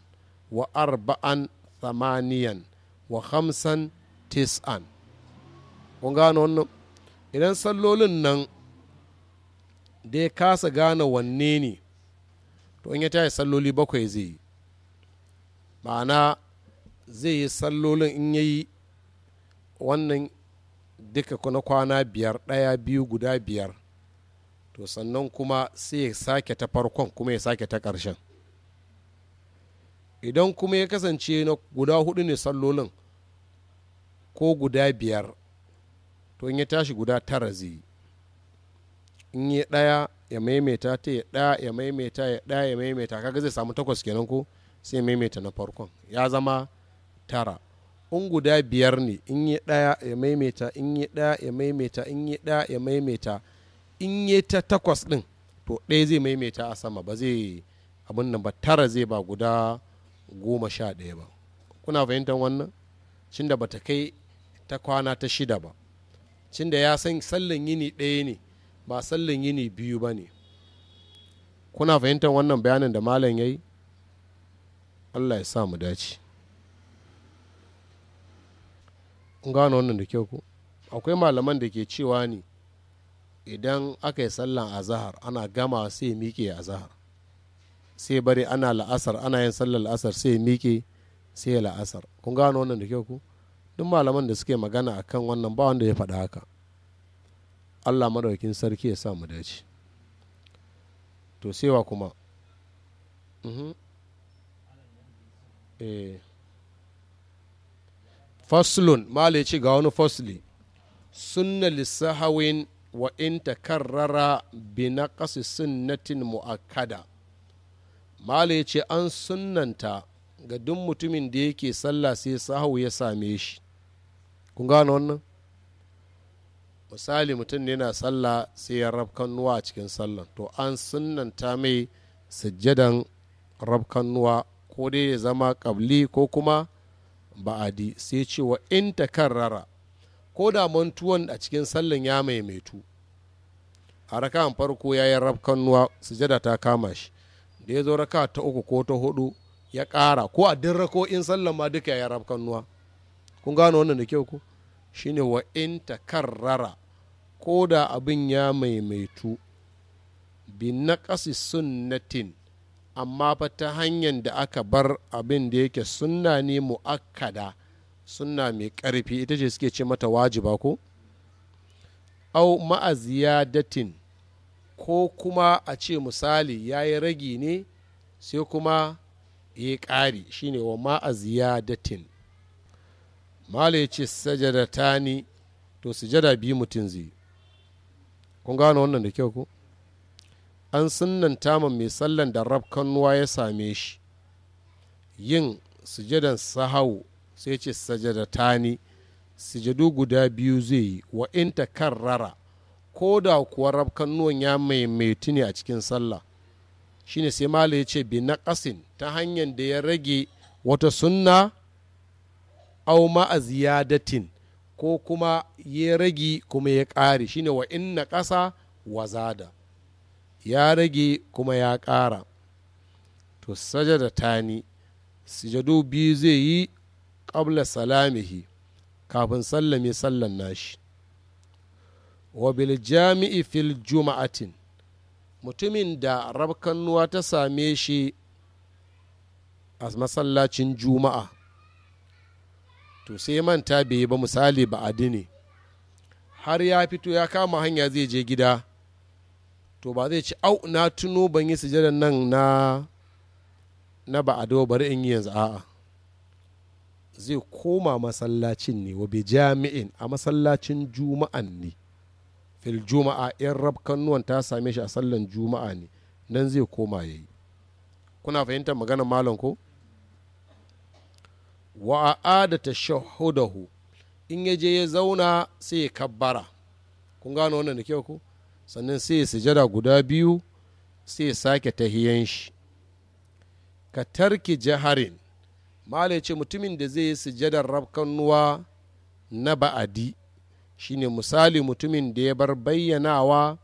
wa arba'an thamaniyan wa hamsan tis'an kun gano wannan idan sallolin nan da ya kasa gane wanne ne to in ya tashi salloli bakwai zai yi ma'ana zai yi sallolin in ya yi wannan duka na kwana biyar ɗaya biyu guda biyar to sannan kuma sai ya sake ta farkon kuma ya sake ta ƙarshen idan kuma ya kasance na guda hudu ne sallolin ko guda biyar to in ya tashi guda tara zai in ya ɗaya ya maimaita ta ya ɗaya ya maimaita ya ɗaya ya maimaita kaga zai samu takwas kenan ko sai maimaita na farkon ya zama tara in guda biyar ne in yi ɗaya ya maimaita in yi ɗaya ya maimaita in yi ɗaya ya maimaita in yi ta takwas ɗin to ɗaya zai maimaita a sama ba zai abin nan ba tara zai ba guda goma sha ɗaya ba kuna fahimtar wannan cinda ba ta kai ta kwana ta shida ba cinda ya san sallin yini ɗaya ne ba sallin yini biyu ba ne kuna fahimtar wannan bayanin da malam ya yi allah ya sa mu dace gano wannan da kyau ku akwai malaman da ke cewa ne idan aka yi sallan azahar ana gama sai miƙe azahar sai bari ana la'asar ana yin sallar la'asar sai miƙe sai la'asar kun gano wannan da kyau ku duk malaman da suke magana akan wannan ba wanda ya faɗa haka allah madaukin sarki ya sa mu dace to sewa kuma mhm. eh. faslun ma ci ga wani fasli sunna lissahawin wa in takarrara bi ƙasa sunnatin mu'akkada mala ya ce an sunnanta ga duk mutumin da yake sallah sai sahau ya same shi kun gano wannan misali mutum ne yana sallah sai ya rabkan a cikin sallah to an sunnanta mai sujjadan rabkan ko dai ya zama ƙa'bli ko kuma ba'adi sai ce wa in takarrara ko da mantuwan a cikin sallan ya maimaitu a rakan farko ya yi su sujada ta kama shi da ya zo raka ta uku ko ta hudu ya ƙara ko a din in sallan ma duka ya yi nuwa kun gano wannan da kyau ku shine wa in ta karrara ko da abin ya maimaitu bi na kasi sunnatin amma fa ta hanyar da aka bar abin da yake sunna ne mu'akkada sunna mai karfi ita ce suke ce mata wajiba ko au ma'aziyadatin ko kuma a ce misali ya yi ragi ne sai kuma ya ƙari shine wa ma'aziyadatin mala ya ce ni to sujada biyu mutum zai kun gano wannan da kyau ko an sunnan ma mai sallan da rafkannuwa ya same shi yin sujadan sahau sai ce sajada tani sujadu guda biyu zai yi wa in ta karrara ko da kuwa rabkannuwan ya maimaitu ne a cikin sallah shine sai mala ya ce bi naqasin ta hanyar da ya rage wata sunna au ma'a ziyadatin ko kuma ya rage kuma ya ƙare shine wa in na ƙasa wa zada ya rage kuma ya ƙara to sajada tani sujadu biyu zai yi qabla salamihi kafin sallame sallan nashi wa bil jami'i fil juma'atin mutumin da rabkannuwa ta same shi a masallacin juma'a to sai manta bai ba misali ba adini har ya fito ya kama hanya zai je gida to ba zai ci au na tuno ban yi sujadar nan na ba ado bari in yi yanzu a'a zai koma masallacin ne wa bi jami'in a masallacin juma'an ne fil juma'a in rabkannuwan ta same shi a sallan juma'a ne nan zai koma ya yi kuna fahimtar maganar malam ko wa a adata tashahudahu in ya je ya zauna sai ya kabbara kun gano wannan da kyau ko sannan sai ya sujada guda biyu sai ya sake tahiyan shi ka tarki jaharin malai ce mutumin da zai yi sujadar rabkanuwa na ba'adi shine misali mutumin da ya bar bayyanawa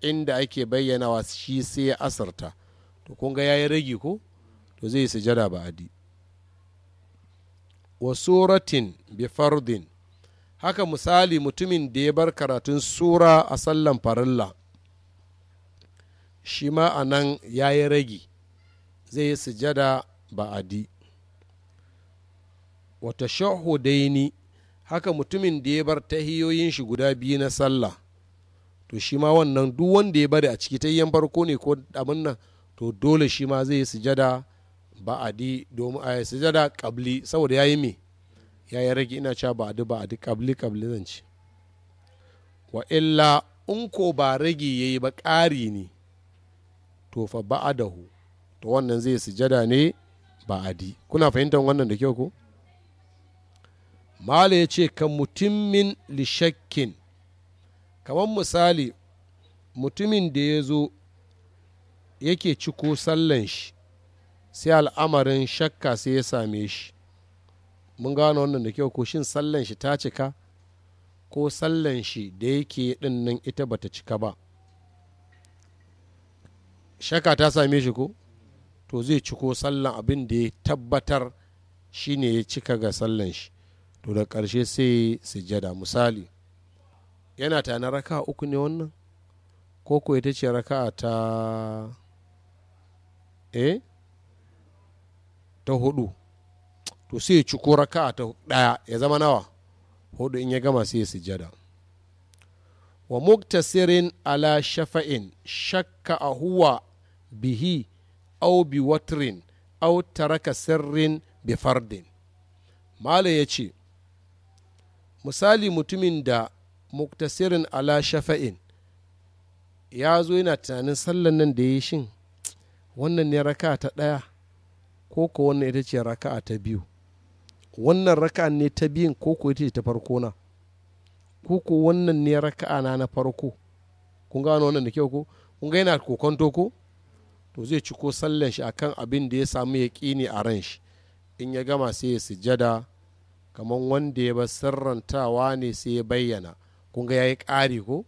inda ake bayyanawa shi sai ya asarta to kun ga yayi rage ko to zai yi sujada ba'adi wa suratin bi fardin haka misali mutumin da ya bar karatun sura a sallan farilla shi ma a nan ya yi rage zai yi sujada ba'adi wata shahudaini haka mutumin da ya bar tahiyoyin shi guda biyu na sallah to shi ma wannan duk wanda ya bari a ciki ta tahiyan farko ne ko abin nan to dole shi ma zai sujada ba'adi domin a eh, sujada kabli saboda ya yi me ya yi rage ina cewa ba'adi ba'adi kabli kabli zan ci wa illa in ko ba rage ya yi ba ƙari ne to fa ba'adahu to wannan zai sujada ne ba'adi kuna fahimtar wannan da kyau ko mala ya ce ka mutumin lishakkin kamar misali mutumin da ya zo yake ciko sallan shi sai al'amarin shakka sai ya same shi mun gano wannan da kyau ko shin sallan shi ta cika ko sallan shi da yake din nan ita bata cika ba shakka ta same shi ko to zai ciko sallan abin da ya tabbatar shine ya cika ga sallan shi to da ƙarshe sai sujjada misali yana ta tana raka uku ne wannan ko ko ita ce raka ta eh ta hudu to sai ya ci ko raka ta daya ya zama nawa hudu in ya gama sai ya sujjada wa muktasirin ala shafa'in shakka a huwa bihi au bi watrin au taraka sirrin bi fardin malam ya ce misali mutumin da muktasirin ala shafa'in ya zo yana tunanin sallan nan da ya shin wannan ne raka ta ɗaya ko ko wannan ita ce raka ta biyu wannan raka ne ta biyun ko ko ita ce ta farko na ko ko wannan ne raka na na farko kun gano wannan da kyau ko kun ga yana kokonto ko to zai ciko sallan shi akan abin da ya samu ya yaƙini a ran shi in ya gama sai ya sujjada kamar wanda ya ba sirrantawa ne sai ya bayyana kun ga ya yi ƙari ko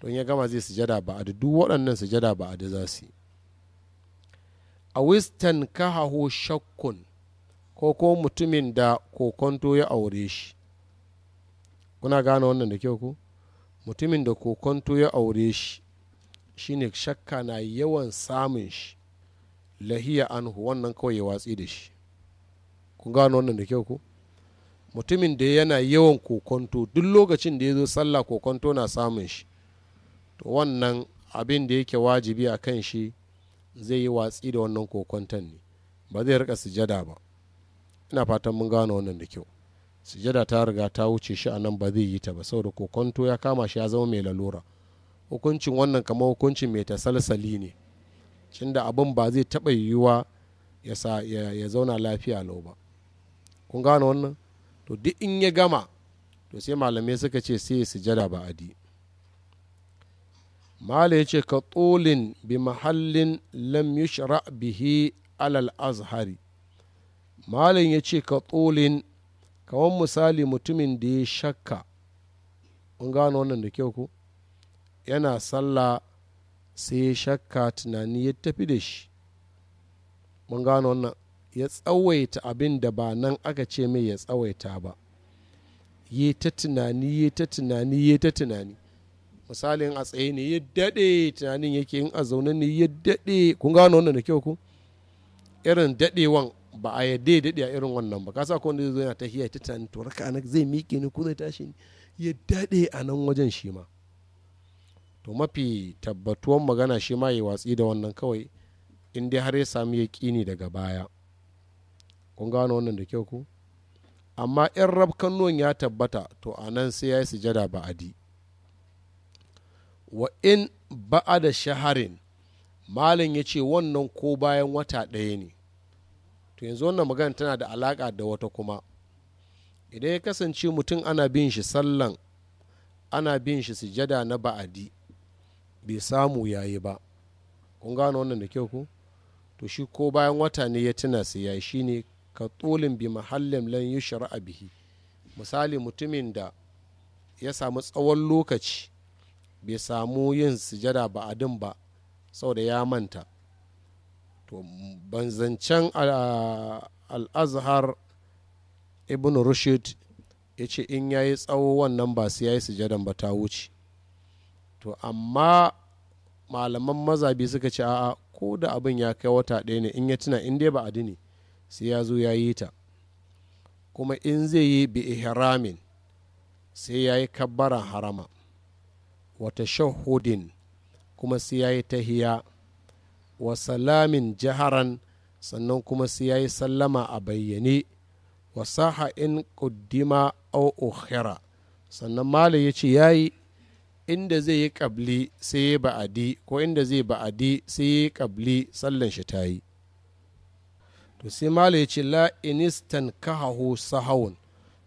don ya gama zai sujada ba da duk waɗannan sujada ba da za su a wistan kahaho shakkun ko ko mutumin da kokonto ya aure shi kuna gane wannan da kyau ko mutumin da kokonto ya aure shi shine shakka na yawan samun shi lahiya anhu wannan kawai ya watsi da shi kun gano wannan da kyau ko mutumin da yana yawan kokonto duk lokacin da ya zo sallah kokonto na samun shi to wannan abin da yake wajibi a kan shi zai yi watsi da wannan kokonton ne ba zai rika sujada ba ina fatan mun gano wannan da kyau sujada ta riga ta wuce shi a nan ba zai yi ta ba saboda kokonto ya kama shi ya zama mai lalura hukuncin wannan kamar hukuncin mai tasalsali ne cin da abin ba zai taɓa yiwuwa ya zauna lafiya lau ba kun gano wannan to duk in ya gama to sai malamai suka ce sai sujada ba adi mala ya ce ka tsolin bi mahallin lam yushra bihi alal azhari malin ya ce ka tsolin kawan misali mutumin da ya shakka mun gano wannan da kyau ko yana sallah sai ya shakka tunani ya tafi da shi mun gano wannan ya tsawaita abin da ba nan aka ce mai ya tsawaita ba yi ta tunani yi ta tunani yi ta tunani misalin a tsaye ne ya daɗe tunanin yake in a zaune ne ya daɗe kun gano wannan da kyau ku irin daɗewan ba a yadda ya daɗe a irin wannan ba kasa ko wanda zai yana ta hiyar ta tunani to raka anak zai miƙe ni ko zai tashi ni ya daɗe a nan wajen shi ma to mafi tabbatuwan magana shi ma ya watsi da wannan kawai in dai har ya sami ya ƙini daga baya kun gano wannan da kyau ku amma in rabkannuwan ya tabbata to a nan sai ya yi sujada ba'adi wa in da shaharin malin ya ce wannan ko bayan wata ɗaya ne to yanzu wannan magana tana da alaƙa da wata kuma idan ya kasance mutum ana bin shi sallan ana bin shi sujada na ba'adi bai samu yi ba kun gano wannan da kyau ku to shi ko bayan wata ne ya tuna sai yayi ne. ka tsulin bi mahallin lan yi shari'a bihi misali mutumin da ya samu tsawon lokaci bai samu yin sujada ba a din ba sau da ya manta to banzancen al'azhar ibn rushid ya ce in ya yi tsawo wannan ba su ya yi sujadan ba ta wuce to amma malaman mazabi suka ce a'a ko da abin ya kai wata ɗaya ne in ya tuna in dai ba adi ne sai ya zo ya yi ta kuma in zai yi bi ihramin sai ya yi kabbaran harama wata shahudin kuma sai ya yi tahiya wa salamin jaharan sannan kuma sai ya yi sallama a bayyane wa saha in kuddima au ukhira sannan malam ya ce ya yi inda zai yi kabli sai ya ba'adi ko inda zai ba'adi sai ya yi kabli sallan shi ta yi to sai mala ya ce la'inistan inistan kahahu sahawun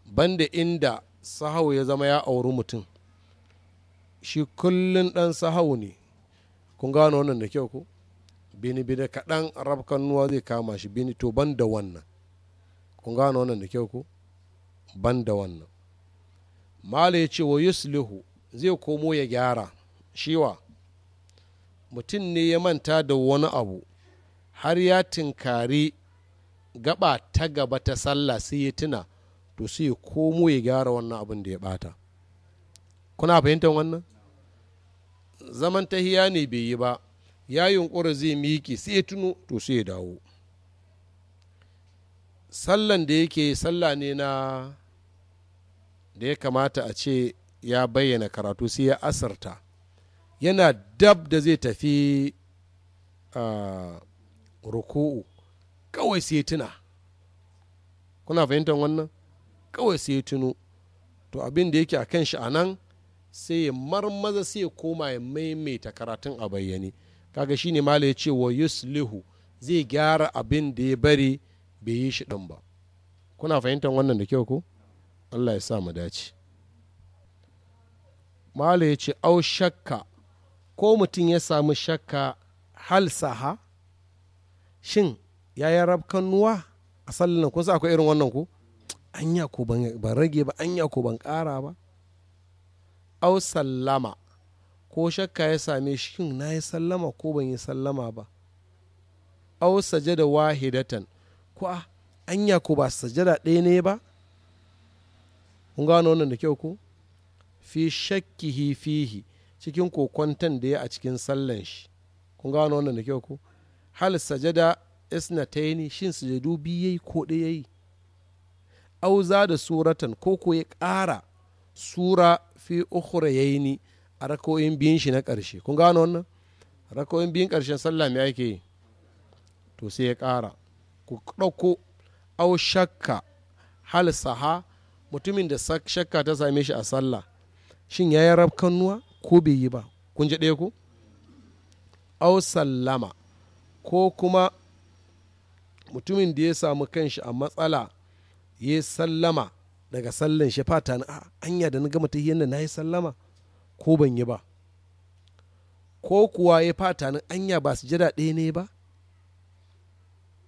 banda inda sahawu ya zama ya auri mutum shi kullun dan sahawu ne kun gano wannan da kyau ko bini bini kaɗan rafkan nuwa zai kama shi bini to ban da wannan kun gano wannan da kyau ko ban da wannan mala ya ce wa yuslihu zai komo ya gyara shiwa mutum ne ya manta da wani abu har ya tinkari gaba ta gaba ta sallah sai ya tuna to sai ya komo ya gyara wannan abin da ya bata kuna fahimtar wannan zaman tahiya ne bai yi ba ya yunkura zai miki sai ya tuno to sai ya dawo sallan da yake sallah ne na da ya kamata a ce ya bayyana karatu sai ya asarta yana dab da zai tafi ah, ruku'u kawai sai tuna kuna fahimtar wannan kawai sai tuno to abin da yake a kan shi a nan sai ya marmaza sai ya koma ya maimaita karatun a bayyane kaga ne mala ya ce wa yuslihu zai gyara abin da ya bari bai yi shi ɗin ba kuna fahimtar wannan da kyau ko allah ya sa mu dace mala ya ce au shakka ko mutum ya samu shakka hal saha shin ya yi rabkanuwa a sallan nan kusa akwai irin wannan ku. anya ko ban rage ba anya ko ban ƙara ba au sallama ko shakka ya same shi kin na yi sallama ko ban yi sallama ba au sajada wahidatan ko a anya ko ba sajada ɗaya ne ba kun gano wannan da kyau ko fi shakkihi fihi cikin kokwanton da ya a cikin sallan shi kun gano wannan da kyau ko hal sajada ta yi isnataini shin sujadu biyu yi ko ɗaya yi auza da suratan ko ko ya ƙara sura fi yi ni a rakoyin biyun shi na ƙarshe kun gano wannan rakoyin biyun ƙarshen sallah me ake yi to sai ya ƙara ku ɗauko au shakka hal saha mutumin da shakka ta same shi a sallah shin ya yi rafkannuwa ko bai yi ba kun ji ɗaya ku au sallama ko kuma mutumin da ya samu kanshi a matsala ya sallama daga sallan shi fata na hanya da na gama ta na yi sallama ko ban yi ba ko kuwa ya fata na anya ba su jira ɗaya ne ba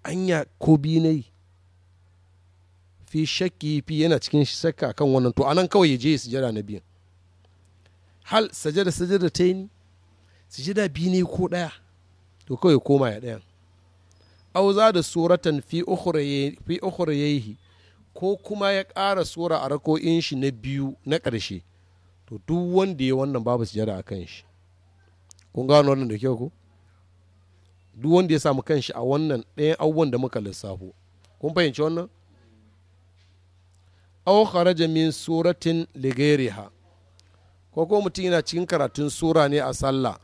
anya ko biyu na yi fi shakki fi yana cikin shakka kan wannan to anan kawai ya je jira na biyan hal sajada sajada ta yi ni jira biyu ne ko ɗaya to kawai koma ya ɗayan Auza da suratan fi ukhrayhi ko kuma ya ƙara sura a rako'in shi na biyu na ƙarshe to duk wanda ya wannan babu sujada a kan shi kun gano wannan da kyau ko duk wanda ya samu kan shi a wannan ɗayan abubuwan da muka lissafo kun fahimci wannan aw kharaja min suratin ligairiha ko ko mutum yana cikin karatun sura ne a sallah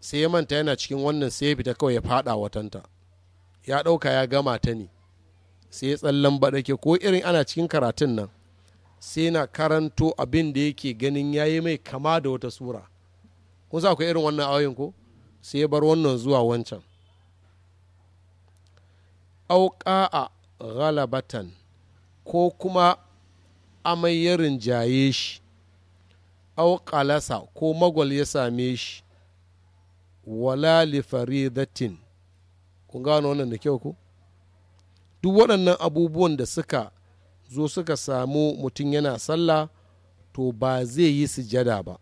sai ya manta yana cikin wannan sai ya fita kawai ya fada watanta ya ɗauka ya gama ta ne sai ya tsallan baɗake ko irin ana cikin karatun nan sai na karanto abin da yake ganin ya yi mai kama da wata sura kun sa akwai irin wannan ayoyin ko sai ya bar wannan zuwa wancan a galabatan ko kuma amai ya rinjaye shi auƙalasa ko magwal ya same shi wala li faridatin kun gano wannan da kyau ku duk waɗannan abubuwan da suka zo suka samu mutum yana sallah to ba zai yi sujada ba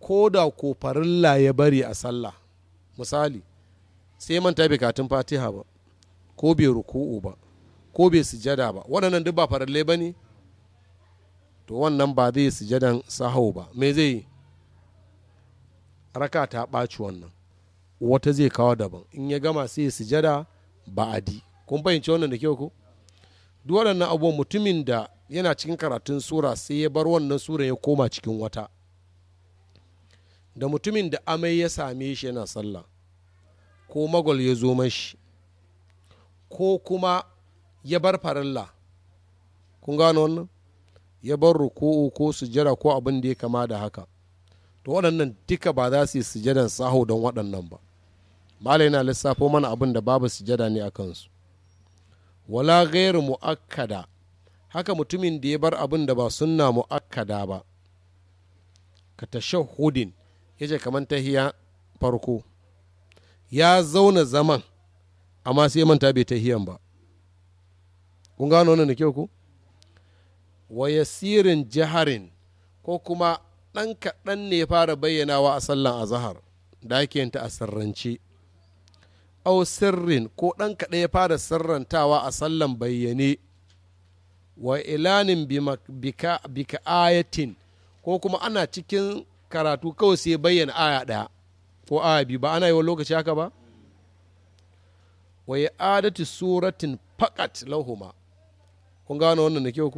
ko da ko ya bari a sallah misali sai manta bukatun fatiha ba ko bai ruku'u ba ko bai sujada ba waɗannan duk ba farallai ba ne to wannan ba zai sujadan sahau ba me zai raka ta ɓaci wannan wata zai kawo daban in ya gama sai ya sujada ba'adi kun fahimci wannan da kyau ko duk waɗannan abubuwan mutumin da yana cikin karatun sura sai ya bar wannan sura ya koma cikin wata da mutumin da amai ya same shi yana sallah ko magwal ya zo mashi ko kuma ya bar farilla kun gano wannan ya bar ruku'u ko sujada ko abin da ya kama da haka to waɗannan duka ba za su yi sujadan saho don waɗannan ba bala yana lissafo mana abin da babu sujada ne a kansu wala ghairu mu'akkada haka mutumin da ya bar abin da ba sunna mu'akkada ba ka hudin ya ce ta tahiya farko ya zauna zaman amma sai manta bai ta tahiyan ba kun gano wannan da kyau ku wa yasirin jiharin ko kuma ɗan kaɗan ne ya fara bayyanawa a sallan azahar da ake ta a sirrance au sirrin ko ɗan kaɗai ya fara sirrantawa a sallan bayyane wa ilanin bika, ayatin ko kuma ana cikin karatu kawai sai bayyana aya ɗaya ko aya biyu ba ana yi lokaci haka ba wa adati suratin fakat lahuma kun gano wannan da kyau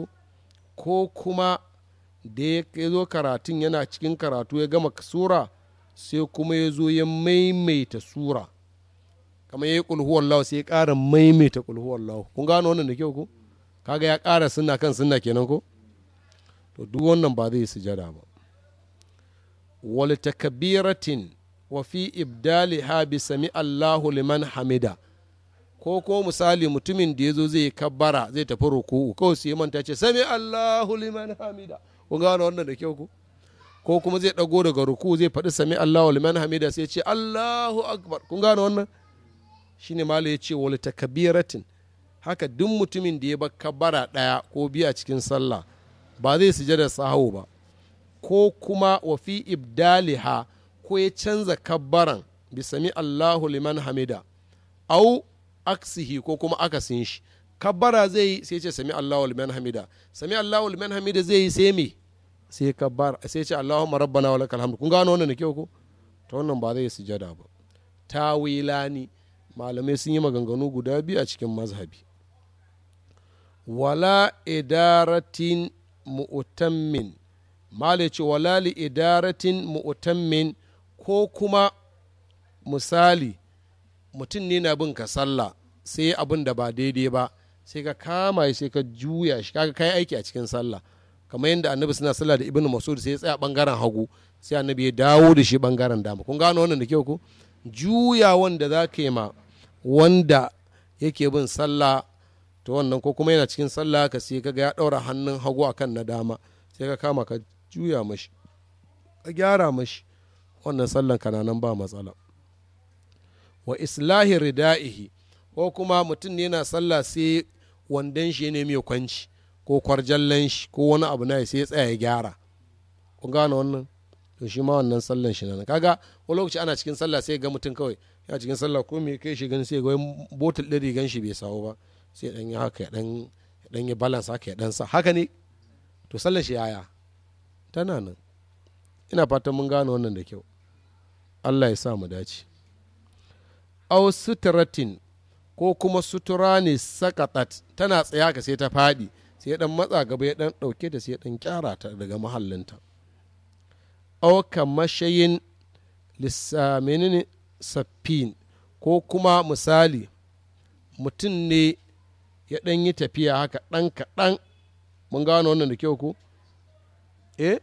ko kuma da ya zo karatun yana cikin karatu ya gama sura sai kuma ya zo ya maimaita sura kamar yi kulhuwar lawa sai ya ƙara maimaita kulhuwar lawa kun gano wannan da kyau ko kaga ya ƙara sunna kan sunna kenan ko to duk wannan ba zai sujada ba wal takbiratin wa fi ibdaliha bi sami Allahu liman hamida ko ko misali mutumin da yazo zai kabbara zai tafi ruku'u Ko sai manta ce sami Allahu liman hamida kun gano wannan da kyau ko ko kuma zai dago daga ruku zai faɗi sami Allahu liman hamida sai ce Allahu akbar kun gano wannan shine malo ya ce wal kabiratin haka duk mutumin da ya bar kabara ɗaya ko biya cikin sallah ba zai sujada sahu ba ko kuma wa fi ibdaliha ko ya canza kabbaran bisami Allahu liman hamida au aksihi ko kuma akasin shi kabbara zai yi sai ce sami Allahu liman hamida sami Allahu liman hamida zai yi sai me sai kabbara sai ce Allahumma rabbana walakal hamd kun gano wannan da kyau ko ta wannan ba zai sujada ba tawilani malamai sun yi maganganu guda biyu a cikin mazhabi wala idaratin mu'tammin malaci wala li idaratin mu'tammin ko kuma misali mutum ne na bin ka sallah sai abin da ba daidai ba sai ka kama sai ka juya shi kaga kai aiki a cikin sallah kamar yadda annabi suna sallah da ibnu mas'ud sai ya tsaya bangaren hagu sai annabi ya dawo da shi bangaren dama kun gano wannan da kyau ko juya wanda za ka yi ma wanda yake bin sallah to wannan ko kuma yana cikin sallah ka sai kaga ya ɗaura hannun hagu akan na dama sai ka kama ka juya mashi ka gyara mashi wannan sallan kananan ba matsala wa islahi rida'ihi ko kuma mutum ne yana sallah sai wandon shi ne mai kwanci ko kwarjallan shi ko wani abu na sai ya tsaya ya gyara kun gane wannan to shi ma wannan sallan shi nan kaga wani lokaci ana cikin sallah sai ga mutum kawai ya cikin sallah ko me kai shi gani sai ga botul din rigan shi bai sawo ba sai dan ya haka ya dan dan ya balance haka ya dan sa haka ne to sallar shi yaya tana nan ina fatan mun gane wannan da kyau Allah ya sa mu dace aw sutratin ko kuma sutura ne sakatat tana tsaya ka sai ta faɗi sai dan matsa gaba ya dan ɗauke ta sai dan kyara ta daga mahallinta aw kamashayin lissaminin saffin ko kuma misali mutum ne ya ɗan yi tafiya haka ɗan kaɗan mun gano wannan da kyau ko eh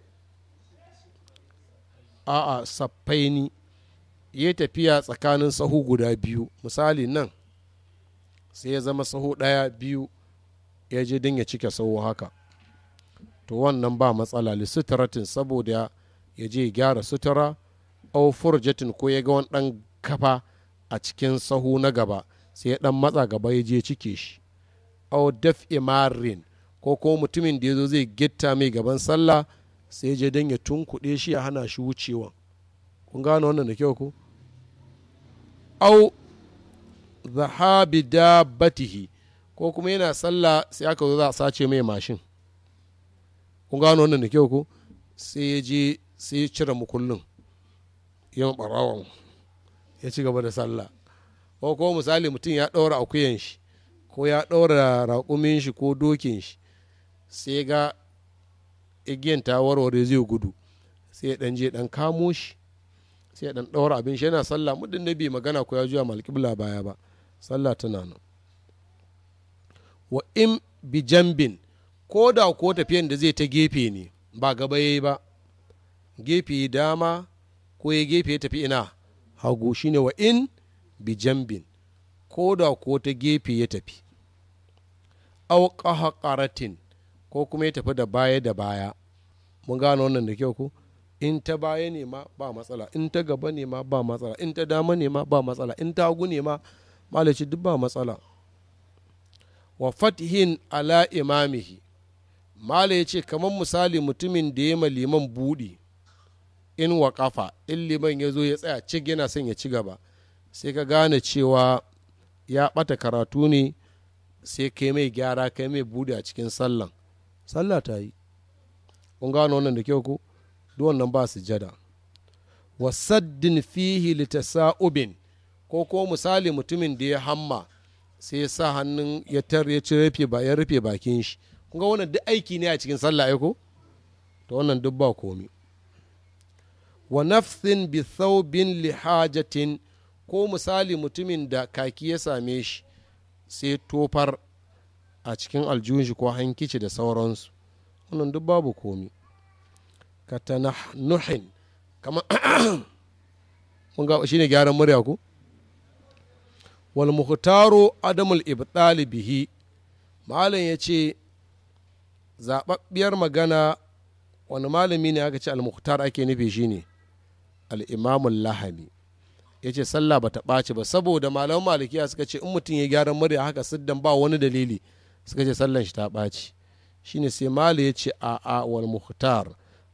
a'a saffaini ya tafiya tsakanin sahu guda biyu misali nan sai ya zama sahu ɗaya biyu ya je don ya cika sahu haka to wannan ba matsala lissitaratin saboda ya je gyara sutura au furjatin ko ya ga wani ɗan kafa a cikin sahu na gaba sai ya ɗan matsa gaba ya je cike shi au def imarin ko ko mutumin da ya zo zai gitta mai gaban sallah sai ya je don ya tunkuɗe shi ya hana shi wucewa kun gano wannan da kyau ko au zahabi batihi ko kuma yana sallah sai aka zo za a sace mai mashin kun gano wannan da kyau ko sai ya je sai ya cire mukullin yin barawan ya ci gaba da sallah ko ko misali mutum ya ɗora akuyan shi ko ya ɗora raƙumin shi ko dokin shi sai ga igiyan ta warware zai gudu sai ya ɗan je ɗan kamo shi sai ya ɗan ɗora abin shi yana sallah muddin na bai magana ko ya juya malƙibla baya ba sallah tana nan wa in bi jambin ko da ko tafiyan da zai ta gefe ne ba gaba ya yi ba gefe dama ko ya gefe ya tafi ina hagu shine wa in bi jambin ko da ko ta gefe ya tafi auƙaha ƙaratin ko kuma ya tafi da baya da baya mun gano wannan da kyau ko in ta baya ne ma ba matsala in ta gaba ne ma ba matsala in ta dama ne ma ba matsala in ta hagu ne ma malaci duk ba matsala wa fatihin ala imamihi mala ya ce kamar misali mutumin da ya ma liman buɗi in wakafa in liman ya zo ya tsaya cik yana son ya ci gaba sai ka gane cewa ya bata karatu ne sai kai mai gyara kai mai buɗe a cikin sallan sallah ta yi kun gano wannan da kyau ko duk wannan ba su jada wasaddin fihi ubin ko ko misali mutumin da ya hamma sai ya sa hannun ya tar ya ci rufe ba ya rufe bakin shi kun ga wannan duk aiki ne a cikin sallah ai ko to wannan duk ba komi wa nafsin bi thawbin lihajatin ko misali mutumin da kaki ya same shi sai tofar a cikin aljihun ko hankici da sauransu wannan duk babu komi ka nuhin kama mun (coughs) ga shine gyaran murya ku wal muhtaru adamul ibtali bihi malam ya ce zaɓaɓɓiyar magana wani malami ne aka ce al ake nufi shine al'imamun lahami ya ce sallah ba ta ɓaci ba saboda malaman malikiya suka ce in mutum ya gyaran murya haka siddan ba wani dalili suka ce sallan shi ta ɓaci shine sai malu ya ce a'a wal muhtar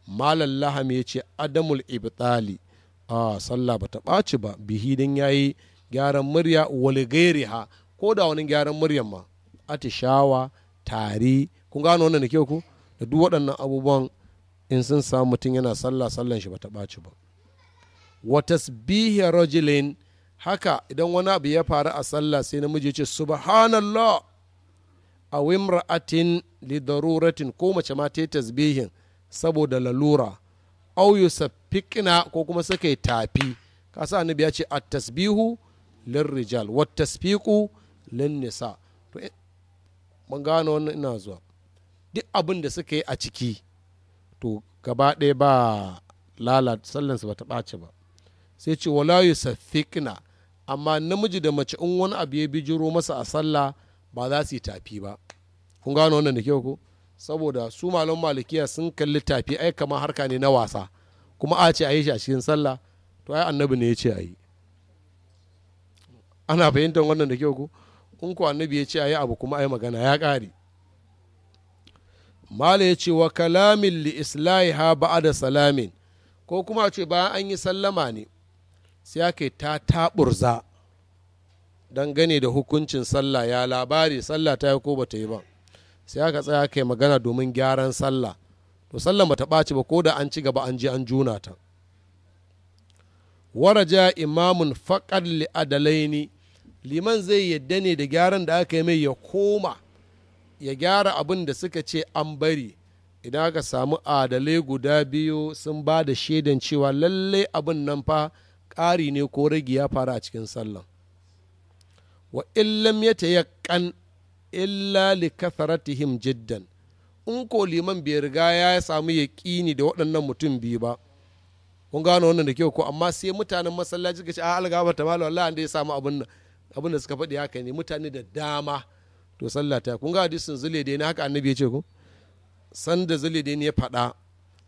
malam lahami ya ce adamul ibtali a sallah ba ta ɓaci ba bihi don yi gyaran murya gairi ha ko da wani gyaran murya ma atishawa tari kun gano wannan da kyau ku da duk waɗannan abubuwan in sun samu mutum yana sallah sallan shi ba ta ɓaci ba wa tasbihi rajulin haka idan wani abu ya faru a sallah sai namiji ce subhanallah a wimra'atin li daruratin ko mace ma ta tasbihin saboda lalura au yusaffiqna ko kuma suka yi tafi kasa annabi ya ce at tasbihu rijal wa tasfiqu lin nisa to eh, mun gano wannan ina zuwa duk abin da suka yi a ciki to gaba ɗaya ba lalata sallansu ba ta ɓaci ba sai ce wala yusaffiqna amma namiji da mace in wani abu ya bijiro masa a sallah ba za su yi tafi ba kun gano wannan da kyau ko saboda su malam malikiya sun kalli tafi ai kamar harka ne na wasa kuma a ce a yi shi a cikin sallah to ai annabi ne ya ce a yi ana fahimtar wannan da kyau ko ku annabi ya ce a yi abu kuma ai magana ya kare mala ya ce wa kalamin li ha ba'ada salamin ko kuma ce bayan an yi sallama ne sai aka ta taɓurza don gane da hukuncin sallah ya labari sallah ta yi ko ba ta yi ba sai aka tsaya ka yi magana domin gyaran sallah to sallah ba ta ɓaci ba ko da an ci gaba an ji an juna ta waraja imamun faƙar li'adalaini liman zai yadda ne da gyaran da aka yi mai ya koma ya gyara abin da suka ce an bari idan aka samu adalai guda biyu sun ba da shaidan cewa lallai abin nan fa ƙari ne ko ragi ya faru a cikin sallan wa illam ya kan illa li kasaratihim jiddan in ko liman bai riga ya samu ƙini da waɗannan mutum biyu ba kun gano wannan da kyau ko amma sai mutanen masallaci ga ce a algaba ta malu Allah da ya samu abin abin da suka faɗi haka ne mutane da dama to sallah ta kun ga hadisin zule da ne haka annabi ya ce ko san da zule da ne ya faɗa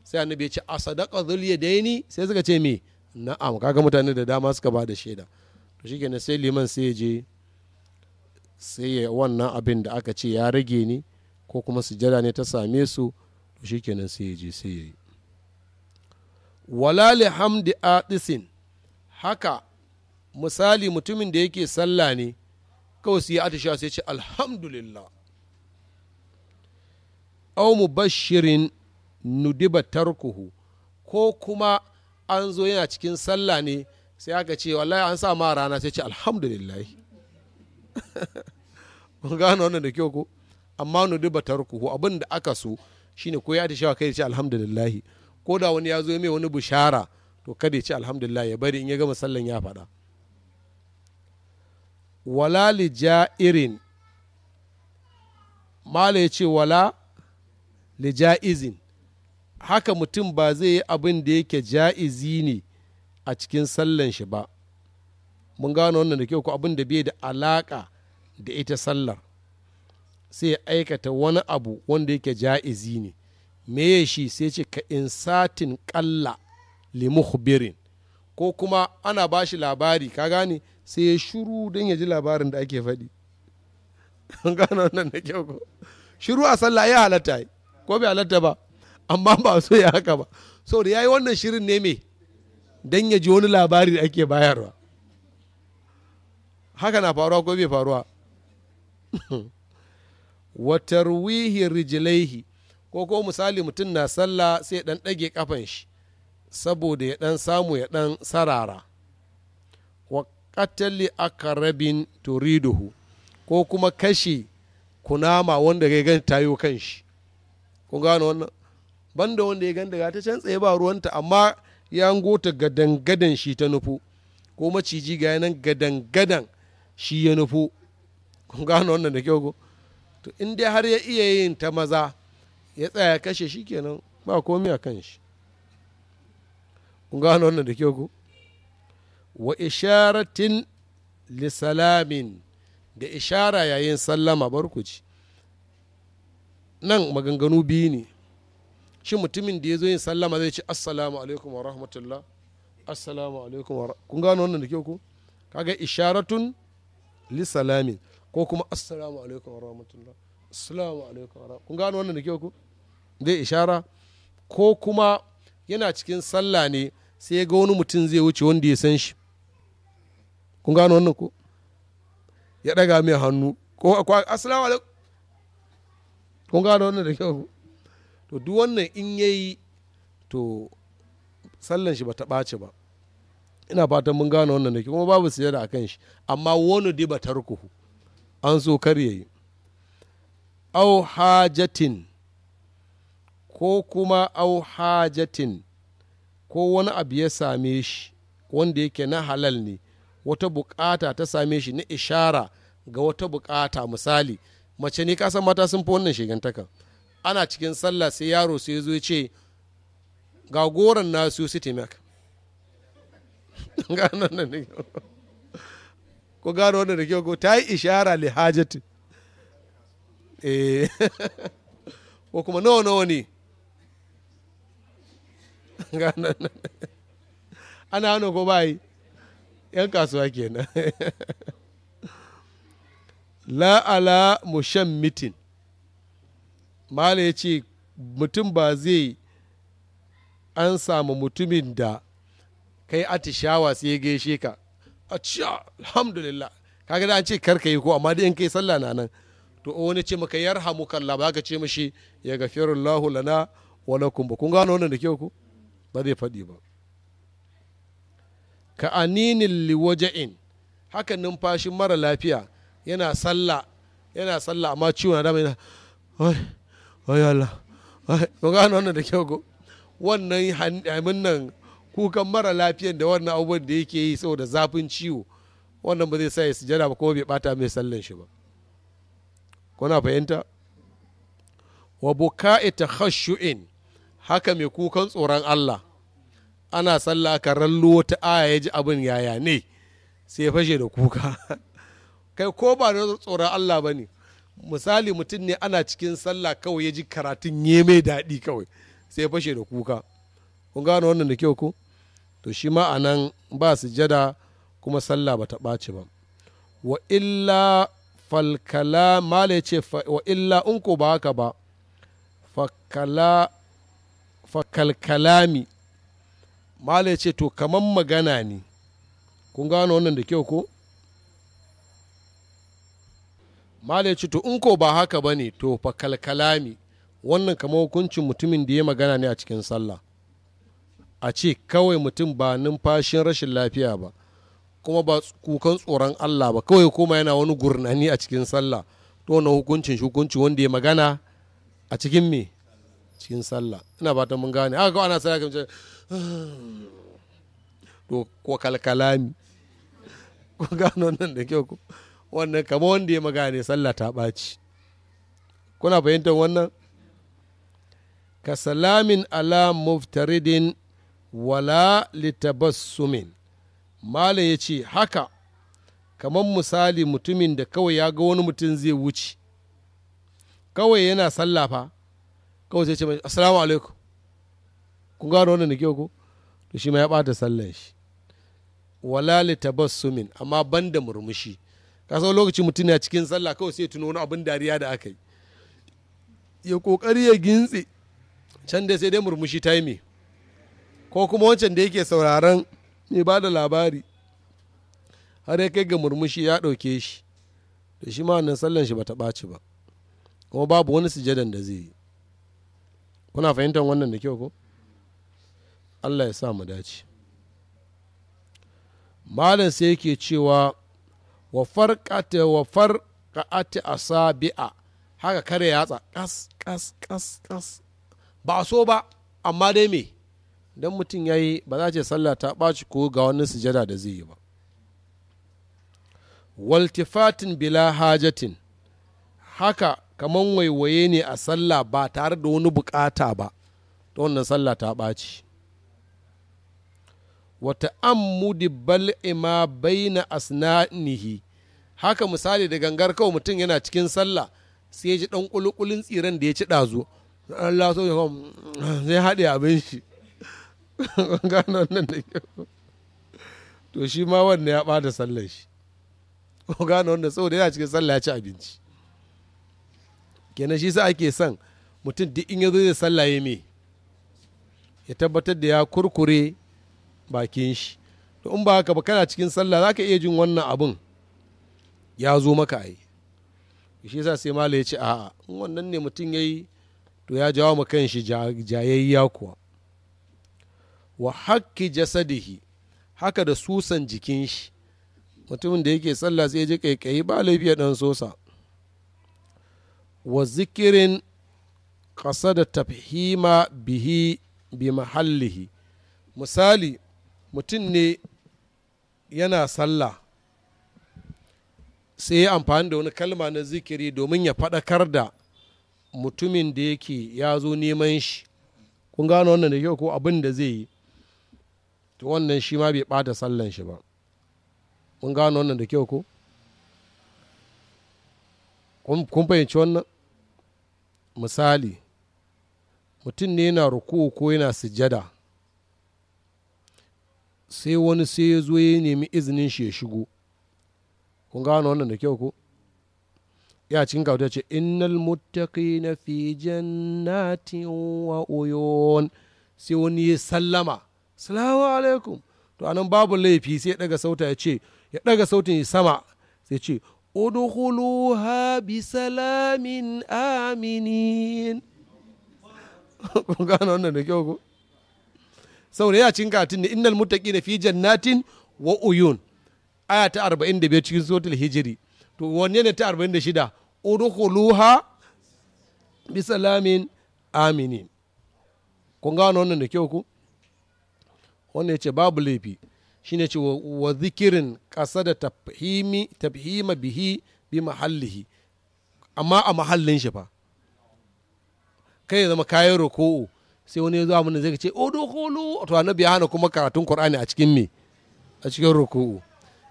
sai annabi ya ce a sadaka zule da ni sai suka ce me na'am kaga mutane da dama suka ba da shaida to shikenan sai liman sai je sai ya wannan abin da aka ce ya rage ni ko kuma sujada ne ta same su to shikenan sai ya je sai ya yi walali hamdi Adisin haka misali mutumin da yake sallah ne kawai su yi atisha sai ce alhamdulillah au mubashirin nudiba tarkuhu ko kuma an zo yana cikin sallah ne sai aka ce wallahi an sa ma rana sai ce alhamdulillah (laughs) mun gano wannan da kyau ko amma nu duba tarkuhu abin da aka so shine ko ya tashawa kai ya ce alhamdulillah ko da wani ya zo mai wani bushara to kada ya ce alhamdulillah ya bari in ya gama sallan ya faɗa wala li ja'irin mala ya ce wala li ja'izin haka mutum ba zai yi abin da yake ja'izi ne a cikin sallan shi ba mun gano wannan da kyau ko abin da bai da alaka da ita sallar sai ya aikata wani abu wanda yake ja'izi ne meye shi sai ce ka in satin ƙalla limuhbirin ko kuma ana ba shi labari ka gane sai ya shuru don ya ji labarin da ake faɗi mun gano wannan da kyau ko shiru a sallah ya halatta ko bai halatta ba amma ba so ya haka ba da ya yi wannan shirin ne me Dan ya ji wani labari da ake bayarwa haka na faruwa ko bai faruwa (laughs) watarwihi rijilaihi ko ko misali mutum na sallah sai dan ɗage kafan shi saboda ya dan samu ya dan sarara wa katali akarabin turiduhu ko kuma kashe kunama wanda ya gani tayo kan shi kun gano wannan banda wanda ya ganda ta can tsaye ba ruwanta amma ya ngota gadan-gadan shi ta nufo ko maciji ga nan gadan shi ya nufo kun gano wannan da kyau to in dai har ya iya yin ta maza ya tsaya kashe shi kenan ba komi a kan shi kun gano wannan da kyau wa isharatin lisalamin da ishara yayin sallama barkuci nan maganganu biyu ne shi mutumin da ya zo yin sallama zai ce assalamu alaikum wa rahmatullah assalamu alaikum wa kun gano wannan da kyau ko kaga isharatun li salamin ko kuma assalamu alaikum wa rahmatullah assalamu alaikum wa kun gano wannan da kyau ko zai ishara ko kuma yana cikin sallah ne sai ga wani mutum zai wuce wanda ya san shi kun gano wannan ko ya daga mai hannu ko assalamu alaikum kun gano wannan da kyau to duk wannan in yayi to sallan shi bata ɓace ba ina fatan mun gane wannan da ke kuma babu sujada a kan shi amma wani dai ba tarkuhu an so kar yayi au hajatin ko kuma au hajatin ko wani abu ya same shi wanda yake na halal ne wata bukata ta same shi na ishara ga wata bukata misali mace ne kasan mata sun fi wannan shigantaka ana cikin sallah sai yaro sai zo ce ga goron na su city mac (laughs) ko gano wannan da kyau ko ta yi ishara li hajjati eh. (laughs) ko kuma nawa nawa ne (laughs) ana hana ko bayi yan kasuwa kenan la'ala mushan mitin. mala ya ce mutum ba zai an samu mutumin da kai atishawa sai ya gaishe ka a ciya ah, alhamdulillah kaga da an ce karka yi ko amma da in kai sallah na nan to wani ce maka yarhamu kallah ba ka ce mashi ya lahu lana wa lakum ba kun gano wannan da kyau ku ba zai faɗi ba ka aninin liwaja'in haka numfashin mara lafiya yana sallah yana sallah amma ciwon na dama yana ai Allah ku gano wannan da kyau ko wannan hannun nan kukan mara lafiyan da wannan abubuwan da yake yi saboda zafin ciwo wannan ba zai sa ya sujada ba kuma bai bata mai sallan shi ba kuna fahimta wa buka'i takhashu'in haka mai kukan tsoron Allah ana sallah ka rallo ta aya ya ji abin yaya ne sai ya fashe da kuka (laughs) kai ko ba na tsoron Allah ba ne misali mutum ne ana cikin sallah kawai ya ji karatun ya daɗi kawai sai fashe da kuka kun gano wannan da kyau ko to shi ma a nan ba su jada kuma sallah ba ta ɓaci ba wa illa falkala mala ce wa illa in ko ba haka ba fakalkalami mala ce to kamar magana ne kun gano wannan da kyau ko malai ci to in ko ba haka ba ne to fa kalkalami wannan kamar hukuncin mutumin da ya magana ne a cikin sallah a ce kawai mutum ba numfashin rashin lafiya ba kuma ba kukan tsoron allah ba kawai kuma yana wani gurnani a cikin sallah to wannan hukuncin shi hukunci wanda ya magana a cikin me cikin sallah ina ta mun gane haka kawai ana sallah kamar to ko kalkalami ko gano nan da kyau ko wannan kama wanda ya magane sallah ta ɓaci kuna fahimtar wannan ka salamin ala muftaridin wala litabassumin malam ya ce haka kamar misali mutumin da kawai ya ga wani mutum zai wuce kawai yana sallah fa kawai sai ce mai assalamu alaikum kun gano wannan da kyau ko to shi ma ya bata sallan shi wala litabassumin amma banda murmushi ka san lokaci mutum na cikin sallah kawai sai tuno wani abin dariya da aka yi ya kokari ya gintse can da sai dai murmushi ta yi ko kuma wancan da yake sauraron mai ba da labari har ya kai ga murmushi ya ɗauke shi da shi ma wannan sallan shi bata ɓaci ba kuma babu wani sujadan da zai yi kuna fahimtar wannan da kyau ko allah ya sa mu dace malam sai yake cewa wa farqata wa a Sabi'a haka kare yatsa kas kas kas kas ba so ba amma dai me don mutum ya yi ba za ce sallah ta ɓaci ko ga wani sujada da zai yi ba waltifatin bila hajatin haka kamar waiwaye ne a sallah ba tare da wani bukata ba ta wannan sallah ta ɓaci wata ammudi bal'ima bai na asnanihi haka misali da gangar kawai mutum yana cikin sallah sai ya ji dan kulukulin tsiran da ya ci ɗazu Allah so ya mm, zai haɗe abin shi gano nan da to shi ma wanda ya ɓata sallar shi gano wanda saboda yana cikin sallah ya ci abinci kenan shi sa ake son mutum duk in ya zo zai sallah me ya tabbatar da ya kurkure bakin shi to in ba haka ba kana cikin sallah za ka iya jin wannan abin ya zo maka ai shi yasa sai mala ya ce a'a in wannan ne mutum ya yi to ya jawo ma kan shi jayayya kuwa wa haƙƙi jasadihi haka da susan jikin shi mutumin da yake sallah sai ji kaikayi ba ya dan sosa wa zikirin ƙasa da tafhima bihi bi mahallihi misali mutum ne yana sallah sai ya amfani da wani kalma na zikiri domin ya faɗakar da mutumin da yake ya zo neman shi kun gano wannan da kyau ko abin da zai yi to wannan shi ma bai ɓata sallan shi ba kun gano wannan da kyau ko kun fahimci wannan misali mutum ne yana ruku ko yana sujada sai wani sai ya zo ya nemi izinin shi ya shigo kun gano wannan da kyau ko ya cikin kauta ce innal na fi jannati wa uyun sai wani ya sallama salamu alaikum to anan babu laifi sai ya daga sauta ya ce ya daga sautin sama sai ce udkhuluha bi salamin aminin (laughs) kun gano wannan da kyau ko saboda ya cikin karatun ne innal na fi jannatin wa uyun aya ta 45 cikin suratul hijiri. to wanne ne ta 46 udkhuluha bisalamin aminin kun gano wannan da kyau ku wannan yace babu laifi shine ce wa zikirin ƙasa da tafhima bihi bi mahallihi amma a mahallin shi fa kai ya zama kayan roko'o sai wani ya zo abin zai ce odoholo oh, to annabi ya hana kuma karatun qur'ani a cikin me a cikin ruku'u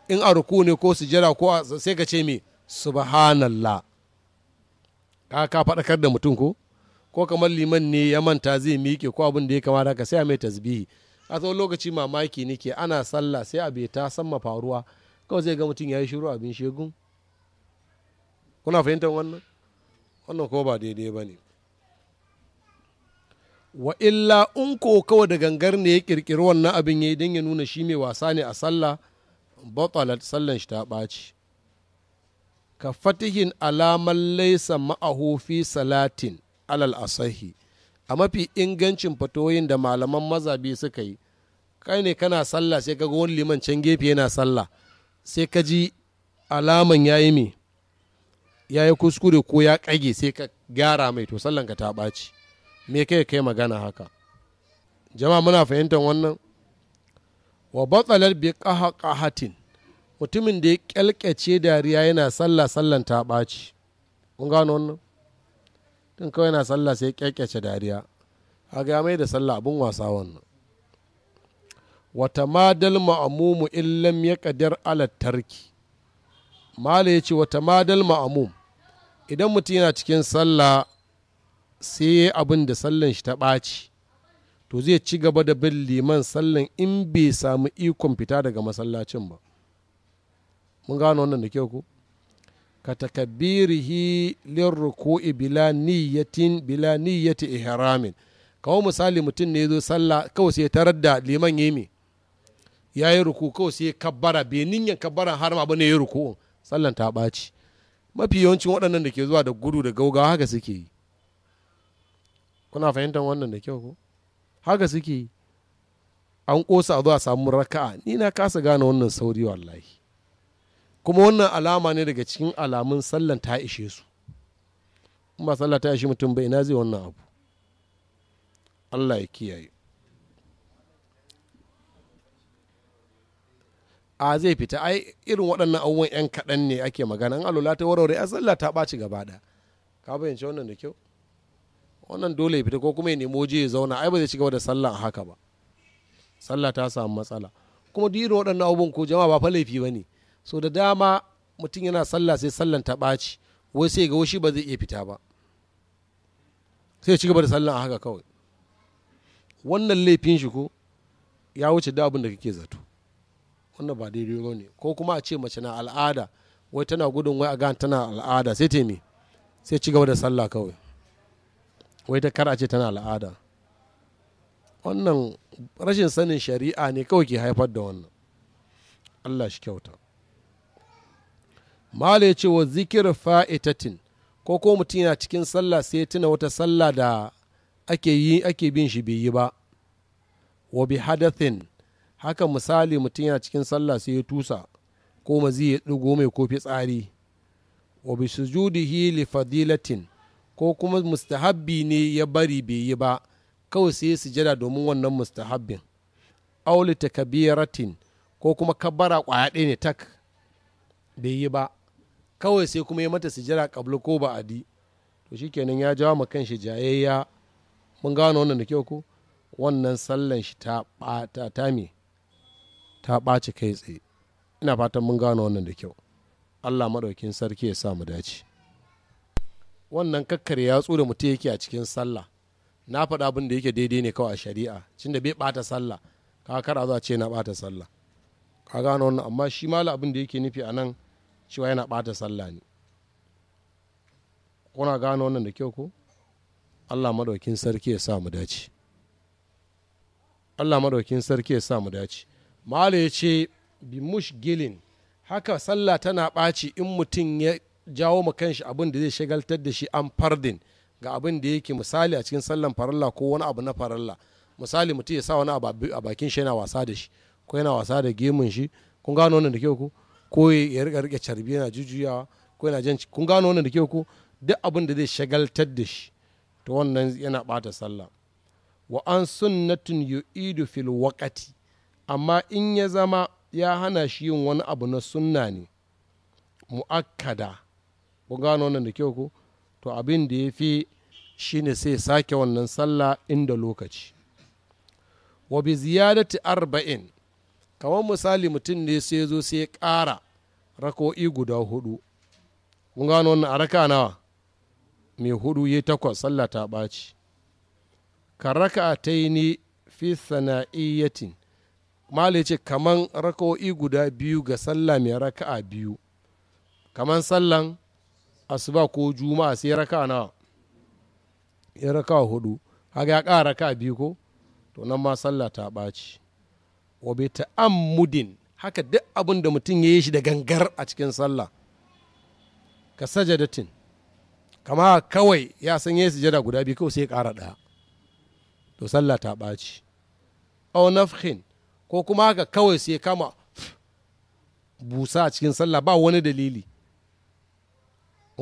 in a ruku'u ne ko sujada ko sai ka ce me subhanallah ka ka faɗakar da mutum ko ko kamar liman ne ya manta zai miƙe ko abin da ya kamata ka sai a mai tasbihi a tsawon lokaci mamaki nake ana sallah sai a bai ta ma faruwa kawai zai ga mutum ya yi shiru abin shegun kuna fahimtar wannan wannan ko ba daidai ba ne wa illa in ko kawai da gangar ne ya kirkiri wannan abin ya yi don ya nuna shi mai wasa ne a sallah batalat sallan shi ta ɓaci ka fatihin alaman laisa ma'ahu fi salatin alal asahi a mafi ingancin fatoyin da malaman mazabi suka yi kai ne kana sallah sai ka ga wani liman can gefe yana sallah sai ka ji alaman yayi ya yi kuskure ko ya kage sai ka gyara mai to sallan ka ta ɓaci me ke kai magana haka jama'a muna fahimtar wannan wa batsalar bi qahatin mutumin da ya kyalkyace dariya yana sallah sallan ta ɓaci kun gano wannan tun kawai yana sallah sai kyalkyace dariya a ga mai da sallah abun wasa wannan wata madal ma'amumu illam ya kadar ala tarki mala ya ce wata madal ma'amum idan mutum yana cikin sallah sai abin da sallan shi ta ɓaci to zai ci gaba da bin liman sallan in bai samu ikon fita daga masallacin ba mun gano wannan da kyau ku ka takabbirihi lirruku'i bila niyyatin bila niyyati ihramin kawo misali mutum ne zo sallah kawai sai tarar da liman yi mi ya yi ruku kawai sai kabbara bai niyyar kabbaran har ma bane ya ruku sallan ta ɓaci mafi yawancin waɗannan da ke zuwa da gudu da gaugawa haka suke yi kuna fahimtar wannan da kyau ko haka suke an kosa zuwa samu raka'a ni na kasa gane wannan sauri wallahi kuma wannan alama ne daga cikin alamun sallan ta ishe su in ba sallah ta ishe mutum bai ina zai wannan abu allah ya kiyaye a zai fita ai irin waɗannan abubuwan 'yan kaɗan ne ake magana an alula ta warware a sallah ta ɓaci gaba ɗaya ka bayyance wannan da kyau wannan dole ya fita ko kuma ya nemo je ya zauna ai ba zai cigaba da sallah a haka ba sallah ta samu matsala kuma duk irin waɗannan abubuwan ko jama'a ba fa laifi ba ne so da dama mutum yana sallah sai sallan ta ɓaci wai sai ga washi ba zai iya fita ba sai ya cigaba da sallah a haka kawai wannan laifin shi ko ya wuce da abin da kake zato wannan ba daidai ba ne ko kuma a ce mace na al'ada wai tana gudun wai a gan tana al'ada sai ta me sai ci gaba da sallah kawai wai ta kar a ce tana al'ada wannan rashin sanin shari'a ne kawai ke haifar da wannan allah shi kyauta mala ya ce wa zikir fa'itatin ko ko mutum yana cikin sallah sai ya tuna wata sallah da ake yi ake bin shi bai yi ba wa bi hadathin haka misali mutum yana cikin sallah sai ya tusa ko mazi ya ɗigo mai kofi tsari wa bi sujudihi li fadilatin ko kuma mustahabbi ne ya bari bai yi ba kawai sai sujada domin wannan mustahabbin auli takabiratin ko kuma kabbara kwaya ɗaya ne tak bai yi ba kawai sai kuma ya mata sujada kablu ko ba adi to shikenan ya jawo ma kanshi jayayya mun gano wannan da kyau ko wannan sallan shi ta ta ta ɓaci kai tsaye ina fatan mun gano wannan da kyau allah maɗaukin sarki ya sa mu dace wannan kakkare ya da mutum yake a cikin sallah na faɗa abin da yake daidai ne kawai a shari'a cinda bai ɓata sallah ka kara za a ce na ɓata sallah ka gano wannan amma shi mala abin da yake nufi a nan cewa yana ɓata sallah ne kuna gano wannan da kyau ko allah madaukin sarki ya sa mu dace allah madaukin sarki ya sa mu dace mala ya ce bi gilin haka sallah tana ɓaci in mutum ya jawo ma kanshi abin da zai shagaltar da shi an fardin ga abin da yake misali a cikin sallan faralla ko wani abu na faralla misali mutum ya sa wani abu a bakin shi yana wasa da shi ko yana wasa da gemun shi kun gano wannan da kyau ko ko ya rika rike carbi yana jujuyawa ko yana jan kun gano wannan da kyau ko duk abin da zai shagaltar da shi to wannan yana bata sallah wa an sunnatun yu'idu fil waqati amma in ya zama ya hana shi yin wani abu na sunna ne mu'akkada kun gano wannan da kyau ko to abin da ya fi shi ne sai sake wannan sallah inda lokaci wa bi ziyadati arba'in kamar misali mutum ne sai zo sai ya ƙara rako'i guda hudu kun gano wannan a raka nawa mai hudu ya takwas sallah ta ɓaci ka raka ta yi ni fi sana'iyyatin mali ce kaman rako'i guda biyu ga sallah mai raka'a biyu kaman sallan asuba ko juma'a sai raka na ya raka hudu haka ya kara raka biyu ko to nan ma sallah ta ɓaci wa bi ta'ammudin haka duk abin da mutum ya yi shi da gangar a cikin sallah ka sajadatin kama kawai ya san yi sujada guda biyu kawai sai kara ɗaya to sallah ta ɓaci aw nafhin ko kuma haka kawai sai kama busa a cikin sallah ba wani dalili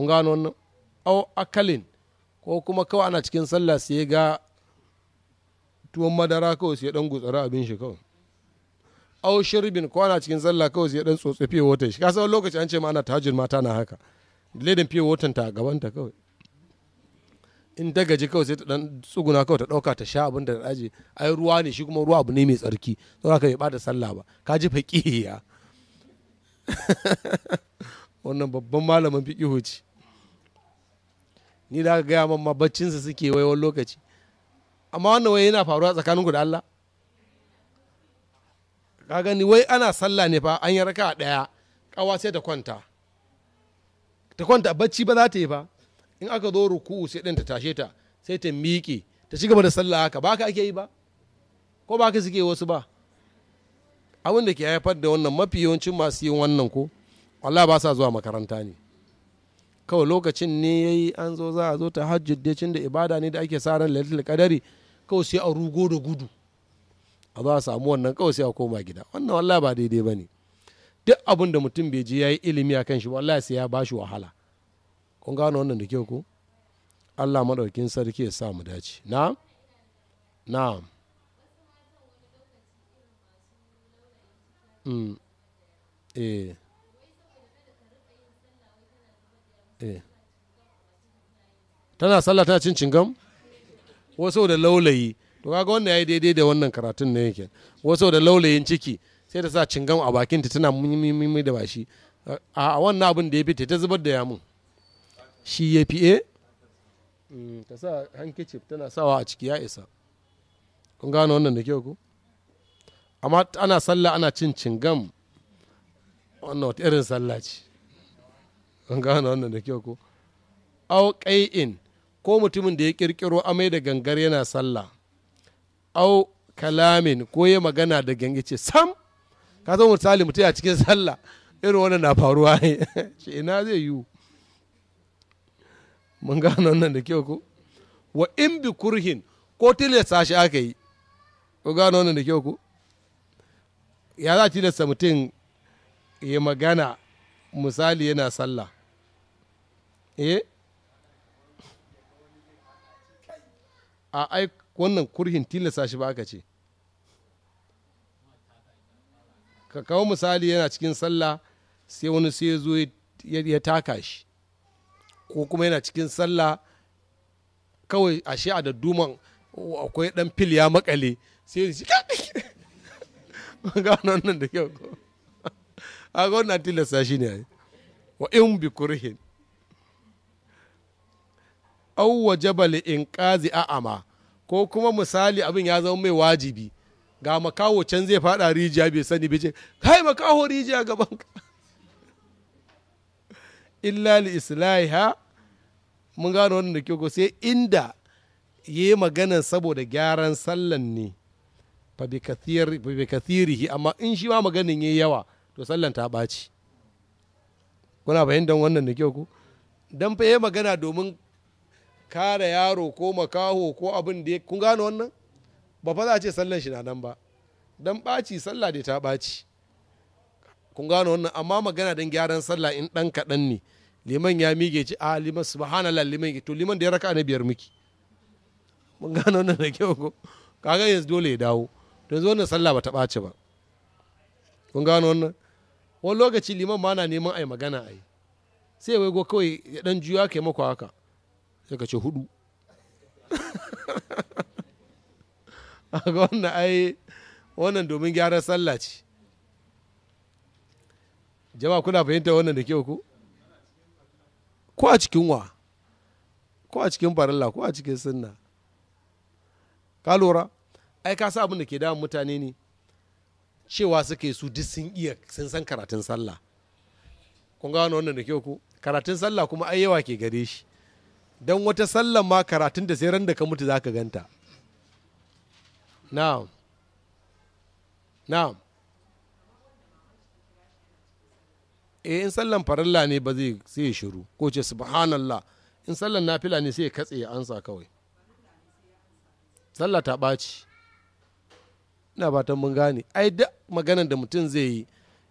kun gano wannan au akalin ko kuma kawai ana cikin sallah sai ya ga tuwon madara kawai sai ya dan gutsara abin shi kawai au shirbin ko ana cikin sallah kawai sai ya dan tsotsi fiye wata shi wani lokaci an ce ma ana tajir mata na haka ledin fiye watan ta gaban ta kawai in ta gaji kawai sai ta dan tsuguna kawai ta dauka ta sha abin da ta daji ai ruwa ne shi kuma ruwa abu ne mai tsarki saboda ka bai bada sallah ba ka ji faqihiya (laughs) wannan babban malamin fiqihu ce ni da aka gaya man ma suke wai wani lokaci amma wannan wai yana faruwa tsakaninku da Allah ka gani wai ana sallah ne fa an yi raka daya kawa sai ta kwanta ta kwanta bacci ba za ta yi ba. in aka zo ruku sai ɗin ta tashe ta sai ta miƙe ta ci gaba da sallah haka ba ka ake yi ba ko ba ka suke wasu ba abin da ke haifar da wannan mafi yawancin masu yin wannan ko Allah ba sa zuwa makaranta ne kawai lokacin ne ya yi an zo za a zo ta hajjudecin da ibada ne da ake sa ran lailatul kadari kawai sai a rugo da gudu a za a samu wannan kawai sai a koma gida wannan wallah ba daidai ba ne duk abin da mutum bai ji ya yi ilimi a kan shi wallahi sai ya ba shi wahala kun gano wannan da kyau ko allah maɗaukin sarki ya sa mu dace na na hmm. eh Eh. tana sallah tana cin cingam wasu da laulayi to kaga wannan yayi daidai da wannan karatun ne yake wasu da laulayin ciki sai ta sa cingam a bakin ta tana mimimi da bashi a wannan abin da ya fita ta zubar da yamun shi ya fi e ta sa handkerchief tana sawa a ciki ya isa kun gano wannan da kyau ku amma ana sallah ana cin cingam wannan wata irin sallah ce an gane wannan da kyau ko au qai'in ko mutumin da ya kirkiro amai da gangar yana sallah au kalamin ko ya magana da gangi ce sam ka zo misali mutum a cikin sallah irin wannan na faruwa ne (laughs) shi ina zai yiwu mun gane wannan da kyau ko wa in bi kurhin ko tilasta shi aka yi ko gano wannan da kyau ko ya za tilasta mutum ya magana misali yana sallah eh a ai wannan kurhin tilasta shi ba aka ce ka kawo misali yana cikin sallah sai wani sai ya zo ya taka shi ko kuma yana cikin sallah kawai a shi a daduman akwai dan fil ya makale sai ya (laughs) ga wannan da kyau a (laughs) ga wannan tilasta shi ne wa in bi kurhin auwa jabal in ƙazi a'ama ko kuma misali abin ya zama mai wajibi ga makaho can zai faɗa rijiya bai sani bai ce kai makaho rijiya gaban ka (laughs) illa li islahiha mun gano wannan da kyau sai inda ya yi maganan saboda gyaran sallan ne fa bi kathirihi amma in shi ma maganin yayi yawa to sallan ta ɓaci kuna fahimtar wannan da kyau ku dan fa yi magana domin kare yaro ko makaho ko abin da kun gane wannan ba fa za a ce sallan shi na nan ba dan ɓaci sallah da ta ɓaci kun gane wannan amma magana dan gyaran sallah in ɗan kaɗan ne liman ya mige ci a liman subhanallah liman to liman da ya raka na biyar miki mun gane wannan da kyau ko kaga yanzu dole ya dawo to yanzu wannan sallah ba ta ɓaci ba kun gane wannan wani lokaci liman ma na neman a yi magana a yi sai wai go kawai ya dan juya kai mako haka sai ka ce hudu (laughs) ga wannan ai wannan domin gyaran sallah ce jama'a kuna fahimta wannan da kyau ko ko a cikin wa ko a cikin farilla ko a cikin sunna ka lura ai ka sa abin da ke damun mutane ne cewa suke su duk sun iya sun san karatun sallah kun ga wannan da kyau ko karatun sallah kuma ai yawa ke gare shi don wata sallan ma karatun da sai ran da ka mutu za ka ganta na'am na'am e in sallan farilla ne ba zai sai ya shiru ko ce subhanallah in sallan nafila ne sai ya katse ya ansa kawai sallah ta ɓaci ina ta mun gane ai da maganar da mutum zai yi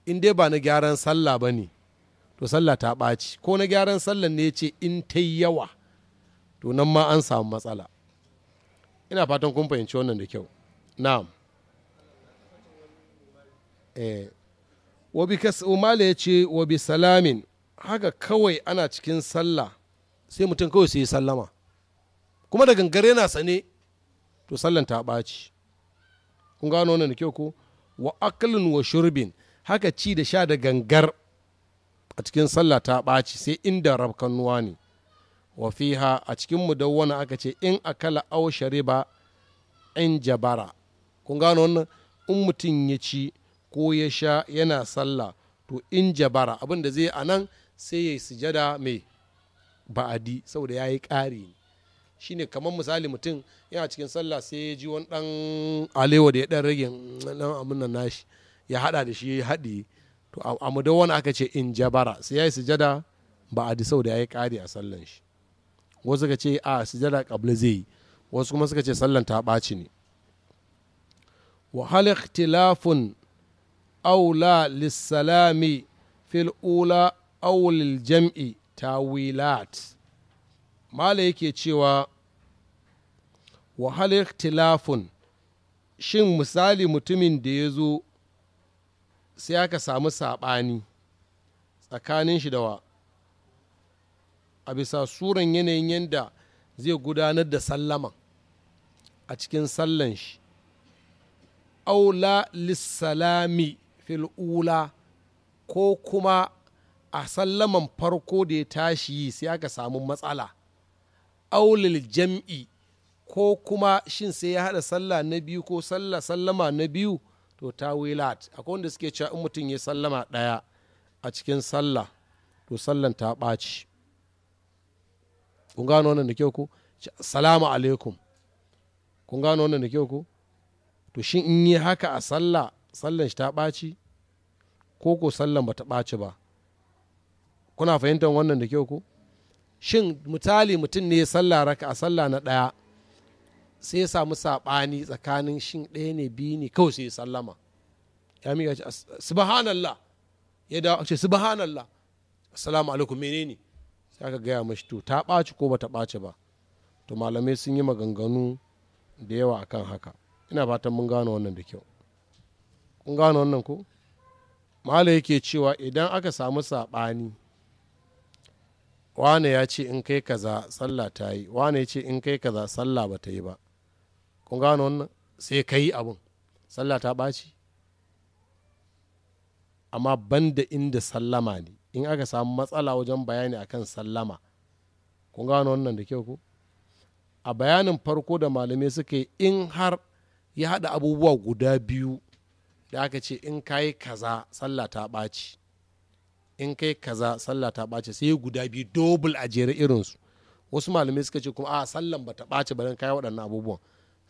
in dai ba na gyaran sallah ba ne to sallah ta ɓaci ko na gyaran sallar ne ya ce in ta yawa to nan ma an samu matsala ina fatan kun fahimci wannan da kyau na'am eh umala ya ce wabi salamin haka kawai ana cikin sallah sai mutum kawai sai sallama kuma da gangare na sane to sallan ta ɓaci kun gano wannan da kyau ko wa aklin wa shurbin haka ci da sha da gangar a cikin sallah ta ɓaci sai inda rabkan nuwa ne Wafiha a cikin mudawwana aka ce in akala aw shariba in jabara kun gano wannan in mutum ya ci ko ya sha yana salla to in jabara abin da zai a nan sai ya sujada mai ba'adi saboda ya yi ƙari shine kamar misali mutum yana cikin sallah sai ya ji wani dan alewa da ya dan rage dan abin nan nashi ya hada da shi ya haɗi to a mudawana aka ce in jabara sai ya sujada ba'adi saboda sau da ya yi ƙari a sallan shi wasu suka ce a sujada kabla zai yi wasu kuma suka ce sallan ta ɓaci ne wahalik tilafin ikhtilafun aula lissalami fil ula aw lil jam'i tawilat mala yake cewa wahalik tilafin shin misali mutumin da ya zo sai aka samu saɓani tsakanin shi da wa a bisa suran yanayin yadda zai gudanar da sallama a cikin sallan shi aula lissalami fil'ula ko kuma a sallaman farko da ya tashi yi sai aka samu matsala aulil jam'i ko kuma shin sai ya haɗa salla na biyu ko sallah sallama na biyu to ta wilat akwai wanda suke cewa in mutum ya sallama ɗaya a cikin sallah to sallan ta ɓaci kun gano wannan da kyau ko salamu alaikum kun gano wannan da kyau ko to shin in yi haka a sallah sallan shi ta ɓaci ko ko sallan ba ta ɓaci ba kuna fahimtar wannan da kyau ko shin mutali mutum ne ya sallah raka a sallah na ɗaya sai ya samu saɓani tsakanin shin ɗaya ne biyu ne kawai sai ya sallama ya mika ce subhanallah ya dawo ce subhanallah assalamu alaikum menene sai aka gaya mashi to ta ɓaci ko bata ɓaci ba to malamai sun yi maganganu da yawa akan haka ina fatan mun gane wannan da kyau kun gane wannan ko malam yake cewa idan aka samu saɓani wane ya ce in kai kaza sallah ta yi wane ya ce in kai kaza sallah ba ta yi ba kun gano wannan sai ka yi abin sallah ta ɓaci amma banda inda sallama ne in aka samu matsala wajen bayani akan sallama kun gano wannan da kyau ku a bayanin farko da malamai suke in har ya haɗa abubuwa guda biyu da aka ce in ka yi kaza sallah ta ɓaci in kai kaza sallah ta ɓaci sai guda biyu dobul a jere irinsu wasu malamai suka ce kuma a sallan ba ta ɓaci ba don kayi waɗannan abubuwan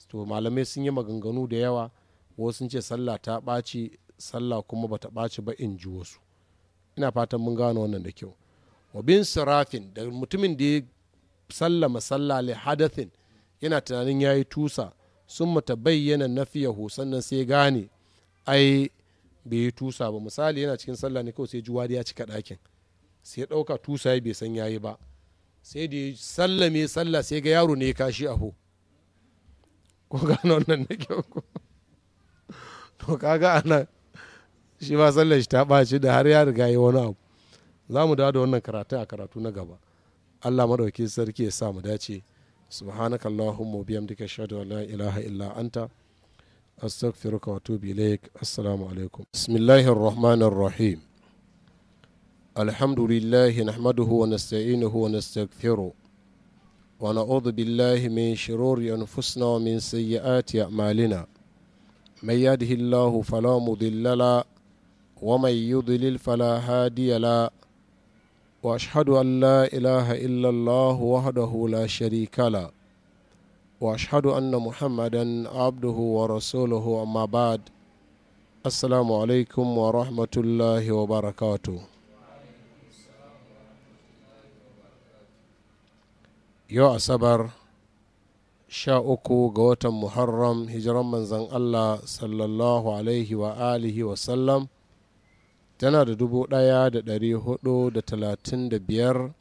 to malamai sun yi maganganu da yawa wasu sun ce sallah ta ɓaci sallah kuma ba ta ɓaci ba in ji wasu ina fatan mun gano wannan da kyau wa bin sirafin da mutumin da ya sallama sallale hadathin yana tunanin ya yi tusa sun mata bayyana na nafiyahu sannan sai gane ai bai yi tusa ba misali yana cikin sallah ne kawai sai wari ya cika ɗakin sai ya ɗauka tusa ya bai san ya yi ba sai da ya sallame sallah sai ga yaro ne ya kashi aho ko gano wannan na kyau ko (laughs) to kaga anan shi ma sallar shi ta ɓaci da har ya riga yi wani abu za mu dawo da wannan karatu a karatu na gaba allah madauki sarki ya sa mu dace subhanaka allahumma biyam duka an la ilaha illa anta astaghfiruka wa tubu ilaik assalamu alaikum bismillahir rahmanir rahim alhamdulillahi nahmaduhu wa nasta'inuhu wa nastaghfiru wa na'udhu billahi min shururi anfusina wa min sayyiati a'malina من يهده fala فلا مضل ومن يضلل فلا هادي له واشهد ان لا اله الا الله وحده لا شريك له واشهد ان محمدا عبده ورسوله اما بعد السلام عليكم ورحمه الله وبركاته yau asabar sha uku ga watan muharram hijiran manzan allah sallallahu alaihi wa alihi wasallam tana da dubu ɗaya da ɗari hudu da talatin da biyar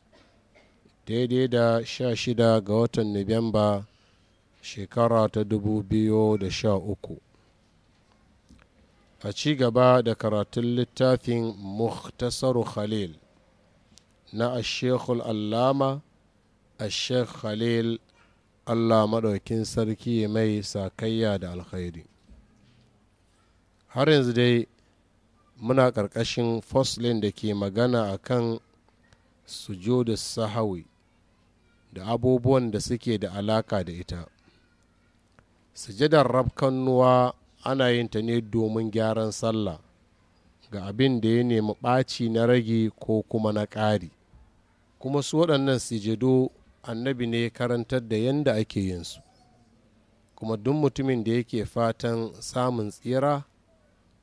daidai da sha shida ga watan nuwamba shekara ta dubu biyu da sha uku a ci gaba da karatun littafin muhtasaru khalil na ashekul allama ashek khalil allah maɗaukin sarki mai sakayya da alkhairi har yanzu dai muna ƙarƙashin foslin da ke magana a kan sujudu sahawi da abubuwan da suke da alaka da ita sujadar rabkannuwa ana yin ta ne domin gyaran sallah ga abin da ya nemi ɓaci na rage ko kuma na ƙari kuma su waɗannan sujado annabi ne ya karantar da yadda ake yin su kuma duk mutumin da yake fatan samun tsira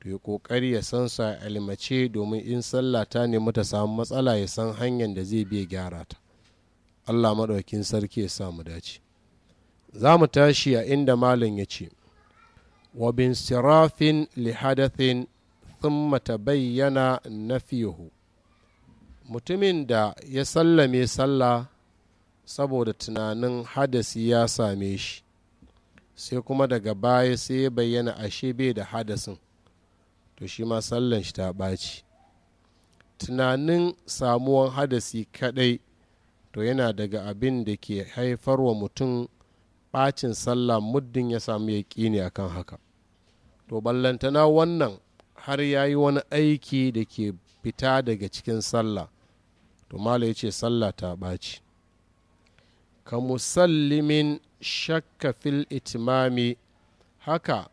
to yi kokari ya san sa almace domin in sallah ta nemi ta samu matsala ya san hanyar da zai biya gyara ta allah maɗaukin sarki ya samu dace za mu tashi a inda malam ya ce wa bin sirafin lihadathin bayyana na nafiyahu mutumin da ya sallame sallah saboda tunanin hadasi ya same shi sai kuma daga baya sai ya bayyana ashe bai da hadasin to shi ma sallan shi ta ɓaci tunanin samuwan hadasi kaɗai to yana daga abin da ke haifarwa mutum ɓacin sallah muddin ya samu yaƙini a kan haka to ballantana wannan har ya yi wani aiki da ke fita daga cikin sallah to mala ya ce sallah ta ɓaci ka musallimin shakka fil itimami haka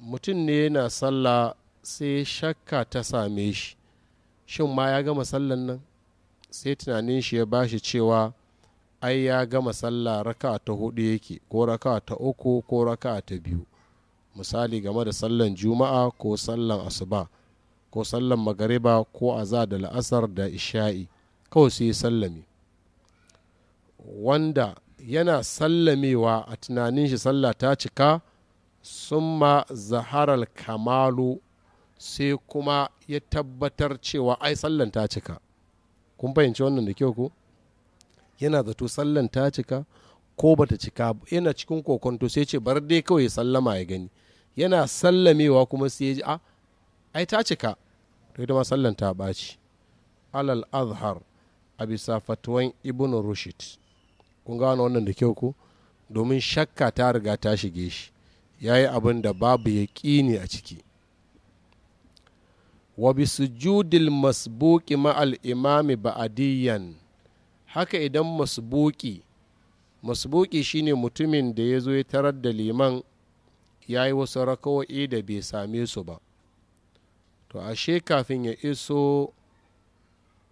mutum ne yana sallah sai shakka ta same shi shin ma ya gama sallan nan sai tunanin shi ya ba shi cewa ai ya gama sallah raka ta hudu yake ko raka ta uku ko raka ta biyu misali game da sallan juma'a ko sallan asuba ko sallan magariba ko a za da la'asar da isha'i kawai sai sallame wanda yana sallamewa a tunanin shi sallah ta cika summa zaharar kamalu sai kuma ya tabbatar cewa ai sallan ta cika kun fahimci wannan da kyau ko yana zato sallan ta cika ko bata cika yana cikin kokonto sai ce bar dai kawai sallama ya gani yana sallamewa kuma sai ya ji a ai ta cika to ita ma sallan ta ɓaci alal azhar a bisa fatuwan ibn rushid kun gano wannan da kyau ko domin shakka ta riga ta shige shi yayi abin da babu ya a ciki wa bi sujudil masbuki ma'al imami ba'adiyyan haka idan masbuki masbuki shine mutumin da ya zo ya tarar da liman ya yi wasu rakawa'i da bai same su ba to ashe kafin ya iso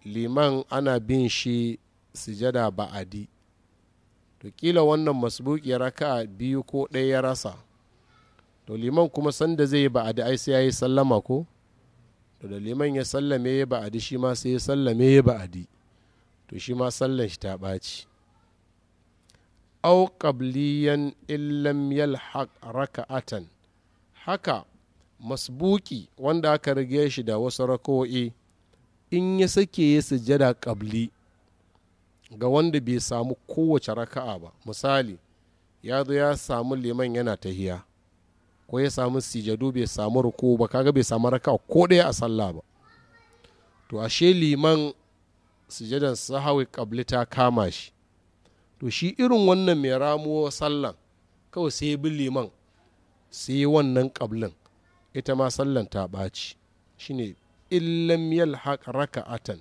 liman ana bin shi sujada ba'adi to kila wannan masbuki raka'a biyu ko ɗaya ya rasa to liman kuma sanda zai yi ba'adi ai sai ya yi sallama ko to da liman ya sallame ya ba'adi shi ma sai ya sallame ya ba'adi to shi ma sallan shi ta ɓaci au illan illam yalhaq raka'atan haka masbuki wanda aka rige shi da wasu rako'i in ya sake ya sujada ƙabli ga wanda bai samu kowace raka'a ba misali ya zo ya samu liman yana ta hiya. ko ya samu sijadu bai samu ruku ba kaga bai samu raka ko ɗaya a sallah ba to ashe liman sijadan sahawi kabli ta kama shi to shi irin wannan mai ramuwa sallan kawai sai bi liman sai wannan kablin ita ma sallan ta ɓaci shine illam raka atan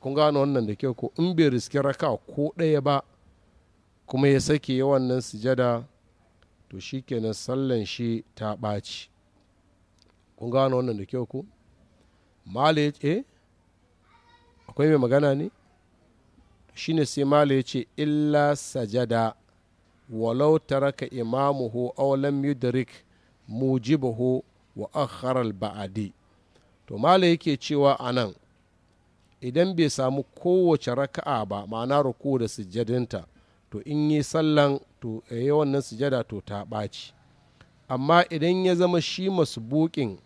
kun gano wannan da kyau ko in bai riski raka ko ɗaya ba kuma ya sake wannan sijada to shi kenan sallan shi ta ɓaci kun gano wannan da kyau ku mala ya ce eh, akwai mai magana ne shi ne sai mala ya ce illa sajada walau taraka imamuhu aw lam yudrik mujibahu wa akharal ba'adi to mala yake cewa anan idan bai samu kowace raka'a ba ma'ana ruku da sujjadinta to in yi sallan to eh, yi wannan sujada to ta ɓaci amma idan ya zama shi masu bukin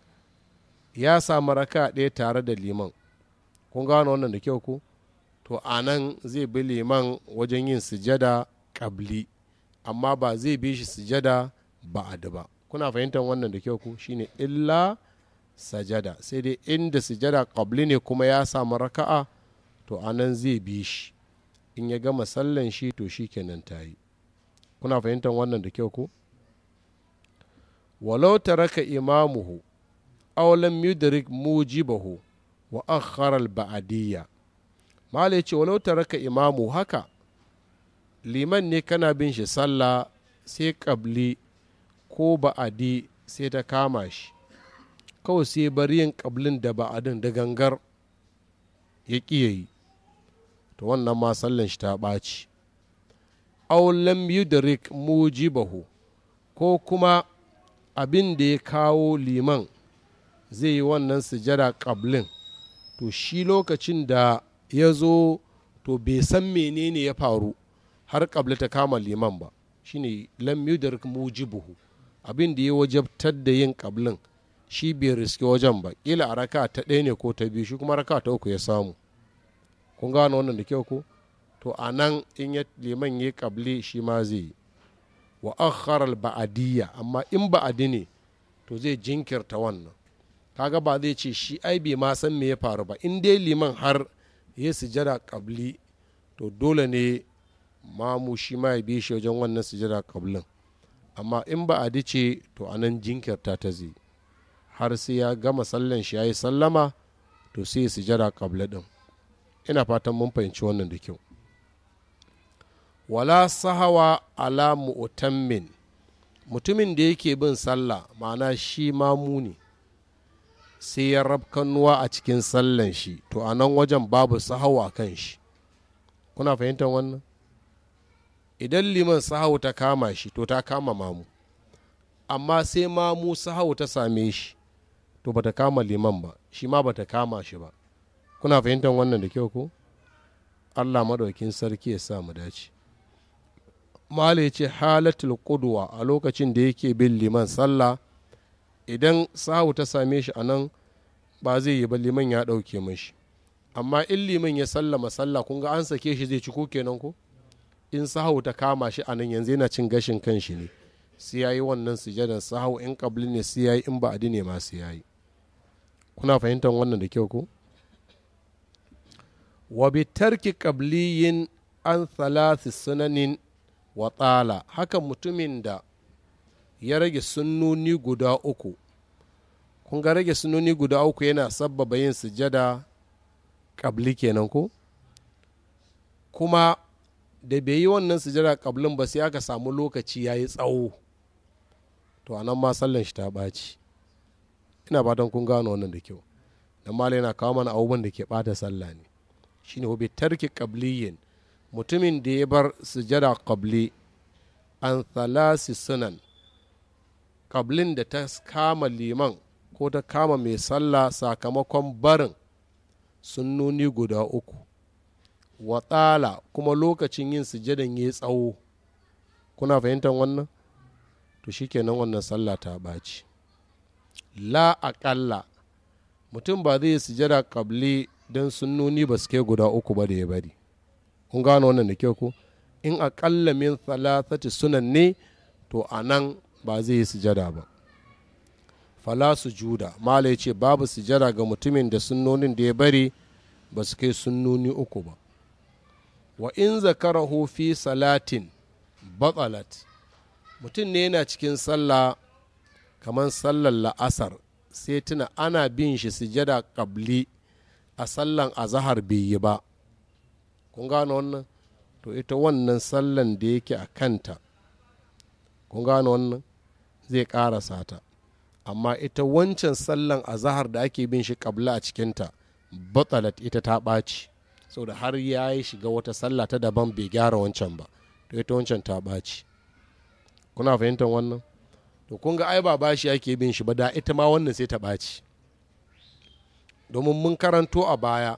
ya samu raka ɗaya tare da liman kun gano wannan da kyau ku to a nan zai bi liman wajen yin sujada ƙabli amma ba zai bi shi sujada ba da ba kuna fahimtar wannan da kyau ku shine illa sajada sai dai inda sujada ƙabli ne kuma ya samu raka'a to a nan zai bi shi in ya gama sallan shi to shi kenan ta yi kuna fahimtar wannan da kyau ko walau taraka imamuhu aulam yudrik mujibahu wa an ba'adiyya ba'adiyya mala yace walau taraka imamu haka liman ne kana bin shi sallah sai kabli ko ba'adi sai ta kama shi kawai sai bari yin kablin da ba'adin da gangar ya ƙi to wannan ma sallan shi ta ɓaci lam yudrik mujibahu ko kuma abin da ya kawo liman zai yi wannan sujada ƙablin to shi lokacin da ya zo to bai san menene ya faru har ƙabla ta kama liman ba shine lam yudrik mujibahu abin da ya wajabtar da yin ƙablin shi bai riske wajen ba ƙila a raka ta ɗaya ne ko ta biyu shi kuma raka ta uku ya samu kun gano wannan da kyau ko to a nan in ya liman ya kabli shi ma zai yi wa akharal ba'adiyya amma in ba'adi ne to zai jinkirta wannan kaga ba zai ce shi ai bai ma san me ya faru ba in dai liman har ya sujada kabli to dole ne mamu shi ma ya bi shi wajen wannan sujada kablin amma in ba'adi ce to a nan jinkirta ta zai har sai ya gama sallan shi ya yi sallama to sai sujada kabli din ina fatan mun fahimci wannan da kyau wala sahawa ala mu'tammin mutumin da yake bin sallah ma'ana shi ma ne sai ya rabkanuwa a cikin sallan shi to a nan wajen babu sahawa kan shi kuna fahimtar wannan idan liman sahau ta kama shi to ta kama mamu amma sai mamu sahau ta same shi to bata kama liman ba shi ma bata kama shi ba kuna fahimtar wannan da kyau ko allah maɗaukin sarki ya sa mu dace malai ce halatul Kuduwa a lokacin da yake bin liman sallah idan sahu ta same shi a nan ba zai yi ba liman ya ɗauke mashi amma in liman ya sallama sallah kun ga an sake shi zai ci ko kenan ko in sahau ta kama shi a nan yanzu yana cin gashin kan shi ne sai yayi wannan sujadan sahau in kabli ne sai yayi in ba'adi ne ma sai yayi kuna fahimtar wannan da kyau ko wa bi tarki yin an thalathi sunanin wa tsala haka mutumin da ya rage sunnoni guda uku kun ga rage sunnoni guda uku yana sabbaba yin sujada kabli kenan ko kuma da bai yi wannan sujada kablin ba sai aka samu lokaci ya yi tsawo to anan ma sallan shi ta baci ina fatan kun gano wannan da kyau dan malai yana kawo mana abubuwan da ke ɓata sallah ne shine wa tarki qabliyin mutumin da ya bar sujada qabli an thalasi sunan qablin da ta kama liman ko ta kama mai sallah sakamakon barin sunnoni guda uku watsala kuma lokacin yin sujadan ya tsawo kuna fahimtar wannan to shikenan wannan sallah ta baci la aƙalla mutum ba zai sujada kabli don nuni ba su kai guda uku ba da ya bari kun gano wannan da kyau ko in aƙalla min thalathati sunan ne to a nan ba zai yi sujada ba fala Juda mala ya ce babu sujada ga mutumin da sunnonin da ya bari ba su kai sunnoni uku ba wa in zakarahu fi salatin batsalat mutum ne yana cikin sallah kamar sallar la'asar sai tuna ana bin shi sujada ƙabli a sallan azahar bai yi ba kun gano wannan to ita wannan sallan da yake a kanta kun gano wannan zai karasa ta amma ita wancan sallan azahar da ake bin shi kabla a cikinta batsalat ita ta ɓaci saboda har ya yi shiga wata sallah ta daban bai gyara wancan ba to ita wancan ta ɓaci kuna fahimtar wannan to kun ga ai ba bashi ake bin shi ba da ita ma wannan sai ta ɓaci domin mun karanto a baya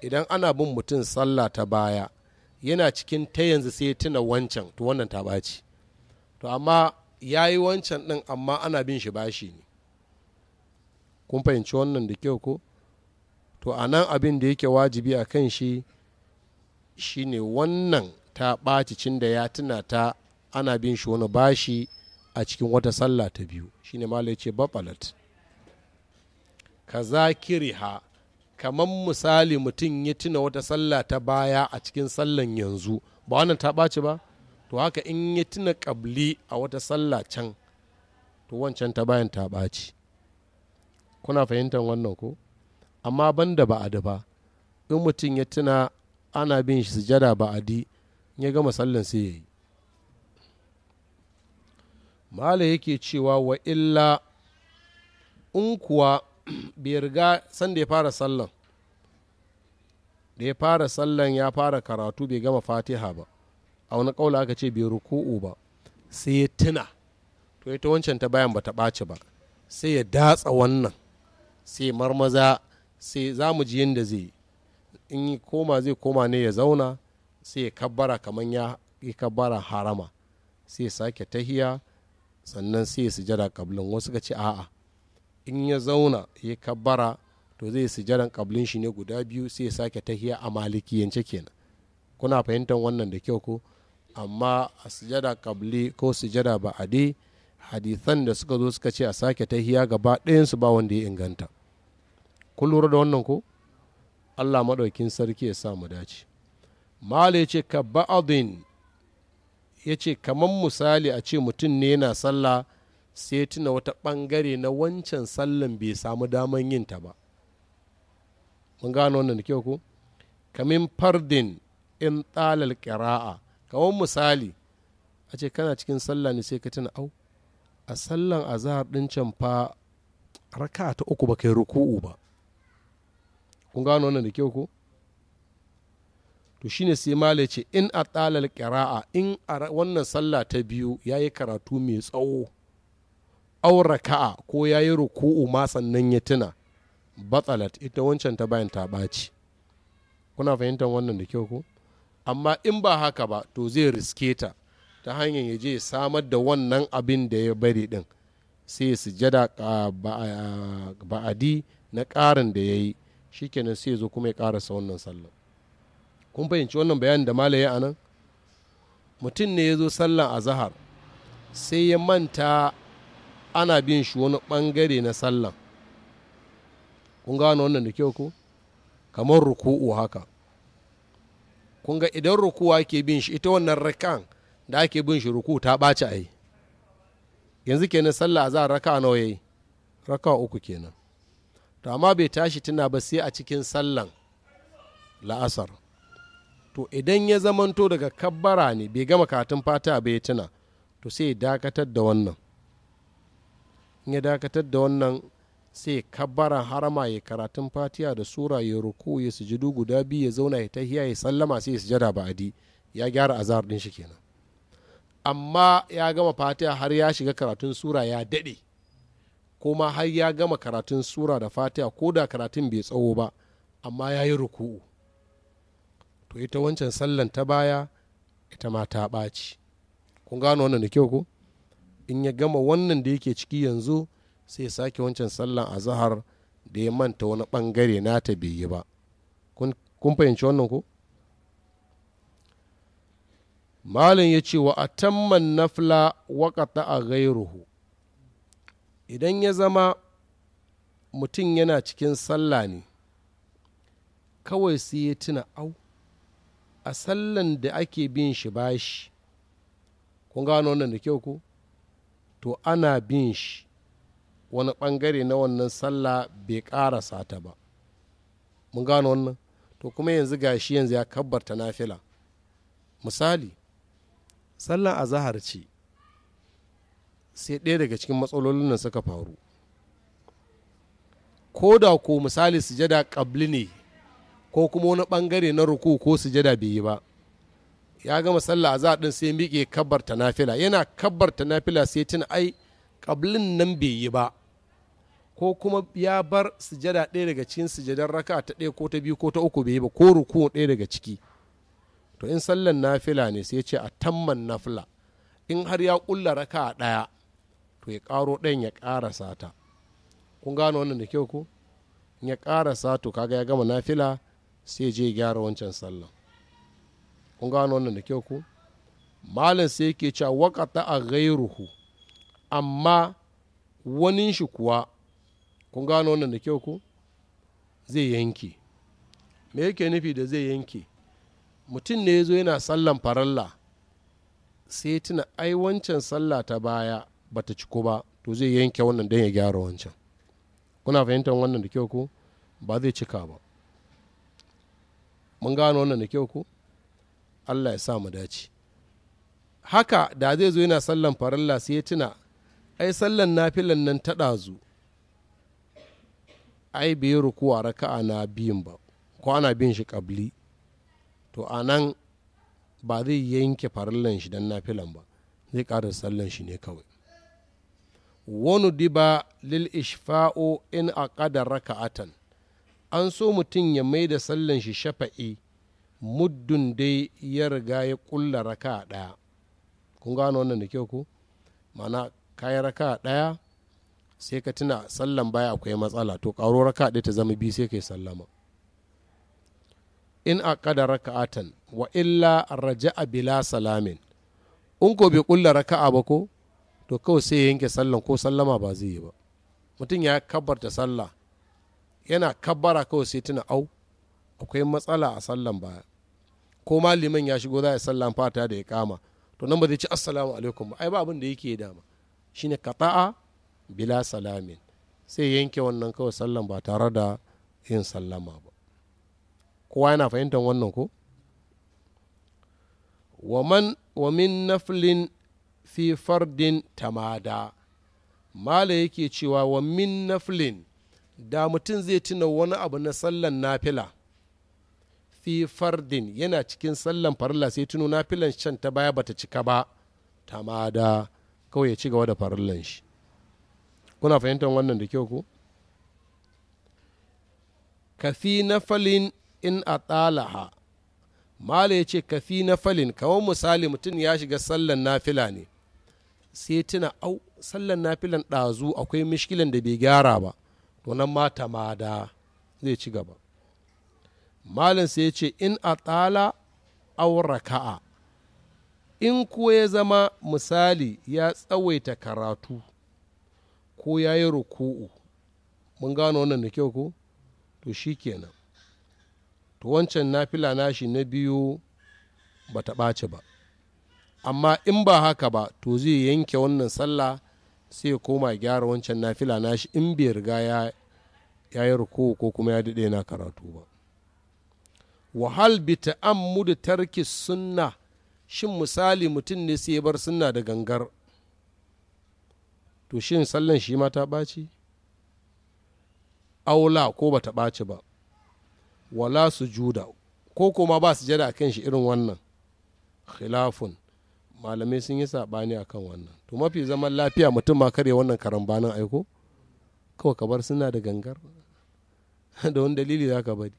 idan ana bin mutum sallah ta baya yana cikin ta yanzu sai tuna wancan to wannan ta ɓaci to amma ya yi wancan din amma ana bin shi bashi ne kun fahimci wannan da kyau ko to a nan abin da yake wajibi a kan shi shine wannan ta ɓaci cin da ya tuna ta ana bin shi wani bashi a cikin wata sallah ta biyu shine ma ce bafalat ka zakiriha kamar misali mutum ya tuna wata sallah ta baya a cikin sallan yanzu ba wannan ta ɓaci ba to haka in ya tuna ƙabli a wata sallah can to wancan ta bayan ta ɓaci kuna fahimtar wannan ko amma ban da ba'adi ba in mutum ya tuna ana bin shi sujada ba ya gama sallan sai ya yi mala yake cewa wa illa in kuwa bai riga san ya fara sallan da ya fara sallan ya fara karatu bai gama fatiha ba a wani kaula aka ce bai ruku'u ba sai ya tuna to ita wancan ta bayan ba ta ɓaci ba sai ya datsa wannan sai marmaza sai za mu ji yadda zai in yi koma zai koma ne ya zauna sai ya kabbara kamar ya yi kabbara harama sai ya sake tahiya sannan sai ya sujada kablin wasu ka ce a'a in ya zauna ya kabbara to zai sujadan kablin shi ne guda biyu sai ya sake tahiya a maliki malikiyance kenan kuna fahimtar wannan da kyau ko amma a sujada kabli ko sujada ba adi hadithan da suka zo suka ce a sake tahiya gaba ɗayansu ba wanda ya inganta kun lura da wannan ko allah maɗaukin sarki ya sa mu dace mala ya ce ka ba'adin ya ce kamar misali a ce mutum ne yana sallah sai tuna wata bangare na wancan sallan bai samu daman yin ta ba mun gano wannan da kyau ko kamin fardin in ɗalal ƙira'a kawon misali a ce kana cikin sallah ne sai ka tuna au a sallan azahar ɗin can fa raka ta uku ba kai ruku'u ba kun gano wannan da kyau ko to shine sai mala ce in a ɗalal kira'a in a wannan sallah ta biyu ya yi karatu mai tsawo aura ka'a ko ya yi ruku'u ma sannan ya tuna batsalat ita wancan ta bayan ta ɓaci kuna fahimtar wannan da kyau ko amma in ba haka ba to zai riske ta ta hanyar ya je samar da wannan abin da ya bari din sai su jada ba'adi na ƙarin da ya yi kenan sai zo kuma ya ƙarasa wannan sallan kun fahimci wannan bayanin da malaye anan mutum ne ya zo sallan azahar sai ya manta ana bin shi wani ɓangare na sallan kun gano wannan da kyau ko kamar ruku'u haka kun ga idan rukuwa ke bin shi ita wannan rakan da ake bin shi ruku ta ɓaci a yi yanzu kenan sallah za a raka nawa yayi raka uku kenan to amma bai tashi tuna ba sai a cikin sallan la'asar to idan ya zamanto daga kabbara ne bai gama katin fata bai tuna to sai ya dakatar da wannan in ya dakatar da wannan sai kabbara harama ya karatun fatiya da sura ya ruku ya sujudu guda biyu ya zauna ya tahiya ya sallama sai ya sujada ba'adi ya gyara azhar din shi kenan amma ya gama fatiha har ya shiga karatun sura ya daɗe kuma har ya gama karatun sura da fatiha ko da karatun bai tsawo ba amma ya yi ruku'u to ita wancan sallan ta baya ita ma ta ɓaci kun gano wannan da kyau ko in ya gama wannan da yake ciki yanzu sai ya sake wancan sallan zahar da ya manta wani bangare nata ta yi ba kun fahimci wannan ko malin ya ce wa a atamman nafla waƙata a gairuhu idan ya zama mutum yana cikin sallah ne kawai sai ya tuna au a sallan da ake bin shi bashi kun gano wannan da kyau ko to ana bin shi wani ɓangare na wannan sallah bai ƙarasa sata ba mun gano wannan to kuma yanzu gashi yanzu ya kabbarta nafila misali sallah a zahar ce sai ɗaya daga cikin matsalolin nan suka faru ko da ko misali sujada ƙabli ne ko kuma wani ɓangare na ruku ko sujada bai yi ba ya gama sallah a din sai miƙe ta nafila yana ta nafila sai tuna ai kablin nan bai yi ba ko kuma ya bar sujada ɗaya daga cikin sujadar raka ta ɗaya ko ta biyu ko ta uku bai yi ba ko ruku ɗaya daga ciki to in sallan nafila ne sai ce a tamman nafila in har ya ƙulla raka a ɗaya to ya ƙaro ɗayan ya ƙarasa ta kun gano wannan da kyau ko in ya ƙarasa to kaga ya gama nafila sai je gyara wancan sallan kun gano wannan da kyau ko malam sai yake cewa wakata a gairuhu amma wanin shi kuwa kun gano wannan da kyau ko zai yanke me yake nufi da zai yanke mutum ne ya zo yana sallan faralla sai tuna ai wancan sallah ta baya bata ciko ba to zai yanke wannan don ya gyara wancan kuna fahimtar wannan da kyau ko ba zai cika ba mun gano wannan da kyau ko allah ya sa mu dace haka da zai zo yana sallan farilla sai ya tuna ai sallan nafilan nan ta ɗazu ai bai rukuwa raka'a na biyun ba ko ana bin shi ƙabli to a nan ba zai yanke farillan shi don nafilan ba zai ƙara sallan shi ne kawai wani diba lil ishfa'o in a raka'atan an so mutum ya mai da sallan shi shafa'i muddin dai ya riga ya kulla raka ɗaya kun gano wannan da kyau ku mana kayi raka ɗaya sai ka tuna sallan baya akwai matsala to ƙaro raka ɗaya ta zama biyu sai ka yi sallama in a kada raka'atan wa illa raja a bila salamin in ko bai kulla raka'a ba ko to kawai sai yanke sallan ko sallama ba zai yi ba mutum ya kabbarta sallah yana kabbara kawai sai tuna au akwai matsala a sallan baya ko ma liman ya shigo za a sallan fata da ya kama to nan ba zai ci assalamu alaikum ba ai ba abin da yake dama shine qata'a bila salamin sai yanke wannan kawai sallan ba tare da yin sallama ba kowa yana fahimtar wannan ko waman wamin naflin fi fardin tamada mala yake cewa wa min naflin da mutum zai tuna wani abu na sallan nafila fi fardin yana cikin sallan farilla sai tuno na filan shan ta baya bata cika ba tamada kawai ya ci gaba da farillan shi kuna fahimtar wannan da kyau ko kafi na falin in a tsalaha mala ya ce kafi na falin kawai misali mutum ya shiga sallan nafila ne sai tuna au sallan nafilan ɗazu akwai mishkilan da bai gyara ba to nan ma tamada zai ci gaba malam sai ya ce in a tsala auraka'a in kuwa ya zama misali ya tsawaita karatu ko ya yi ruku'u mun gano wannan da kyau ko to shi kenan to wancan nafila nashi na biyu ba ta ɓace ba amma in ba haka ba to zai yanke wannan sallah sai ya koma gyara wancan nafila nashi in bai riga ya yi ruku'u ko kuma ya daɗe na karatu ba wahal bi ta'ammudu tarki sunna shin misali mutum ne sai ya bar sunna da gangar to shin sallan shi ma ta ɓaci aula ko ba ta ɓaci ba wala sujuda ko kuma ba jada a kan shi irin wannan khilafun malamai sun yi saɓani a kan wannan to mafi zaman lafiya mutum ma kare wannan karambanin aiko kawai ka bar suna da gangar (laughs) da wani dalili za ka bari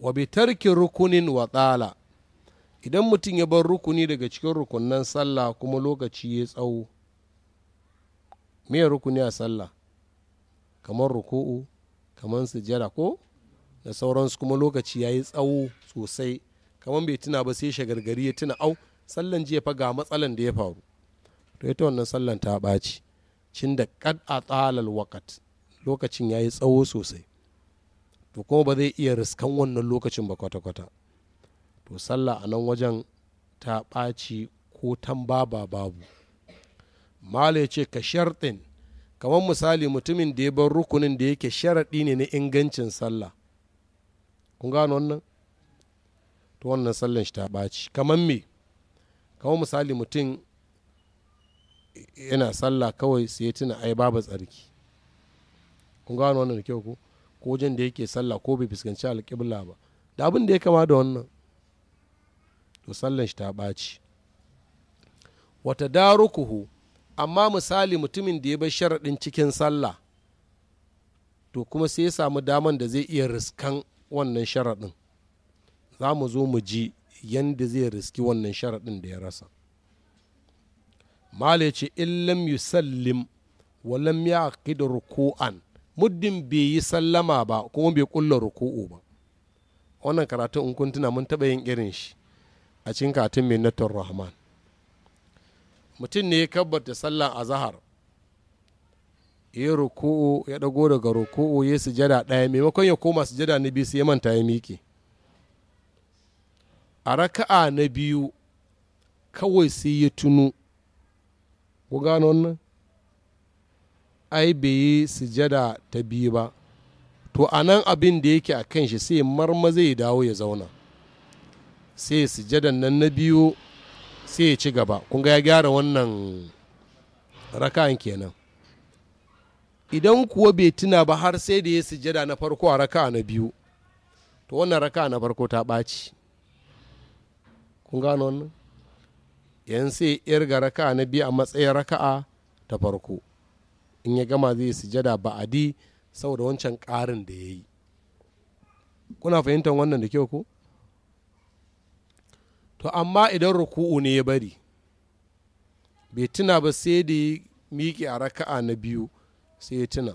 wa bi tarki rukunin wa tsala idan mutum ya bar rukuni daga cikin rukunan sallah kuma lokaci ya tsawo me rukuni a sallah kamar ruku'u kamar sujada ko da sauransu kuma lokaci ya yi tsawo sosai kamar bai tuna ba sai shagargari ya tuna au sallan jiya fa ga matsalan da ya faru to ita wannan sallan ta ɓaci cin da kad a tsalal wakat lokacin ya yi tsawo sosai to kuma ba zai iya riskan wannan lokacin ba kwata-kwata to sallah a nan wajen ta ɓaci ko ba babu mala ya ce ka sharɗin kamar misali mutumin da ya bar rukunin da yake sharaɗi ne na ingancin sallah kun gano wannan to wannan sallan shi ta ɓaci kamar me kamar misali mutum yana sallah kawai sai ya tuna ai babu tsarki kun gano wannan da kyau ko ko wajen da yake sallah ko bai fuskanci alƙibla ba da abin da ya kama da wannan to sallan shi ta baci wata darukuhu amma misali mutumin da ya bar sharaɗin cikin sallah to kuma sai ya samu daman da zai iya riskan wannan sharaɗin za mu zo mu ji yadda zai riski wannan sharaɗin da ya rasa ya ce illam yusallim walam ya ruku'an muddin bai yi sallama ba kuma bai kulla ruku'u ba wannan karatun in kun tuna mun taɓa yin irin shi a cikin katin minnatar rahman mutum ne ya kabbata a zahar ya ruku'u ya ɗago daga ruku'u ya sujada ɗaya maimakon ya koma sujada na biyu sai ya manta ya miƙe a raka'a na biyu kawai sai ya tunu ku gano wannan ai bai yi sujada ta biyu ba to a nan abin da yake a kan shi sai marma zai dawo ya zauna sai sujadan nan na biyu sai ya ci gaba kun ga ya gyara wannan raka'an kenan idan kuwa bai tuna ba har sai da ya sujada na farko a raka'a na biyu to wannan raka'a na farko ta ɓaci kun gano wannan yan sai irga raka'a na biyu a matsayin raka'a ta farko in ya gama zai sujada ba'adi saboda wancan ƙarin da ya yi kuna fahimtar wannan da kyau ko to amma idan ruku'u ne ya bari bai tuna ba sai da ya miƙe a raka'a na biyu sai ya tuna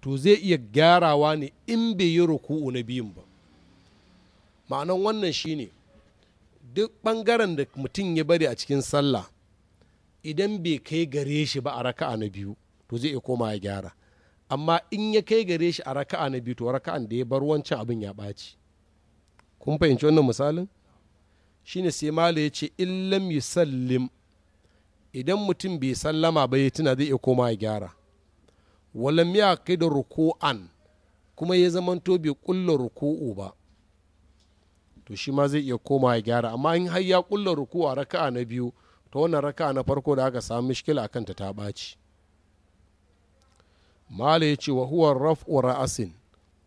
to zai iya gyarawa ne in bai yi ruku'u na biyun ba ma'anan wannan shine duk ɓangaren da mutum ya bari a cikin sallah idan bai kai gare shi ba a raka'a na biyu to zai koma ya gyara amma in ya kai gare shi a raka'a na biyu to raka'an da ya bar wancan abin ya ɓaci kun fahimci wannan misalin shine sai mala ya ce illam yusallim idan mutum bai sallama ba ya tuna zai iya koma ya gyara walam ya kai da ruku'an kuma ya zamanto bai kulla ruku'u ba to shi ma zai iya koma ya gyara amma in har ya kulla ruku'u a raka'a na biyu ta wannan raka na farko da aka samu mishkila a kanta ta ɓaci mala ya ce wa huwa raf'u ra'asin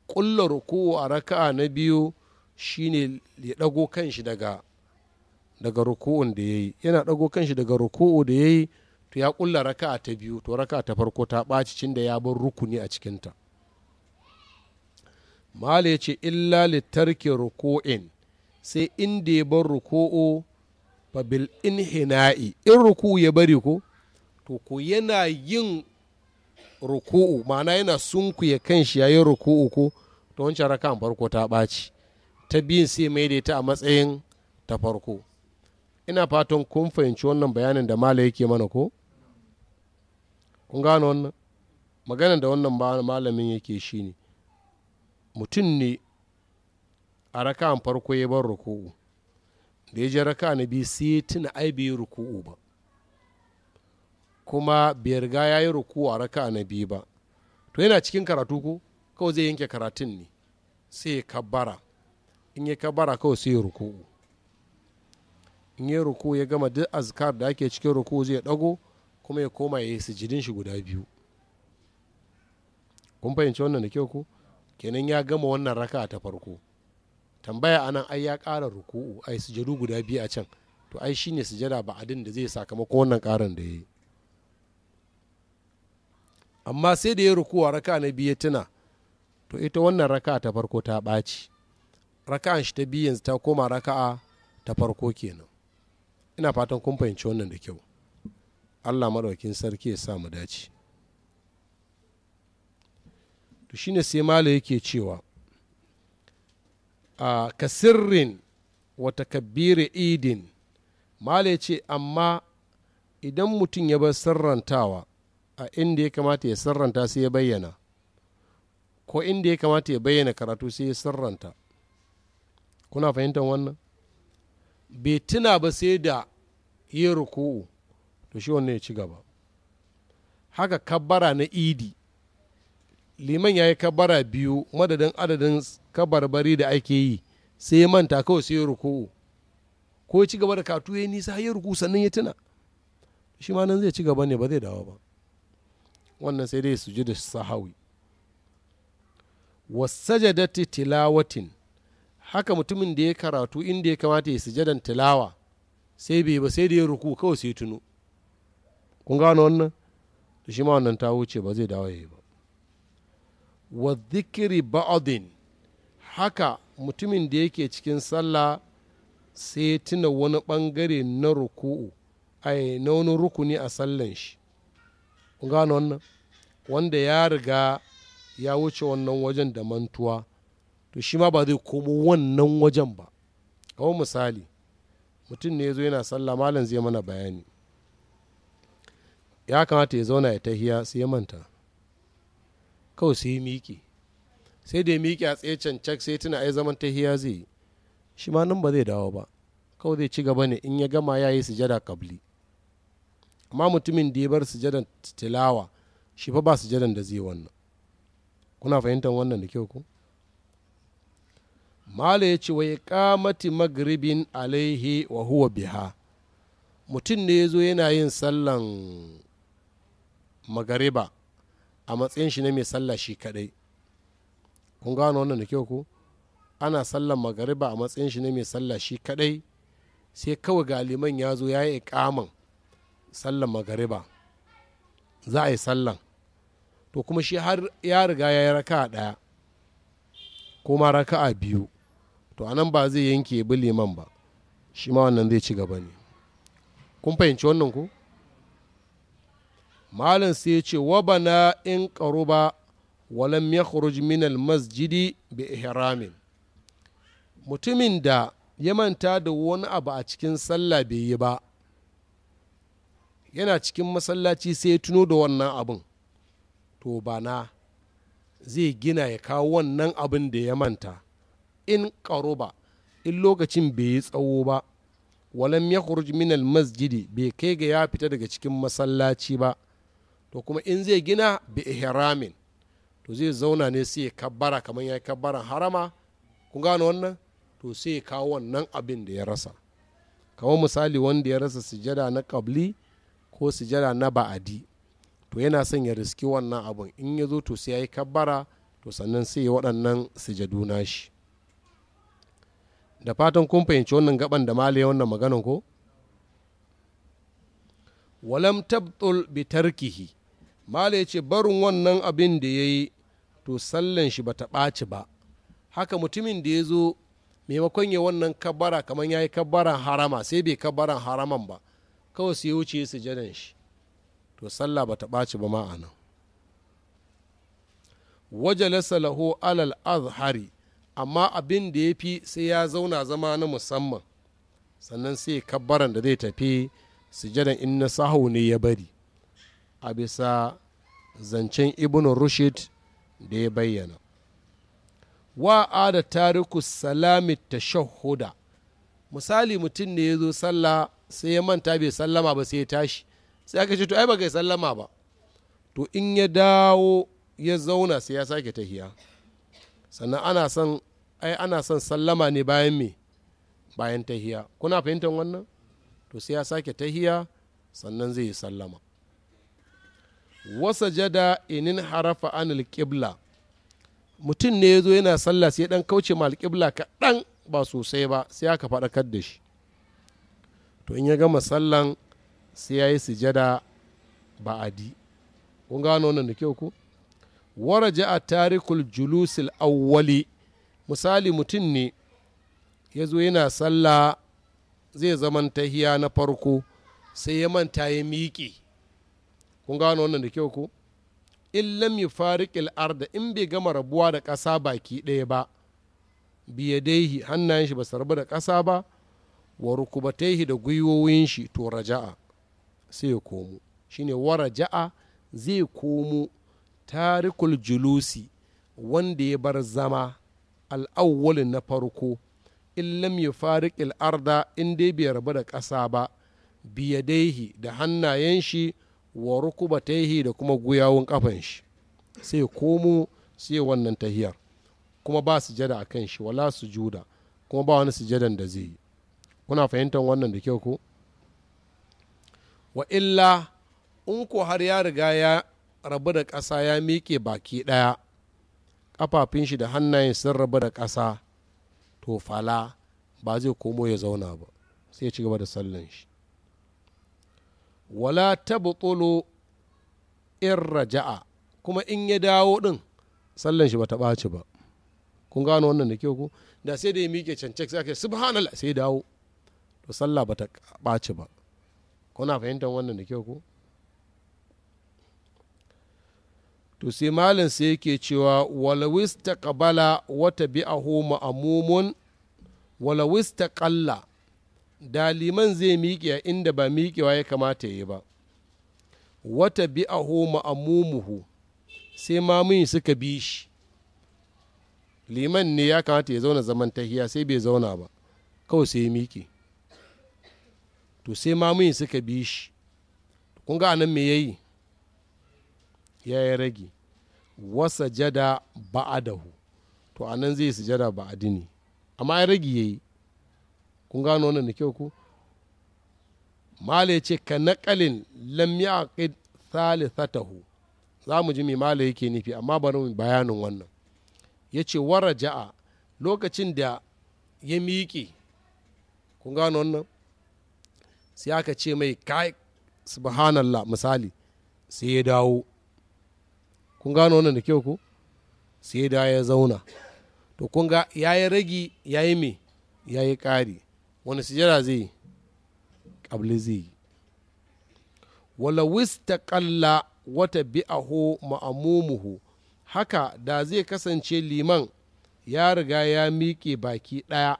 ƙulla ruku'u a raka na biyu shine ya ɗago shi daga daga ruku'un da yayi yana ɗago shi daga ruku'u da yayi to ya ƙulla raka ta biyu to raka ta farko ta ɓaci cin da ya bar rukuni a cikinta mala ya ce illa littarki ruku'in sai inda ya bar ruku'u fa bil inhina'i in ruku ya bari ko to ku yana yin ruku'u ma'ana yana ya kan kanshi yayin ruku'u ko to wancan rakan farko ta ɓaci ta biyun sai mai ta a matsayin ta farko ina fatan kun fahimci wannan bayanin da mala yake mana ko kun gano wannan maganar da wannan malamin yake shine mutum ne a an farko ya bar ruku'u da ya je raka na biyu sai tuna ai bai ruku'u ba kuma bai riga ya yi ruku'u a raka na biyu ba to yana cikin karatu ko kawai zai yanke karatun ne sai ya kabbara in ya kabbara kawai sai ya ruku'u in ya ruku'u ya gama duk azkar da ake cikin ruku'u zai dago kuma ya koma ya yi sujidin shi guda biyu kun fahimci wannan da kyau ko kenan ya gama wannan raka ta farko tambaya anan ai ya ƙara ruku'u ai sujadu guda biyu a can to ai shine sujada ba adin da zai sakamako wannan ƙarin da ya yi amma sai da ya rukuwa raka na biyu tuna to ita wannan raka ta farko ta ɓaci raka'an shi ta biyu yanzu ta koma raka'a ta farko kenan ina fatan kun fahimci wannan da kyau allah maɗaukin sarki ya sa mu dace to shine sai malai yake cewa a kasirrin wata kabbire idin mala ce amma idan mutum ya bar sarrantawa a inda ya kamata ya sarranta sai ya bayyana ko inda ya kamata ya bayyana karatu sai ya sarranta kuna fahimtar wannan bai tuna ba sai da yi ruku'u to shi wannan ya ci gaba haka kabbara na idi liman ya yi kabbara biyu madadin adadin kabarbari da ake yi sai ya manta kawai sai ya ruku'u ko ya ci gaba da katu ya nisa ya ruku sannan ya tuna shi ma nan zai ci gaba ne ba zai dawo ba wannan sai dai su ji da sahawi wasajadati tilawatin haka mutumin da ya karatu inda ya kamata ya sujadan tilawa sai bai ba sai da ya ruku kawai sai tuno kun gano wannan shi ma wannan ta wuce ba zai dawo ya yi ba wa zikiri ba'adin haka mutumin da yake cikin sallah sai ya tuna wani ɓangare na ruku'u ai na wani rukuni a sallan shi gano wannan wanda ya riga ya wuce wannan wajen da mantuwa to shi ma ba zai komo wannan wajen ba kawo misali mutum ne ya zo yana sallah malam zai mana bayani ya kamata ya zauna ya tahiya sai ya manta kawai sai ya miƙe sai da ya miƙe a tsaye cancak sai tuna ai zaman tahiya zai yi shi ma nan ba zai dawo ba kawai zai ci gaba ne in ya gama ya yi sujada kabli amma mutumin da ya bar sujadan tilawa shi fa ba sujadan da zai wannan kuna fahimtar wannan da kyau ku mala ya ce wai kamati magribin alaihi wa huwa biha mutum ne ya zo yana yin sallan magariba a matsayin shi na mai sallah shi kadai kun gano wannan da kyau ku ana sallar magariba a matsayin shi ne mai sallah shi kadai sai kawai galiman ya zo ya yi ikaman sallar magariba za a yi sallan to kuma shi har ya riga ya yi raka ɗaya ko ma raka'a biyu to anan ba zai yanke bi liman ba shi ma wannan zai ci gaba ne kun fahimci wannan ku malam sai ya ce wabana in karuba walam yakhruj min masjidi bi ihramin mutumin da ya manta da wani abu a cikin sallah bai yi ba yana cikin masallaci sai ya tuno da wannan abin to bana zai gina ya kawo wannan abin da ya manta in karo ba in lokacin bai yi tsawo ba walam ya min masjidi bai kai ga ya fita daga cikin masallaci ba to kuma in zai gina bi ihramin to zai zauna ne sai ya kabbara kamar ya yi kabbaran harama kun gano wannan to sai ya kawo wannan abin da ya rasa kamar misali wanda ya rasa sujada na kabli ko sujada na ba'adi to yana son ya riski wannan abin in ya zo to sai ya yi kabbara to sannan sai ya waɗannan sujadu nashi da fatan kun fahimci wannan gaban da malaye wannan maganan ko walam tabtul bitarkihi tarkihi ce barin wannan abin da ya yi to sallan shi bata ɓaci ba haka mutumin da ya zo maimakon ya wannan kabara kamar ya yi kabaran harama sai bai kabaran haraman ba kawai sai wuce su sujadan shi to sallah bata ɓaci ba ma'ana waje lasalaho alal azhari amma abin da ya fi sai ya zauna zama na musamman sannan sai kabaran da zai tafi su in na sahau ne ya bari a bisa zancen ibn rushid da ya bayyana da tariku salami shahuda misali mutum ne ya zo sallah sai ya manta bai sallama ba sai ya tashi sai aka ce to ai ba kai sallama ba to in ya dawo ya zauna sai ya sake tahiya sannan ana son ai ana son sallama ne bayan me bayan tahiya kuna fahimtar wannan to sai ya sake tahiya sannan zai yi sallama wasa jada inin harafa an alƙibla mutum ne ya zo yana sallah sai dan kauce ma alƙibla kaɗan ba sosai ba sai aka faɗakar da shi to in ya gama sallan sai ya yi sujada ba adi kun gano wannan da kyau ku waraja a tarikul julusil awwali misali mutum ne ya zo yana sallah zai zaman tahiya na farko sai ya manta ya miƙe kun gano wannan da kyau ko in lam yufariqil arda in bai gama rabuwa da ƙasa baki ɗaya ba biyadaihi hannayen shi ba su rabu da ƙasa ba wa rukubataihi da gwiwoyin shi to raja'a sai ya komo shine wa raja'a zai komo tarikul julusi wanda ya bar zama al'awwal na farko in lam yufariqil arda in dai bai rabu da ƙasa ba biyadaihi da hannayen shi wa yi da kuma guyawun kafan shi sai komo sai wannan tahiyar kuma ba su jada a kan shi wala su juda kuma ba wani sujadan da zai yi kuna fahimtar wannan da kyau ko wa illa in ko har ya riga ya rabu da ƙasa ya miƙe baki ɗaya ƙafafin shi da hannayen sun rabu da ƙasa to fala ba zai komo ya zauna ba sai ya ci gaba da sallan shi wala tabtulu in raja'a kuma in ya dawo din sallan shi bata ɓaci ba kun gano wannan da kyau ku da sai da ya miƙe cancek sai ake subhanallah sai dawo to sallah bata ɓaci ba kuna fahimtar wannan da kyau ku to sai malin sai yake cewa walawis ta kabala wata bi'ahu ma'amumun walawis ta kalla da liman zai miƙe inda ba miƙewa ya kamata yi ba wata a ma'amumuhu sai mamuni suka bi shi liman ne ya kamata ya zauna zaman tahiya sai bai zauna ba kawai sai ya miƙe to sai mamuni suka bi shi kun ga anan me yayi ya yi rage wasa jada ba'adahu to anan zai sujada ba'adi ne amma ya rage yayi kun gano wannan da kyau ku malai ce ka naƙalin lam ya thalithatahu za mu ji mai malai yake nufi amma bari mu bayanin wannan ya ce wara ja'a lokacin da ya miƙe kun gano wannan sai aka ce mai kai subhanallah misali sai ya dawo kun gano wannan da kyau ku sai ya dawo ya zauna to kun ga ya yi ragi ya yi mai ya yi ƙari wani sujada zai ƙabli zai yi wala wista ƙalla wata bi'aho ma'amumuhu haka da zai kasance liman ya riga ya miƙe baki ɗaya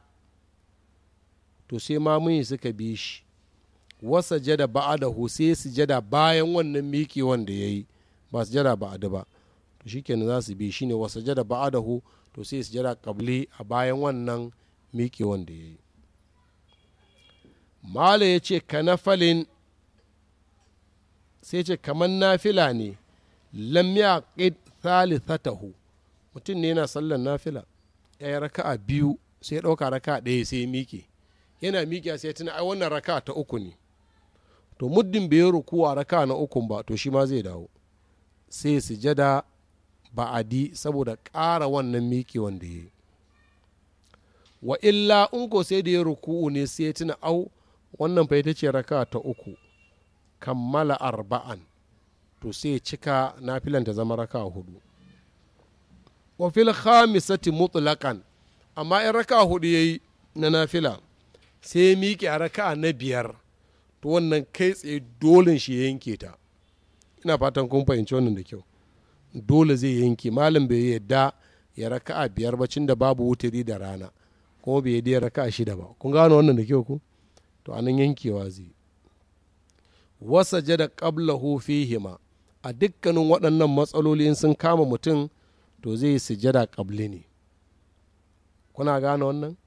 to sai mamuyi suka bi shi wasa jada ba'adahu sai sujada bayan wannan miƙe wanda ya yi ba sujada ba'ada ba to kenan za su bi shi ne wasa jada ba'adahu to sai sujada ƙabli a bayan wannan miƙe wanda ya yi mala ya ce ka nafalin sai ce kamar nafila ne lam ta tahu mutum ne yana sallar nafila ya yi raka'a biyu sai ya ɗauka raka'a ɗaya sai ya miƙe yana miƙe sai ya tuna ai wannan raka'a ta uku ne to muddin bai yi rukuwa raka na uku ba to shi ma zai dawo sai ya sujada ba'adi saboda ƙara wannan miƙe wanda ya yi wa illa in sai da ya ruku'u ne sai ya tuna au wannan fa ita ce raka ta uku kammala arba'an to sai cika nafilan ta zama raka hudu wa fil khamisati mutlaqan amma in raka hudu yayi na nafila sai miƙe a raka na biyar to wannan kai tsaye dole shi yanke ta ina fatan kun fahimci wannan da kyau dole zai yanke malam bai yadda ya raka a biyar bacin da babu wuturi da rana kuma bai yadda ya raka a shida ba kun gano wannan da kyau ku to anan yankewa zai wasa jada qablahu hima a dukkanin waɗannan matsaloli sun kama mutum to zai yi sujada ƙabli ne kuna gane wannan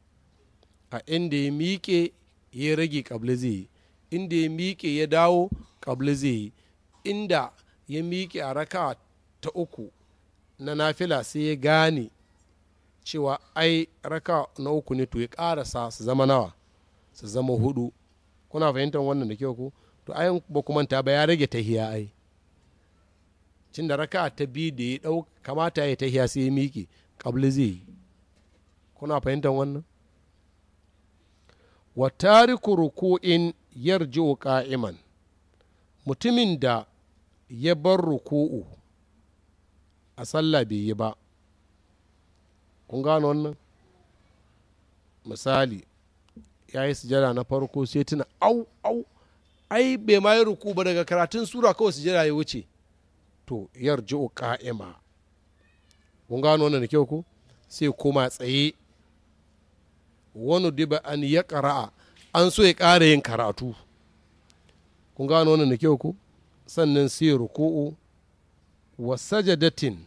a inda ya miƙe ya rage ƙabli zai yi inda ya miƙe ya dawo ƙabli zai yi inda ya miƙe a raka ta uku na nafila sai ya gane cewa ai raka na uku ne to ya ƙarasa su zama nawa su zama hudu kuna fahimtar wannan da kyau ku to ayin ba ku manta ba ya rage ta hiya ai cin da raka ta bi da ya dau kamata ya hiya sai ya miƙe kabli zai yi kuna fahimtar wannan wa tariku ruku'in yarji'u qa'iman mutumin da ya bar ruku'u a sallah bai yi ba kun gano wannan misali ya yi sujada na farko sai tuna au au ai bai ma yi ruku ba daga karatun sura kawai sujada ya wuce to yar yarji'u ka'ima kun gano wannan da kyau ko sai koma tsaye wani diba an ya ƙara'a an so ya ƙara yin karatu kun gano wannan da kyau ko sannan sai ruku'u wa sajadatin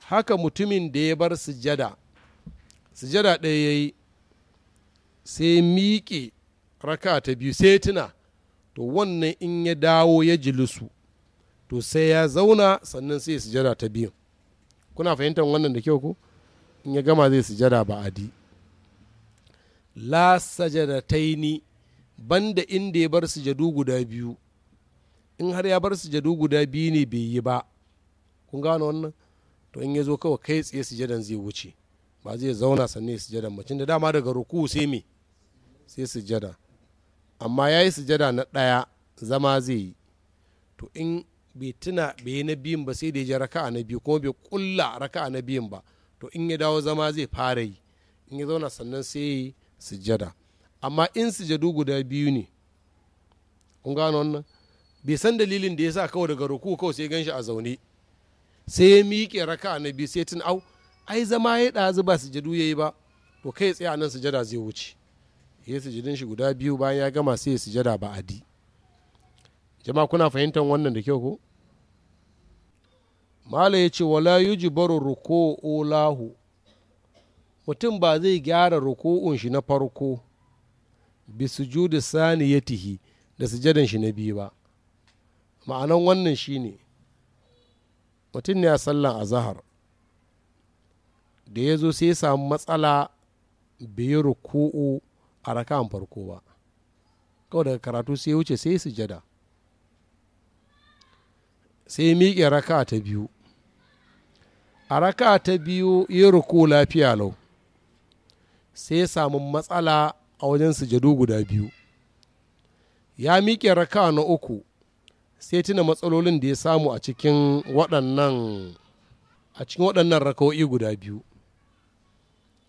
haka mutumin da ya bar sujada sujada ɗaya ya yi sai miƙe raka ta biyu sai tuna to wannan in ya dawo ya jilisu to sai ya zauna sannan sai sujada ta biyu kuna fahimtar wannan da kyau ko in ya gama zai sujada ba adi la sajadataini banda inda ya bar sujadu guda biyu in har ya bar sujadu guda biyu ne bai yi ba kun gano wannan to in ya zo kawai kai tsaye sujadan zai wuce ba zai zauna sannan sujadan macin da dama daga ruku sai me sai sujada amma ya yi sujada na ɗaya zama zai yi to in bai tuna bai na biyun ba sai da ya ji raka'a na biyu kuma bai kulla raka'a na biyun ba to in ya dawo zama zai fara yi in ya zauna sannan sai yi sujada amma in sujadu guda biyu ne kun gano wannan bai san dalilin da ya sa kawai daga ruku kawai sai ganshi a zaune sai ya miƙe raka'a na biyu sai tun au ai zama ya ɗazu ba sujadu ya yi ba to kai tsaye a nan sujada zai wuce ya sujudin shi guda biyu bayan ya gama sai ya sujada ba adi jama'a kuna fahimtar wannan da kyau ko mala ya ce wala baro roko olahu mutum ba zai gyara ruku'un shi na farko bi sujudi tihi da sujadan shi na biyu ba ma'anan wannan shi ne mutum ne a sallan azahar da ya zo sai ya samu matsala biyu ruku'u a raka'an farko ba kawai daga karatu sai wuce sai sujada sai miƙe raka ta biyu a raka ta biyu yi ruku lafiya lau sai ya samu matsala a wajen sujadu guda biyu ya miƙe raka na uku sai tuna matsalolin da ya samu a cikin waɗannan a cikin waɗannan raka'o'i guda biyu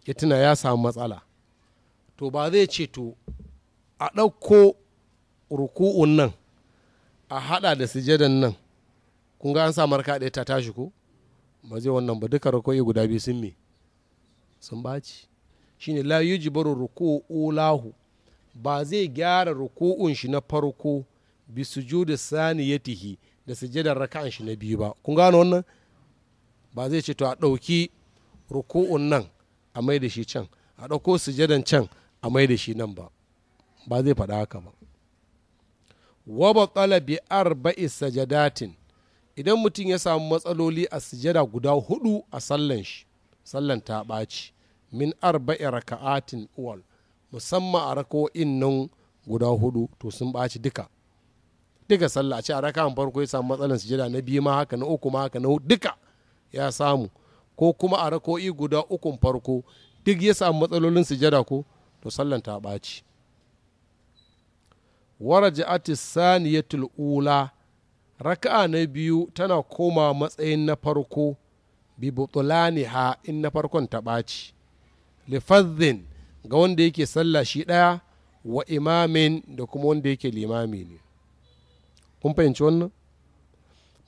ya tuna ya samu matsala to ba zai ce to a ɗauko ruku'un nan a haɗa da sujadan nan kun ga an sa marka ɗaya ta tashi ko ba zai wannan ba duka rukun guda biyu sun me sun baci ne la yujbaru ruku'u lahu ba zai gyara ruku'un shi na farko bi ya tihi da sujadar raka'an shi na biyu ba kun gano wannan ba zai ce to a ɗauki ruku'un nan a mai da shi can a ɗauko sujadan can a mai da shi nan ba ba zai faɗa haka ba wa batsala bi arba'i sajadatin idan mutum ya samu matsaloli a sujada guda hudu a sallan shi sallan ta ɓaci min arba'i raka'atin uwal musamman a raka'o'in nan guda hudu to sun ɓaci duka duka sallah a ce a raka'an farko ya samu matsalan sujada na biyu ma haka na uku ma haka na duka ya samu ko kuma a raka'o'i guda ukun farko duk ya samu matsalolin sujada ko to sallan ta ɓaci waraja'ati saniyatul ula raka'a na biyu tana koma matsayin na farko bi ha in na farkon ta ɓaci lifazin ga wanda yake sallah shi ɗaya wa imamin da kuma wanda yake limami ne kun fahimci wannan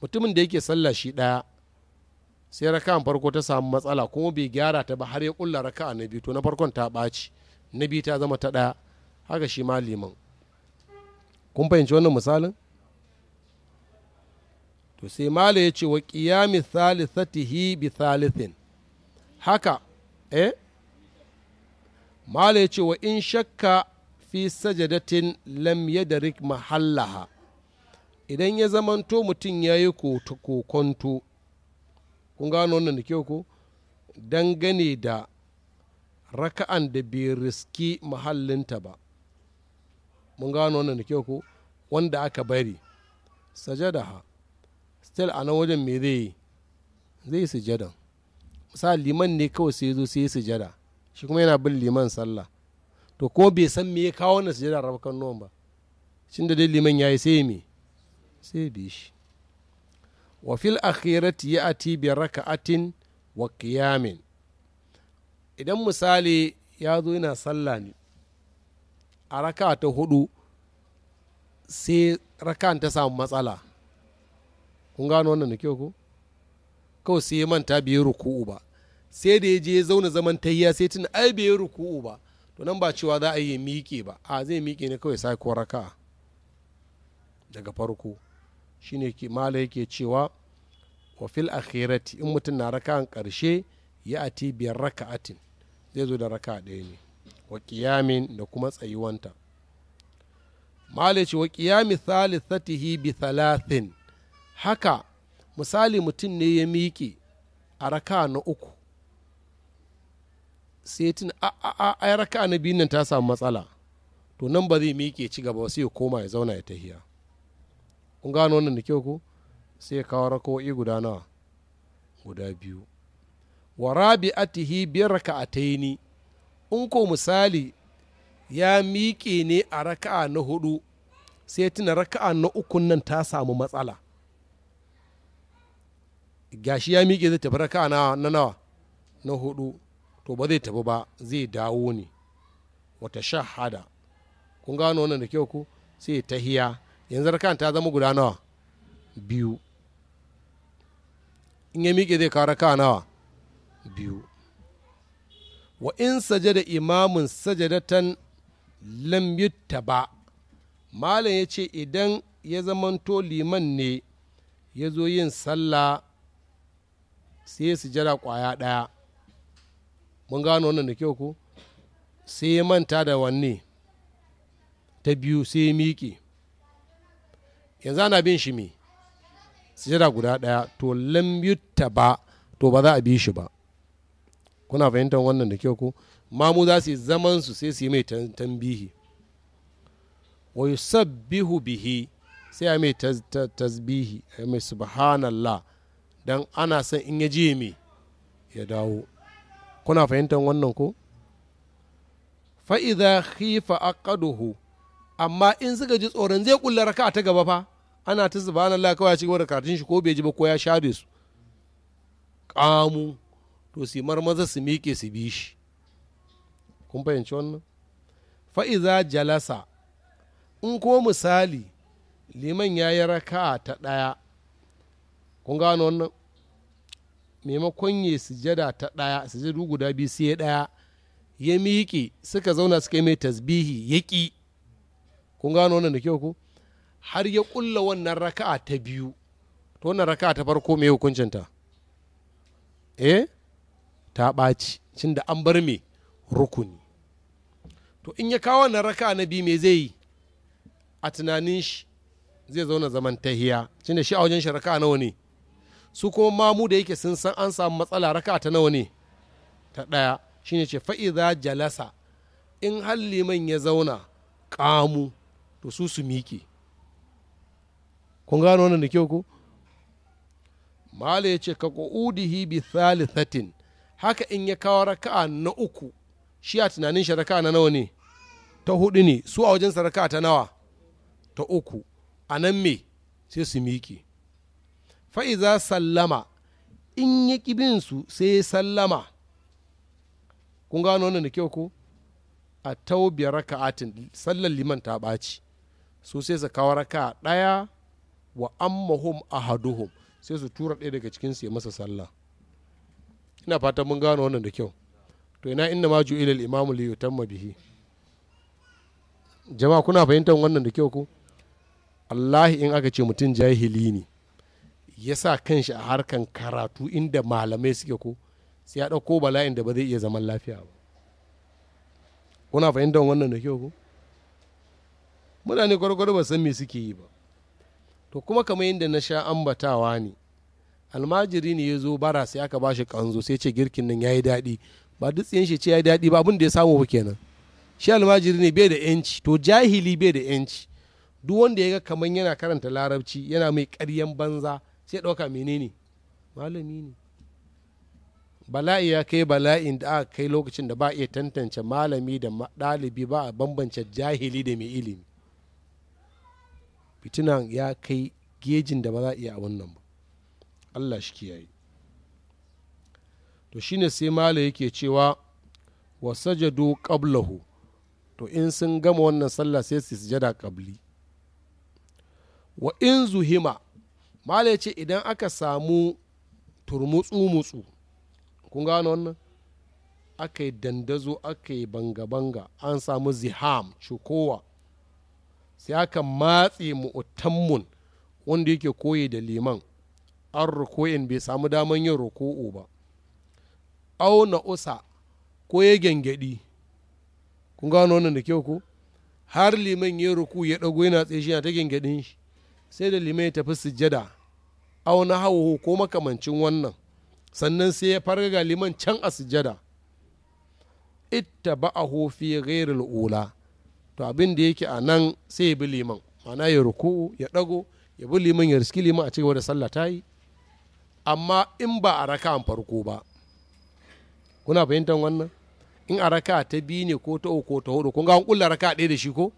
mutumin da yake sallah shi ɗaya sai raka'an farko ta samu matsala kuma bai gyara ta ba har ya ƙulla raka'a na biyu to na farkon ta ɓaci na biyu ta zama ta ɗaya haka shi ma liman kun fahimci wannan misalin to sai mala ya ce wa ƙiyami thalithatihi bi thalithin haka eh mala ya ce wa in shakka fi sajadatin lam yadrik mahallaha idan ya zamanto mutum ya yi kokonto kun gano wannan da kyau ko dangane da raka'an da bai riski mahallinta ba mun gano wannan da kyau ku wanda aka bari ha still a nan wajen me zai yi zai yi sujadan misali liman ne kawai sai zo sai yi sujada shi kuma yana bin liman sallah to ko bai san me ya kawo wannan sujada rabakan nuwan ba shin da dai liman ya yi sai me sai bi shi wa fil akhirati ya'ti bi raka'atin wa qiyamin idan misali ya zo yana sallah ne a raka ta hudu sai rakan ta samu matsala kun gano wannan da kyau ko kawai sai manta bai ruku'u ba sai da ya je ya zauna zaman tayya sai tun ai bai ruku'u ba to nan ba cewa za a yi miƙe ba a zai miƙe ne kawai sai ko raka daga farko shine ke mala yake cewa wa fil akhirati in mutum na raka'an ƙarshe ya ati biyar raka'atin zai zo da raka ɗaya ne wa ƙiyamin da kuma tsayuwanta malici wa ƙiyami thalithatihi bi thalathin haka misali mutum ne ya miƙe a raka na uku sai tun a a a raka na biyun nan ta samu matsala to nan ba zai miƙe ci gaba sai ya koma ya zauna ya tahiya kun gano wannan da kyau ko sai ya kawo rakawo'i guda nawa guda biyu wa rabi'atihi bi raka'ataini in ko misali ya miƙe ne a raka'a na hudu sai tuna raka'a na ukun nan ta samu matsala gashi ya miƙe zai tafi raka'a na nawa na hudu to ba zai tafi ba zai dawo ne wata shahada kun gano wannan da kyau ku sai tahiya yanzu raka'a ta zama guda nawa biyu in ya miƙe zai kawo raka'a nawa biyu wa in sajada imamun sajadatan lam ba malam ya ce idan ya zamanto liman ne ya zo yin sallah sai sujada kwaya ɗaya mun gano wannan da kyau ko sai ya manta da wanne ta biyu sai ya miƙe yanzu ana bin shi me sujada guda ɗaya to lam ba to ba za a bi shi ba kuna fahimtar wannan da kyau ko mamu za su yi zaman su sai su yi mai tambihi wa yusabbihu bihi sai a mai tasbihi a mai subhanallah dan ana son in ya je ya dawo kuna fahimtar wannan ko fa'iza khifa aqaduhu amma in suka ji tsoron zai kulla raka ta gaba fa ana ta subhanallah kawai a cikin wadda karatun shi ko bai ji ba ko ya share su ƙamu. to su maza su miƙe su bi shi kun fahimci wannan fa'iza jalasa in ko misali liman ya yi raka ta ɗaya kun gano wannan maimakon ya sujada ta ɗaya sujadu guda biyu sai ɗaya ya miƙe suka zauna suka yi mai tasbihi ya ƙi kun gano wannan da kyau ko har ya ƙulla wannan raka ta biyu to wannan raka ta farko mai hukuncinta eh ta ɓaci cin da an bar me rukuni to in ya kawo wannan raka na biyu me zai yi a tunanin shi zai zauna zaman tahiya cin da shi a wajen shi raka nawa ne su kuma mamu da yake sun san an samu matsala raka ta nawa ne ta ɗaya shine ce fa'iza jalasa in har liman ya zauna ƙamu to su su miƙe kun gano wannan da kyau ko mala ya ce ka ƙu'udihi bi thalithatin haka in ya kawo raka'a na uku shi a tunanin shi raka'a na nawa ne ta hudu ne su a wajen raka'a ta nawa ta uku a nan me sai su miƙe fa'iza sallama in ya ƙi su sai sallama kun gano wannan da kyau ko a taubiyar raka'atin sallar liman ta ɓaci su sai su kawo raka'a ɗaya wa ammahum ahaduhum sai su tura ɗaya daga cikinsu ya masa sallah ina fatan mun gano wannan da kyau to ina inna ma ju'ila al-imamu li yutamma bihi jama'a kuna fahimtar wannan da kyau ko Allah in aka ce mutum jahili ne ya sa kanshi a harkan karatu inda malamai suke ko sai ya ɗauko bala'in da ba zai iya zaman lafiya ba kuna fahimtar wannan da kyau ko mutane gwargwaro ba san me suke yi ba to kuma kamar yadda na sha ambatawa ne almajiri ne ya zo bara sai aka ba bashi kanzo sai ce girkin nan yi daɗi ba dutsiyen shi ce yi daɗi ba abin da ya samu ba kenan shi almajiri ne bai da yanci to jahili bai da yanci duk wanda ya ga kamar yana karanta larabci yana mai karyan banza sai ɗauka menene malami ne bala'i ya kai bala'in da aka kai lokacin da ba iya tantance malami da ɗalibi ba a bambance jahili da mai ilimi fitina ya kai gejin da ba za a iya a wannan ba allah shi kiyaye to shine sai mala yake cewa wa sajadu qablahu to in sun gama wannan sallah sai su sujada qabli wa in zuhima mala ya ce idan aka samu turmutsu mutsu kun gano wannan aka yi dandazo aka yi banga-banga an samu ziham cokowa sai aka matse mu'utammun wanda yake koyi da liman an ruku'in bai samu daman yin ruku'u ba au na usa ko ya gyangyaɗi kun gano wannan da kyau ko har liman ya ruku ya ɗago yana tsaye shi ta gyangyaɗin shi sai da liman ya tafi sujjada au na hawo ko makamancin wannan sannan sai ya farga liman can a sujjada ittaba'ahu fi gairi ula to abin da yake a nan sai ya bi liman ma'ana ya ruku ya ɗago ya bi liman ya riski liman a cigaba da sallah ta yi amma in ba a raka farko ba kuna fahimtar wannan in a raka ta biyu ne ko ta uku ta hudu kun ga an kulla raka ɗaya da shi ko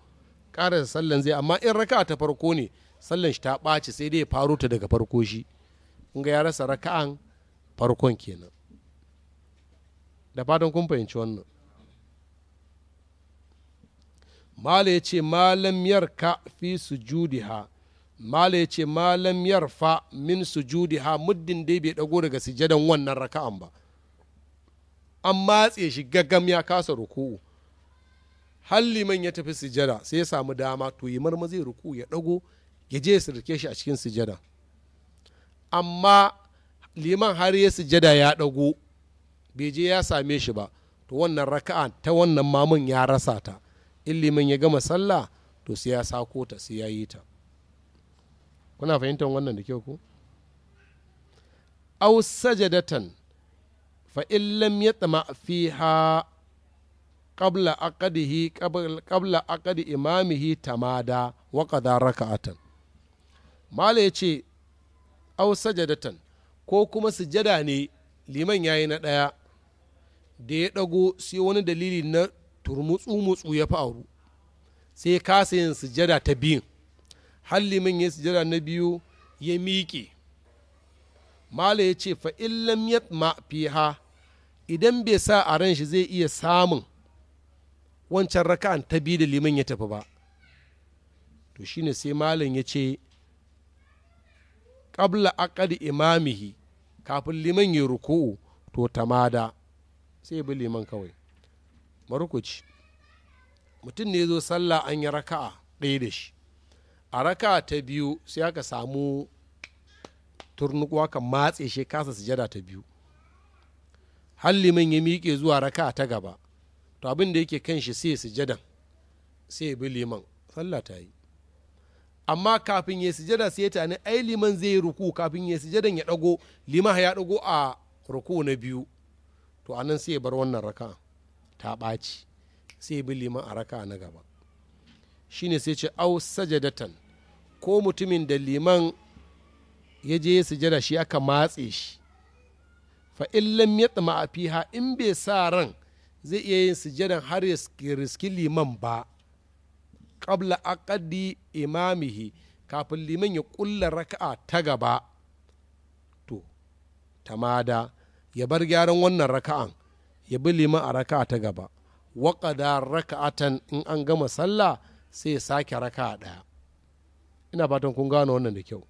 ƙara sallan zai amma in raka ta farko ne sallan shi ta ɓaci sai dai ya faro ta daga farko shi in ga ya rasa raka'an farkon kenan da fatan kun fahimci wannan mala ya ce malam yarka fi su ha malai ya ce malam yarfa min sujudi ha muddin dai bai dago daga sujadan wannan raka'an ba an matse shi gaggam ya kasa ruku'u har liman ya tafi sujada sai ya samu dama to yi marma zai ruku ya dago ya je ya sirke shi a cikin sujada amma liman har ya sujada ya dago bai je ya same shi ba to wannan raka'a ta wannan mamun ya rasa ta in liman ya gama sallah to sai ya sako ta sai ya yi ta kuna fahimtar wannan da kyau ku aw sajadatan fa in lam yatma fiha qabla aqdihi qabla aqdi imamihi tamada wa qada raka'atan mala yace aw sajadatan ko kuma sujada ne liman yayi na daya da ya dago sai wani dalili na turmutsu mutsu ya faru sai kasa yin sujada ta biyun har liman ya sujada na biyu ya miƙe mala ya ce fa ya yatma fiha idan bai sa a ran shi zai iya samun wancan raka'an ta biyu da liman ya tafi ba to shine sai malam ya ce ƙabla aqad imamihi kafin liman ya ruku'u to tamada sai bi liman kawai marukuci mutum ne zo sallah an yi raka'a ɗaya da shi a raka ta biyu sai aka samu turnuwa kan matse shi kasa sujada ta biyu liman ya miƙe zuwa raka ta gaba to abin da yake kan shi sai sujadan sai bi liman sallah ta yi amma kafin ya sujada sai ya tani ai liman zai yi ruku kafin ya sujadan ya dago liman ya dago a ruku na biyu to anan sai ya bar wannan raka ta ɓaci sai bi liman a raka na gaba shine sai ce au sajadatan ko mutumin da liman ya je sujada shi aka matse shi fa illam ya tsama a fiha in bai sa ran zai iya yin sujadan har ya riski liman ba ƙabla aqaddi imamihi kafin liman ya kulla raka'a ta gaba to tamada ya bar gyaran wannan raka'an ya bi liman a raka'a ta gaba waƙada raka'atan in an gama sallah sai ya sake raka ɗaya ina fatan kun gano wannan da kyau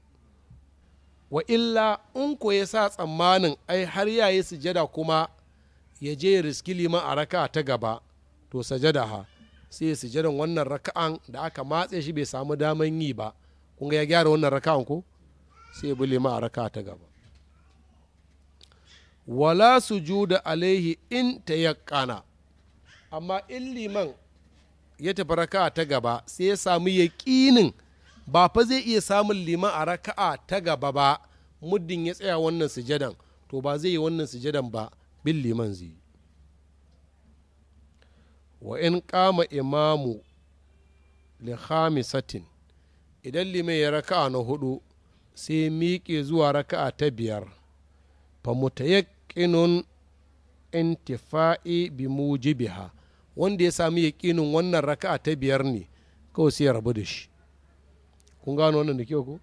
wa illa in ko ya sa tsammanin ai har ya yi sujada kuma ya je riski liman a raka ta gaba to sajada ha sai sujadan wannan raka'an da aka matse shi bai samu daman yi ba kun ga ya gyara wannan raka'an ko sai bi liman a raka ta gaba wala sujuda alaihi in ta amma in liman ya tafi raka'a ta gaba sai ya samu yaƙinin ba fa zai iya samun lima a raka'a ta gaba ba muddin ya tsaya wannan sujadan to ba zai yi wannan sujadan ba bin liman zai wa in kama imamu li khamisatin idan liman ya raka'a na hudu sai miƙe zuwa raka'a ta biyar fa mutayaqinun intifa'i bi mujibiha wanda ya sami yaƙinin wannan raka'a ta biyar ne kawai sai ya rabu da shi kun gano wannan da kyau ko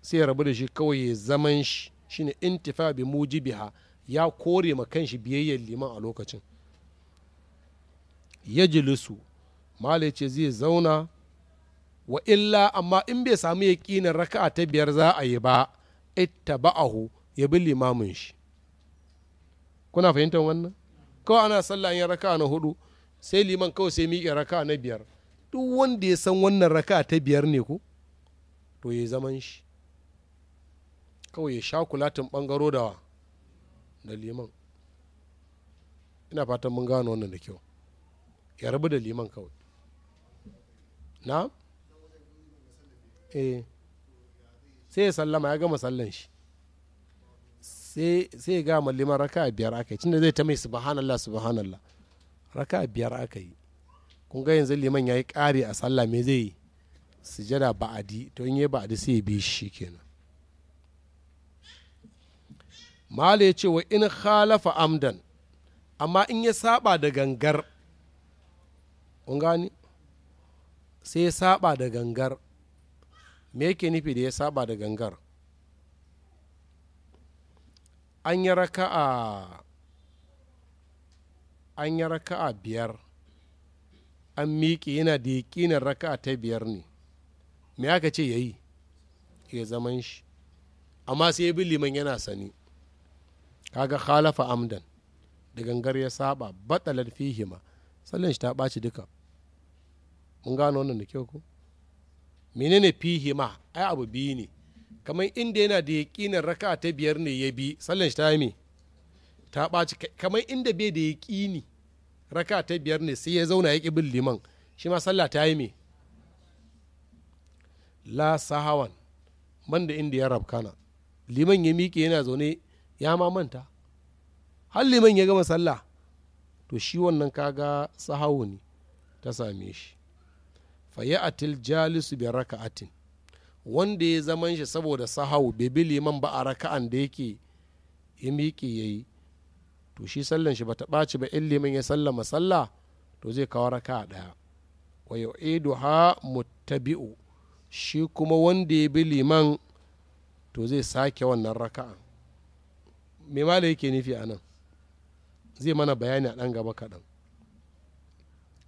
sai ya rabu da shi kawai ya zaman shi shine intifa bi mujibiha ya kore ma kanshi biyayyar liman a lokacin ya jilisu malai ce zai zauna wa illa amma in bai samu yaƙinin raka'a ta biyar za a yi ba ittaba'ahu ya bi limamin shi kuna fahimtar wannan kawai ana sallah an yi raka na hudu sai liman kawai sai miƙe raka na biyar duk wanda ya san wannan raka ta biyar ne ko to ya zaman shi kawai ya sha kulatin ɓangaro da da liman ina fatan mun gano wannan da kyau ya rabu da liman kawai na eh sai ya sallama ya gama sallan shi sai ga mallima raka biyar aka yi cinda zai ta mai subhanallah subhanallah raka biyar aka yi kun ga yanzu liman ya yi ƙari a sallah me zai sujada ba'adi to in yi ba'adi sai bi shi kenan mala ya ce wa in khalafa amdan amma in ya saba da gangar kun gani sai ya saba da gangar me yake nufi da ya saba da gangar an yi raka'a an yi raka'a biyar an miƙe yana da yaƙinin raka'a ta biyar ne me aka ce ya yi ya zaman shi amma sai bi liman yana sani kaga khalafa amdan da gangar ya saba batsalar fihima sallan shi ta ɓaci duka mun gano wannan da kyau ko menene fihima ai abu biyu ne kamar inda yana da yaƙinin raka ta biyar ne ya bi sallan shi ta yi ta ɓaci kamar inda bai da yaƙini raka ta biyar ne sai ya zauna ya bin liman shi ma sallah ta yi la sahawan man da inda ya rabkana liman ya miƙe yana zaune ya ma manta har liman ya gama sallah to shi wannan kaga sahawu ne ta same shi fa ya atil jalisu bi raka'atin wanda ya zaman shi saboda sahau bai bi liman ba a raka'an da yake ya miƙe ya yi to shi sallan shi bata ɓaci ba in liman ya sallama sallah to zai kawo raka'a ɗaya wa yu'idu ha muttabi'u shi kuma wanda ya bi liman to zai sake wannan rakaan me mala yake nufi a nan zai mana bayani a ɗan gaba kaɗan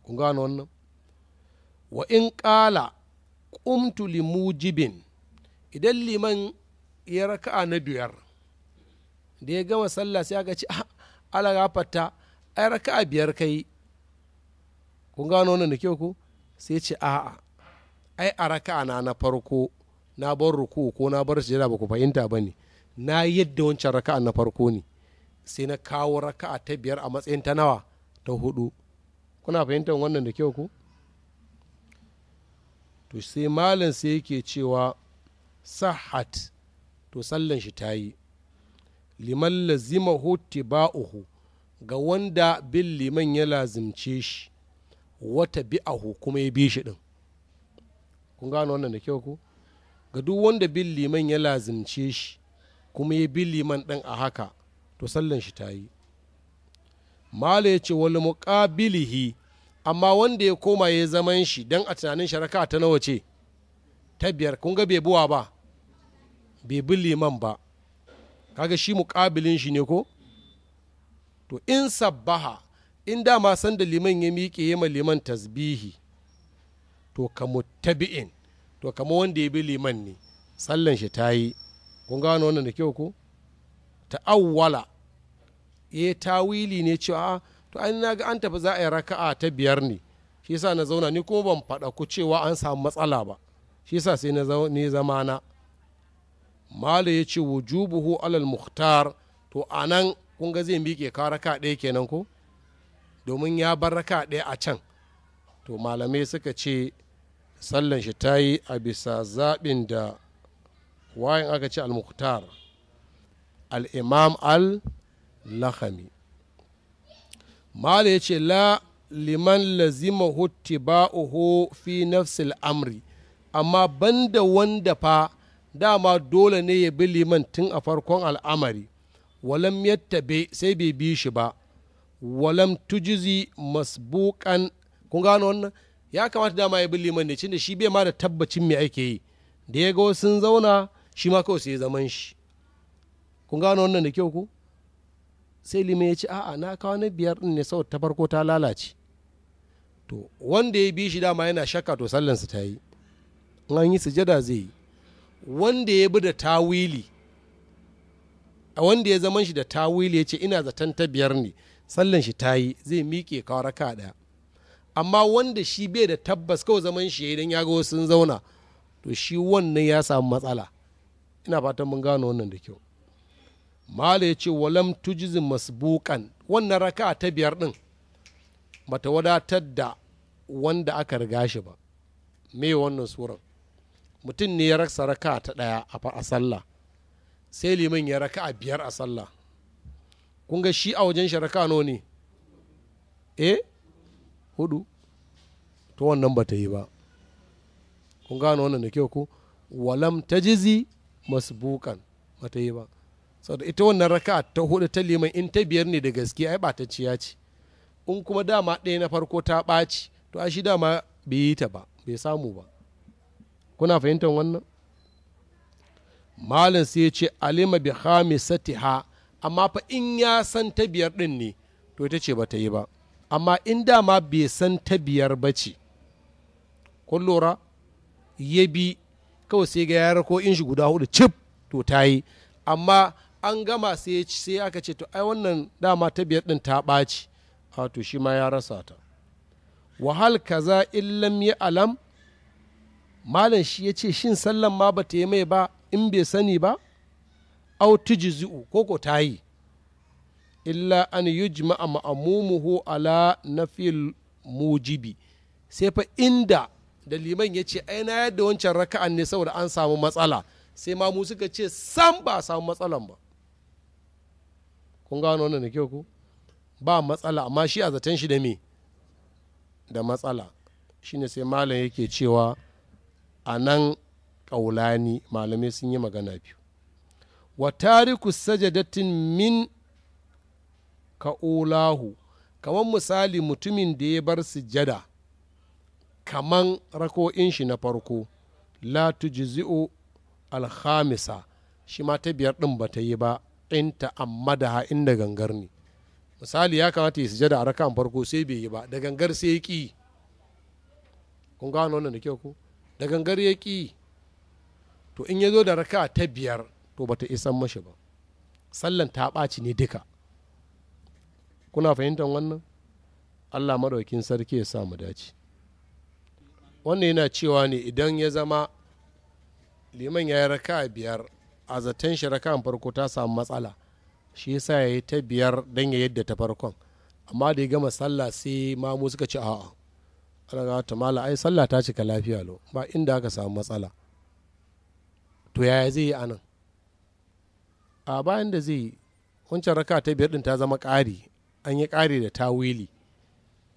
kun gano wannan wa in ƙala qumtu li mujibin idan liman ya raka'a na biyar da ya gama sallah sai aka ce ah, ala fatta ai raka'a biyar kai kun gano wannan da kyau ku sai ce a'a ai a raka'a na na farko na bar ruku ko na bar sujada ba ku fahimta ba ne na yadda wancan raka'a na farko ne sai na kawo raka'a ta biyar a matsayin ta nawa ta hudu kuna fahimtar wannan da kyau ku to sai malam sai yake cewa sahat to sallan shi ta yi liman lazima ba'uhu ga wanda bin liman ya lazimce shi wata bi'ahu kuma ya bi shi ɗin kun gano wannan da kyau ku ga duk wanda bin liman ya lazimce shi kuma ya bi liman ɗin a haka to sallan shi ta yi mala ya ce wani muƙabilihi amma wanda ya koma ya zaman shi don a tunanin sharaka ta nawa ce ta biyar kun ga bai ba bebin liman ba kaga shi mukabilin shi ne ko to in sabbaha in dama sanda liman ya miƙe ya ma liman tasbihi to ka muttabi'in to kama wanda ya bi liman ne sallan shi ta yi kun gano wannan da kyau ko ta'awwala ya eh, tawili ne cewa to an na ga an tafi za a yi raka'a ta biyar ne shi yasa na zauna ni kuma ban faɗa ku cewa an samu matsala ba shi yasa sai na ni zama na mala ya ce wujubuhu alal muhtar to anan kun ga zai miƙe ka raka ɗaya kenan ko domin ya bar raka ɗaya a can to malamai suka ce sallan shi ta yi a bisa zaɓin da wayan aka ce al-muhtar al-imam al-lakhami mala ya ce la liman lazima hutti ba'uhu fi nafsil amri amma banda wanda fa dama dole ne ya bi liman tun a farkon al'amari walam yattabe sai bai bi shi ba walam tujizi masbukan kun gano wannan ya kamata dama ya bi liman ne da shi bai ma da tabbacin me ake yi da ya ga sun zauna shi ma kawai sai zaman shi kun gano wannan da kyau ku sai lima ya ci a'a na kawo na biyar din ne saboda ta farko ta lalace to wanda ya bi shi dama yana shakka to sallansa ta yi an yi sujada zai yi wanda ya bi da tawili a wanda ya zaman shi da tawili ya ce ina zaton ta biyar ne sallan shi ta yi zai miƙe kawo raka ɗaya amma wanda shi bai da tabbas kawai zaman shi idan ya ga sun zauna to shi wannan ya samu matsala ina fatan mun gano wannan da kyau mala ya ce walam tujizin masbukan wannan raka ta biyar ɗin bata wadatar da wanda aka riga shi ba me wannan suran mutum ne ya rasa raka ta ɗaya a sallah sai liman ya raka a biyar a sallah kun ga shi a wajen shi raka ne eh hudu to wannan ba ta yi ba kun gano wannan da kyau ko walam tajizi masbukan ba ta yi ba Sau da ita wannan raka ta hudu ta liman in ta biyar ne da gaske ai ciya ce in kuma dama ɗaya na farko ta ɓaci to a shi dama bai yi ta ba bai samu ba kuna fahimtar wannan malam sai ya ce alima bi ha amma fa in ya san ta biyar ɗin ne to ita ce bata yi ba amma in dama bai san ta biyar ba ce kun lura ya bi kawai sai ga yara ko in shi guda hudu cif to ta yi amma an gama sai aka ce to ai wannan dama ta biyar din ta ɓaci wato shi ma ya rasa ta wahal kaza illam ya alam malam shi ya ce shin sallan ma ba ta yi mai ba in bai sani ba au ko ko ta yi illa an yujma'a ma'amumuhu ala nafil mujibi sai fa inda da liman ya ce aina yadda wancan raka'an ne saboda an samu matsala sai ma mu suka ce sam ba a samu matsalan ba kun gano wannan da kyau ku ba matsala amma shi a zaton shi da me da matsala shine sai malam yake cewa a nan ƙaulani malamai sun yi magana biyu wa tariku sajadatin min ka'ulahu kamar misali mutumin da ya bar sujada kaman rako'in shi na farko la tujzi'u alhamisa shi ma ta biyar ɗin ba ta yi ba ɗinta amma da hain da gangar ne misali ya kamata ya sujada a rakan farko sai bai yi ba da gangar sai ya ƙi kun gano wannan da kyau ku da gangar ya ƙi to in ya zo da raka ta biyar to bata isan mashi ba sallan ta ɓaci ne duka kuna fahimtar wannan allah maɗaukin sarki ya sa mu dace wannan yana cewa ne idan ya zama liman ya yi raka biyar a zaton shi farko ta samu matsala shi yasa ya yi ta biyar don ya yadda ta farkon amma da ya gama sallah sai mamu suka ci a'a ana ga ta mala ai sallah ta cika lafiya lo ba inda aka samu matsala to yaya zai yi anan a bayan da zai wancan raka ta biyar din ta zama ƙari an yi ƙari da tawili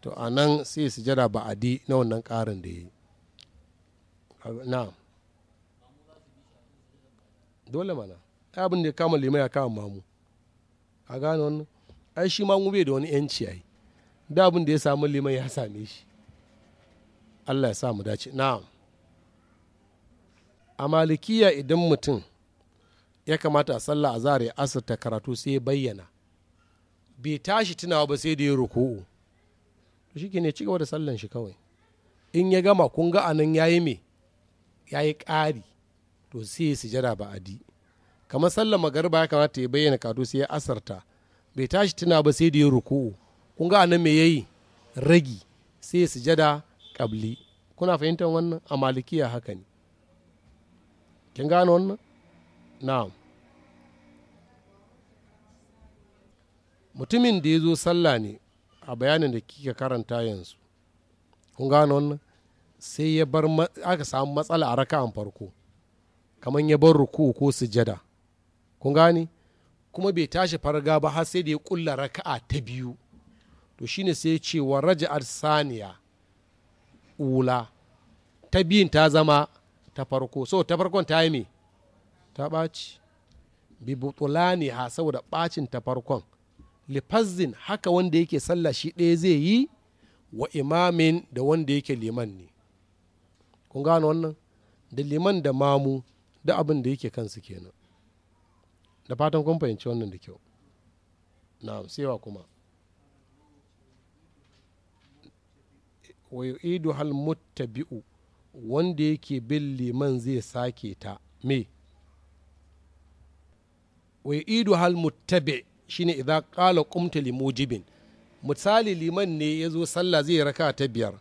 to a nan sai sujada ba'adi na wannan ƙarin da ya yi na'am dole mana ai abin da ya kama lima ya kama mamu a gane wannan ai shi mamu bai da wani yanci ai da abin da ya samu lima ya same shi allah ya sa mu dace na'am a malikiya idan mutum ya kamata a sallah a zare ta karatu sai ya bayyana bai tashi tunawa ba sai da ya ruku'u to shi ne cigaba da sallan shi kawai in ya gama kun ga anan yayi me yayi ƙari to sai sujada ba di kamar sallar magariba ya kamata ya bayyana kato sai ya asarta bai tashi tuna ba sai da ya ruku'u kun ga anan me yayi ragi sai sujada kabli kuna fahimtar wannan a malikiya haka ne kin gane wannan na'am mutumin da ya zo sallah ne a bayanin da kika karanta yanzu kun gane wannan sai ya bar aka samu matsala a raka'an farko kamar ya bar ruku ko sujada kun gani kuma bai tashi farga ba har sai da ya kulla raka'a ta biyu to shine sai ce wa raja'ar saniya ula ta biyun ta zama ta farko so ta farkon ta yi me ta ɓaci bi butulani ha saboda ɓacin ta farkon lifazzin haka wanda yake sallah shi ɗaya zai yi wa imamin da wanda yake liman ne kun gano wannan da liman da mamu da abin da yake kansu kenan da fatan kun fahimci wannan da kyau na sewa kuma wa yu'idu hal muttabi'u wanda yake bin liman zai sake ta me wa yu'idu hal muttabi shine idza qala qumta li mujibin misali liman ne yazo sallah zai raka ta biyar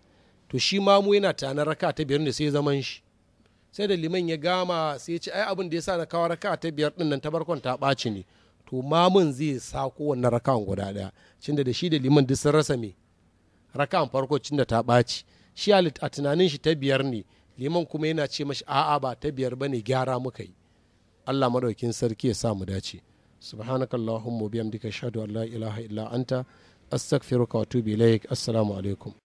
to shi ma mu yana tana raka ta biyar ne sai zaman shi sai da liman ya gama sai ya ci ai abin da ya sa na kawo raka ta biyar din nan ta barkon ta ɓaci ne to mamun zai sa kowanne rakan guda ɗaya cinda da shi da liman duk sun rasa me rakan farko cinda ta ɓaci shi a tunanin shi ta biyar ne liman kuma yana ce mashi a'a ba ta biyar ba ne gyara muka yi allah madaukin sarki ya sa mu dace سبحانك اللهم وبحمدك اشهد ان لا اله الا انت استغفرك واتوب اليك السلام عليكم